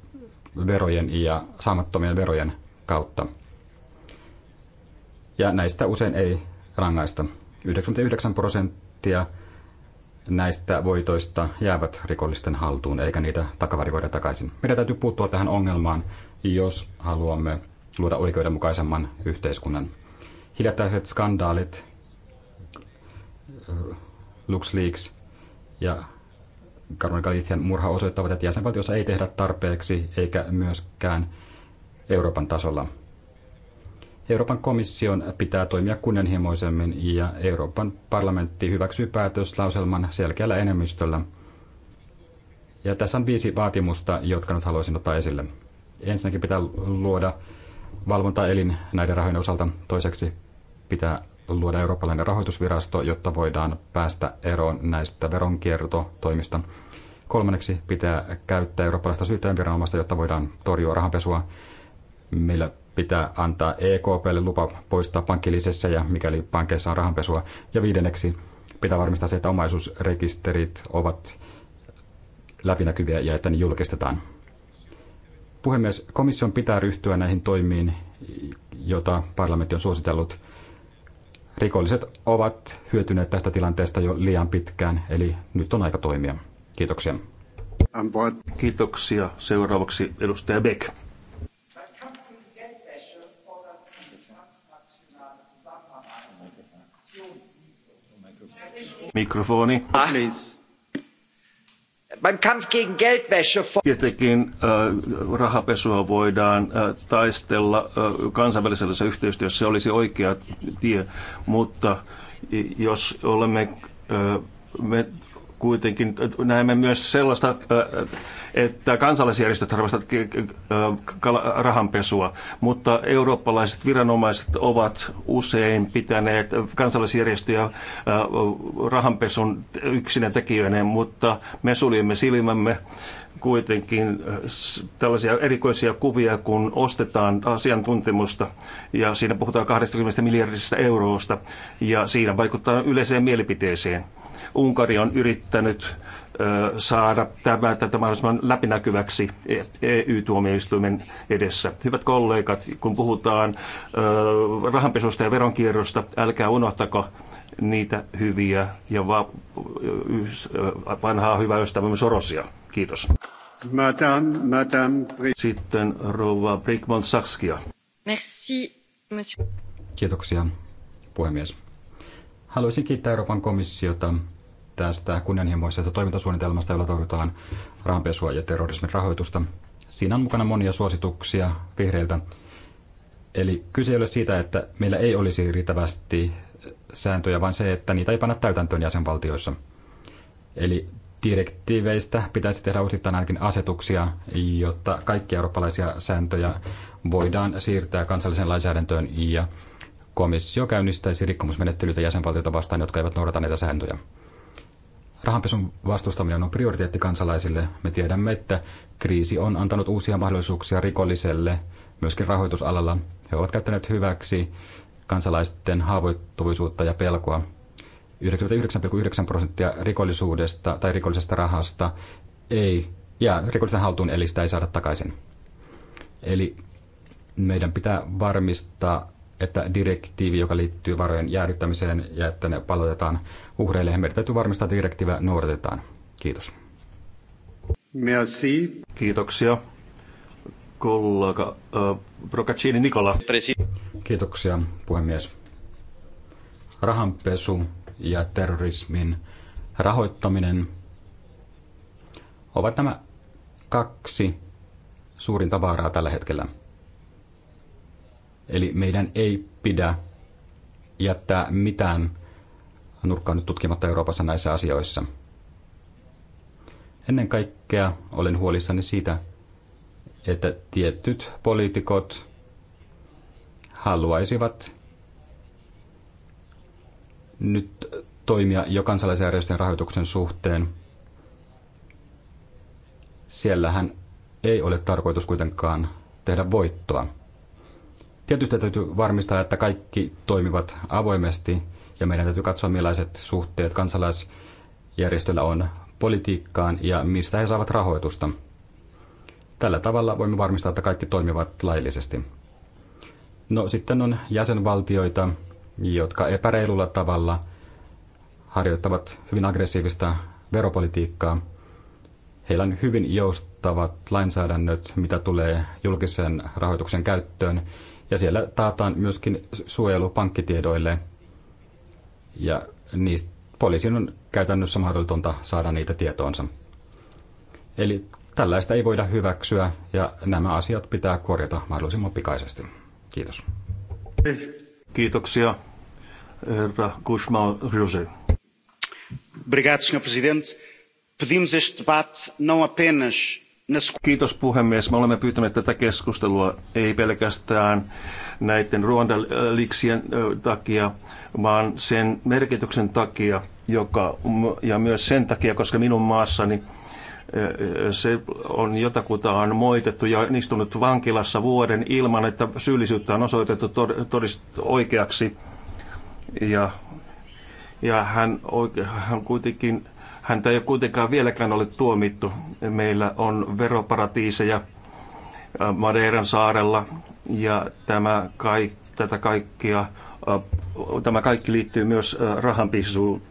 verojen ja saamattomien verojen kautta. Ja näistä usein ei rangaista. 99 prosenttia näistä voitoista jäävät rikollisten haltuun, eikä niitä takavarikoida takaisin. Meidän täytyy puuttua tähän ongelmaan, jos haluamme luoda oikeudenmukaisemman yhteiskunnan. Hiljattaiset skandaalit LuxLeaks ja Karun Galician murha osoittavat, että jäsenvaltiossa ei tehdä tarpeeksi eikä myöskään Euroopan tasolla. Euroopan komission pitää toimia kunnianhimoisemmin ja Euroopan parlamentti hyväksyy päätöslauselman selkeällä enemmistöllä. Ja tässä on viisi vaatimusta, jotka nyt haluaisin ottaa esille. Ensinnäkin pitää luoda valvontaelin näiden rahojen osalta. Toiseksi pitää luoda eurooppalainen rahoitusvirasto, jotta voidaan päästä eroon näistä veronkiertotoimista. Kolmanneksi pitää käyttää eurooppalaista syyttäjänviranomaista, jotta voidaan torjua rahanpesua. Meillä pitää antaa EKPlle lupa poistaa pankkilisessä ja mikäli pankeissa on rahanpesua. Ja viidenneksi pitää varmistaa se, että omaisuusrekisterit ovat läpinäkyviä ja että ne julkistetaan. Puhemies, komission pitää ryhtyä näihin toimiin, jota parlamentti on suositellut – rikolliset ovat hyötyneet tästä tilanteesta jo liian pitkään, eli nyt on aika toimia. Kiitoksia. Kiitoksia. Seuraavaksi edustaja Beck. Mikrofoni. Ah, please. Beim Kampf gegen Geldwäsche... Tietenkin äh, rahapesua voidaan äh, taistella äh, kansainvälisessä yhteistyössä, se olisi oikea tie, mutta jos olemme... Äh, me kuitenkin näemme myös sellaista, että kansalaisjärjestöt harrastavat rahanpesua, mutta eurooppalaiset viranomaiset ovat usein pitäneet kansalaisjärjestöjä rahanpesun yksinä tekijöineen, mutta me suljemme silmämme kuitenkin tällaisia erikoisia kuvia, kun ostetaan asiantuntemusta ja siinä puhutaan 20 miljardista eurosta ja siinä vaikuttaa yleiseen mielipiteeseen. Unkari on yrittänyt saada tämä tätä mahdollisimman läpinäkyväksi EU-tuomioistuimen e edessä. Hyvät kollegat, kun puhutaan rahanpesusta ja veronkierrosta, älkää unohtako niitä hyviä ja va- vanhaa hyvää ystävämme Sorosia. Kiitos. Madame, Madame. Sitten rouva Brickman Saskia. Merci, monsieur. Kiitoksia, puhemies. Haluaisin kiittää Euroopan komissiota tästä kunnianhimoisesta toimintasuunnitelmasta, jolla torjutaan rahanpesua ja terrorismin rahoitusta. Siinä on mukana monia suosituksia vihreiltä. Eli kyse ei ole siitä, että meillä ei olisi riittävästi sääntöjä, vaan se, että niitä ei panna täytäntöön jäsenvaltioissa. Eli direktiiveistä pitäisi tehdä osittain ainakin asetuksia, jotta kaikki eurooppalaisia sääntöjä voidaan siirtää kansalliseen lainsäädäntöön ja komissio käynnistäisi rikkomusmenettelyitä jäsenvaltioita vastaan, jotka eivät noudata näitä sääntöjä. Rahanpesun vastustaminen on prioriteetti kansalaisille. Me tiedämme, että kriisi on antanut uusia mahdollisuuksia rikolliselle, myöskin rahoitusalalla. He ovat käyttäneet hyväksi kansalaisten haavoittuvuisuutta ja pelkoa. 99,9 prosenttia rikollisuudesta tai rikollisesta rahasta ei jää rikollisen haltuun, eli sitä ei saada takaisin. Eli meidän pitää varmistaa että direktiivi, joka liittyy varojen jäädyttämiseen ja että ne palautetaan uhreille, meidän täytyy varmistaa, että direktiivä noudatetaan. Kiitos. Merci. Kiitoksia. Kollega äh, Procaccini Nikola. Kiitoksia, puhemies. Rahanpesu ja terrorismin rahoittaminen ovat nämä kaksi suurinta vaaraa tällä hetkellä – Eli meidän ei pidä jättää mitään nurkkaa nyt tutkimatta Euroopassa näissä asioissa. Ennen kaikkea olen huolissani siitä, että tietyt poliitikot haluaisivat nyt toimia jo kansalaisjärjestöjen rahoituksen suhteen. Siellähän ei ole tarkoitus kuitenkaan tehdä voittoa. Tietysti täytyy varmistaa, että kaikki toimivat avoimesti ja meidän täytyy katsoa, millaiset suhteet kansalaisjärjestöillä on politiikkaan ja mistä he saavat rahoitusta. Tällä tavalla voimme varmistaa, että kaikki toimivat laillisesti. No sitten on jäsenvaltioita, jotka epäreilulla tavalla harjoittavat hyvin aggressiivista veropolitiikkaa. Heillä on hyvin joustavat lainsäädännöt, mitä tulee julkisen rahoituksen käyttöön, ja siellä taataan myöskin suojelu pankkitiedoille ja niistä poliisin on käytännössä mahdotonta saada niitä tietoonsa. Eli tällaista ei voida hyväksyä ja nämä asiat pitää korjata mahdollisimman pikaisesti. Kiitos. Kiitoksia, herra Kushma Jose. Obrigado, senhor presidente. Pedimos este debate não apenas Kiitos puhemies. Me olemme pyytäneet tätä keskustelua ei pelkästään näiden ruondaliksien takia, vaan sen merkityksen takia, joka, ja myös sen takia, koska minun maassani se on jotakuta on moitettu ja istunut vankilassa vuoden ilman, että syyllisyyttä on osoitettu todist oikeaksi. Ja, ja hän, oike, hän kuitenkin Häntä ei ole kuitenkaan vieläkään ole tuomittu. Meillä on veroparatiiseja Madeiran saarella ja tämä kai, tätä kaikkia, tämä kaikki liittyy myös rahanpisuun.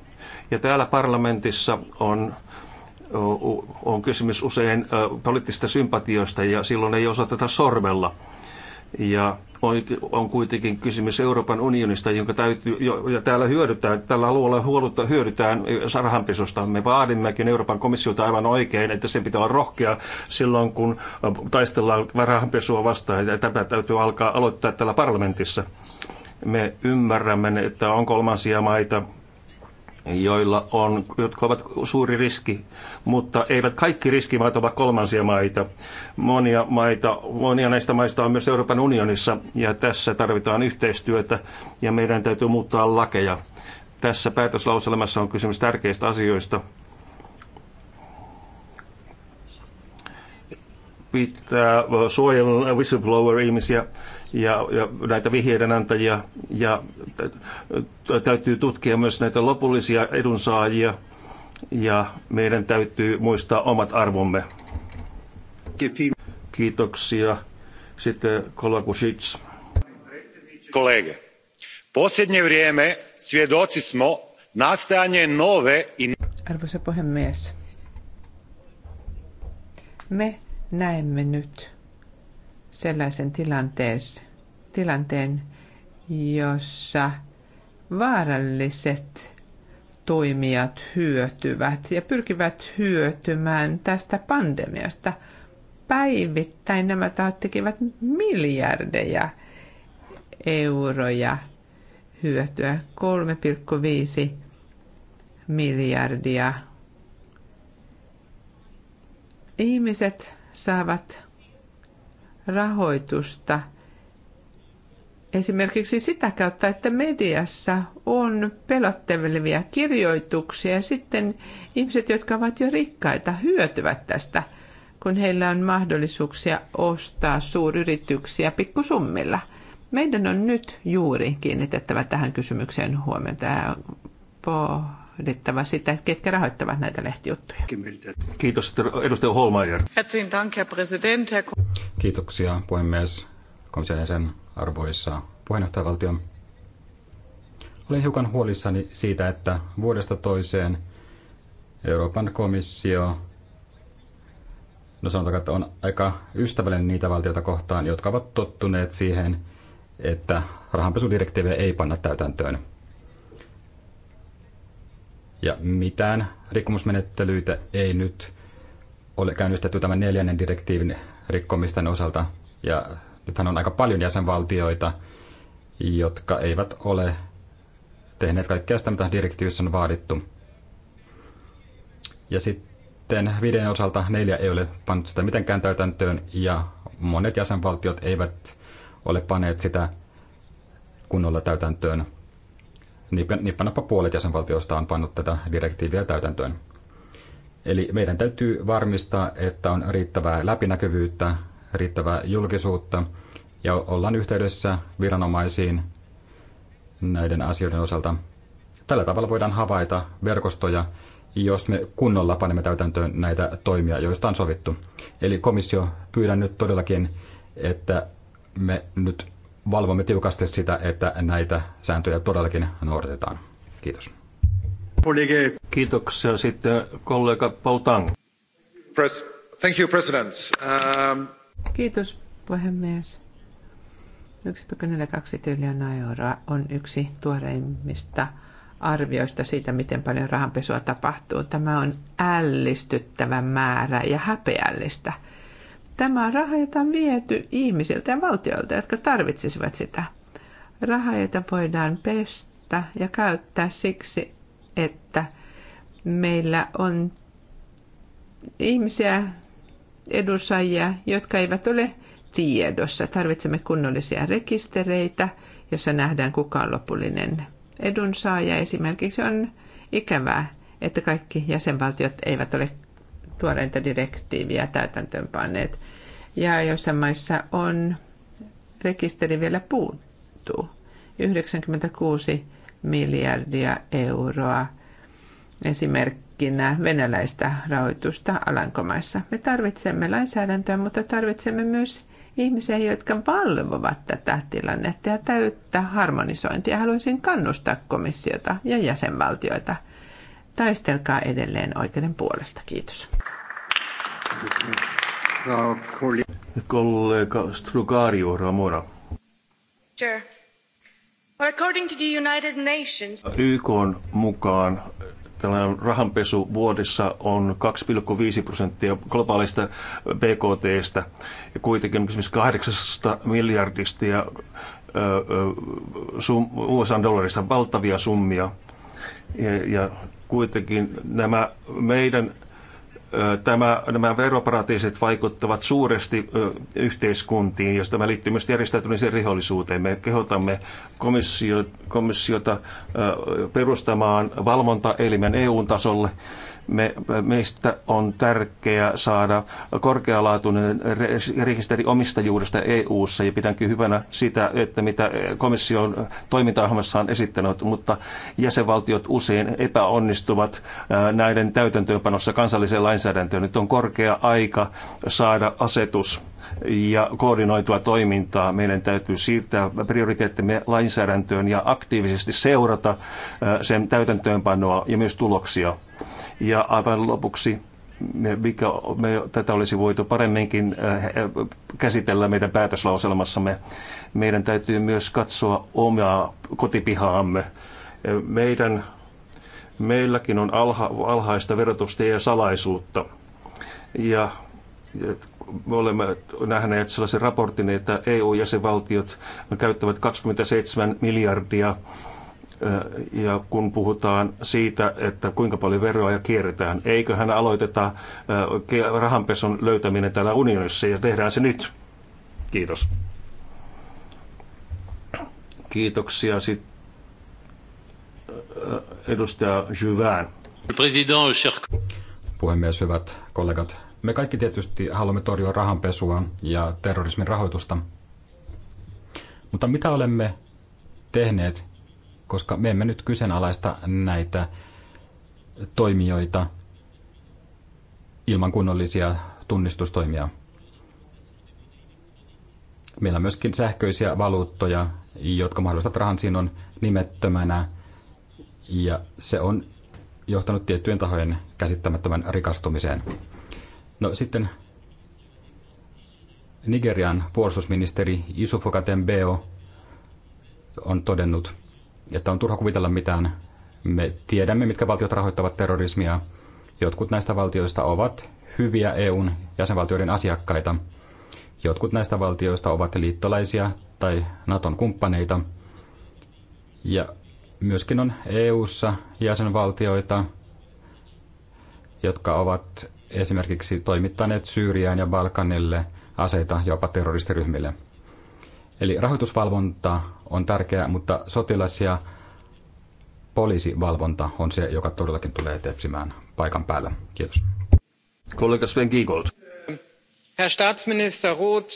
Ja täällä parlamentissa on on kysymys usein poliittisista sympatioista ja silloin ei osata tätä sormella. Ja on kuitenkin kysymys Euroopan unionista, jonka täytyy, ja täällä hyödytään, tällä alueella huolutta, hyödytään sarhanpesusta. Me vaadimmekin Euroopan komissiota aivan oikein, että sen pitää olla rohkea silloin, kun taistellaan rahanpesua vastaan, ja tämä täytyy alkaa aloittaa täällä parlamentissa. Me ymmärrämme, että on kolmansia maita, joilla on, jotka ovat suuri riski, mutta eivät kaikki riskimaat ovat kolmansia maita. Monia, maita. monia näistä maista on myös Euroopan unionissa ja tässä tarvitaan yhteistyötä ja meidän täytyy muuttaa lakeja. Tässä päätöslauselmassa on kysymys tärkeistä asioista. Pitää suojella whistleblower-ihmisiä ja, ja näitä vihjeiden antajia ja täytyy tutkia myös näitä lopullisia edunsaajia ja meidän täytyy muistaa omat arvomme. Kiitoksia. Sitten Kolakusic. Kollege. posljednje vrijeme svjedoci smo nastajanje nove i... Arvoisa puhemies, me näemme nyt sellaisen tilanteen, jossa vaaralliset toimijat hyötyvät ja pyrkivät hyötymään tästä pandemiasta. Päivittäin nämä tahot tekevät miljardeja euroja hyötyä, 3,5 miljardia. Ihmiset saavat rahoitusta esimerkiksi sitä kautta, että mediassa on pelottelevia kirjoituksia ja sitten ihmiset, jotka ovat jo rikkaita, hyötyvät tästä, kun heillä on mahdollisuuksia ostaa suuryrityksiä pikkusummilla. Meidän on nyt juuri kiinnitettävä tähän kysymykseen huomiota ja huolehdittava sitä, että ketkä rahoittavat näitä lehtijuttuja. Kiitos edustaja Holmeier. Kiitoksia puhemies, komission jäsen, arvoissa puheenjohtajavaltio. Olen hiukan huolissani siitä, että vuodesta toiseen Euroopan komissio no sanotaan, että on aika ystävällinen niitä valtioita kohtaan, jotka ovat tottuneet siihen, että rahanpesudirektiiviä ei panna täytäntöön. Ja mitään rikkomusmenettelyitä ei nyt ole käynnistetty tämän neljännen direktiivin rikkomisten osalta. Ja nythän on aika paljon jäsenvaltioita, jotka eivät ole tehneet kaikkea sitä, mitä direktiivissä on vaadittu. Ja sitten viiden osalta neljä ei ole pannut sitä mitenkään täytäntöön ja monet jäsenvaltiot eivät ole paneet sitä kunnolla täytäntöön nippanappa puolet jäsenvaltioista on pannut tätä direktiiviä täytäntöön. Eli meidän täytyy varmistaa, että on riittävää läpinäkyvyyttä, riittävää julkisuutta ja ollaan yhteydessä viranomaisiin näiden asioiden osalta. Tällä tavalla voidaan havaita verkostoja, jos me kunnolla panemme täytäntöön näitä toimia, joista on sovittu. Eli komissio pyydän nyt todellakin, että me nyt valvomme tiukasti sitä, että näitä sääntöjä todellakin noudatetaan. Kiitos. Kiitoksia sitten kollega Pautang. Pres- Thank you, President. Um... Kiitos puhemies. 1,42 triljoonaa euroa on yksi tuoreimmista arvioista siitä, miten paljon rahanpesua tapahtuu. Tämä on ällistyttävä määrä ja häpeällistä – Tämä on raha, jota on viety ihmisiltä ja valtioilta, jotka tarvitsisivat sitä. Raha, jota voidaan pestä ja käyttää siksi, että meillä on ihmisiä, edunsaajia, jotka eivät ole tiedossa. Tarvitsemme kunnollisia rekistereitä, jossa nähdään kuka on lopullinen edunsaaja. Esimerkiksi on ikävää, että kaikki jäsenvaltiot eivät ole tuoreinta direktiiviä täytäntöönpanneet. Ja joissain maissa on rekisteri vielä puuttuu. 96 miljardia euroa esimerkkinä venäläistä rahoitusta Alankomaissa. Me tarvitsemme lainsäädäntöä, mutta tarvitsemme myös ihmisiä, jotka valvovat tätä tilannetta ja täyttää harmonisointia. Haluaisin kannustaa komissiota ja jäsenvaltioita – Taistelkaa edelleen oikeuden puolesta. Kiitos. Kollega Strugario Ramora. Sure. But according to the United Nations... YK mukaan tällainen rahanpesu vuodessa on 2,5 prosenttia globaalista BKTstä ja kuitenkin esimerkiksi 800 miljardista ja USA dollarista valtavia summia. Ja, ja kuitenkin nämä meidän Tämä, nämä veroparatiisit vaikuttavat suuresti yhteiskuntiin, ja tämä liittyy myös järjestäytymiseen rihollisuuteen. Me kehotamme komissio, komissiota perustamaan valvontaelimen EU-tasolle, me, meistä on tärkeää saada korkealaatuinen rekisteri omistajuudesta EU-ssa ja pidänkin hyvänä sitä, että mitä komissio on toimintaohjelmassaan esittänyt, mutta jäsenvaltiot usein epäonnistuvat näiden täytäntöönpanossa kansalliseen lainsäädäntöön. Nyt on korkea aika saada asetus ja koordinoitua toimintaa. Meidän täytyy siirtää prioriteettimme lainsäädäntöön ja aktiivisesti seurata äh, sen täytäntöönpanoa ja myös tuloksia. Ja aivan lopuksi me, mikä, me, tätä olisi voitu paremminkin äh, käsitellä meidän päätöslauselmassamme. Meidän täytyy myös katsoa omaa kotipihaamme. Meidän, meilläkin on alha, alhaista verotusta ja salaisuutta. Ja me olemme nähneet sellaisen raportin, että EU-jäsenvaltiot käyttävät 27 miljardia ja kun puhutaan siitä, että kuinka paljon veroja kierretään, eiköhän aloiteta rahanpesun löytäminen täällä unionissa ja tehdään se nyt. Kiitos. Kiitoksia sitten edustaja Jyvään. Puhemies, hyvät kollegat, me kaikki tietysti haluamme torjua rahanpesua ja terrorismin rahoitusta. Mutta mitä olemme tehneet, koska me emme nyt kyseenalaista näitä toimijoita ilman kunnollisia tunnistustoimia. Meillä on myöskin sähköisiä valuuttoja, jotka mahdollistavat rahansiinnon nimettömänä, ja se on johtanut tiettyjen tahojen käsittämättömän rikastumiseen. No sitten Nigerian puolustusministeri Yusuf Tembeo on todennut, että on turha kuvitella mitään. Me tiedämme, mitkä valtiot rahoittavat terrorismia. Jotkut näistä valtioista ovat hyviä EUn jäsenvaltioiden asiakkaita. Jotkut näistä valtioista ovat liittolaisia tai Naton kumppaneita. Ja myöskin on EU:ssa jäsenvaltioita, jotka ovat esimerkiksi toimittaneet Syyriään ja Balkanille aseita jopa terroristiryhmille. Eli rahoitusvalvonta on tärkeää, mutta sotilas- ja poliisivalvonta on se, joka todellakin tulee tepsimään paikan päällä. Kiitos. Kollega Sven Giegold. Herr Staatsminister Roth.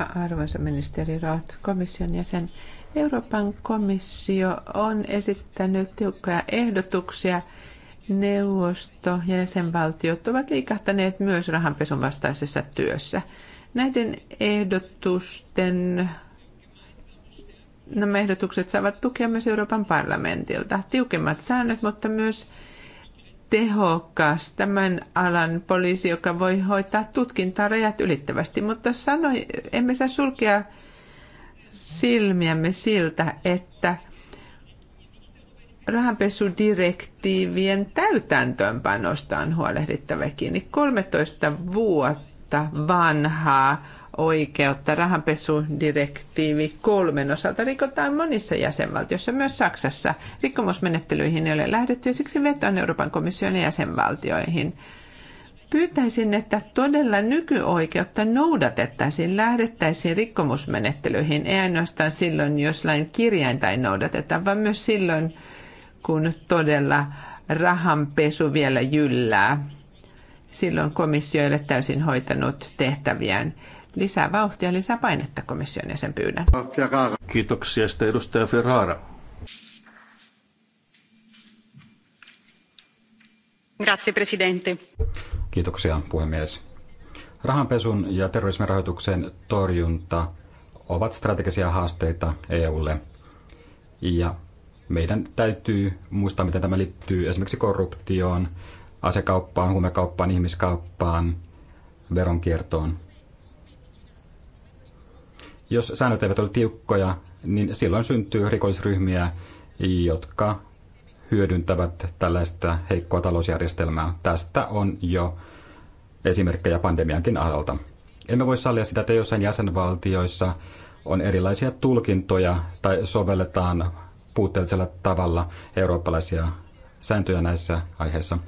Äh, Arvoisa ministeri Roth, komission jäsen. Euroopan komissio on esittänyt tiukkoja ehdotuksia – neuvosto ja jäsenvaltiot ovat liikahtaneet myös rahanpesun vastaisessa työssä. Näiden ehdotusten nämä ehdotukset saavat tukea myös Euroopan parlamentilta. Tiukemmat säännöt, mutta myös tehokas tämän alan poliisi, joka voi hoitaa tutkintaa rajat ylittävästi. Mutta sanoi, emme saa sulkea silmiämme siltä, että rahanpesudirektiivien täytäntöönpanosta on huolehdittava kiinni. 13 vuotta vanhaa oikeutta rahanpesudirektiivi kolmen osalta rikotaan monissa jäsenvaltioissa, myös Saksassa. Rikkomusmenettelyihin ei ole lähdetty ja siksi vetoan Euroopan komission ja jäsenvaltioihin. Pyytäisin, että todella nykyoikeutta noudatettaisiin, lähdettäisiin rikkomusmenettelyihin, ei ainoastaan silloin, jos lain kirjainta ei noudateta, vaan myös silloin, kun todella rahanpesu vielä jyllää. Silloin komissio ei ole täysin hoitanut tehtäviään. Lisää vauhtia, lisää painetta komission ja sen pyydän. Kiitoksia sitten edustaja Ferrara. Grazie, presidente. Kiitoksia, puhemies. Rahanpesun ja terrorismin rahoituksen torjunta ovat strategisia haasteita EUlle. Ja meidän täytyy muistaa, miten tämä liittyy esimerkiksi korruptioon, asekauppaan, huumekauppaan, ihmiskauppaan, veronkiertoon. Jos säännöt eivät ole tiukkoja, niin silloin syntyy rikollisryhmiä, jotka hyödyntävät tällaista heikkoa talousjärjestelmää. Tästä on jo esimerkkejä pandemiankin alalta. Emme voi sallia sitä, että jossain jäsenvaltioissa on erilaisia tulkintoja tai sovelletaan puutteellisella tavalla eurooppalaisia sääntöjä näissä aiheissa.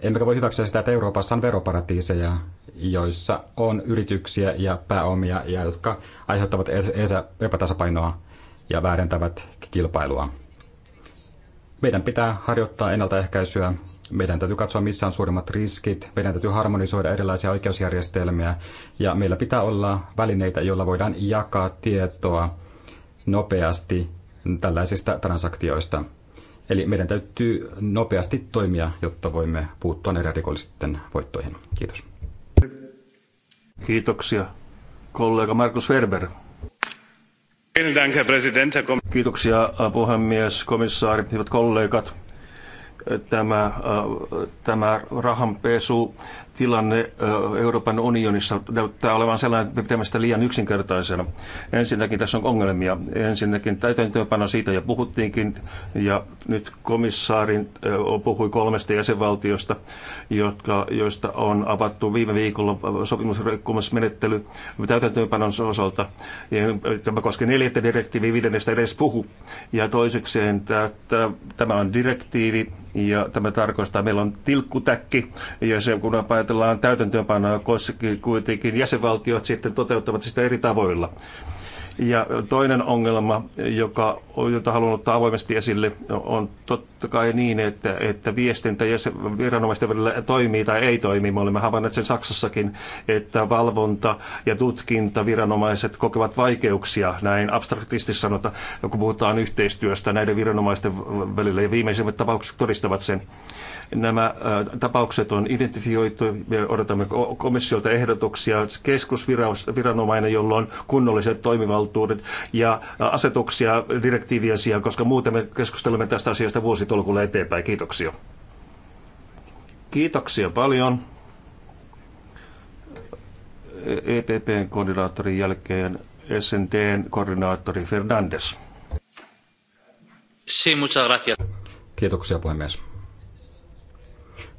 Emmekä voi hyväksyä sitä, että Euroopassa on veroparatiiseja, joissa on yrityksiä ja pääomia, ja jotka aiheuttavat epätasapainoa ja väärentävät kilpailua. Meidän pitää harjoittaa ennaltaehkäisyä, meidän täytyy katsoa missä on suurimmat riskit, meidän täytyy harmonisoida erilaisia oikeusjärjestelmiä ja meillä pitää olla välineitä, joilla voidaan jakaa tietoa nopeasti tällaisista transaktioista. Eli meidän täytyy nopeasti toimia, jotta voimme puuttua näiden rikollisten voittoihin. Kiitos. Kiitoksia. Kollega Markus Werber. Kiitoksia puhemies, komissaari, hyvät kollegat. Tämä, tämä rahanpesu tilanne Euroopan unionissa näyttää olevan sellainen, että me pidämme sitä liian yksinkertaisena. Ensinnäkin tässä on ongelmia. Ensinnäkin täytäntöönpano siitä jo puhuttiinkin, ja nyt komissaarin puhui kolmesta jäsenvaltiosta, jotka, joista on avattu viime viikolla sopimusrikkomusmenettely täytäntöönpanon osalta. Tämä koskee neljättä direktiiviä, viidennestä edes puhu. Ja toisekseen tämä on direktiivi, ja tämä tarkoittaa, että meillä on tilkkutäkki, ja se kun ajatellaan täytäntöönpanoa, koska kuitenkin jäsenvaltiot sitten toteuttavat sitä eri tavoilla. Ja toinen ongelma, joka, jota haluan ottaa avoimesti esille, on totta kai niin, että, että viestintä ja viranomaisten välillä toimii tai ei toimi. Me olemme havainneet sen Saksassakin, että valvonta ja tutkinta viranomaiset kokevat vaikeuksia, näin abstraktisti sanota, kun puhutaan yhteistyöstä näiden viranomaisten välillä. Ja viimeisimmät tapaukset todistavat sen. Nämä tapaukset on identifioitu. Me odotamme komissiolta ehdotuksia. Keskusviranomainen, jolla on kunnolliset toimivaltuudet ja asetuksia direktiivien sijaan, koska muuten me keskustelemme tästä asiasta vuositolkulla eteenpäin. Kiitoksia. Kiitoksia paljon. EPPn koordinaattorin jälkeen SNTn koordinaattori Fernandes. Sí, muchas gracias. Kiitoksia puhemies.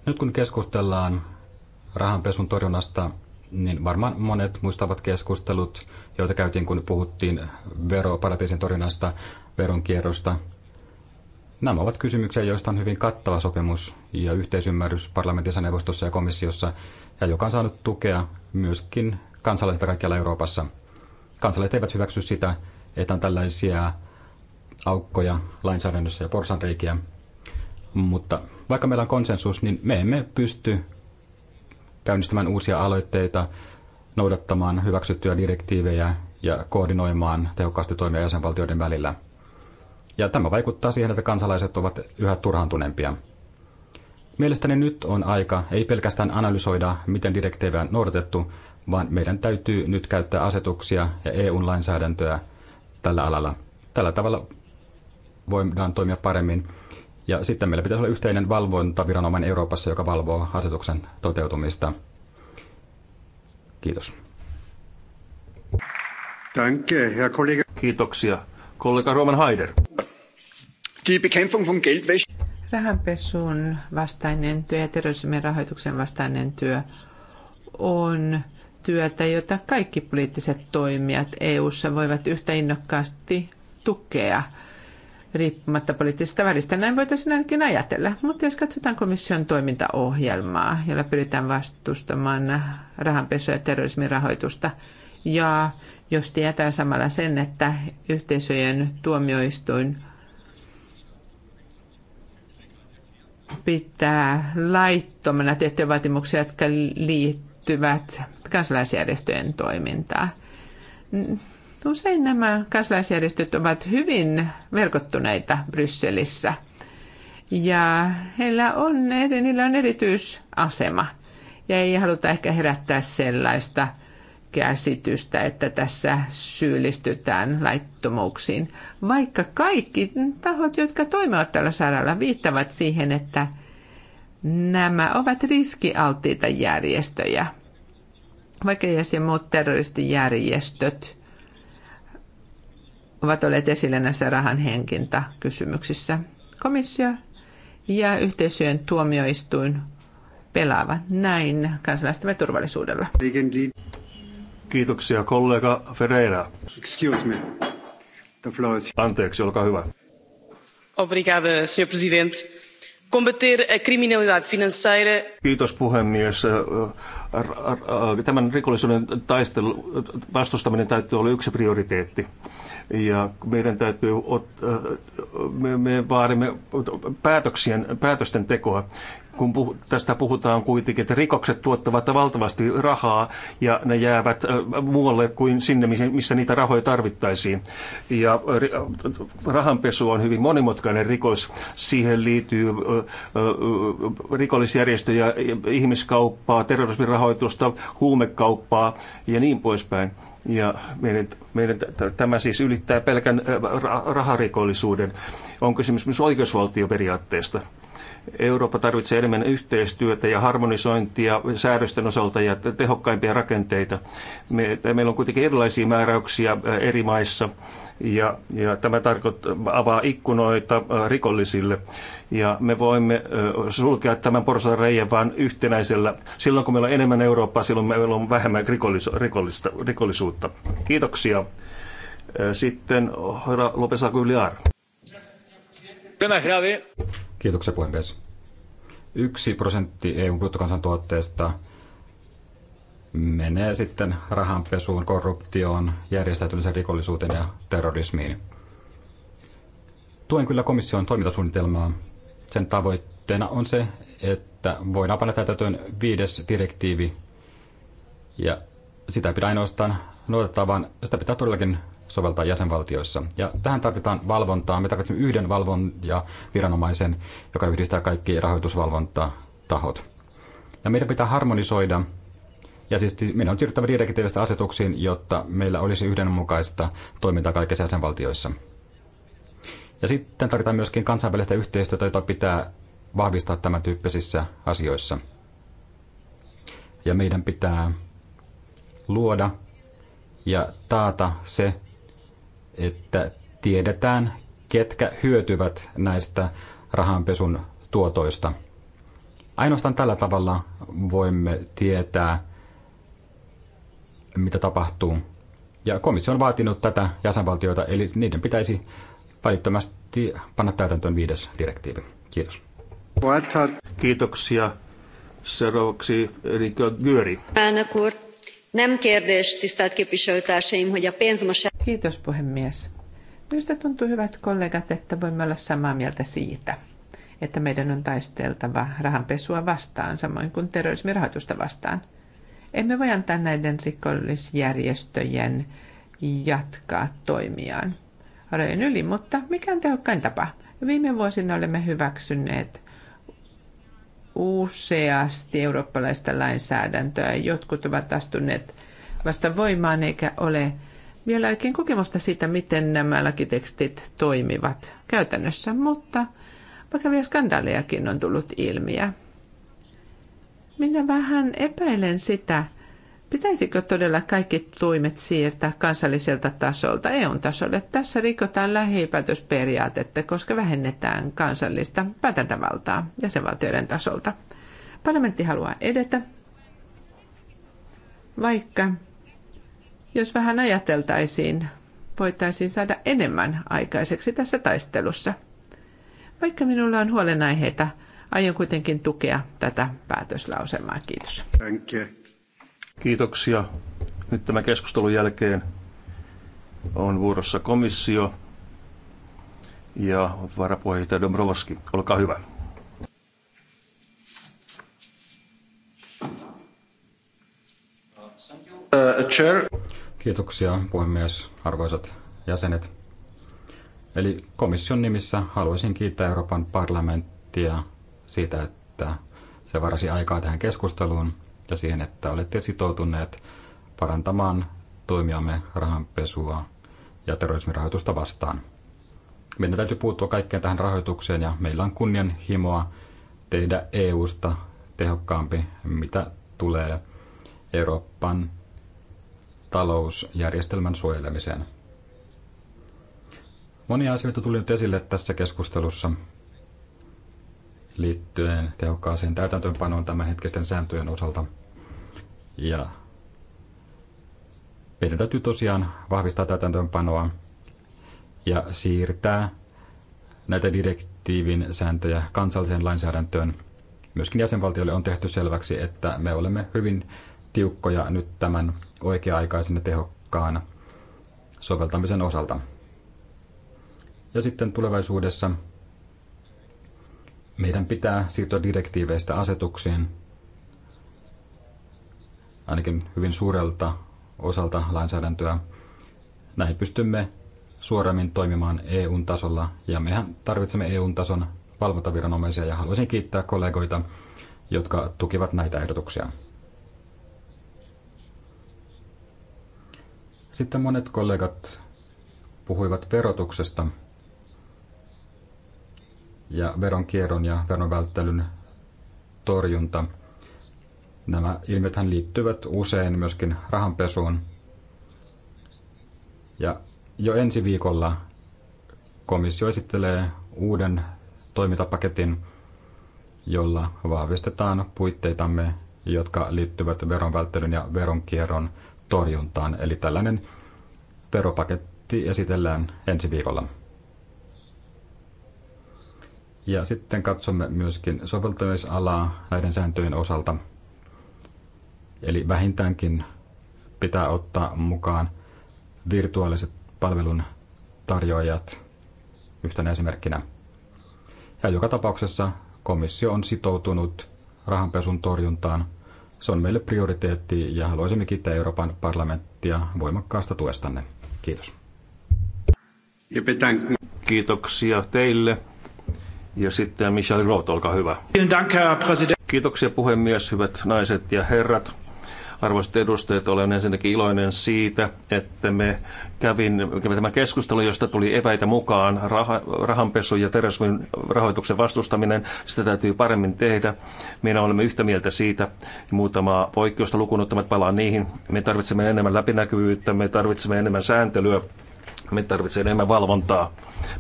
Nyt kun keskustellaan rahanpesun torjunnasta, niin varmaan monet muistavat keskustelut, joita käytiin, kun puhuttiin veroparatiisin torjunnasta, veronkierrosta. Nämä ovat kysymyksiä, joista on hyvin kattava sopimus ja yhteisymmärrys parlamentissa, neuvostossa ja komissiossa, ja joka on saanut tukea myöskin kansalaisilta kaikkialla Euroopassa. Kansalaiset eivät hyväksy sitä, että on tällaisia aukkoja lainsäädännössä ja porsanreikiä, mutta vaikka meillä on konsensus, niin me emme pysty käynnistämään uusia aloitteita, noudattamaan hyväksyttyjä direktiivejä ja koordinoimaan tehokkaasti toimia jäsenvaltioiden välillä. Ja tämä vaikuttaa siihen, että kansalaiset ovat yhä turhantuneempia. Mielestäni nyt on aika ei pelkästään analysoida, miten direktiivejä on noudatettu, vaan meidän täytyy nyt käyttää asetuksia ja EU-lainsäädäntöä tällä alalla. Tällä tavalla voidaan toimia paremmin ja sitten meillä pitäisi olla yhteinen valvontaviranomainen Euroopassa, joka valvoo asetuksen toteutumista. Kiitos. Danke, Herr Kollege. Kiitoksia. Kollega Roman Haider. Die Bekämpfung von Geldwäsche. Rahanpesun vastainen työ ja terrorismin rahoituksen vastainen työ on työtä, jota kaikki poliittiset toimijat EU:ssa voivat yhtä innokkaasti tukea – riippumatta poliittisesta välistä. Näin voitaisiin ainakin ajatella. Mutta jos katsotaan komission toimintaohjelmaa, jolla pyritään vastustamaan rahanpesua ja terrorismin rahoitusta, ja jos tietää samalla sen, että yhteisöjen tuomioistuin pitää laittomana tiettyjä vaatimuksia, jotka liittyvät kansalaisjärjestöjen toimintaan. Usein nämä kansalaisjärjestöt ovat hyvin verkottuneita Brysselissä ja heillä on, niillä on erityisasema ja ei haluta ehkä herättää sellaista käsitystä, että tässä syyllistytään laittomuuksiin. Vaikka kaikki tahot, jotka toimivat tällä saralla, viittavat siihen, että nämä ovat riskialttiita järjestöjä. Vaikka ja muut terroristijärjestöt ovat olleet esillä näissä rahan kysymyksissä Komissio ja yhteisöjen tuomioistuin pelaavat näin kansalaistemme turvallisuudella. Kiitoksia kollega Ferreira. Excuse me. The floor is... Anteeksi, olkaa hyvä. Obrigada, senhor presidente combater a criminalidade financeira. Kiitos puhemies. Tämän rikollisuuden taistelu, vastustaminen täytyy olla yksi prioriteetti. Ja meidän täytyy ot, me, me vaadimme päätöksien, päätösten tekoa kun puhu, tästä puhutaan kuitenkin, että rikokset tuottavat valtavasti rahaa ja ne jäävät muualle kuin sinne, missä niitä rahoja tarvittaisiin. Ja rahanpesu on hyvin monimutkainen rikos. Siihen liittyy rikollisjärjestöjä, ihmiskauppaa, terrorismin rahoitusta, huumekauppaa ja niin poispäin. Ja meidän, meidän, tämä siis ylittää pelkän raharikollisuuden. On kysymys myös oikeusvaltioperiaatteesta. Eurooppa tarvitsee enemmän yhteistyötä ja harmonisointia säädösten osalta ja tehokkaimpia rakenteita. Me, meillä on kuitenkin erilaisia määräyksiä eri maissa ja, ja tämä tarkoittaa, avaa ikkunoita rikollisille. Ja me voimme sulkea tämän porsan reijän vain yhtenäisellä. Silloin kun meillä on enemmän Eurooppaa, silloin meillä on vähemmän rikollis, rikollista, rikollisuutta. Kiitoksia. Sitten Lopesa Gugliar. Kiitoksia puhemies. Yksi prosentti EUn bruttokansantuotteesta menee sitten rahanpesuun, korruptioon, järjestäytymiseen rikollisuuteen ja terrorismiin. Tuen kyllä komission toimintasuunnitelmaa. Sen tavoitteena on se, että voidaan panna täytäntöön viides direktiivi ja sitä pitää ainoastaan noudattaa, vaan sitä pitää todellakin soveltaa jäsenvaltioissa. Ja tähän tarvitaan valvontaa. Me tarvitsemme yhden valvon ja viranomaisen, joka yhdistää kaikki rahoitusvalvontatahot. Ja meidän pitää harmonisoida, ja siis meidän on siirryttävä direktiivistä asetuksiin, jotta meillä olisi yhdenmukaista toimintaa kaikissa jäsenvaltioissa. Ja sitten tarvitaan myöskin kansainvälistä yhteistyötä, jota pitää vahvistaa tämän tyyppisissä asioissa. Ja meidän pitää luoda ja taata se, että tiedetään, ketkä hyötyvät näistä rahanpesun tuotoista. Ainoastaan tällä tavalla voimme tietää, mitä tapahtuu. Ja komissio on vaatinut tätä jäsenvaltioita, eli niiden pitäisi välittömästi panna täytäntöön viides direktiivi. Kiitos. Kiitoksia. Seuraavaksi Erika Györi. Elnök Nem kérdés, tisztelt képviselőtársaim, hogy a pénzmosás... Kiitos puhemies. Minusta tuntuu, hyvät kollegat, että voimme olla samaa mieltä siitä, että meidän on taisteltava rahanpesua vastaan, samoin kuin terrorismirahoitusta vastaan. Emme voi antaa näiden rikollisjärjestöjen jatkaa toimiaan. Rajojen yli, mutta mikään tehokkain tapa. Viime vuosina olemme hyväksyneet useasti eurooppalaista lainsäädäntöä. Jotkut ovat astuneet vasta voimaan eikä ole vielä oikein kokemusta siitä, miten nämä lakitekstit toimivat käytännössä, mutta vakavia skandaalejakin on tullut ilmiä. Minä vähän epäilen sitä, Pitäisikö todella kaikki toimet siirtää kansalliselta tasolta EUn tasolle? Tässä rikotaan lähipäätösperiaatetta, koska vähennetään kansallista päätäntävaltaa jäsenvaltioiden tasolta. Parlamentti haluaa edetä, vaikka jos vähän ajateltaisiin, voitaisiin saada enemmän aikaiseksi tässä taistelussa. Vaikka minulla on huolenaiheita, aion kuitenkin tukea tätä päätöslausemaa. Kiitos. Thank you. Kiitoksia. Nyt tämän keskustelun jälkeen on vuorossa komissio ja varapuheenjohtaja Dombrovski. Olkaa hyvä. Uh, Kiitoksia puhemies, arvoisat jäsenet. Eli komission nimissä haluaisin kiittää Euroopan parlamenttia siitä, että se varasi aikaa tähän keskusteluun ja siihen, että olette sitoutuneet parantamaan toimiamme rahanpesua ja terrorismirahoitusta vastaan. Meidän täytyy puuttua kaikkeen tähän rahoitukseen ja meillä on kunnianhimoa tehdä EUsta tehokkaampi, mitä tulee Euroopan talousjärjestelmän suojelemiseen. Monia asioita tuli nyt esille tässä keskustelussa, liittyen tehokkaaseen täytäntöönpanoon tämänhetkisten sääntöjen osalta. Ja meidän täytyy tosiaan vahvistaa täytäntöönpanoa ja siirtää näitä direktiivin sääntöjä kansalliseen lainsäädäntöön. Myöskin jäsenvaltioille on tehty selväksi, että me olemme hyvin tiukkoja nyt tämän oikea-aikaisen ja tehokkaan soveltamisen osalta. Ja sitten tulevaisuudessa meidän pitää siirtyä direktiiveistä asetuksiin, ainakin hyvin suurelta osalta lainsäädäntöä. Näin pystymme suoremmin toimimaan eu tasolla ja mehän tarvitsemme eu tason valvontaviranomaisia ja haluaisin kiittää kollegoita, jotka tukivat näitä ehdotuksia. Sitten monet kollegat puhuivat verotuksesta – ja veronkierron ja veronvälttelyn torjunta. Nämä ilmiöthän liittyvät usein myöskin rahanpesuun. Ja jo ensi viikolla komissio esittelee uuden toimintapaketin, jolla vahvistetaan puitteitamme, jotka liittyvät veronvälttelyn ja veronkierron torjuntaan. Eli tällainen veropaketti esitellään ensi viikolla. Ja sitten katsomme myöskin soveltamisalaa näiden sääntöjen osalta. Eli vähintäänkin pitää ottaa mukaan virtuaaliset palvelun tarjoajat yhtenä esimerkkinä. Ja joka tapauksessa komissio on sitoutunut rahanpesun torjuntaan. Se on meille prioriteetti ja haluaisimme kiittää Euroopan parlamenttia voimakkaasta tuestanne. Kiitos. Kiitoksia teille. Ja sitten Michel Roth, olkaa hyvä. Kiitoksia puhemies, hyvät naiset ja herrat. Arvoisat edustajat, olen ensinnäkin iloinen siitä, että me kävin, kävin tämän keskustelun, josta tuli eväitä mukaan. rah, rahanpesu ja terrorismin rahoituksen vastustaminen, sitä täytyy paremmin tehdä. Meidän olemme yhtä mieltä siitä. Muutamaa poikkeusta lukunottamat palaan niihin. Me tarvitsemme enemmän läpinäkyvyyttä, me tarvitsemme enemmän sääntelyä me tarvitsee enemmän valvontaa.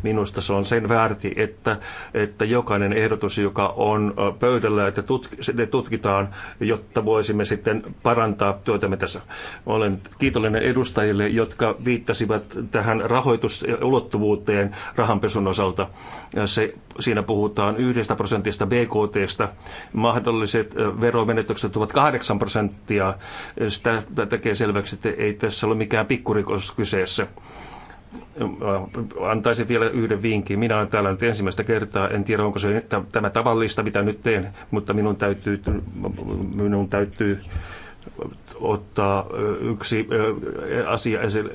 Minusta se on sen väärti, että, että jokainen ehdotus, joka on pöydällä, että tutk, ne tutkitaan, jotta voisimme sitten parantaa työtämme tässä. Olen kiitollinen edustajille, jotka viittasivat tähän rahoitusulottuvuuteen rahanpesun osalta. Se, siinä puhutaan yhdestä prosentista BKTstä. Mahdolliset veromenetykset ovat 8 prosenttia. Sitä tekee selväksi, että ei tässä ole mikään pikkurikos kyseessä. Äh, antaisin vielä yhden vinkin. Minä olen täällä nyt ensimmäistä kertaa, en tiedä onko se tämä tavallista, mitä nyt teen, mutta minun täytyy, minun täytyy ottaa yksi asia esille,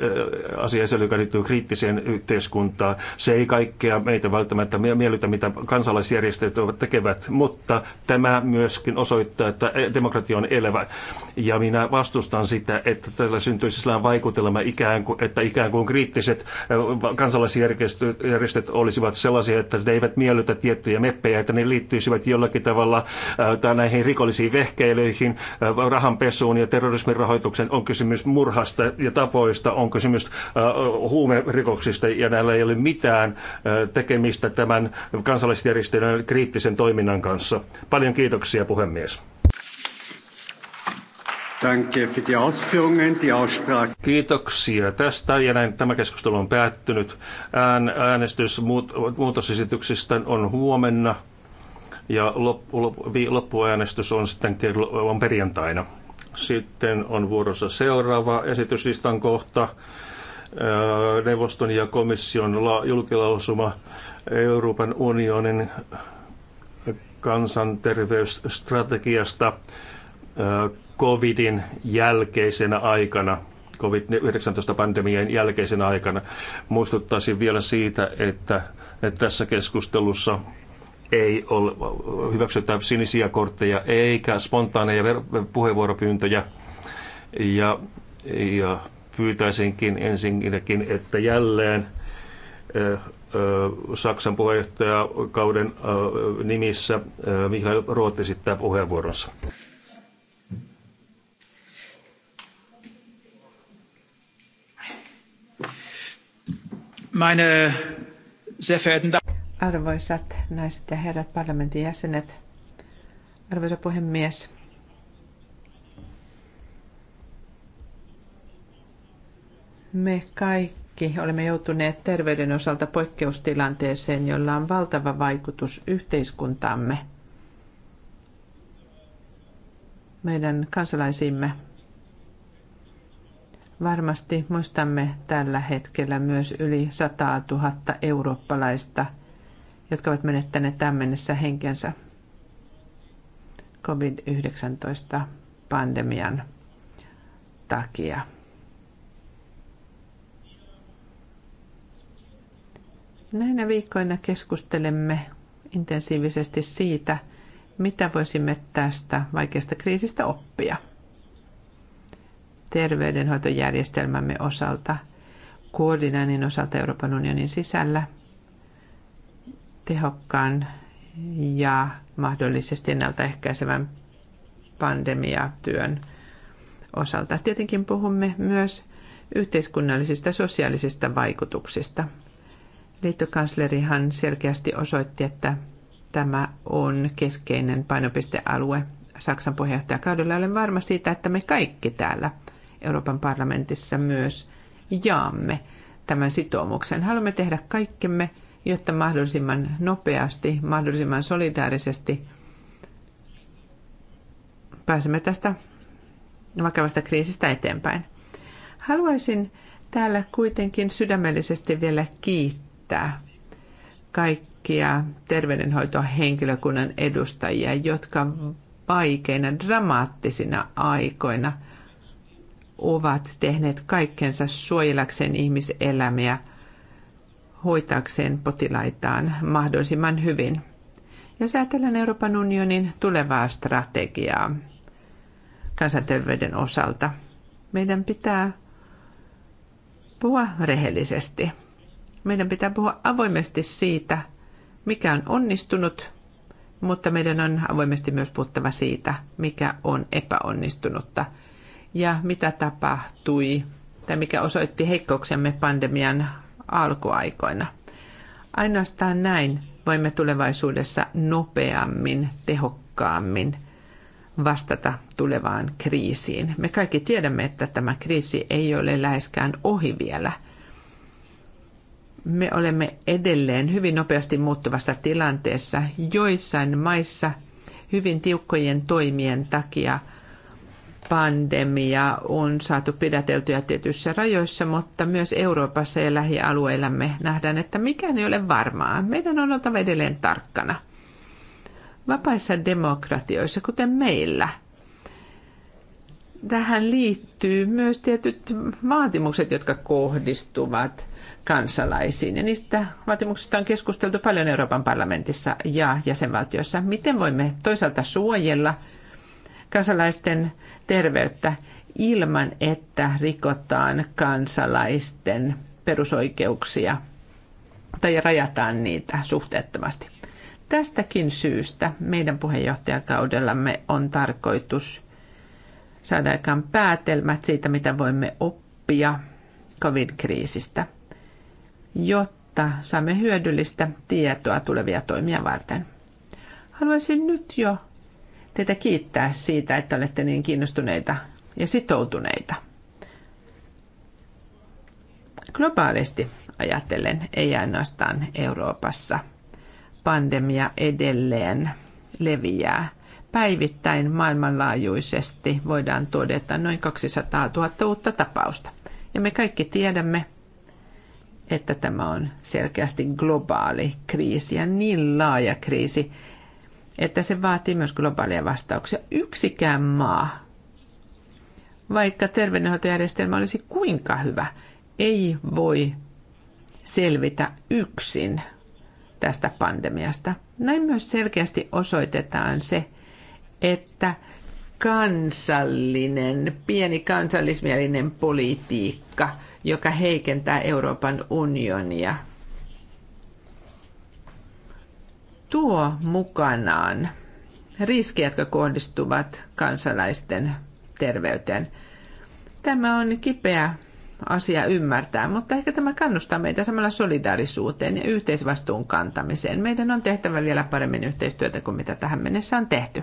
asia esille, joka liittyy kriittiseen yhteiskuntaan. Se ei kaikkea meitä välttämättä miellytä, mitä kansalaisjärjestöt tekevät, mutta tämä myöskin osoittaa, että e, demokratia on elävä. Ja minä vastustan sitä, että tällä syntyisi sellainen vaikutelma, ikään kuin, että ikään kuin kriittiset kansalaisjärjestöt olisivat sellaisia, että ne eivät miellytä tiettyjä meppejä, että ne liittyisivät jollakin tavalla näihin rikollisiin vehkeilyihin, rahanpesuun ja terrorismiin terrorismirahoituksen, on kysymys murhasta ja tapoista, on kysymys huumerikoksista ja näillä ei ole mitään tekemistä tämän kansalaisjärjestelmän kriittisen toiminnan kanssa. Paljon kiitoksia puhemies. Kiitoksia tästä ja näin tämä keskustelu on päättynyt. Äänestys muutosesityksistä on huomenna ja loppuäänestys on sitten on perjantaina. Sitten on vuorossa seuraava esityslistan kohta, äh, neuvoston ja komission julkilausuma Euroopan unionin kansanterveysstrategiasta äh, covidin jälkeisenä aikana, COVID-19-pandemian jälkeisenä aikana. Muistuttaisin vielä siitä, että, että tässä keskustelussa ei ole hyväksytä sinisiä kortteja eikä spontaaneja puheenvuoropyyntöjä. Ja, ja pyytäisinkin ensinnäkin, että jälleen Saksan puheenjohtajakauden nimissä Mikael Roth esittää puheenvuoronsa. Meine sehr verehrten Damen Arvoisat naiset ja herrat parlamentin jäsenet, arvoisa puhemies, me kaikki olemme joutuneet terveyden osalta poikkeustilanteeseen, jolla on valtava vaikutus yhteiskuntaamme, meidän kansalaisimme. Varmasti muistamme tällä hetkellä myös yli 100 000 eurooppalaista – jotka ovat menettäneet tämän mennessä henkensä COVID-19-pandemian takia. Näinä viikkoina keskustelemme intensiivisesti siitä, mitä voisimme tästä vaikeasta kriisistä oppia terveydenhoitojärjestelmämme osalta, koordinoinnin osalta Euroopan unionin sisällä – tehokkaan ja mahdollisesti ennaltaehkäisevän pandemiatyön osalta. Tietenkin puhumme myös yhteiskunnallisista sosiaalisista vaikutuksista. Liittokanslerihan selkeästi osoitti, että tämä on keskeinen painopistealue Saksan puheenjohtajakaudella. Olen varma siitä, että me kaikki täällä Euroopan parlamentissa myös jaamme tämän sitoumuksen. Haluamme tehdä kaikkemme, jotta mahdollisimman nopeasti, mahdollisimman solidaarisesti pääsemme tästä vakavasta kriisistä eteenpäin. Haluaisin täällä kuitenkin sydämellisesti vielä kiittää kaikkia terveydenhoitohenkilökunnan edustajia, jotka vaikeina, dramaattisina aikoina ovat tehneet kaikkensa suojelakseen ihmiselämiä – hoitaakseen potilaitaan mahdollisimman hyvin. Jos ajatellaan Euroopan unionin tulevaa strategiaa kansanterveyden osalta, meidän pitää puhua rehellisesti. Meidän pitää puhua avoimesti siitä, mikä on onnistunut, mutta meidän on avoimesti myös puhuttava siitä, mikä on epäonnistunutta ja mitä tapahtui tai mikä osoitti heikkouksemme pandemian alkuaikoina. Ainoastaan näin voimme tulevaisuudessa nopeammin, tehokkaammin vastata tulevaan kriisiin. Me kaikki tiedämme, että tämä kriisi ei ole läheskään ohi vielä. Me olemme edelleen hyvin nopeasti muuttuvassa tilanteessa. Joissain maissa hyvin tiukkojen toimien takia – pandemia on saatu pidäteltyä tietyissä rajoissa, mutta myös Euroopassa ja lähialueillamme nähdään, että mikään ei ole varmaa. Meidän on oltava edelleen tarkkana. Vapaissa demokratioissa, kuten meillä, tähän liittyy myös tietyt vaatimukset, jotka kohdistuvat kansalaisiin. Ja niistä vaatimuksista on keskusteltu paljon Euroopan parlamentissa ja jäsenvaltioissa. Miten voimme toisaalta suojella kansalaisten terveyttä ilman, että rikotaan kansalaisten perusoikeuksia tai rajataan niitä suhteettomasti. Tästäkin syystä meidän puheenjohtajakaudellamme on tarkoitus saada aikaan päätelmät siitä, mitä voimme oppia covid-kriisistä, jotta saamme hyödyllistä tietoa tulevia toimia varten. Haluaisin nyt jo teitä kiittää siitä, että olette niin kiinnostuneita ja sitoutuneita. Globaalisti ajatellen, ei ainoastaan Euroopassa, pandemia edelleen leviää. Päivittäin maailmanlaajuisesti voidaan todeta noin 200 000 uutta tapausta. Ja me kaikki tiedämme, että tämä on selkeästi globaali kriisi ja niin laaja kriisi, että se vaatii myös globaaleja vastauksia. Yksikään maa, vaikka terveydenhoitojärjestelmä olisi kuinka hyvä, ei voi selvitä yksin tästä pandemiasta. Näin myös selkeästi osoitetaan se, että kansallinen, pieni kansallismielinen politiikka, joka heikentää Euroopan unionia – tuo mukanaan riskejä, jotka kohdistuvat kansalaisten terveyteen. Tämä on kipeä asia ymmärtää, mutta ehkä tämä kannustaa meitä samalla solidaarisuuteen ja yhteisvastuun kantamiseen. Meidän on tehtävä vielä paremmin yhteistyötä kuin mitä tähän mennessä on tehty,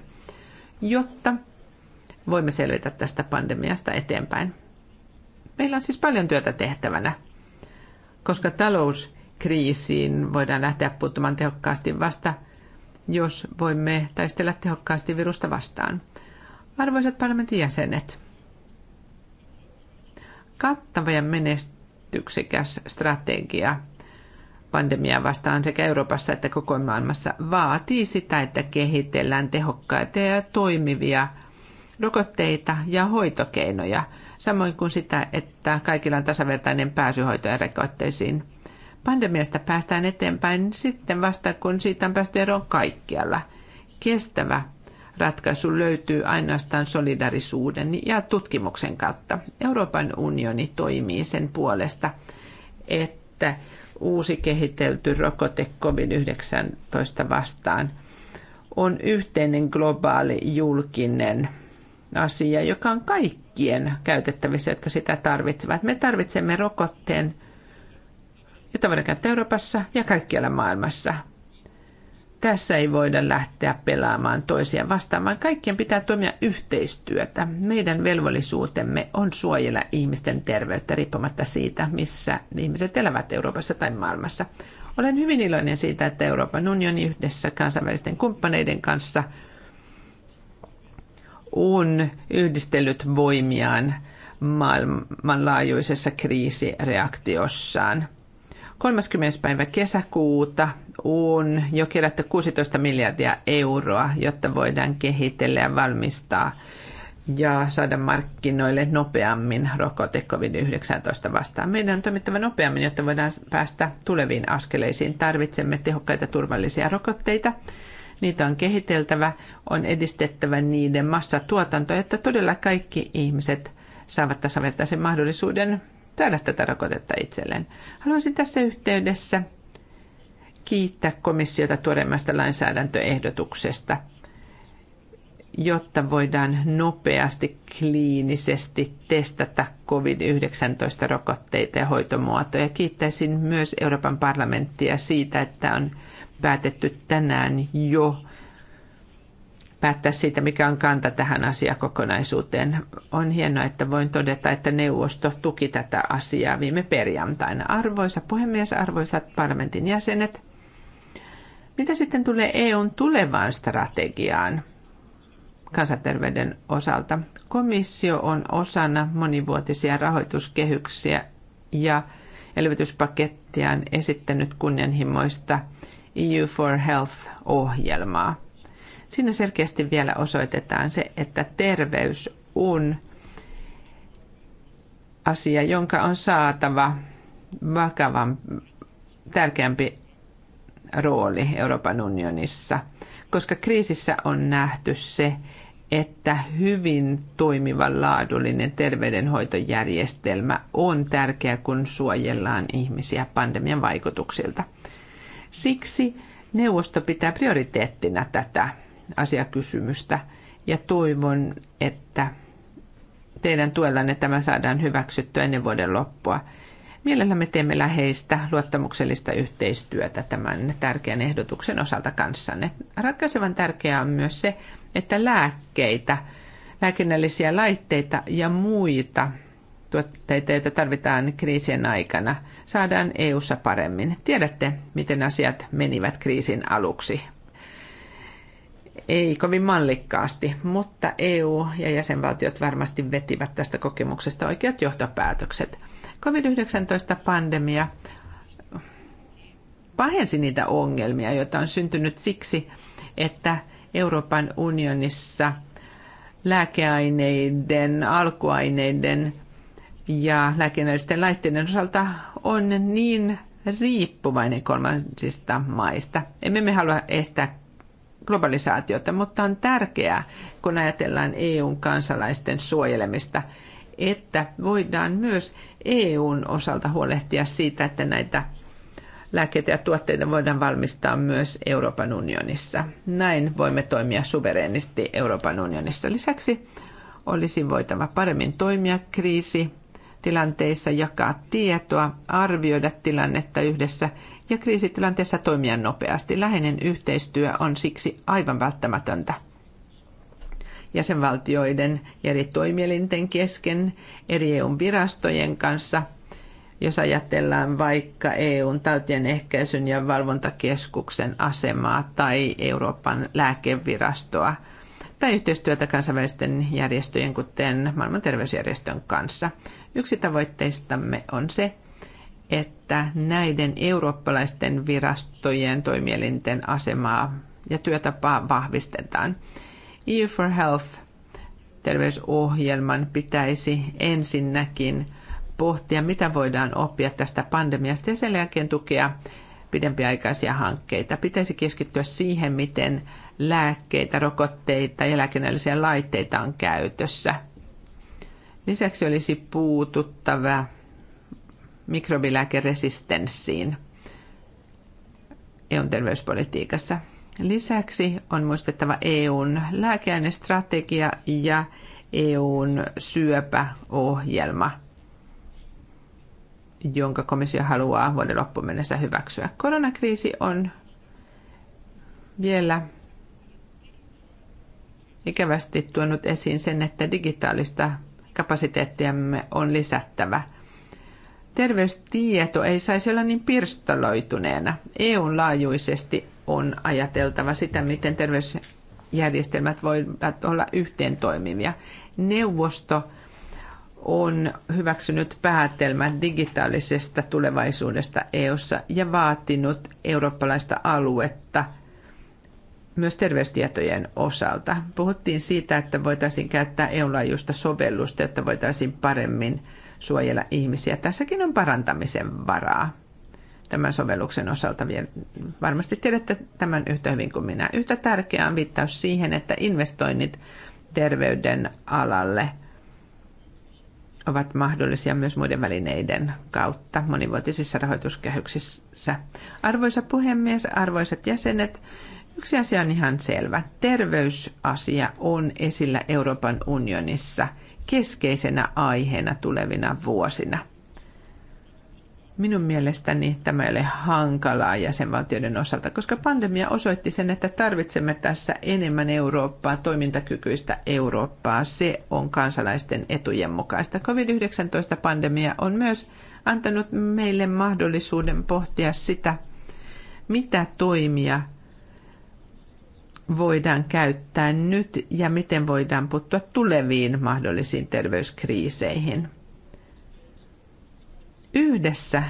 jotta voimme selvitä tästä pandemiasta eteenpäin. Meillä on siis paljon työtä tehtävänä, koska talous kriisiin voidaan lähteä puuttumaan tehokkaasti vasta, jos voimme taistella tehokkaasti virusta vastaan. Arvoisat parlamentin jäsenet, kattava ja menestyksekäs strategia pandemiaa vastaan sekä Euroopassa että koko maailmassa vaatii sitä, että kehitellään tehokkaita ja toimivia rokotteita ja hoitokeinoja, samoin kuin sitä, että kaikilla on tasavertainen pääsy hoito- ja rokotteisiin pandemiasta päästään eteenpäin sitten vasta, kun siitä on päästy eroon kaikkialla. Kestävä ratkaisu löytyy ainoastaan solidarisuuden ja tutkimuksen kautta. Euroopan unioni toimii sen puolesta, että uusi kehitelty rokote COVID-19 vastaan on yhteinen globaali julkinen asia, joka on kaikkien käytettävissä, jotka sitä tarvitsevat. Me tarvitsemme rokotteen – jota voidaan käyttää Euroopassa ja kaikkialla maailmassa. Tässä ei voida lähteä pelaamaan toisia vastaan, vaan kaikkien pitää toimia yhteistyötä. Meidän velvollisuutemme on suojella ihmisten terveyttä riippumatta siitä, missä ihmiset elävät Euroopassa tai maailmassa. Olen hyvin iloinen siitä, että Euroopan unioni yhdessä kansainvälisten kumppaneiden kanssa on yhdistellyt voimiaan maailmanlaajuisessa kriisireaktiossaan – 30. päivä kesäkuuta on jo kerätty 16 miljardia euroa, jotta voidaan kehitellä ja valmistaa ja saada markkinoille nopeammin rokote COVID-19 vastaan. Meidän on toimittava nopeammin, jotta voidaan päästä tuleviin askeleisiin. Tarvitsemme tehokkaita turvallisia rokotteita. Niitä on kehiteltävä, on edistettävä niiden massatuotantoa, jotta todella kaikki ihmiset saavat tasavertaisen mahdollisuuden saada tätä rokotetta itselleen. Haluaisin tässä yhteydessä kiittää komissiota tuoreimmasta lainsäädäntöehdotuksesta, jotta voidaan nopeasti kliinisesti testata COVID-19-rokotteita ja hoitomuotoja. Kiittäisin myös Euroopan parlamenttia siitä, että on päätetty tänään jo päättää siitä, mikä on kanta tähän asiakokonaisuuteen. On hienoa, että voin todeta, että neuvosto tuki tätä asiaa viime perjantaina. Arvoisa puhemies, arvoisat parlamentin jäsenet, mitä sitten tulee EUn tulevaan strategiaan kansanterveyden osalta? Komissio on osana monivuotisia rahoituskehyksiä ja elvytyspakettiaan esittänyt kunnianhimoista EU for Health-ohjelmaa – Siinä selkeästi vielä osoitetaan se, että terveys on asia, jonka on saatava vakavan tärkeämpi rooli Euroopan unionissa, koska kriisissä on nähty se, että hyvin toimiva laadullinen terveydenhoitojärjestelmä on tärkeä, kun suojellaan ihmisiä pandemian vaikutuksilta. Siksi neuvosto pitää prioriteettina tätä asiakysymystä ja toivon, että teidän tuellanne tämä saadaan hyväksyttyä ennen vuoden loppua. Mielellämme teemme läheistä luottamuksellista yhteistyötä tämän tärkeän ehdotuksen osalta kanssanne. Ratkaisevan tärkeää on myös se, että lääkkeitä, lääkinnällisiä laitteita ja muita tuotteita, joita tarvitaan kriisien aikana, saadaan EU-ssa paremmin. Tiedätte, miten asiat menivät kriisin aluksi ei kovin mallikkaasti, mutta EU ja jäsenvaltiot varmasti vetivät tästä kokemuksesta oikeat johtopäätökset. COVID-19-pandemia pahensi niitä ongelmia, joita on syntynyt siksi, että Euroopan unionissa lääkeaineiden, alkuaineiden ja lääkeaineiden laitteiden osalta on niin riippuvainen kolmansista maista. Emme me halua estää globalisaatiota, mutta on tärkeää, kun ajatellaan EUn kansalaisten suojelemista, että voidaan myös EUn osalta huolehtia siitä, että näitä lääkkeitä ja tuotteita voidaan valmistaa myös Euroopan unionissa. Näin voimme toimia suvereenisti Euroopan unionissa. Lisäksi olisi voitava paremmin toimia kriisi tilanteissa, jakaa tietoa, arvioida tilannetta yhdessä ja kriisitilanteessa toimia nopeasti. Läheinen yhteistyö on siksi aivan välttämätöntä jäsenvaltioiden ja eri toimielinten kesken, eri EU-virastojen kanssa, jos ajatellaan vaikka EUn tautien ehkäisyn ja valvontakeskuksen asemaa tai Euroopan lääkevirastoa tai yhteistyötä kansainvälisten järjestöjen, kuten maailman terveysjärjestön kanssa. Yksi tavoitteistamme on se, että näiden eurooppalaisten virastojen toimielinten asemaa ja työtapaa vahvistetaan. EU for Health terveysohjelman pitäisi ensinnäkin pohtia, mitä voidaan oppia tästä pandemiasta ja sen jälkeen tukea pidempiaikaisia hankkeita. Pitäisi keskittyä siihen, miten lääkkeitä, rokotteita ja lääkinnällisiä laitteita on käytössä. Lisäksi olisi puututtava mikrobilääkeresistenssiin EUn terveyspolitiikassa. Lisäksi on muistettava EUn lääkeainestrategia ja EUn syöpäohjelma, jonka komissio haluaa vuoden loppuun mennessä hyväksyä. Koronakriisi on vielä ikävästi tuonut esiin sen, että digitaalista kapasiteettiamme on lisättävä – terveystieto ei saisi olla niin pirstaloituneena. EUn laajuisesti on ajateltava sitä, miten terveysjärjestelmät voivat olla yhteen toimivia. Neuvosto on hyväksynyt päätelmän digitaalisesta tulevaisuudesta EUssa ja vaatinut eurooppalaista aluetta myös terveystietojen osalta. Puhuttiin siitä, että voitaisiin käyttää EU-laajuista sovellusta, että voitaisiin paremmin suojella ihmisiä. Tässäkin on parantamisen varaa tämän sovelluksen osalta Varmasti tiedätte tämän yhtä hyvin kuin minä. Yhtä tärkeää on viittaus siihen, että investoinnit terveyden alalle ovat mahdollisia myös muiden välineiden kautta monivuotisissa rahoituskehyksissä. Arvoisa puhemies, arvoisat jäsenet, yksi asia on ihan selvä. Terveysasia on esillä Euroopan unionissa – keskeisenä aiheena tulevina vuosina. Minun mielestäni tämä ei ole hankalaa jäsenvaltioiden osalta, koska pandemia osoitti sen, että tarvitsemme tässä enemmän Eurooppaa, toimintakykyistä Eurooppaa. Se on kansalaisten etujen mukaista. COVID-19-pandemia on myös antanut meille mahdollisuuden pohtia sitä, mitä toimia voidaan käyttää nyt ja miten voidaan puuttua tuleviin mahdollisiin terveyskriiseihin. Yhdessä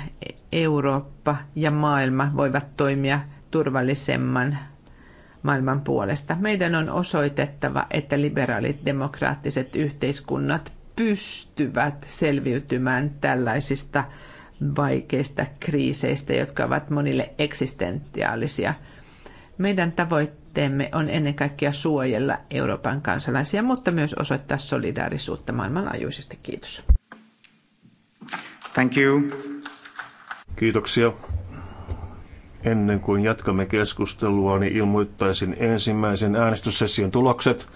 Eurooppa ja maailma voivat toimia turvallisemman maailman puolesta. Meidän on osoitettava, että liberaalit demokraattiset yhteiskunnat pystyvät selviytymään tällaisista vaikeista kriiseistä, jotka ovat monille eksistentiaalisia. Meidän tavoitteemme tavoitteemme on ennen kaikkea suojella Euroopan kansalaisia, mutta myös osoittaa solidaarisuutta maailmanlaajuisesti. Kiitos. Thank you. Kiitoksia. Ennen kuin jatkamme keskustelua, niin ilmoittaisin ensimmäisen äänestyssession tulokset.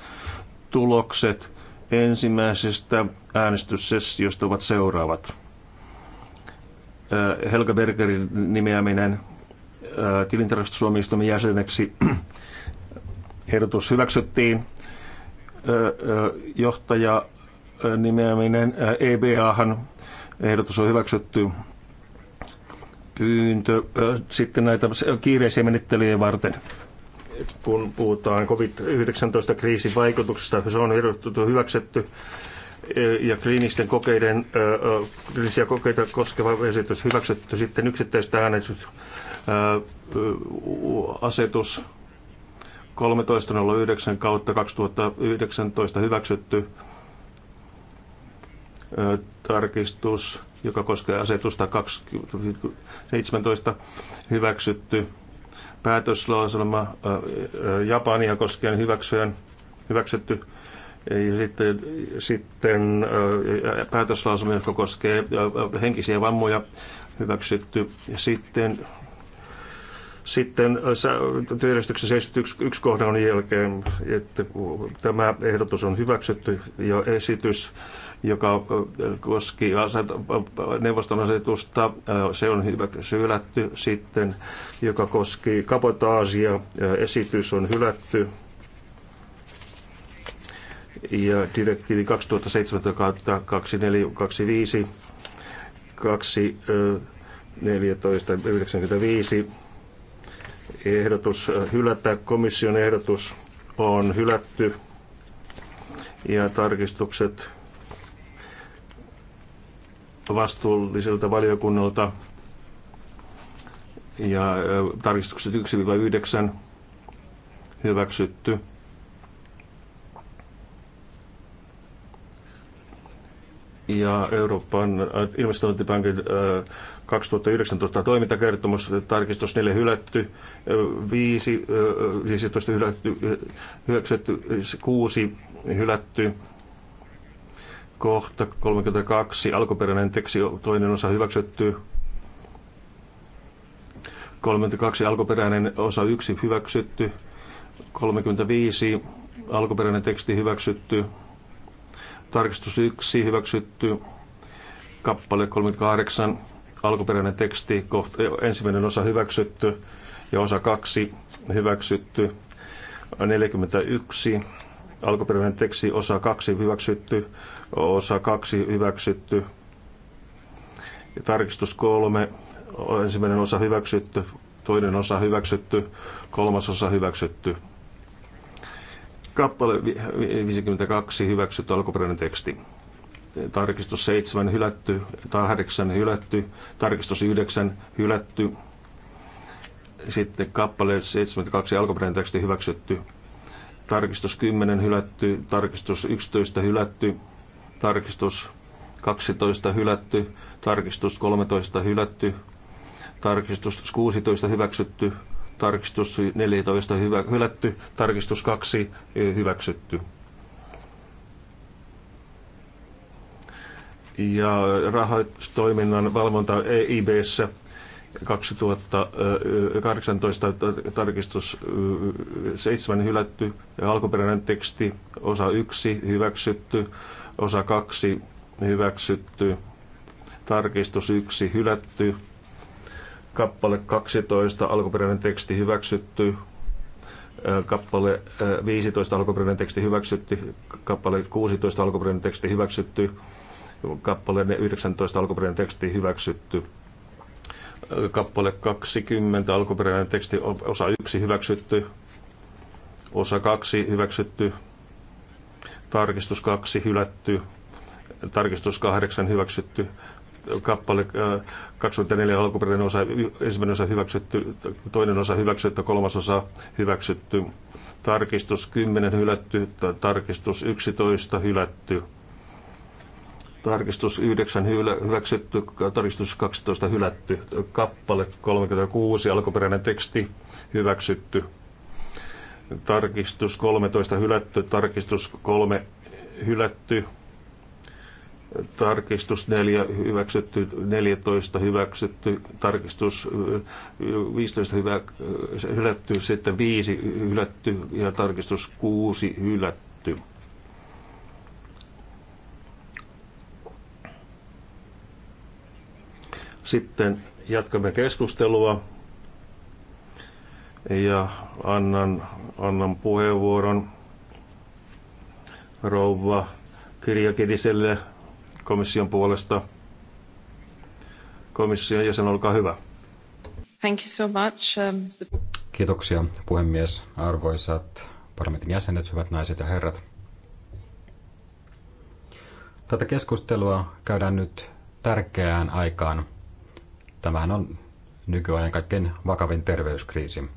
Tulokset ensimmäisestä äänestyssessiosta ovat seuraavat. Äh, Helga Bergerin nimeäminen äh, tilintarkastustuomioistuimen jäseneksi Ehdotus hyväksyttiin. Johtaja nimeäminen EBAhan ehdotus on hyväksytty pyyntö sitten näitä kiireisiä menettelyjä varten kun puhutaan COVID-19-kriisin vaikutuksesta. Se on ehdotettu hyväksytty ja kliinisten kokeiden, kliinisiä kokeita koskeva esitys hyväksytty sitten yksittäistä äänestys asetus 1309 kautta 2019 hyväksytty tarkistus, joka koskee asetusta 2017 hyväksytty päätöslauselma Japania koskien hyväksyen, hyväksytty ja sitten, sitten päätöslauselma, joka koskee henkisiä vammoja, hyväksytty. Ja sitten sitten työjärjestyksen 71 kohdan jälkeen, että tämä ehdotus on hyväksytty ja esitys, joka koski aset, neuvoston asetusta, se on hylätty sitten, joka koski kapotaasia, esitys on hylätty ja direktiivi 2017-2425 2 1495 ehdotus hylätä. Komission ehdotus on hylätty ja tarkistukset vastuullisilta valiokunnalta ja tarkistukset 1-9 hyväksytty. Ja Euroopan investointipankin 2019 toimintakertomus, tarkistus 4 hylätty, 5, 15 hylätty, 96 hylätty, kohta 32, alkuperäinen teksti, toinen osa hyväksytty, 32, alkuperäinen osa 1 hyväksytty, 35, alkuperäinen teksti hyväksytty, tarkistus 1 hyväksytty, kappale 38, alkuperäinen teksti, koht eh, ensimmäinen osa hyväksytty ja osa kaksi hyväksytty. 41, alkuperäinen teksti, osa kaksi hyväksytty, osa kaksi hyväksytty. Ja tarkistus kolme, ensimmäinen osa hyväksytty, toinen osa hyväksytty, kolmas osa hyväksytty. Kappale 52 hyväksytty alkuperäinen teksti tarkistus 7 hylätty, 8 hylätty, tarkistus 9 hylätty, sitten kappale 72 alkuperäinen teksti hyväksytty, tarkistus 10 hylätty, tarkistus 11 hylätty, tarkistus 12 hylätty, tarkistus 13 hylätty, tarkistus 16 hyväksytty, tarkistus 14 hylätty, tarkistus 2 eh, hyväksytty. ja rahoitustoiminnan valvonta EIBssä 2018 tarkistus 7 hylätty, alkuperäinen teksti osa 1 hyväksytty, osa 2 hyväksytty, tarkistus 1 hylätty, kappale 12 alkuperäinen teksti hyväksytty, kappale 15 alkuperäinen teksti hyväksytty, kappale 16 alkuperäinen teksti hyväksytty, Kappale 19 alkuperäinen teksti hyväksytty. Kappale 20 alkuperäinen teksti osa 1 hyväksytty. Osa 2 hyväksytty. Tarkistus 2 hylätty. Tarkistus 8 hyväksytty kappale 24 äh, alkuperäinen osa, ensimmäinen osa hyväksytty, toinen osa hyväksytty, kolmas osa hyväksytty, tarkistus 10 hylätty, tarkistus 11 hylätty, tarkistus 9 hyväksytty, tarkistus 12 hylätty, kappale 36 alkuperäinen teksti hyväksytty, tarkistus 13 hylätty, tarkistus 3 hylätty, tarkistus 4 hyväksytty, 14 hyväksytty, tarkistus 15 eh, hyvä, eh, hylätty, sitten 5 hylätty ja tarkistus 6 hylätty. Sitten jatkamme keskustelua ja annan, annan puheenvuoron rouva Kirjakidiselle komission puolesta. Komission jäsen, olkaa hyvä. Thank you so much. Uh, Kiitoksia puhemies, arvoisat parlamentin jäsenet, hyvät naiset ja herrat. Tätä keskustelua käydään nyt tärkeään aikaan – Tämähän on nykyajan kaikkein vakavin terveyskriisi.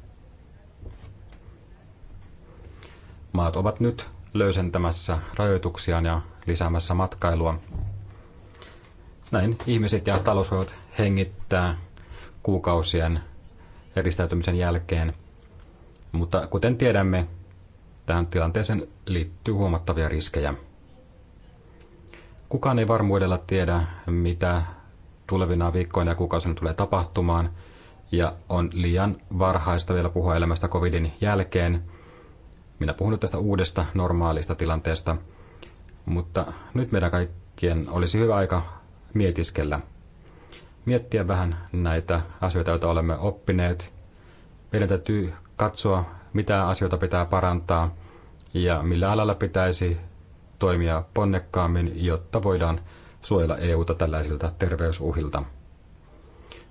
Maat ovat nyt löysentämässä rajoituksiaan ja lisäämässä matkailua. Näin ihmiset ja talous voivat hengittää kuukausien eristäytymisen jälkeen. Mutta kuten tiedämme, tähän tilanteeseen liittyy huomattavia riskejä. Kukaan ei varmuudella tiedä, mitä tulevina viikkoina ja kuukausina tulee tapahtumaan, ja on liian varhaista vielä puhua elämästä covidin jälkeen. Minä puhun nyt tästä uudesta normaalista tilanteesta, mutta nyt meidän kaikkien olisi hyvä aika mietiskellä. Miettiä vähän näitä asioita, joita olemme oppineet. Meidän täytyy katsoa, mitä asioita pitää parantaa ja millä alalla pitäisi toimia ponnekkaammin, jotta voidaan suojella EUta tällaisilta terveysuhilta.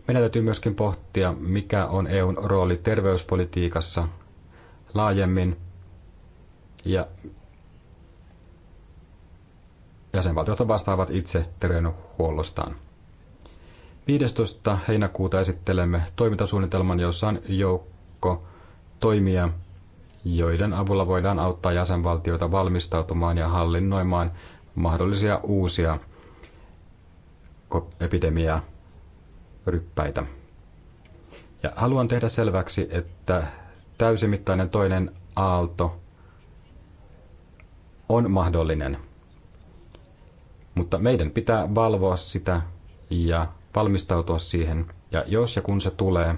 Meidän täytyy myöskin pohtia, mikä on EUn rooli terveyspolitiikassa laajemmin ja jäsenvaltiot vastaavat itse terveydenhuollostaan. 15. heinäkuuta esittelemme toimintasuunnitelman, jossa on joukko toimia, joiden avulla voidaan auttaa jäsenvaltioita valmistautumaan ja hallinnoimaan mahdollisia uusia epidemiaa ryppäitä. Ja haluan tehdä selväksi, että täysimittainen toinen aalto on mahdollinen. Mutta meidän pitää valvoa sitä ja valmistautua siihen. Ja jos ja kun se tulee,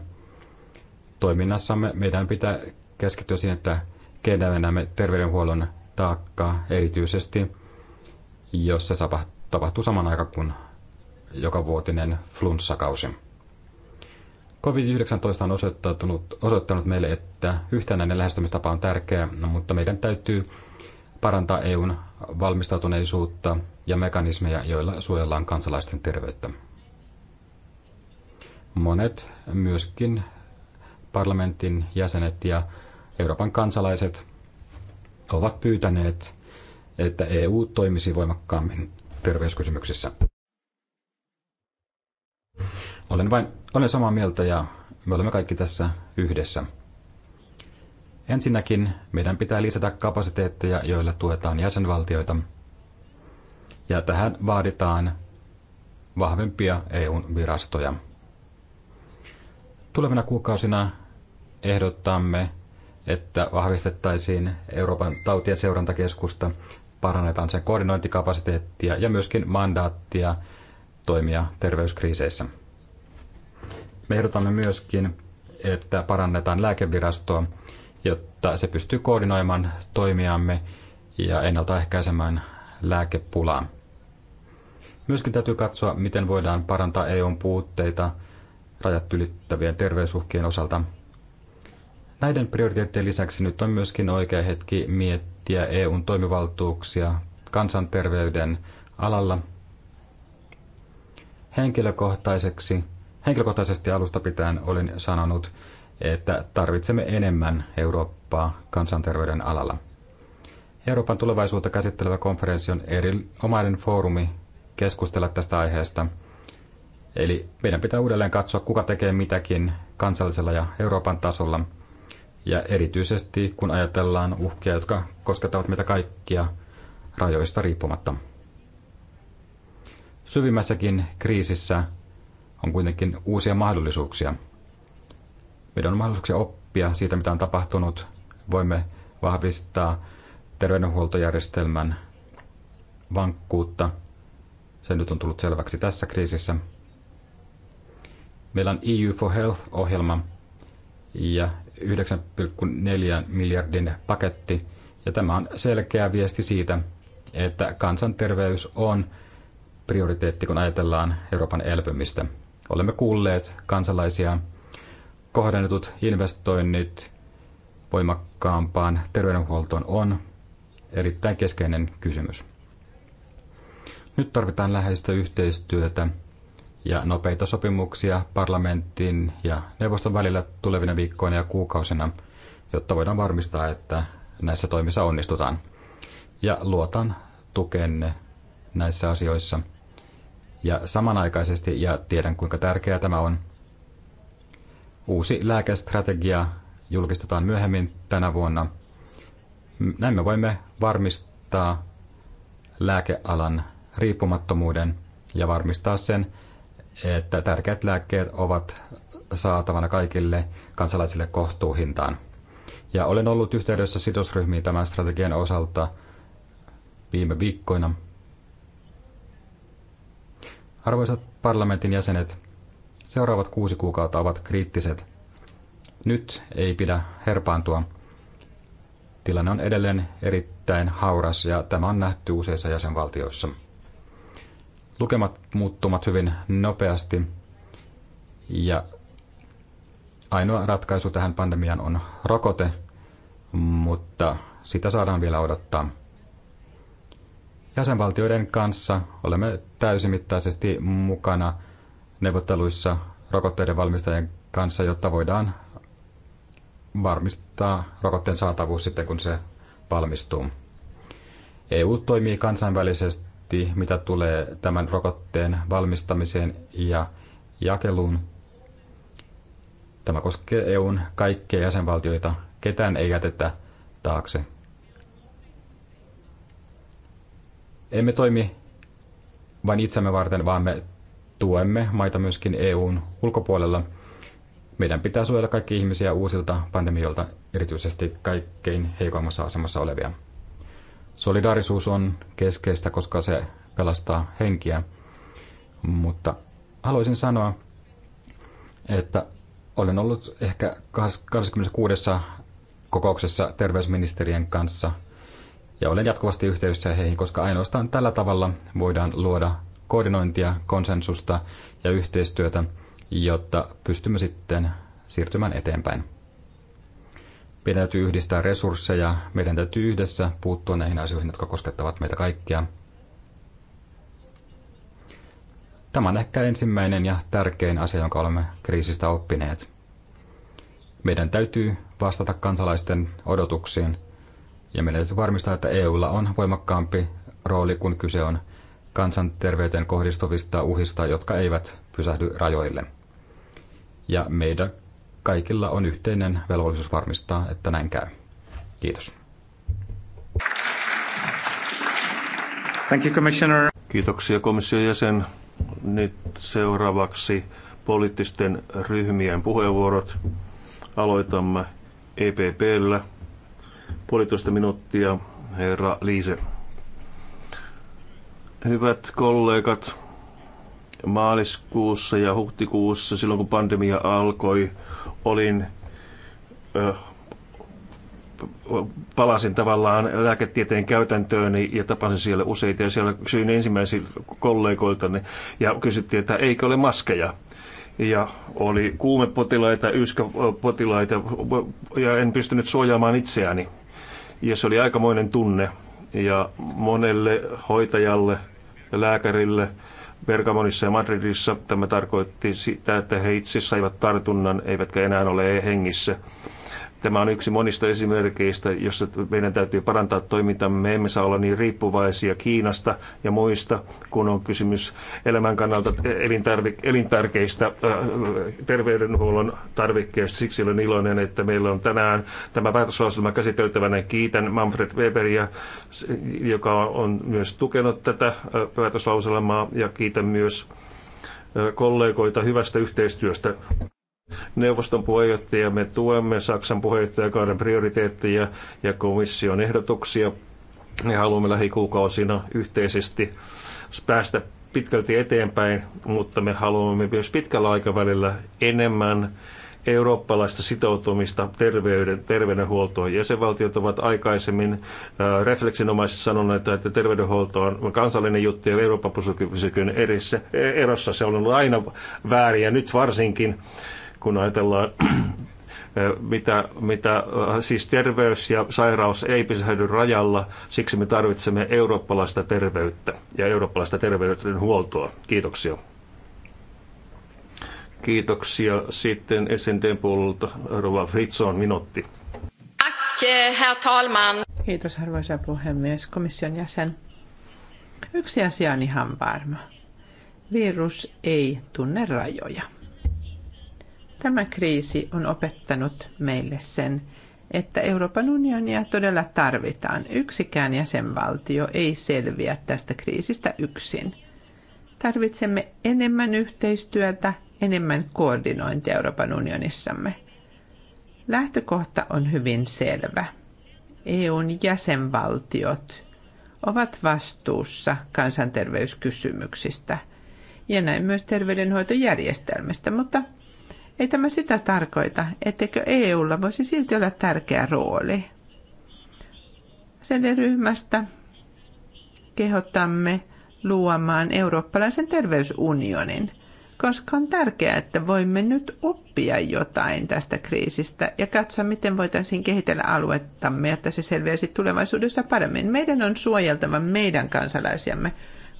toiminnassamme meidän pitää keskittyä siihen, että kevennämme terveydenhuollon taakkaa erityisesti, jos se tapahtuu saman aikaan kuin joka vuotinen flunssakausi. COVID-19 on osoittanut, osoittanut meille, että yhtenäinen lähestymistapa on tärkeä, no, mutta meidän täytyy parantaa EUn valmistautuneisuutta ja mekanismeja, joilla suojellaan kansalaisten terveyttä. Monet, myöskin parlamentin jäsenet ja Euroopan kansalaiset, ovat pyytäneet, että EU toimisi voimakkaammin terveyskysymyksissä. Olen, vain, olen samaa mieltä ja me olemme kaikki tässä yhdessä. Ensinnäkin meidän pitää lisätä kapasiteetteja, joilla tuetaan jäsenvaltioita. Ja tähän vaaditaan vahvempia EUn virastoja. Tulevina kuukausina ehdottamme, että vahvistettaisiin Euroopan tautien seurantakeskusta, parannetaan sen koordinointikapasiteettia ja myöskin mandaattia – toimia terveyskriiseissä. Me ehdotamme myöskin, että parannetaan lääkevirastoa, jotta se pystyy koordinoimaan toimiamme ja ennaltaehkäisemään lääkepulaa. Myöskin täytyy katsoa, miten voidaan parantaa EUn puutteita rajat ylittävien terveysuhkien osalta. Näiden prioriteettien lisäksi nyt on myöskin oikea hetki miettiä EUn toimivaltuuksia kansanterveyden alalla – Henkilökohtaiseksi, henkilökohtaisesti alusta pitäen olin sanonut, että tarvitsemme enemmän Eurooppaa kansanterveyden alalla. Euroopan tulevaisuutta käsittelevä konferenssi on erinomainen foorumi keskustella tästä aiheesta. Eli meidän pitää uudelleen katsoa, kuka tekee mitäkin kansallisella ja Euroopan tasolla. Ja erityisesti kun ajatellaan uhkia, jotka koskettavat meitä kaikkia rajoista riippumatta syvimmässäkin kriisissä on kuitenkin uusia mahdollisuuksia. Meidän on mahdollisuuksia oppia siitä, mitä on tapahtunut. Voimme vahvistaa terveydenhuoltojärjestelmän vankkuutta. Se nyt on tullut selväksi tässä kriisissä. Meillä on EU for Health-ohjelma ja 9,4 miljardin paketti. Ja tämä on selkeä viesti siitä, että kansanterveys on prioriteetti, kun ajatellaan Euroopan elpymistä. Olemme kuulleet kansalaisia kohdennetut investoinnit voimakkaampaan terveydenhuoltoon on erittäin keskeinen kysymys. Nyt tarvitaan läheistä yhteistyötä ja nopeita sopimuksia parlamentin ja neuvoston välillä tulevina viikkoina ja kuukausina, jotta voidaan varmistaa, että näissä toimissa onnistutaan. Ja luotan tukenne näissä asioissa – ja samanaikaisesti, ja tiedän kuinka tärkeää tämä on. Uusi lääkestrategia julkistetaan myöhemmin tänä vuonna. Näin me voimme varmistaa lääkealan riippumattomuuden ja varmistaa sen, että tärkeät lääkkeet ovat saatavana kaikille kansalaisille kohtuuhintaan. Ja olen ollut yhteydessä sidosryhmiin tämän strategian osalta viime viikkoina – Arvoisat parlamentin jäsenet, seuraavat kuusi kuukautta ovat kriittiset. Nyt ei pidä herpaantua. Tilanne on edelleen erittäin hauras ja tämä on nähty useissa jäsenvaltioissa. Lukemat muuttumat hyvin nopeasti ja ainoa ratkaisu tähän pandemiaan on rokote, mutta sitä saadaan vielä odottaa jäsenvaltioiden kanssa olemme täysimittaisesti mukana neuvotteluissa rokotteiden valmistajien kanssa, jotta voidaan varmistaa rokotteen saatavuus sitten, kun se valmistuu. EU toimii kansainvälisesti, mitä tulee tämän rokotteen valmistamiseen ja jakeluun. Tämä koskee EUn kaikkia jäsenvaltioita. Ketään ei jätetä taakse. Emme toimi vain itsemme varten, vaan me tuemme maita myöskin EUn ulkopuolella. Meidän pitää suojella kaikki ihmisiä uusilta pandemioilta, erityisesti kaikkein heikoimmassa asemassa olevia. Solidaarisuus on keskeistä, koska se pelastaa henkiä. Mutta haluaisin sanoa, että olen ollut ehkä 26 kokouksessa terveysministerien kanssa – ja olen jatkuvasti yhteydessä heihin, koska ainoastaan tällä tavalla voidaan luoda koordinointia, konsensusta ja yhteistyötä, jotta pystymme sitten siirtymään eteenpäin. Meidän täytyy yhdistää resursseja, meidän täytyy yhdessä puuttua näihin asioihin, jotka koskettavat meitä kaikkia. Tämä on ehkä ensimmäinen ja tärkein asia, jonka olemme kriisistä oppineet. Meidän täytyy vastata kansalaisten odotuksiin – ja meidän täytyy varmistaa, että EUlla on voimakkaampi rooli, kun kyse on kansanterveyteen kohdistuvista uhista, jotka eivät pysähdy rajoille. Ja meidän kaikilla on yhteinen velvollisuus varmistaa, että näin käy. Kiitos. Thank you, Commissioner. Kiitoksia komission jäsen. Nyt seuraavaksi poliittisten ryhmien puheenvuorot. Aloitamme EPPllä. Puolitoista minuuttia, herra Liise. Hyvät kollegat, maaliskuussa ja huhtikuussa, silloin kun pandemia alkoi, olin äh, palasin tavallaan lääketieteen käytäntööni ja tapasin siellä useita ja siellä kysyin ensimmäisiltä kollegoiltani ja kysyttiin, että eikö ole maskeja. Ja oli kuumepotilaita, yskäpotilaita ja en pystynyt suojaamaan itseäni. Ja se oli aikamoinen tunne. Ja monelle hoitajalle ja lääkärille Bergamonissa ja Madridissa tämä tarkoitti sitä, että he itse saivat tartunnan, eivätkä enää ole hengissä. Tämä on yksi monista esimerkkeistä, jossa meidän täytyy parantaa toimintaa. Me emme saa olla niin riippuvaisia Kiinasta ja muista, kun on kysymys elämän kannalta elintarvi- elintärkeistä terveydenhuollon tarvikkeista. Siksi olen iloinen, että meillä on tänään tämä päätöslauselma käsiteltävänä. Kiitän Manfred Weberia, joka on myös tukenut tätä päätöslauselmaa ja kiitän myös kollegoita hyvästä yhteistyöstä. Neuvoston puheenjohtaja, me tuemme Saksan puheenjohtajakauden prioriteetteja ja komission ehdotuksia. Me haluamme lähikuukausina yhteisesti päästä pitkälti eteenpäin, mutta me haluamme myös pitkällä aikavälillä enemmän eurooppalaista sitoutumista terveyden, terveydenhuoltoon. Jäsenvaltiot ovat aikaisemmin äh, refleksinomaisesti sanoneet, että terveydenhuolto on kansallinen juttu ja Euroopan pysykyyn erissä, e, erossa. Se on ollut aina väärin ja nyt varsinkin kun ajatellaan eh, mitä, mitä eh, siis terveys ja sairaus ei pysähdy rajalla, siksi me tarvitsemme eurooppalaista terveyttä ja eurooppalaista terveydenhuoltoa. Kiitoksia. Kiitoksia. Sitten SNTn puolelta Rova Fritzon minuutti. Eh, Kiitos arvoisa puhemies, komission jäsen. Yksi asia on ihan varma. Virus ei tunne rajoja. Tämä kriisi on opettanut meille sen, että Euroopan unionia todella tarvitaan. Yksikään jäsenvaltio ei selviä tästä kriisistä yksin. Tarvitsemme enemmän yhteistyötä, enemmän koordinointia Euroopan unionissamme. Lähtökohta on hyvin selvä. EUn jäsenvaltiot ovat vastuussa kansanterveyskysymyksistä ja näin myös terveydenhoitojärjestelmistä, mutta ei tämä sitä tarkoita, etteikö EUlla voisi silti olla tärkeä rooli. Sen ryhmästä kehotamme luomaan eurooppalaisen terveysunionin, koska on tärkeää, että voimme nyt oppia jotain tästä kriisistä ja katsoa, miten voitaisiin kehitellä aluettamme, jotta se selviäisi tulevaisuudessa paremmin. Meidän on suojeltava meidän kansalaisiamme,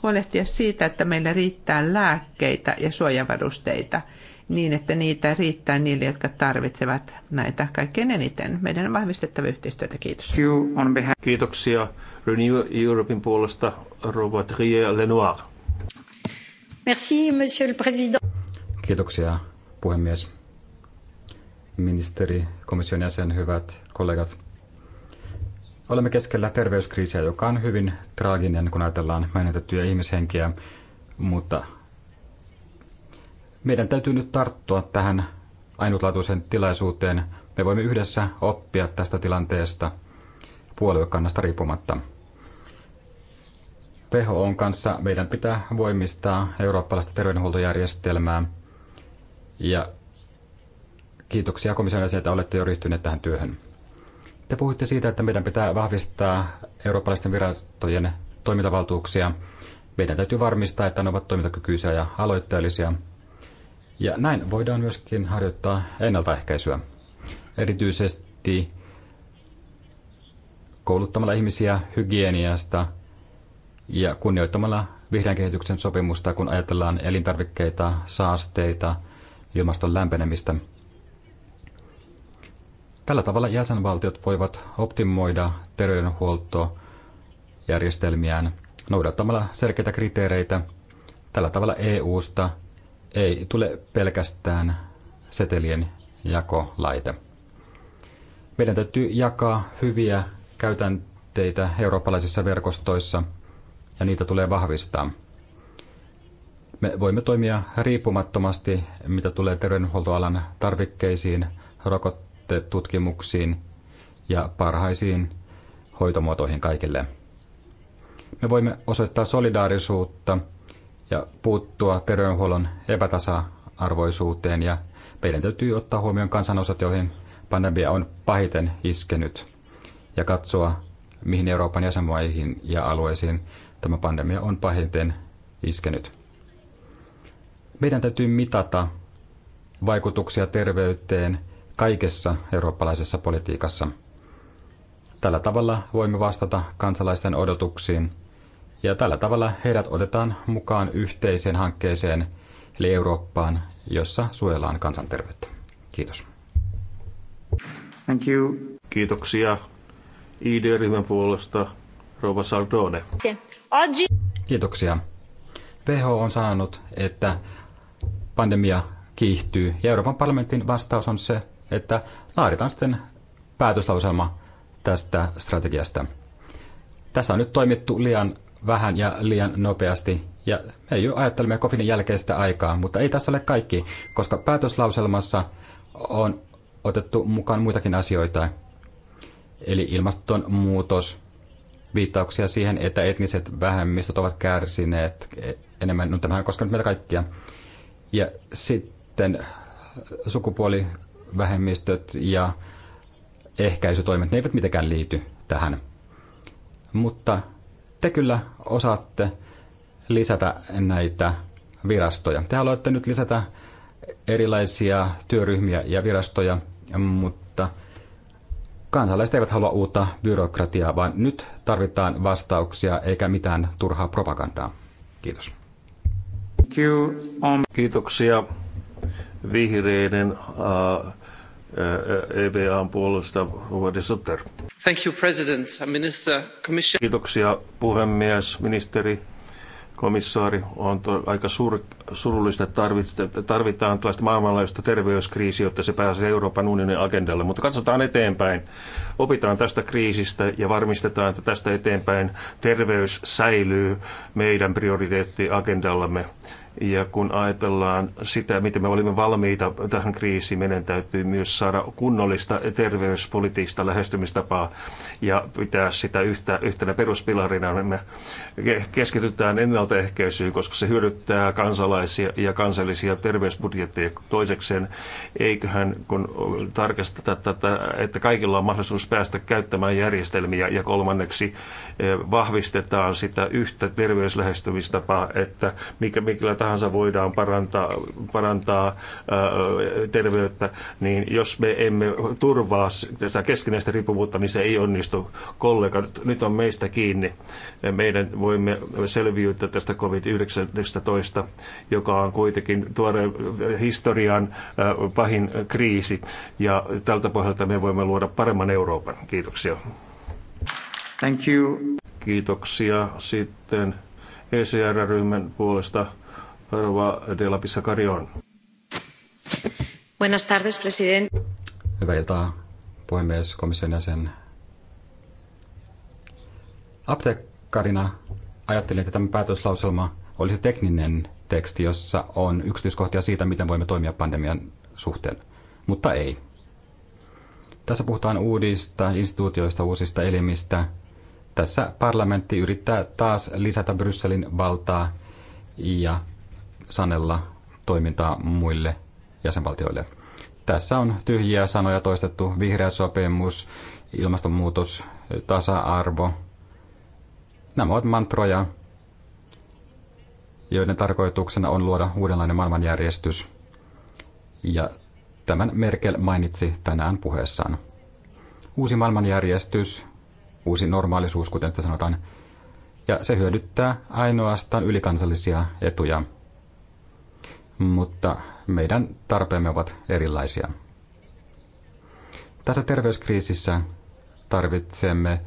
huolehtia siitä, että meillä riittää lääkkeitä ja suojavarusteita – niin, että niitä riittää niille, jotka tarvitsevat näitä kaikkein eniten. Meidän on vahvistettava yhteistyötä. Kiitos. Kiitoksia Renew Europein puolesta Robert Rie Lenoir. Merci, monsieur le président. Kiitoksia, puhemies. Ministeri, komission jäsen, hyvät kollegat. Olemme keskellä terveyskriisiä, joka on hyvin traaginen, kun ajatellaan menetettyjä ihmishenkiä, mutta meidän täytyy nyt tarttua tähän ainutlaatuisen tilaisuuteen. Me voimme yhdessä oppia tästä tilanteesta puoluekannasta riippumatta. on kanssa meidän pitää voimistaa eurooppalaista terveydenhuoltojärjestelmää. Ja kiitoksia komission että olette jo ryhtyneet tähän työhön. Te puhuitte siitä, että meidän pitää vahvistaa eurooppalaisten virastojen toimintavaltuuksia. Meidän täytyy varmistaa, että ne ovat toimintakykyisiä ja aloitteellisia – ja näin voidaan myöskin harjoittaa ennaltaehkäisyä. Erityisesti kouluttamalla ihmisiä hygieniasta ja kunnioittamalla vihreän kehityksen sopimusta, kun ajatellaan elintarvikkeita, saasteita, ilmaston lämpenemistä. Tällä tavalla jäsenvaltiot voivat optimoida terveydenhuoltojärjestelmiään noudattamalla selkeitä kriteereitä. Tällä tavalla EUsta – ei tule pelkästään setelien jakolaite. Meidän täytyy jakaa hyviä käytänteitä eurooppalaisissa verkostoissa ja niitä tulee vahvistaa. Me voimme toimia riippumattomasti, mitä tulee terveydenhuoltoalan tarvikkeisiin, rokotetutkimuksiin ja parhaisiin hoitomuotoihin kaikille. Me voimme osoittaa solidaarisuutta – ja puuttua terveydenhuollon epätasa-arvoisuuteen ja meidän täytyy ottaa huomioon kansanosat, joihin pandemia on pahiten iskenyt ja katsoa, mihin Euroopan jäsenmaihin ja alueisiin tämä pandemia on pahiten iskenyt. Meidän täytyy mitata vaikutuksia terveyteen kaikessa eurooppalaisessa politiikassa. Tällä tavalla voimme vastata kansalaisten odotuksiin – ja tällä tavalla heidät otetaan mukaan yhteiseen hankkeeseen, eli Eurooppaan, jossa suojellaan kansanterveyttä. Kiitos. Thank you. Kiitoksia ID-ryhmän puolesta Rova Saldone. Kiitoksia. WHO on sanonut, että pandemia kiihtyy ja Euroopan parlamentin vastaus on se, että laaditaan sitten päätöslauselma tästä strategiasta. Tässä on nyt toimittu liian vähän ja liian nopeasti. Ja me ei ajattelemme kofinin jälkeistä aikaa, mutta ei tässä ole kaikki, koska päätöslauselmassa on otettu mukaan muitakin asioita. Eli ilmastonmuutos, viittauksia siihen, että etniset vähemmistöt ovat kärsineet enemmän, no tämähän koskee meitä kaikkia. Ja sitten sukupuolivähemmistöt ja ehkäisytoimet, ne eivät mitenkään liity tähän. Mutta te kyllä osaatte lisätä näitä virastoja. Te haluatte nyt lisätä erilaisia työryhmiä ja virastoja, mutta kansalaiset eivät halua uutta byrokratiaa, vaan nyt tarvitaan vastauksia eikä mitään turhaa propagandaa. Kiitos. Um, Kiitoksia vihreiden äh, EVAn puolesta Uwe Sutter. Thank you, President, Minister, Commission. Kiitoksia puhemies, ministeri, komissaari. On to, aika sur, surullista, että tarvitaan tällaista maailmanlaajuista terveyskriisiä, jotta se pääsee Euroopan unionin agendalle. Mutta katsotaan eteenpäin. Opitaan tästä kriisistä ja varmistetaan, että tästä eteenpäin terveys säilyy meidän prioriteettiagendallamme. Ja kun ajatellaan sitä, miten me olimme valmiita tähän kriisiin, meidän täytyy myös saada kunnollista terveyspolitiista lähestymistapaa ja pitää sitä yhtä, yhtenä peruspilarina. Me keskitytään ennaltaehkäisyyn, koska se hyödyttää kansalaisia ja kansallisia terveysbudjetteja. Toisekseen, eiköhän kun tarkasteta tätä, että kaikilla on mahdollisuus päästä käyttämään järjestelmiä. Ja kolmanneksi, eh, vahvistetaan sitä yhtä terveyslähestymistapaa, että mikä, mikä tahansa voidaan parantaa, parantaa terveyttä, niin jos me emme turvaa sitä keskinäistä riippuvuutta, niin se ei onnistu. Kollega, nyt on meistä kiinni. Meidän voimme selviytyä tästä COVID-19, joka on kuitenkin tuore historian pahin kriisi. Ja tältä pohjalta me voimme luoda paremman Euroopan. Kiitoksia. Thank you. Kiitoksia sitten ECR-ryhmän puolesta Rova de la Pissacarion. Buenas tardes, Hyvää iltaa, puhemies, komission jäsen. Apteekkarina ajattelin, että tämä päätöslauselma olisi tekninen teksti, jossa on yksityiskohtia siitä, miten voimme toimia pandemian suhteen. Mutta ei. Tässä puhutaan uudista instituutioista, uusista elimistä. Tässä parlamentti yrittää taas lisätä Brysselin valtaa ja sanella toimintaa muille jäsenvaltioille. Tässä on tyhjiä sanoja toistettu. Vihreä sopimus, ilmastonmuutos, tasa-arvo. Nämä ovat mantroja, joiden tarkoituksena on luoda uudenlainen maailmanjärjestys. Ja tämän Merkel mainitsi tänään puheessaan. Uusi maailmanjärjestys, uusi normaalisuus, kuten sitä sanotaan, ja se hyödyttää ainoastaan ylikansallisia etuja – mutta meidän tarpeemme ovat erilaisia. Tässä terveyskriisissä tarvitsemme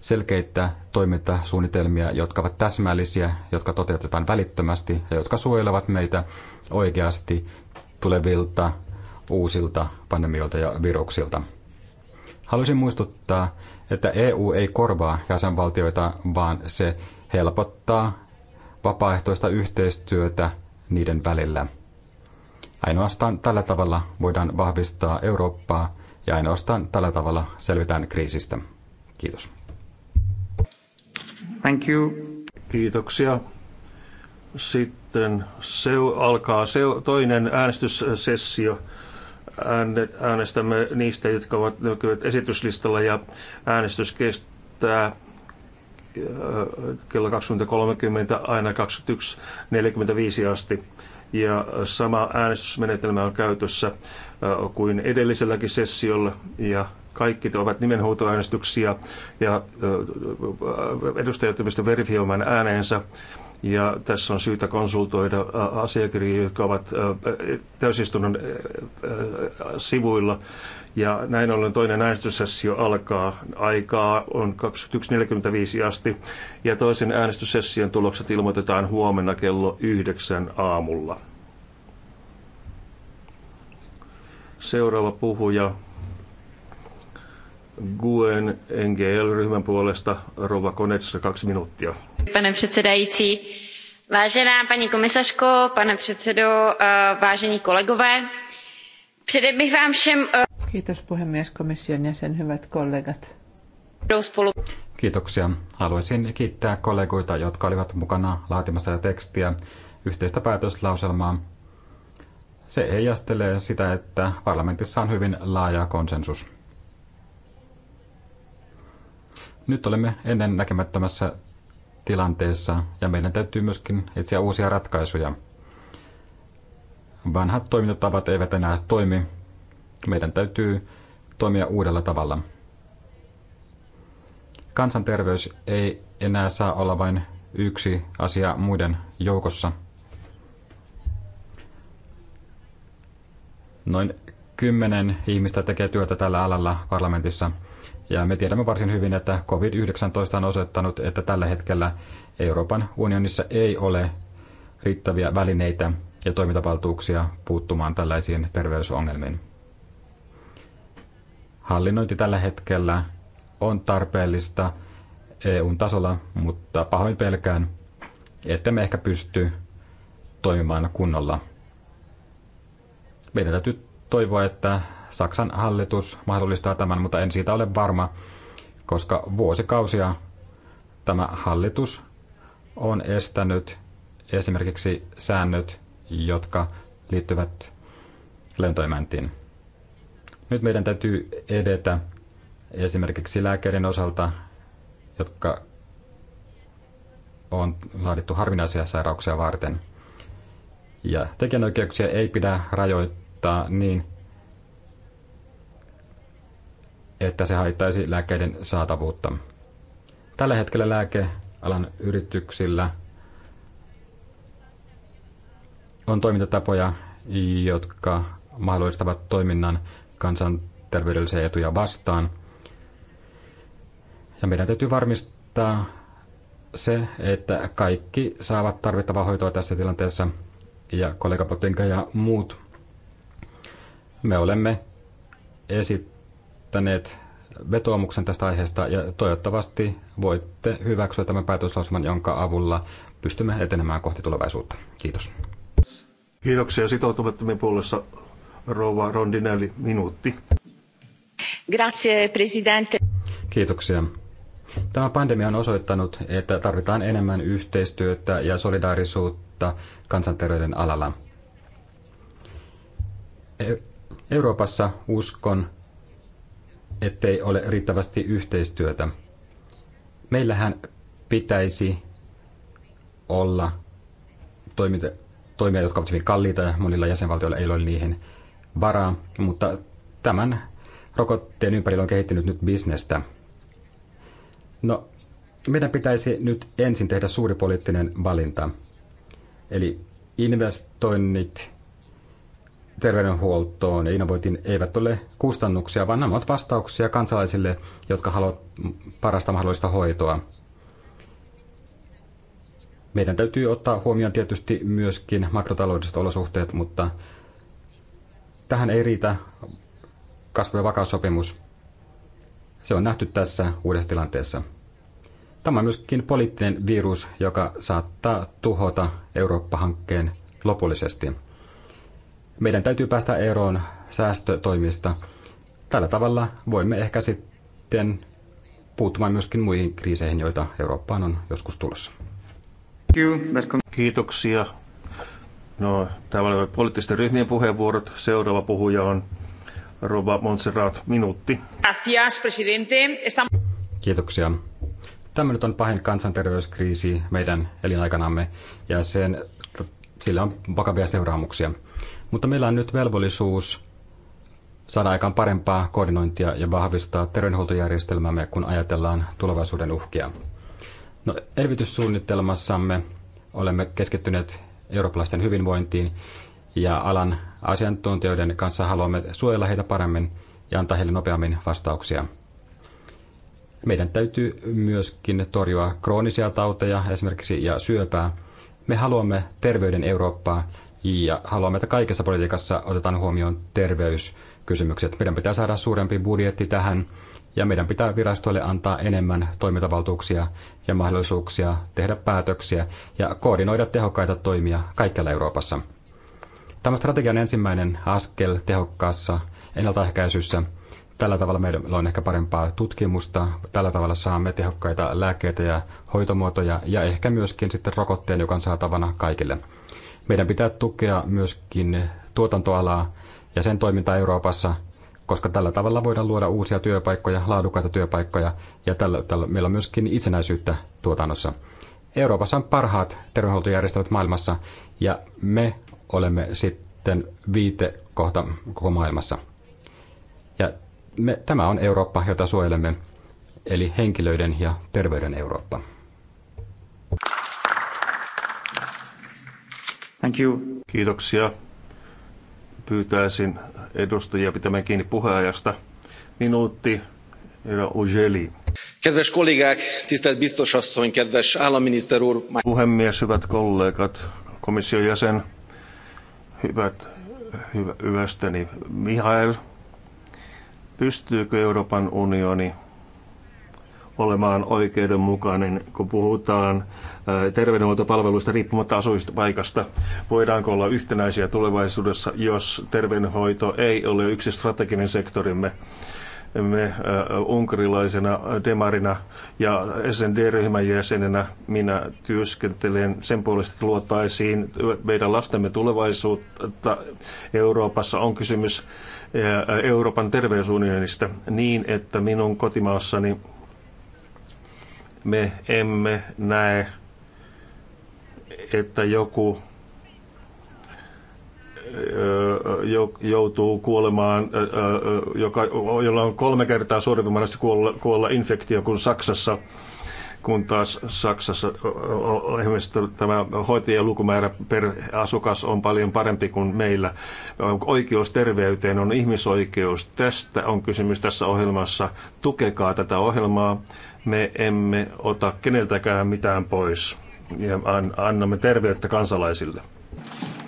selkeitä toimintasuunnitelmia, jotka ovat täsmällisiä, jotka toteutetaan välittömästi ja jotka suojelevat meitä oikeasti tulevilta uusilta pandemioilta ja viruksilta. Haluaisin muistuttaa, että EU ei korvaa jäsenvaltioita, vaan se helpottaa vapaaehtoista yhteistyötä niiden välillä. Ainoastaan tällä tavalla voidaan vahvistaa Eurooppaa ja ainoastaan tällä tavalla selvitään kriisistä. Kiitos. Thank you. Kiitoksia. Sitten se alkaa se toinen äänestyssessio. Äänestämme niistä, jotka ovat, jotka ovat esityslistalla ja äänestys kestää kello 20.30 aina 21.45 asti. Ja sama äänestysmenetelmä on käytössä äh, kuin edelliselläkin sessiolla. Ja kaikki ovat nimenhuutoäänestyksiä ja äh, äh, edustajat pystyvät verifioimaan ääneensä ja tässä on syytä konsultoida asiakirjoja, jotka ovat täysistunnon sivuilla. Ja näin ollen toinen äänestyssessio alkaa. Aikaa on 21.45 asti ja toisen äänestyssession tulokset ilmoitetaan huomenna kello 9 aamulla. Seuraava puhuja Guen NGL-ryhmän puolesta Rova Konetsa kaksi minuuttia. Pane předsedající, vážená paní komisařko, pane předsedo, eh, vážení kolegové, předem bych vám všem... Eh, Kiitos puhemies komission jäsen, hyvät kollegat. Kiitoksia. Haluaisin kiittää kollegoita, jotka olivat mukana laatimassa tekstiä yhteistä päätöslauselmaa. Se heijastelee sitä, että parlamentissa on hyvin laaja konsensus. Nyt olemme ennen näkemättömässä tilanteessa ja meidän täytyy myöskin etsiä uusia ratkaisuja. Vanhat toimintatavat eivät enää toimi. Meidän täytyy toimia uudella tavalla. Kansanterveys ei enää saa olla vain yksi asia muiden joukossa. Noin kymmenen ihmistä tekee työtä tällä alalla parlamentissa – ja me tiedämme varsin hyvin, että COVID-19 on osoittanut, että tällä hetkellä Euroopan unionissa ei ole riittäviä välineitä ja toimintavaltuuksia puuttumaan tällaisiin terveysongelmiin. Hallinnointi tällä hetkellä on tarpeellista EUn tasolla, mutta pahoin pelkään, että me ehkä pysty toimimaan kunnolla. Meidän täytyy toivoa, että Saksan hallitus mahdollistaa tämän, mutta en siitä ole varma, koska vuosikausia tämä hallitus on estänyt esimerkiksi säännöt, jotka liittyvät lentoemäntiin. Nyt meidän täytyy edetä esimerkiksi lääkärin osalta, jotka on laadittu harvinaisia sairauksia varten. Ja tekijänoikeuksia ei pidä rajoittaa niin, että se haittaisi lääkkeiden saatavuutta. Tällä hetkellä lääkealan yrityksillä on toimintatapoja, jotka mahdollistavat toiminnan kansanterveydellisiä etuja vastaan. Ja meidän täytyy varmistaa se, että kaikki saavat tarvittavaa hoitoa tässä tilanteessa. Ja kollega Potinka ja muut, me olemme esittäneet jättäneet vetoomuksen tästä aiheesta ja toivottavasti voitte hyväksyä tämän päätöslausuman, jonka avulla pystymme etenemään kohti tulevaisuutta. Kiitos. Kiitoksia sitoutumattomien puolessa rouva Rondinelli, minuutti. Grazie, presidente. Kiitoksia. Tämä pandemia on osoittanut, että tarvitaan enemmän yhteistyötä ja solidaarisuutta kansanterveyden alalla. E- Euroopassa uskon, ettei ole riittävästi yhteistyötä. Meillähän pitäisi olla toimia, jotka ovat hyvin kalliita ja monilla jäsenvaltioilla ei ole niihin varaa, mutta tämän rokotteen ympärillä on kehittynyt nyt bisnestä. No, meidän pitäisi nyt ensin tehdä suuri poliittinen valinta. Eli investoinnit terveydenhuoltoon ja innovointiin eivät ole kustannuksia, vaan nämä ovat vastauksia kansalaisille, jotka haluavat parasta mahdollista hoitoa. Meidän täytyy ottaa huomioon tietysti myöskin makrotaloudelliset olosuhteet, mutta tähän ei riitä kasvu- ja vakaussopimus. Se on nähty tässä uudessa tilanteessa. Tämä on myöskin poliittinen virus, joka saattaa tuhota Eurooppa-hankkeen lopullisesti. Meidän täytyy päästä eroon säästötoimista. Tällä tavalla voimme ehkä sitten puuttumaan myöskin muihin kriiseihin, joita Eurooppaan on joskus tulossa. Kiitoksia. No, tämä oli poliittisten ryhmien puheenvuorot. Seuraava puhuja on Roba Montserrat, minuutti. Gracias, presidente. Kiitoksia. Tämä nyt on pahin kansanterveyskriisi meidän elinaikanamme ja sen, sillä on vakavia seuraamuksia. Mutta meillä on nyt velvollisuus saada aikaan parempaa koordinointia ja vahvistaa terveydenhuoltojärjestelmämme, kun ajatellaan tulevaisuuden uhkia. No, elvytyssuunnitelmassamme olemme keskittyneet eurooppalaisten hyvinvointiin ja alan asiantuntijoiden kanssa haluamme suojella heitä paremmin ja antaa heille nopeammin vastauksia. Meidän täytyy myöskin torjua kroonisia tauteja, esimerkiksi ja syöpää. Me haluamme terveyden Eurooppaa, ja haluamme, että kaikessa politiikassa otetaan huomioon terveyskysymykset. Meidän pitää saada suurempi budjetti tähän ja meidän pitää virastoille antaa enemmän toimintavaltuuksia ja mahdollisuuksia tehdä päätöksiä ja koordinoida tehokkaita toimia kaikkialla Euroopassa. Tämä strategian ensimmäinen askel tehokkaassa ennaltaehkäisyssä. Tällä tavalla meillä on ehkä parempaa tutkimusta, tällä tavalla saamme tehokkaita lääkkeitä ja hoitomuotoja ja ehkä myöskin sitten rokotteen, joka on saatavana kaikille. Meidän pitää tukea myöskin tuotantoalaa ja sen toimintaa Euroopassa, koska tällä tavalla voidaan luoda uusia työpaikkoja, laadukkaita työpaikkoja ja tällä, tällä meillä on myöskin itsenäisyyttä tuotannossa. Euroopassa on parhaat terveydenhuoltojärjestelmät maailmassa ja me olemme sitten viite kohta koko maailmassa. Ja me, tämä on Eurooppa, jota suojelemme, eli henkilöiden ja terveyden Eurooppa. Thank you. Kiitoksia. Pyytäisin edustajia pitämään kiinni puheajasta. Minuutti. Herra Ugeli. Kedves kollégák, tisztelt biztos kedves államminiszter úr. Puhemies, hyvät kollegat, komission jäsen, hyvät hyvä, yöstäni Mihail, pystyykö Euroopan unioni olemaan oikeudenmukainen, kun puhutaan terveydenhuoltopalveluista riippumatta asuinpaikasta. Voidaanko olla yhtenäisiä tulevaisuudessa, jos terveydenhoito ei ole yksi strateginen sektorimme? me unkarilaisena demarina ja SND-ryhmän jäsenenä minä työskentelen sen puolesta, että luotaisiin meidän lastemme tulevaisuutta Euroopassa. On kysymys Euroopan terveysunionista niin, että minun kotimaassani me emme näe, että joku joutuu kuolemaan, joka, jolla on kolme kertaa suurempi mahdollisuus kuolla, kuolla infektio kuin Saksassa kun taas Saksassa esimerkiksi tämä hoitajien lukumäärä per asukas on paljon parempi kuin meillä. Oikeus terveyteen on ihmisoikeus. Tästä on kysymys tässä ohjelmassa. Tukekaa tätä ohjelmaa. Me emme ota keneltäkään mitään pois ja annamme terveyttä kansalaisille.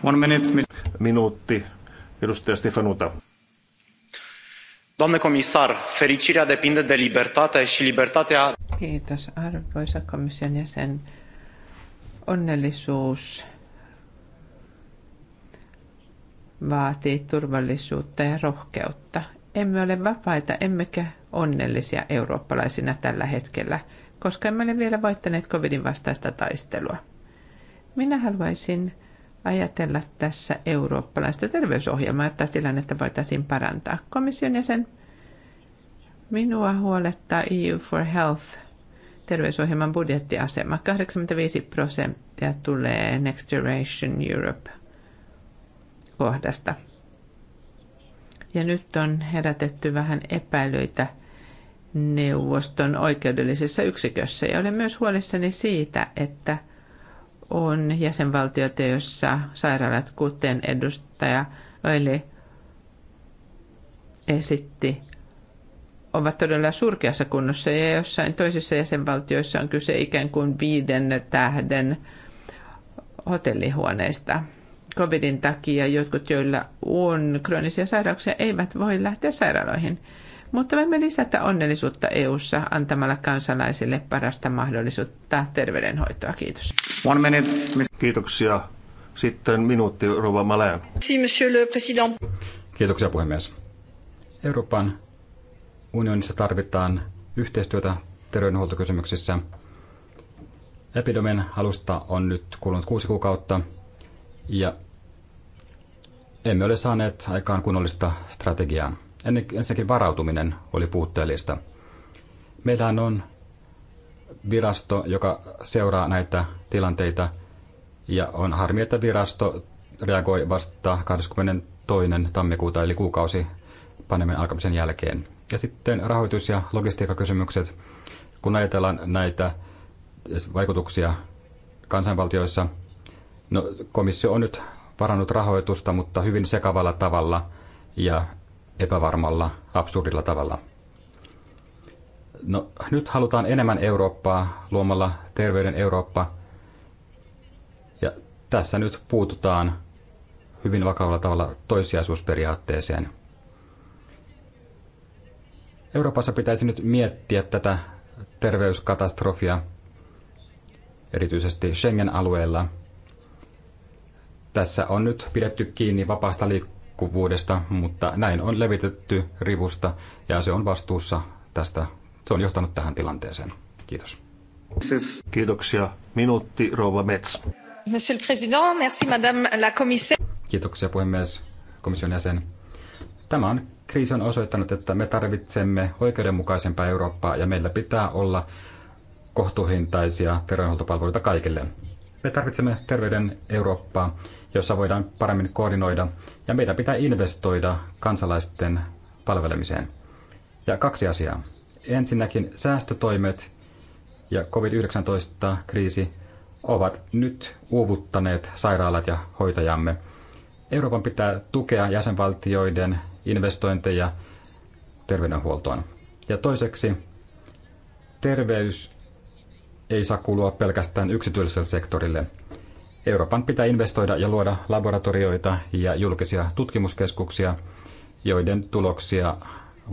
One minute. Minuutti. Edustaja Stefanuta. Domne comisar, fericirea depinde de libertate și libertatea Kiitos arvoisa komission jäsen. Onnellisuus vaatii turvallisuutta ja rohkeutta. Emme ole vapaita emmekä onnellisia eurooppalaisina tällä hetkellä, koska emme ole vielä voittaneet covidin vastaista taistelua. Minä haluaisin ajatella tässä eurooppalaista terveysohjelmaa, että tilannetta voitaisiin parantaa. Komission jäsen, minua huolettaa EU for Health – terveysohjelman budjettiasema. 85 prosenttia tulee Next Generation Europe kohdasta. Ja nyt on herätetty vähän epäilyitä neuvoston oikeudellisessa yksikössä. Ja olen myös huolissani siitä, että on jäsenvaltioita, joissa sairaalat, kuten edustaja Oili esitti, ovat todella surkeassa kunnossa ja jossain toisessa jäsenvaltioissa on kyse ikään kuin viiden tähden hotellihuoneista. Covidin takia jotkut, joilla on kroonisia sairauksia, eivät voi lähteä sairaaloihin. Mutta voimme lisätä onnellisuutta EU:ssa antamalla kansalaisille parasta mahdollisuutta terveydenhoitoa. Kiitos. One minute. Kiitoksia. Sitten minuutti, Rova Malé. Kiitoksia puhemies. Euroopan unionissa tarvitaan yhteistyötä terveydenhuoltokysymyksissä. Epidemian alusta on nyt kulunut kuusi kuukautta ja emme ole saaneet aikaan kunnollista strategiaa. Ensinnäkin varautuminen oli puutteellista. Meillähän on virasto, joka seuraa näitä tilanteita ja on harmi, että virasto reagoi vasta 22. tammikuuta eli kuukausi pandemian alkamisen jälkeen. Ja sitten rahoitus- ja logistiikkakysymykset. Kun ajatellaan näitä vaikutuksia kansanvaltioissa, no, komissio on nyt varannut rahoitusta, mutta hyvin sekavalla tavalla ja epävarmalla, absurdilla tavalla. No, nyt halutaan enemmän Eurooppaa luomalla terveyden Eurooppa. Ja tässä nyt puututaan hyvin vakavalla tavalla toissijaisuusperiaatteeseen – Euroopassa pitäisi nyt miettiä tätä terveyskatastrofia, erityisesti Schengen-alueella. Tässä on nyt pidetty kiinni vapaasta liikkuvuudesta, mutta näin on levitetty rivusta ja se on vastuussa tästä. Se on johtanut tähän tilanteeseen. Kiitos. Kiitoksia. Minuutti, Rouva Mets. Monsieur le Président, merci Madame la Commissaire. Kiitoksia puhemies, komission jäsen. Tämä on kriisi on osoittanut, että me tarvitsemme oikeudenmukaisempaa Eurooppaa ja meillä pitää olla kohtuuhintaisia terveydenhuoltopalveluita kaikille. Me tarvitsemme terveyden Eurooppaa, jossa voidaan paremmin koordinoida ja meidän pitää investoida kansalaisten palvelemiseen. Ja kaksi asiaa. Ensinnäkin säästötoimet ja COVID-19-kriisi ovat nyt uuvuttaneet sairaalat ja hoitajamme. Euroopan pitää tukea jäsenvaltioiden investointeja terveydenhuoltoon. Ja toiseksi, terveys ei saa kuulua pelkästään yksityiselle sektorille. Euroopan pitää investoida ja luoda laboratorioita ja julkisia tutkimuskeskuksia, joiden tuloksia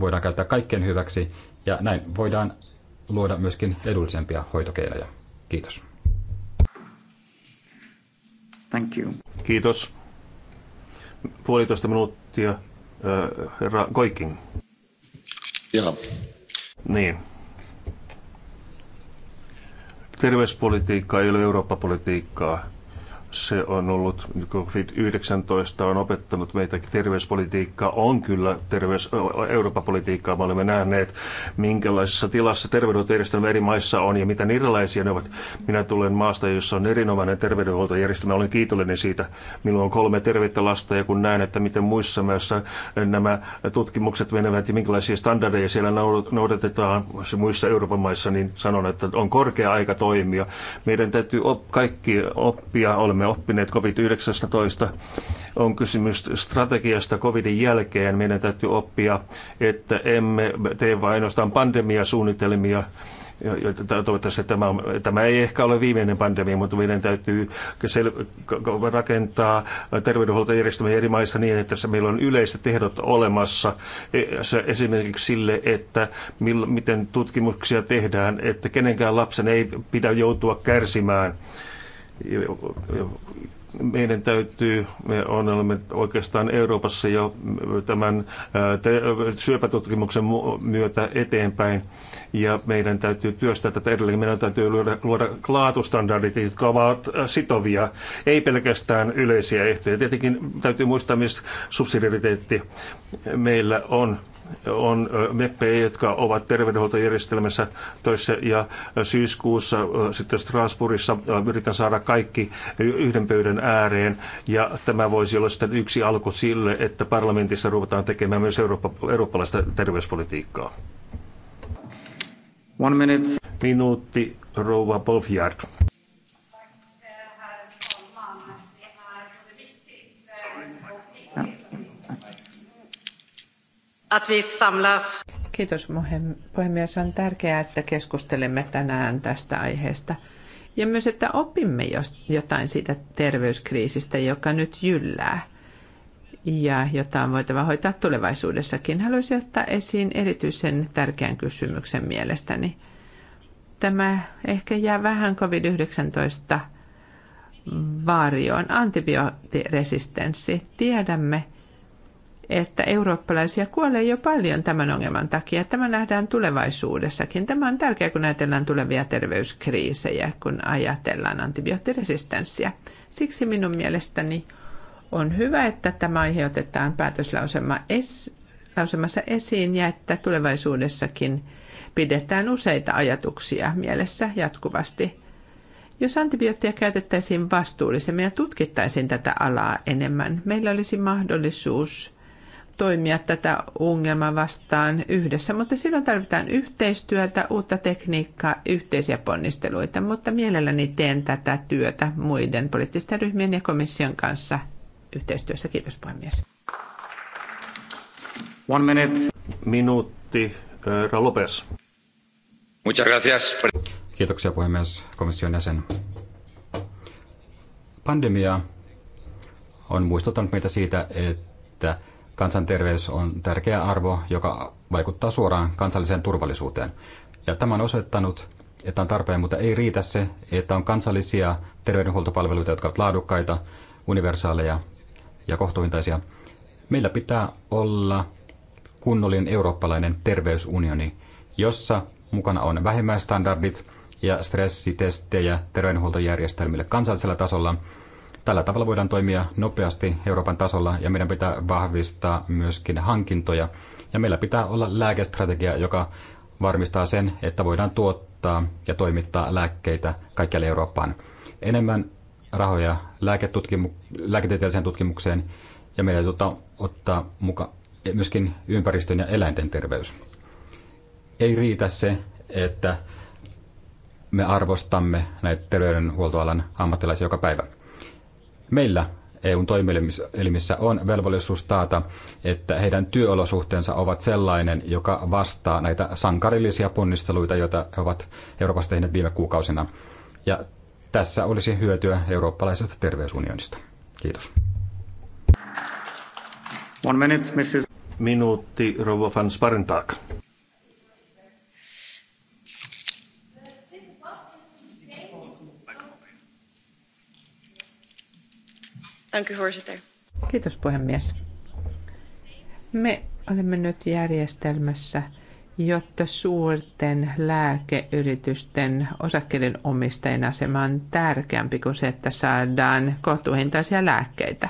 voidaan käyttää kaikkien hyväksi ja näin voidaan luoda myöskin edullisempia hoitokeinoja. Kiitos. Thank you. Kiitos. Puolitoista minuuttia herra Goikin. Jaha. Niin. Terveyspolitiikka ei ole Eurooppa-politiikkaa se on ollut, niin COVID-19 on opettanut meitä, terveyspolitiikka on kyllä terveys, Euroopan politiikkaa. Me olemme nähneet, minkälaisessa tilassa terveydenhuoltojärjestelmä eri maissa on ja miten erilaisia ne ovat. Minä tulen maasta, jossa on erinomainen terveydenhuoltojärjestelmä. Olen kiitollinen siitä. Minulla on kolme terveyttä lasta ja kun näen, että miten muissa maissa nämä tutkimukset menevät ja minkälaisia standardeja siellä noudatetaan muissa Euroopan maissa, niin sanon, että on korkea aika toimia. Meidän täytyy op- kaikki oppia, olemme olemme oppineet COVID-19. On kysymys strategiasta COVIDin jälkeen. Meidän täytyy oppia, että emme tee vain ainoastaan pandemiasuunnitelmia, toivottavasti tämä, tämä ei ehkä ole viimeinen pandemia, mutta meidän täytyy sel- rakentaa terveydenhuoltojärjestelmiä eri maissa niin, että se meillä on yleiset ehdot olemassa. E- se esimerkiksi sille, että mil, miten tutkimuksia tehdään, että kenenkään lapsen ei pidä joutua kärsimään meidän täytyy, me olemme oikeastaan Euroopassa jo tämän syöpätutkimuksen myötä eteenpäin ja meidän täytyy työstää tätä edelleen. Meidän täytyy luoda, luoda laatustandardit, jotka ovat sitovia, ei pelkästään yleisiä ehtoja. Tietenkin täytyy muistaa missä subsidiariteetti. Meillä on on meppejä, jotka ovat terveydenhuoltojärjestelmässä töissä ja syyskuussa sitten Strasbourgissa yritän saada kaikki yhden pöydän ääreen ja tämä voisi olla sitten yksi alku sille, että parlamentissa ruvetaan tekemään myös Eurooppa, eurooppalaista terveyspolitiikkaa. One minute. Minuutti, rouva Bolfjard. att vi samlas. Kiitos puhemies. On tärkeää, että keskustelemme tänään tästä aiheesta. Ja myös, että opimme jotain siitä terveyskriisistä, joka nyt jyllää ja jota on voitava hoitaa tulevaisuudessakin. Haluaisin ottaa esiin erityisen tärkeän kysymyksen mielestäni. Tämä ehkä jää vähän COVID-19 vaarioon. Antibioottiresistenssi. Tiedämme, että eurooppalaisia kuolee jo paljon tämän ongelman takia. Tämä nähdään tulevaisuudessakin. Tämä on tärkeää, kun ajatellaan tulevia terveyskriisejä, kun ajatellaan antibioottiresistenssiä. Siksi minun mielestäni on hyvä, että tämä aihe otetaan päätöslauselma es, esiin ja että tulevaisuudessakin pidetään useita ajatuksia mielessä jatkuvasti. Jos antibiootteja käytettäisiin vastuullisemmin ja tutkittaisiin tätä alaa enemmän, meillä olisi mahdollisuus toimia tätä ongelmaa vastaan yhdessä, mutta silloin tarvitaan yhteistyötä, uutta tekniikkaa, yhteisiä ponnisteluita, mutta mielelläni teen tätä työtä muiden poliittisten ryhmien ja komission kanssa yhteistyössä. Kiitos puhemies. One minute. Minuutti. Herra Lopes. Muchas gracias. Kiitoksia puhemies, komission jäsen. Pandemia on muistuttanut meitä siitä, että Kansanterveys on tärkeä arvo, joka vaikuttaa suoraan kansalliseen turvallisuuteen. Ja tämä on osoittanut, että on tarpeen, mutta ei riitä se, että on kansallisia terveydenhuoltopalveluita, jotka ovat laadukkaita, universaaleja ja kohtuuhintaisia. Meillä pitää olla kunnollinen eurooppalainen terveysunioni, jossa mukana on vähimmäistandardit ja stressitestejä terveydenhuoltojärjestelmille kansallisella tasolla – Tällä tavalla voidaan toimia nopeasti Euroopan tasolla ja meidän pitää vahvistaa myöskin hankintoja. Ja meillä pitää olla lääkestrategia, joka varmistaa sen, että voidaan tuottaa ja toimittaa lääkkeitä kaikkialle Eurooppaan. Enemmän rahoja lääketutkimu- lääketieteelliseen tutkimukseen ja meidän täytyy tuota ottaa mukaan myöskin ympäristön ja eläinten terveys. Ei riitä se, että me arvostamme näitä terveydenhuoltoalan ammattilaisia joka päivä. Meillä EUn toimielimissä on velvollisuus taata, että heidän työolosuhteensa ovat sellainen, joka vastaa näitä sankarillisia ponnisteluita, joita he ovat Euroopassa tehneet viime kuukausina. Ja tässä olisi hyötyä eurooppalaisesta terveysunionista. Kiitos. One minute, Mrs. Minuutti, rouva van Sparentag. Dank u, voorzitter. Kiitos puhemies. Me olemme nyt järjestelmässä, jotta suurten lääkeyritysten osakkeiden omistajien asema on tärkeämpi kuin se, että saadaan kohtuuhintaisia lääkkeitä.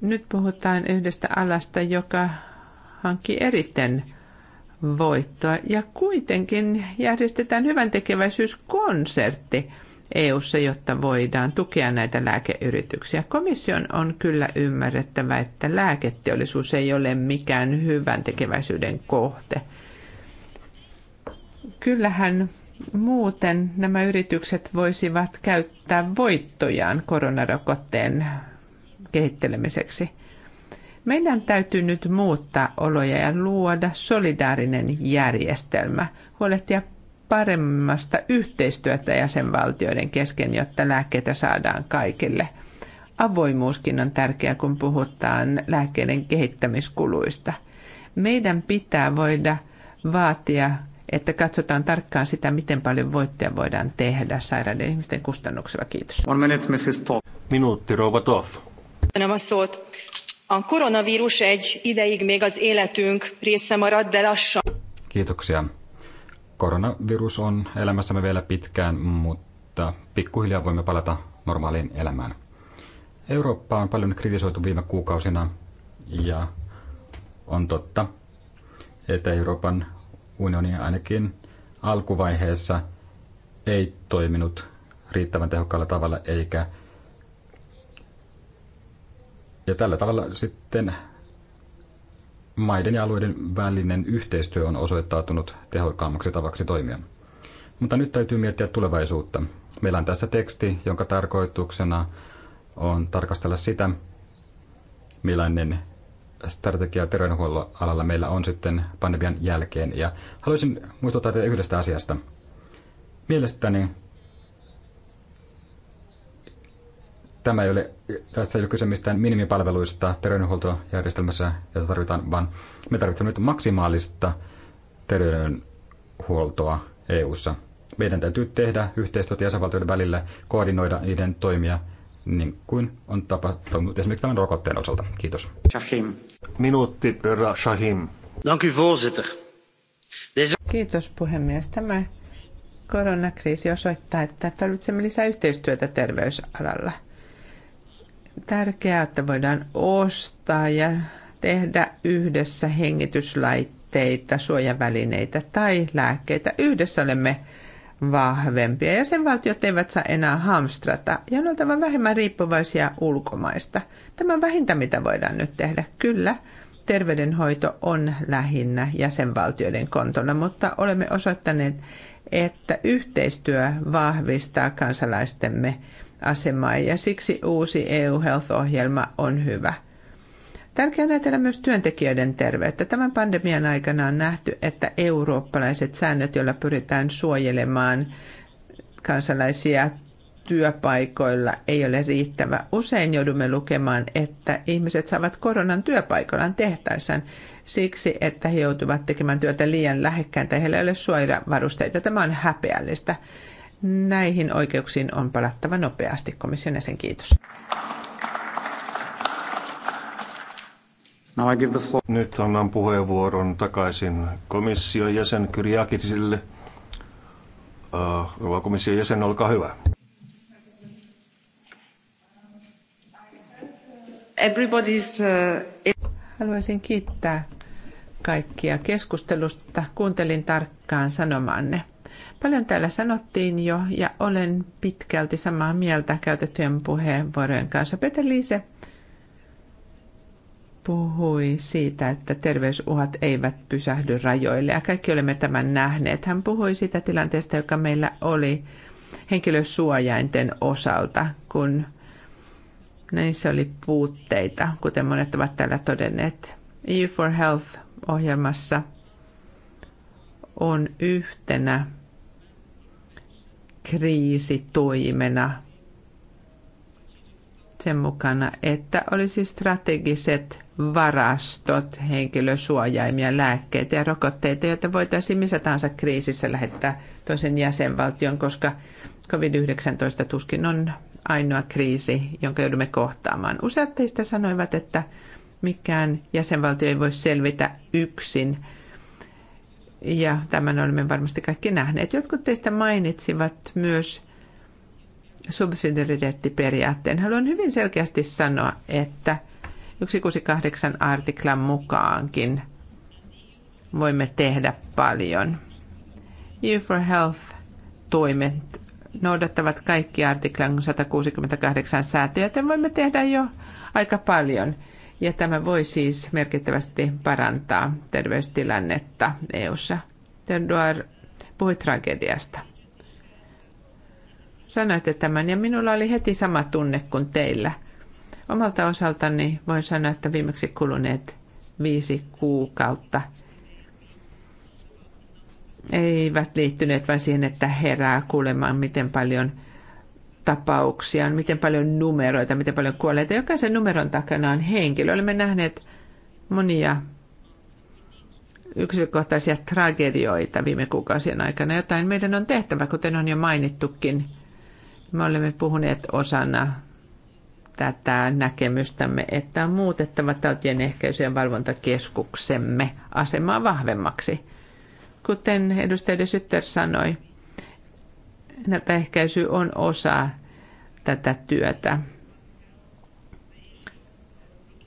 Nyt puhutaan yhdestä alasta, joka hankki eriten voittoa ja kuitenkin järjestetään hyvän tekeväisyyskonsertti – EU-ssa, jotta voidaan tukea näitä lääkeyrityksiä. Komission on kyllä ymmärrettävä, että lääketeollisuus ei ole mikään hyvän tekeväisyyden kohte. Kyllähän muuten nämä yritykset voisivat käyttää voittojaan koronarokotteen kehittelemiseksi. Meidän täytyy nyt muuttaa oloja ja luoda solidaarinen järjestelmä, huolehtia paremmasta yhteistyötä jäsenvaltioiden kesken, jotta lääkkeitä saadaan kaikille. Avoimuuskin on tärkeää, kun puhutaan lääkkeiden kehittämiskuluista. Meidän pitää voida vaatia, että katsotaan tarkkaan sitä, miten paljon voittoja voidaan tehdä sairaiden ihmisten kustannuksella. Kiitos. On menet Mrs. Toff. Minuutti, rouva Toff. Köszönöm a szót. A koronavírus egy ideig még az életünk része marad, de lassan. Kiitoksia Koronavirus on elämässämme vielä pitkään, mutta pikkuhiljaa voimme palata normaaliin elämään. Eurooppa on paljon kritisoitu viime kuukausina ja on totta, että Euroopan unioni ainakin alkuvaiheessa ei toiminut riittävän tehokkaalla tavalla eikä ja tällä tavalla sitten maiden ja alueiden välinen yhteistyö on osoittautunut tehokkaammaksi tavaksi toimia. Mutta nyt täytyy miettiä tulevaisuutta. Meillä on tässä teksti, jonka tarkoituksena on tarkastella sitä, millainen strategia terveydenhuollon alalla meillä on sitten pandemian jälkeen. Ja haluaisin muistuttaa teitä yhdestä asiasta. Mielestäni tämä ei ole, tässä ei ole kyse mistään minimipalveluista terveydenhuoltojärjestelmässä, jota tarvitaan, vaan me tarvitsemme nyt maksimaalista terveydenhuoltoa EU:ssa. Meidän täytyy tehdä yhteistyötä jäsenvaltioiden välillä, koordinoida niiden toimia, niin kuin on tapahtunut esimerkiksi tämän rokotteen osalta. Kiitos. Shahim. Minuutti, Pyrra Shahim. voorzitter. Kiitos puhemies. Tämä koronakriisi osoittaa, että tarvitsemme lisää yhteistyötä terveysalalla – tärkeää, että voidaan ostaa ja tehdä yhdessä hengityslaitteita, suojavälineitä tai lääkkeitä. Yhdessä olemme vahvempia. valtiot eivät saa enää hamstrata ja on oltava vähemmän riippuvaisia ulkomaista. Tämä on vähintä, mitä voidaan nyt tehdä. Kyllä, terveydenhoito on lähinnä jäsenvaltioiden kontolla, mutta olemme osoittaneet, että yhteistyö vahvistaa kansalaistemme asemaa ja siksi uusi EU Health-ohjelma on hyvä. Tärkeää näytellä myös työntekijöiden terveyttä. Tämän pandemian aikana on nähty, että eurooppalaiset säännöt, joilla pyritään suojelemaan kansalaisia työpaikoilla ei ole riittävä. Usein joudumme lukemaan, että ihmiset saavat koronan työpaikallaan tehtaissaan siksi, että he joutuvat tekemään työtä liian lähekkään tai heillä ei ole suojavarusteita. Tämä on häpeällistä näihin oikeuksiin on palattava nopeasti. Komission jäsen, kiitos. Nyt annan puheenvuoron takaisin komission jäsen Kyriakisille. Uh, komission jäsen, olkaa hyvä. Everybody's, uh... Haluaisin kiittää kaikkia keskustelusta. Kuuntelin tarkkaan sanomanne. Paljon täällä sanottiin jo ja olen pitkälti samaa mieltä käytettyjen puheenvuorojen kanssa. Peter Liise puhui siitä, että terveysuhat eivät pysähdy rajoille ja kaikki olemme tämän nähneet. Hän puhui siitä tilanteesta, joka meillä oli henkilösuojainten osalta, kun näissä oli puutteita, kuten monet ovat täällä todenneet. EU for Health-ohjelmassa on yhtenä kriisitoimena sen mukana, että olisi strategiset varastot, henkilösuojaimia, lääkkeitä ja rokotteita, joita voitaisiin missä tahansa kriisissä lähettää toisen jäsenvaltion, koska COVID-19 tuskin on ainoa kriisi, jonka joudumme kohtaamaan. Useat teistä sanoivat, että mikään jäsenvaltio ei voi selvitä yksin – ja tämän olemme varmasti kaikki nähneet. Jotkut teistä mainitsivat myös subsidiariteettiperiaatteen. Haluan hyvin selkeästi sanoa, että 168 artiklan mukaankin voimme tehdä paljon. You for Health-toimet noudattavat kaikki artiklan 168 säätöjä, joten voimme tehdä jo aika paljon – ja tämä voi siis merkittävästi parantaa terveystilannetta EU-ssa. Terdoar puhui tragediasta. Sanoitte tämän ja minulla oli heti sama tunne kuin teillä. Omalta osaltani voin sanoa, että viimeksi kuluneet viisi kuukautta eivät liittyneet vain siihen, että herää kuulemaan, miten paljon – tapauksia on, miten paljon numeroita, miten paljon kuolleita. Jokaisen numeron takana on henkilö. Olemme nähneet monia yksilökohtaisia tragedioita viime kuukausien aikana. Jotain meidän on tehtävä, kuten on jo mainittukin. Me olemme puhuneet osana tätä näkemystämme, että on muutettava tautien ehkäisy- ja valvontakeskuksemme asemaa vahvemmaksi. Kuten edustaja Sytter sanoi, ennaltaehkäisy on osa tätä työtä.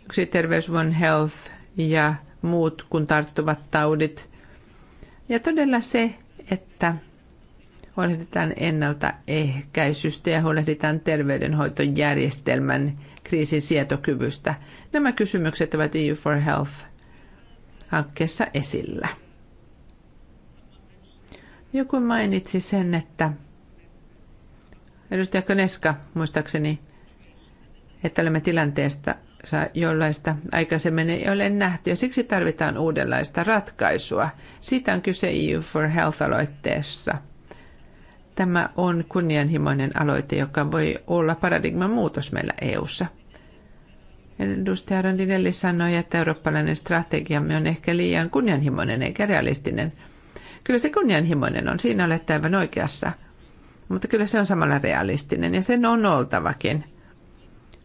Yksi Terveys One Health ja muut kun tarttuvat taudit. Ja todella se, että huolehditaan ennaltaehkäisystä ja huolehditaan terveydenhoitojärjestelmän kriisin sietokyvystä. Nämä kysymykset ovat EU for Health hankkeessa esillä. Joku mainitsi sen, että Edustaja Koneska, muistaakseni, että olemme tilanteesta, jollaista aikaisemmin ei ole nähty ja siksi tarvitaan uudenlaista ratkaisua. Siitä on kyse EU for Health-aloitteessa. Tämä on kunnianhimoinen aloite, joka voi olla paradigman muutos meillä EU-ssa. Edustaja Randinelli sanoi, että eurooppalainen strategiamme on ehkä liian kunnianhimoinen eikä realistinen. Kyllä se kunnianhimoinen on, siinä olette aivan oikeassa – mutta kyllä se on samalla realistinen ja sen on oltavakin,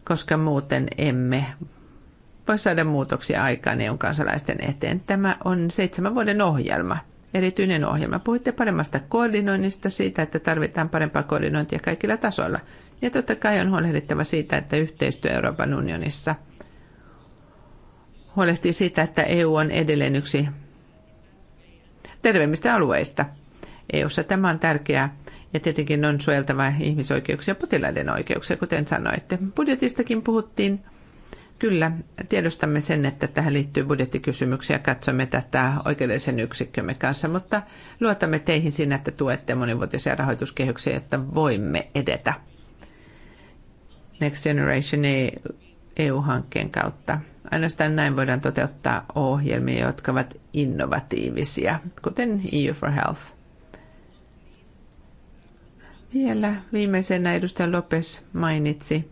koska muuten emme voi saada muutoksia aikaan EUn kansalaisten eteen. Tämä on seitsemän vuoden ohjelma, erityinen ohjelma. Puhuitte paremmasta koordinoinnista, siitä, että tarvitaan parempaa koordinointia kaikilla tasoilla. Ja totta kai on huolehdittava siitä, että yhteistyö Euroopan unionissa huolehtii siitä, että EU on edelleen yksi terveimmistä alueista. EUssa tämä on tärkeää ja tietenkin on suojeltava ihmisoikeuksia ja potilaiden oikeuksia, kuten sanoitte. Budjetistakin puhuttiin. Kyllä, tiedostamme sen, että tähän liittyy budjettikysymyksiä. Katsomme tätä oikeudellisen yksikkömme kanssa, mutta luotamme teihin siinä, että tuette monivuotisia rahoituskehyksiä, jotta voimme edetä Next Generation EU-hankkeen e kautta. Ainoastaan näin voidaan toteuttaa ohjelmia, jotka ovat innovatiivisia, kuten EU for Health. Vielä viimeisenä edustaja Lopes mainitsi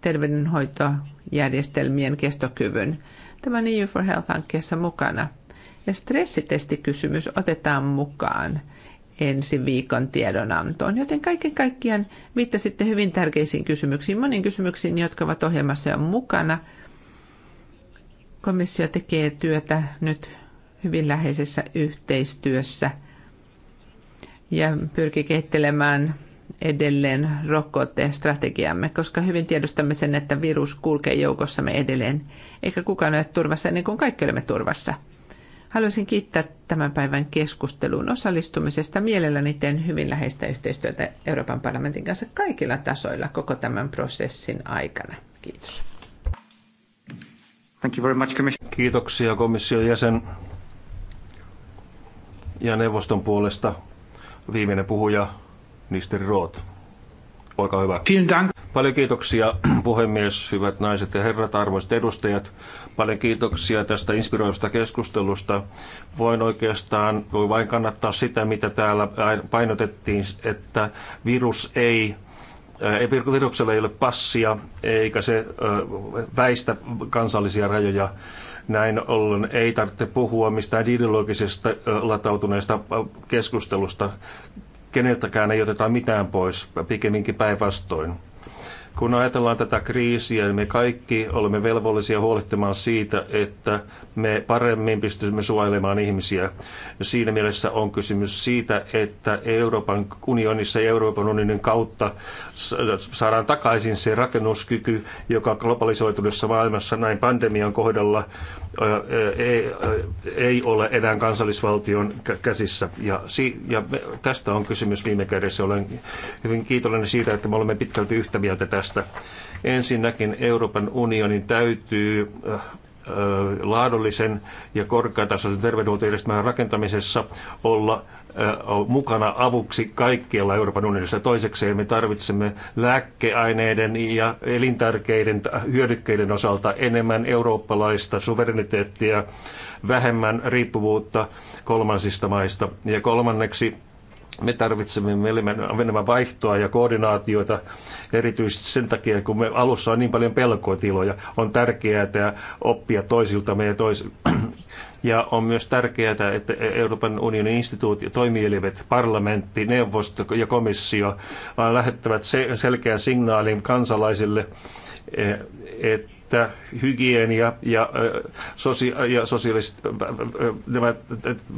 terveydenhoitojärjestelmien kestokyvyn. Tämä New EU for Health-hankkeessa mukana. Ja stressitestikysymys otetaan mukaan ensi viikon tiedonantoon. Joten kaiken kaikkiaan viittasitte hyvin tärkeisiin kysymyksiin, moniin kysymyksiin, jotka ovat ohjelmassa jo mukana. Komissio tekee työtä nyt hyvin läheisessä yhteistyössä – ja pyrki kehittelemään edelleen rokotestrategiamme, koska hyvin tiedostamme sen, että virus kulkee joukossamme edelleen, eikä kukaan ole turvassa ennen kuin kaikki olemme turvassa. Haluaisin kiittää tämän päivän keskusteluun osallistumisesta. Mielelläni teen hyvin läheistä yhteistyötä Euroopan parlamentin kanssa kaikilla tasoilla koko tämän prosessin aikana. Kiitos. Thank you very much, Kiitoksia komission jäsen ja neuvoston puolesta Viimeinen puhuja, ministeri Root. Olkaa hyvä. Vielen Dank. Paljon kiitoksia puhemies, hyvät naiset ja herrat, arvoisat edustajat. Paljon kiitoksia tästä inspiroivasta keskustelusta. Voin oikeastaan voi vain kannattaa sitä, mitä täällä painotettiin, että virus ei äh, Viruksella ei ole passia, eikä se äh, väistä kansallisia rajoja. Näin ollen ei tarvitse puhua mistään ideologisesta latautuneesta keskustelusta. Keneltäkään ei oteta mitään pois, pikemminkin päinvastoin. Kun ajatellaan tätä kriisiä, niin me kaikki olemme velvollisia huolehtimaan siitä, että me paremmin pystymme suojelemaan ihmisiä. Siinä mielessä on kysymys siitä, että Euroopan unionissa ja Euroopan unionin kautta saadaan takaisin se rakennuskyky, joka globalisoituneessa maailmassa näin pandemian kohdalla ei, ei ole enää kansallisvaltion käsissä. Ja, ja me, tästä on kysymys viime kädessä. Olen hyvin kiitollinen siitä, että me olemme pitkälti yhtä mieltä tästä. Ensinnäkin Euroopan unionin täytyy laadullisen ja korkeatasoisen terveydenhuoltojärjestelmän rakentamisessa olla mukana avuksi kaikkialla Euroopan unionissa. Toisekseen me tarvitsemme lääkkeaineiden ja elintärkeiden hyödykkeiden osalta enemmän eurooppalaista suvereniteettia, vähemmän riippuvuutta kolmansista maista. Ja kolmanneksi me tarvitsemme enemmän vaihtoa ja koordinaatioita, erityisesti sen takia, kun me alussa on niin paljon pelkotiloja, on tärkeää että oppia toisiltamme ja tois, ja on myös tärkeää, että Euroopan unionin instituutio, toimielimet, parlamentti, neuvosto ja komissio äh, lähettävät selkeän signaalin kansalaisille, eh, että että hygienia ja, sosi- ja sosiaaliset nämä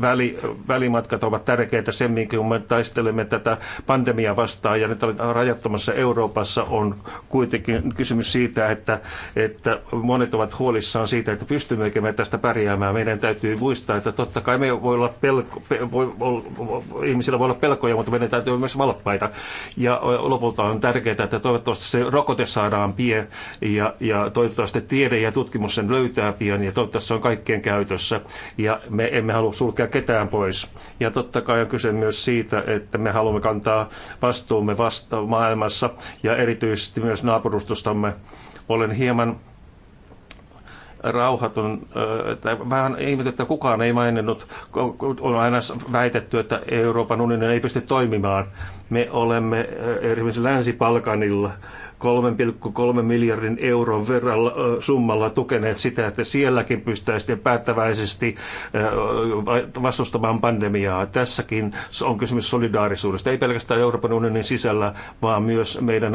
väli, välimatkat ovat tärkeitä semmin, kun me taistelemme tätä pandemiaa vastaan ja nyt rajattomassa Euroopassa on kuitenkin kysymys siitä, että, että monet ovat huolissaan siitä, että pystymmekö me tästä pärjäämään. Meidän täytyy muistaa, että totta kai me voi olla pelko, voi, voi, ihmisillä voi olla pelkoja, mutta meidän täytyy myös valppaita. Ja lopulta on tärkeää, että toivottavasti se rokote saadaan pie ja, ja toivottavasti Toivottavasti tiede ja tutkimus sen löytää pian ja toivottavasti se on kaikkien käytössä. Ja me emme halua sulkea ketään pois. Ja totta kai on kyse myös siitä, että me haluamme kantaa vastuumme vasta- maailmassa ja erityisesti myös naapurustostamme. Olen hieman rauhaton, tai vähän että kukaan ei maininnut, on aina väitetty, että Euroopan unioni ei pysty toimimaan. Me olemme eh, esimerkiksi Länsi-Palkanilla 3,3 miljardin euron verran eh, summalla tukeneet sitä, että sielläkin pystytään päättäväisesti eh, vastustamaan pandemiaa. Tässäkin on kysymys solidaarisuudesta, ei pelkästään Euroopan unionin sisällä, vaan myös meidän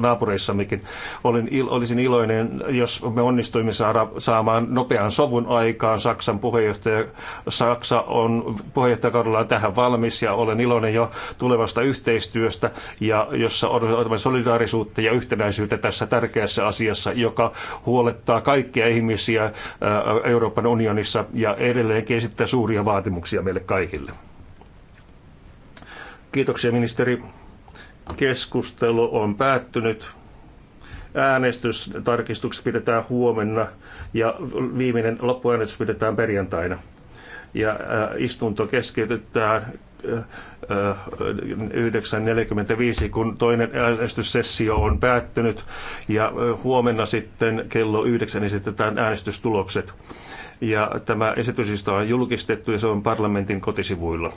naapureissammekin. Olin, olisin iloinen, jos me onnistuimme saada, saamaan nopean sovun aikaan Saksan puheenjohtaja. Saksa on puheenjohtajakaudellaan tähän valmis ja olen iloinen jo tulevasta yhteistyöstä ja jossa on solidaarisuutta ja yhtenäisyyttä tässä tärkeässä asiassa, joka huolettaa kaikkia ihmisiä äh, Euroopan unionissa ja edelleenkin esittää suuria vaatimuksia meille kaikille. Kiitoksia ministeri. Keskustelu on päättynyt äänestystarkistukset pidetään huomenna ja viimeinen loppuäänestys pidetään perjantaina. Ja äh, istunto keskeytetään 9.45, kun toinen äänestyssessio on päättynyt ja huomenna sitten kello 9 esitetään äänestystulokset. Ja tämä esitysista on julkistettu ja se on parlamentin kotisivuilla.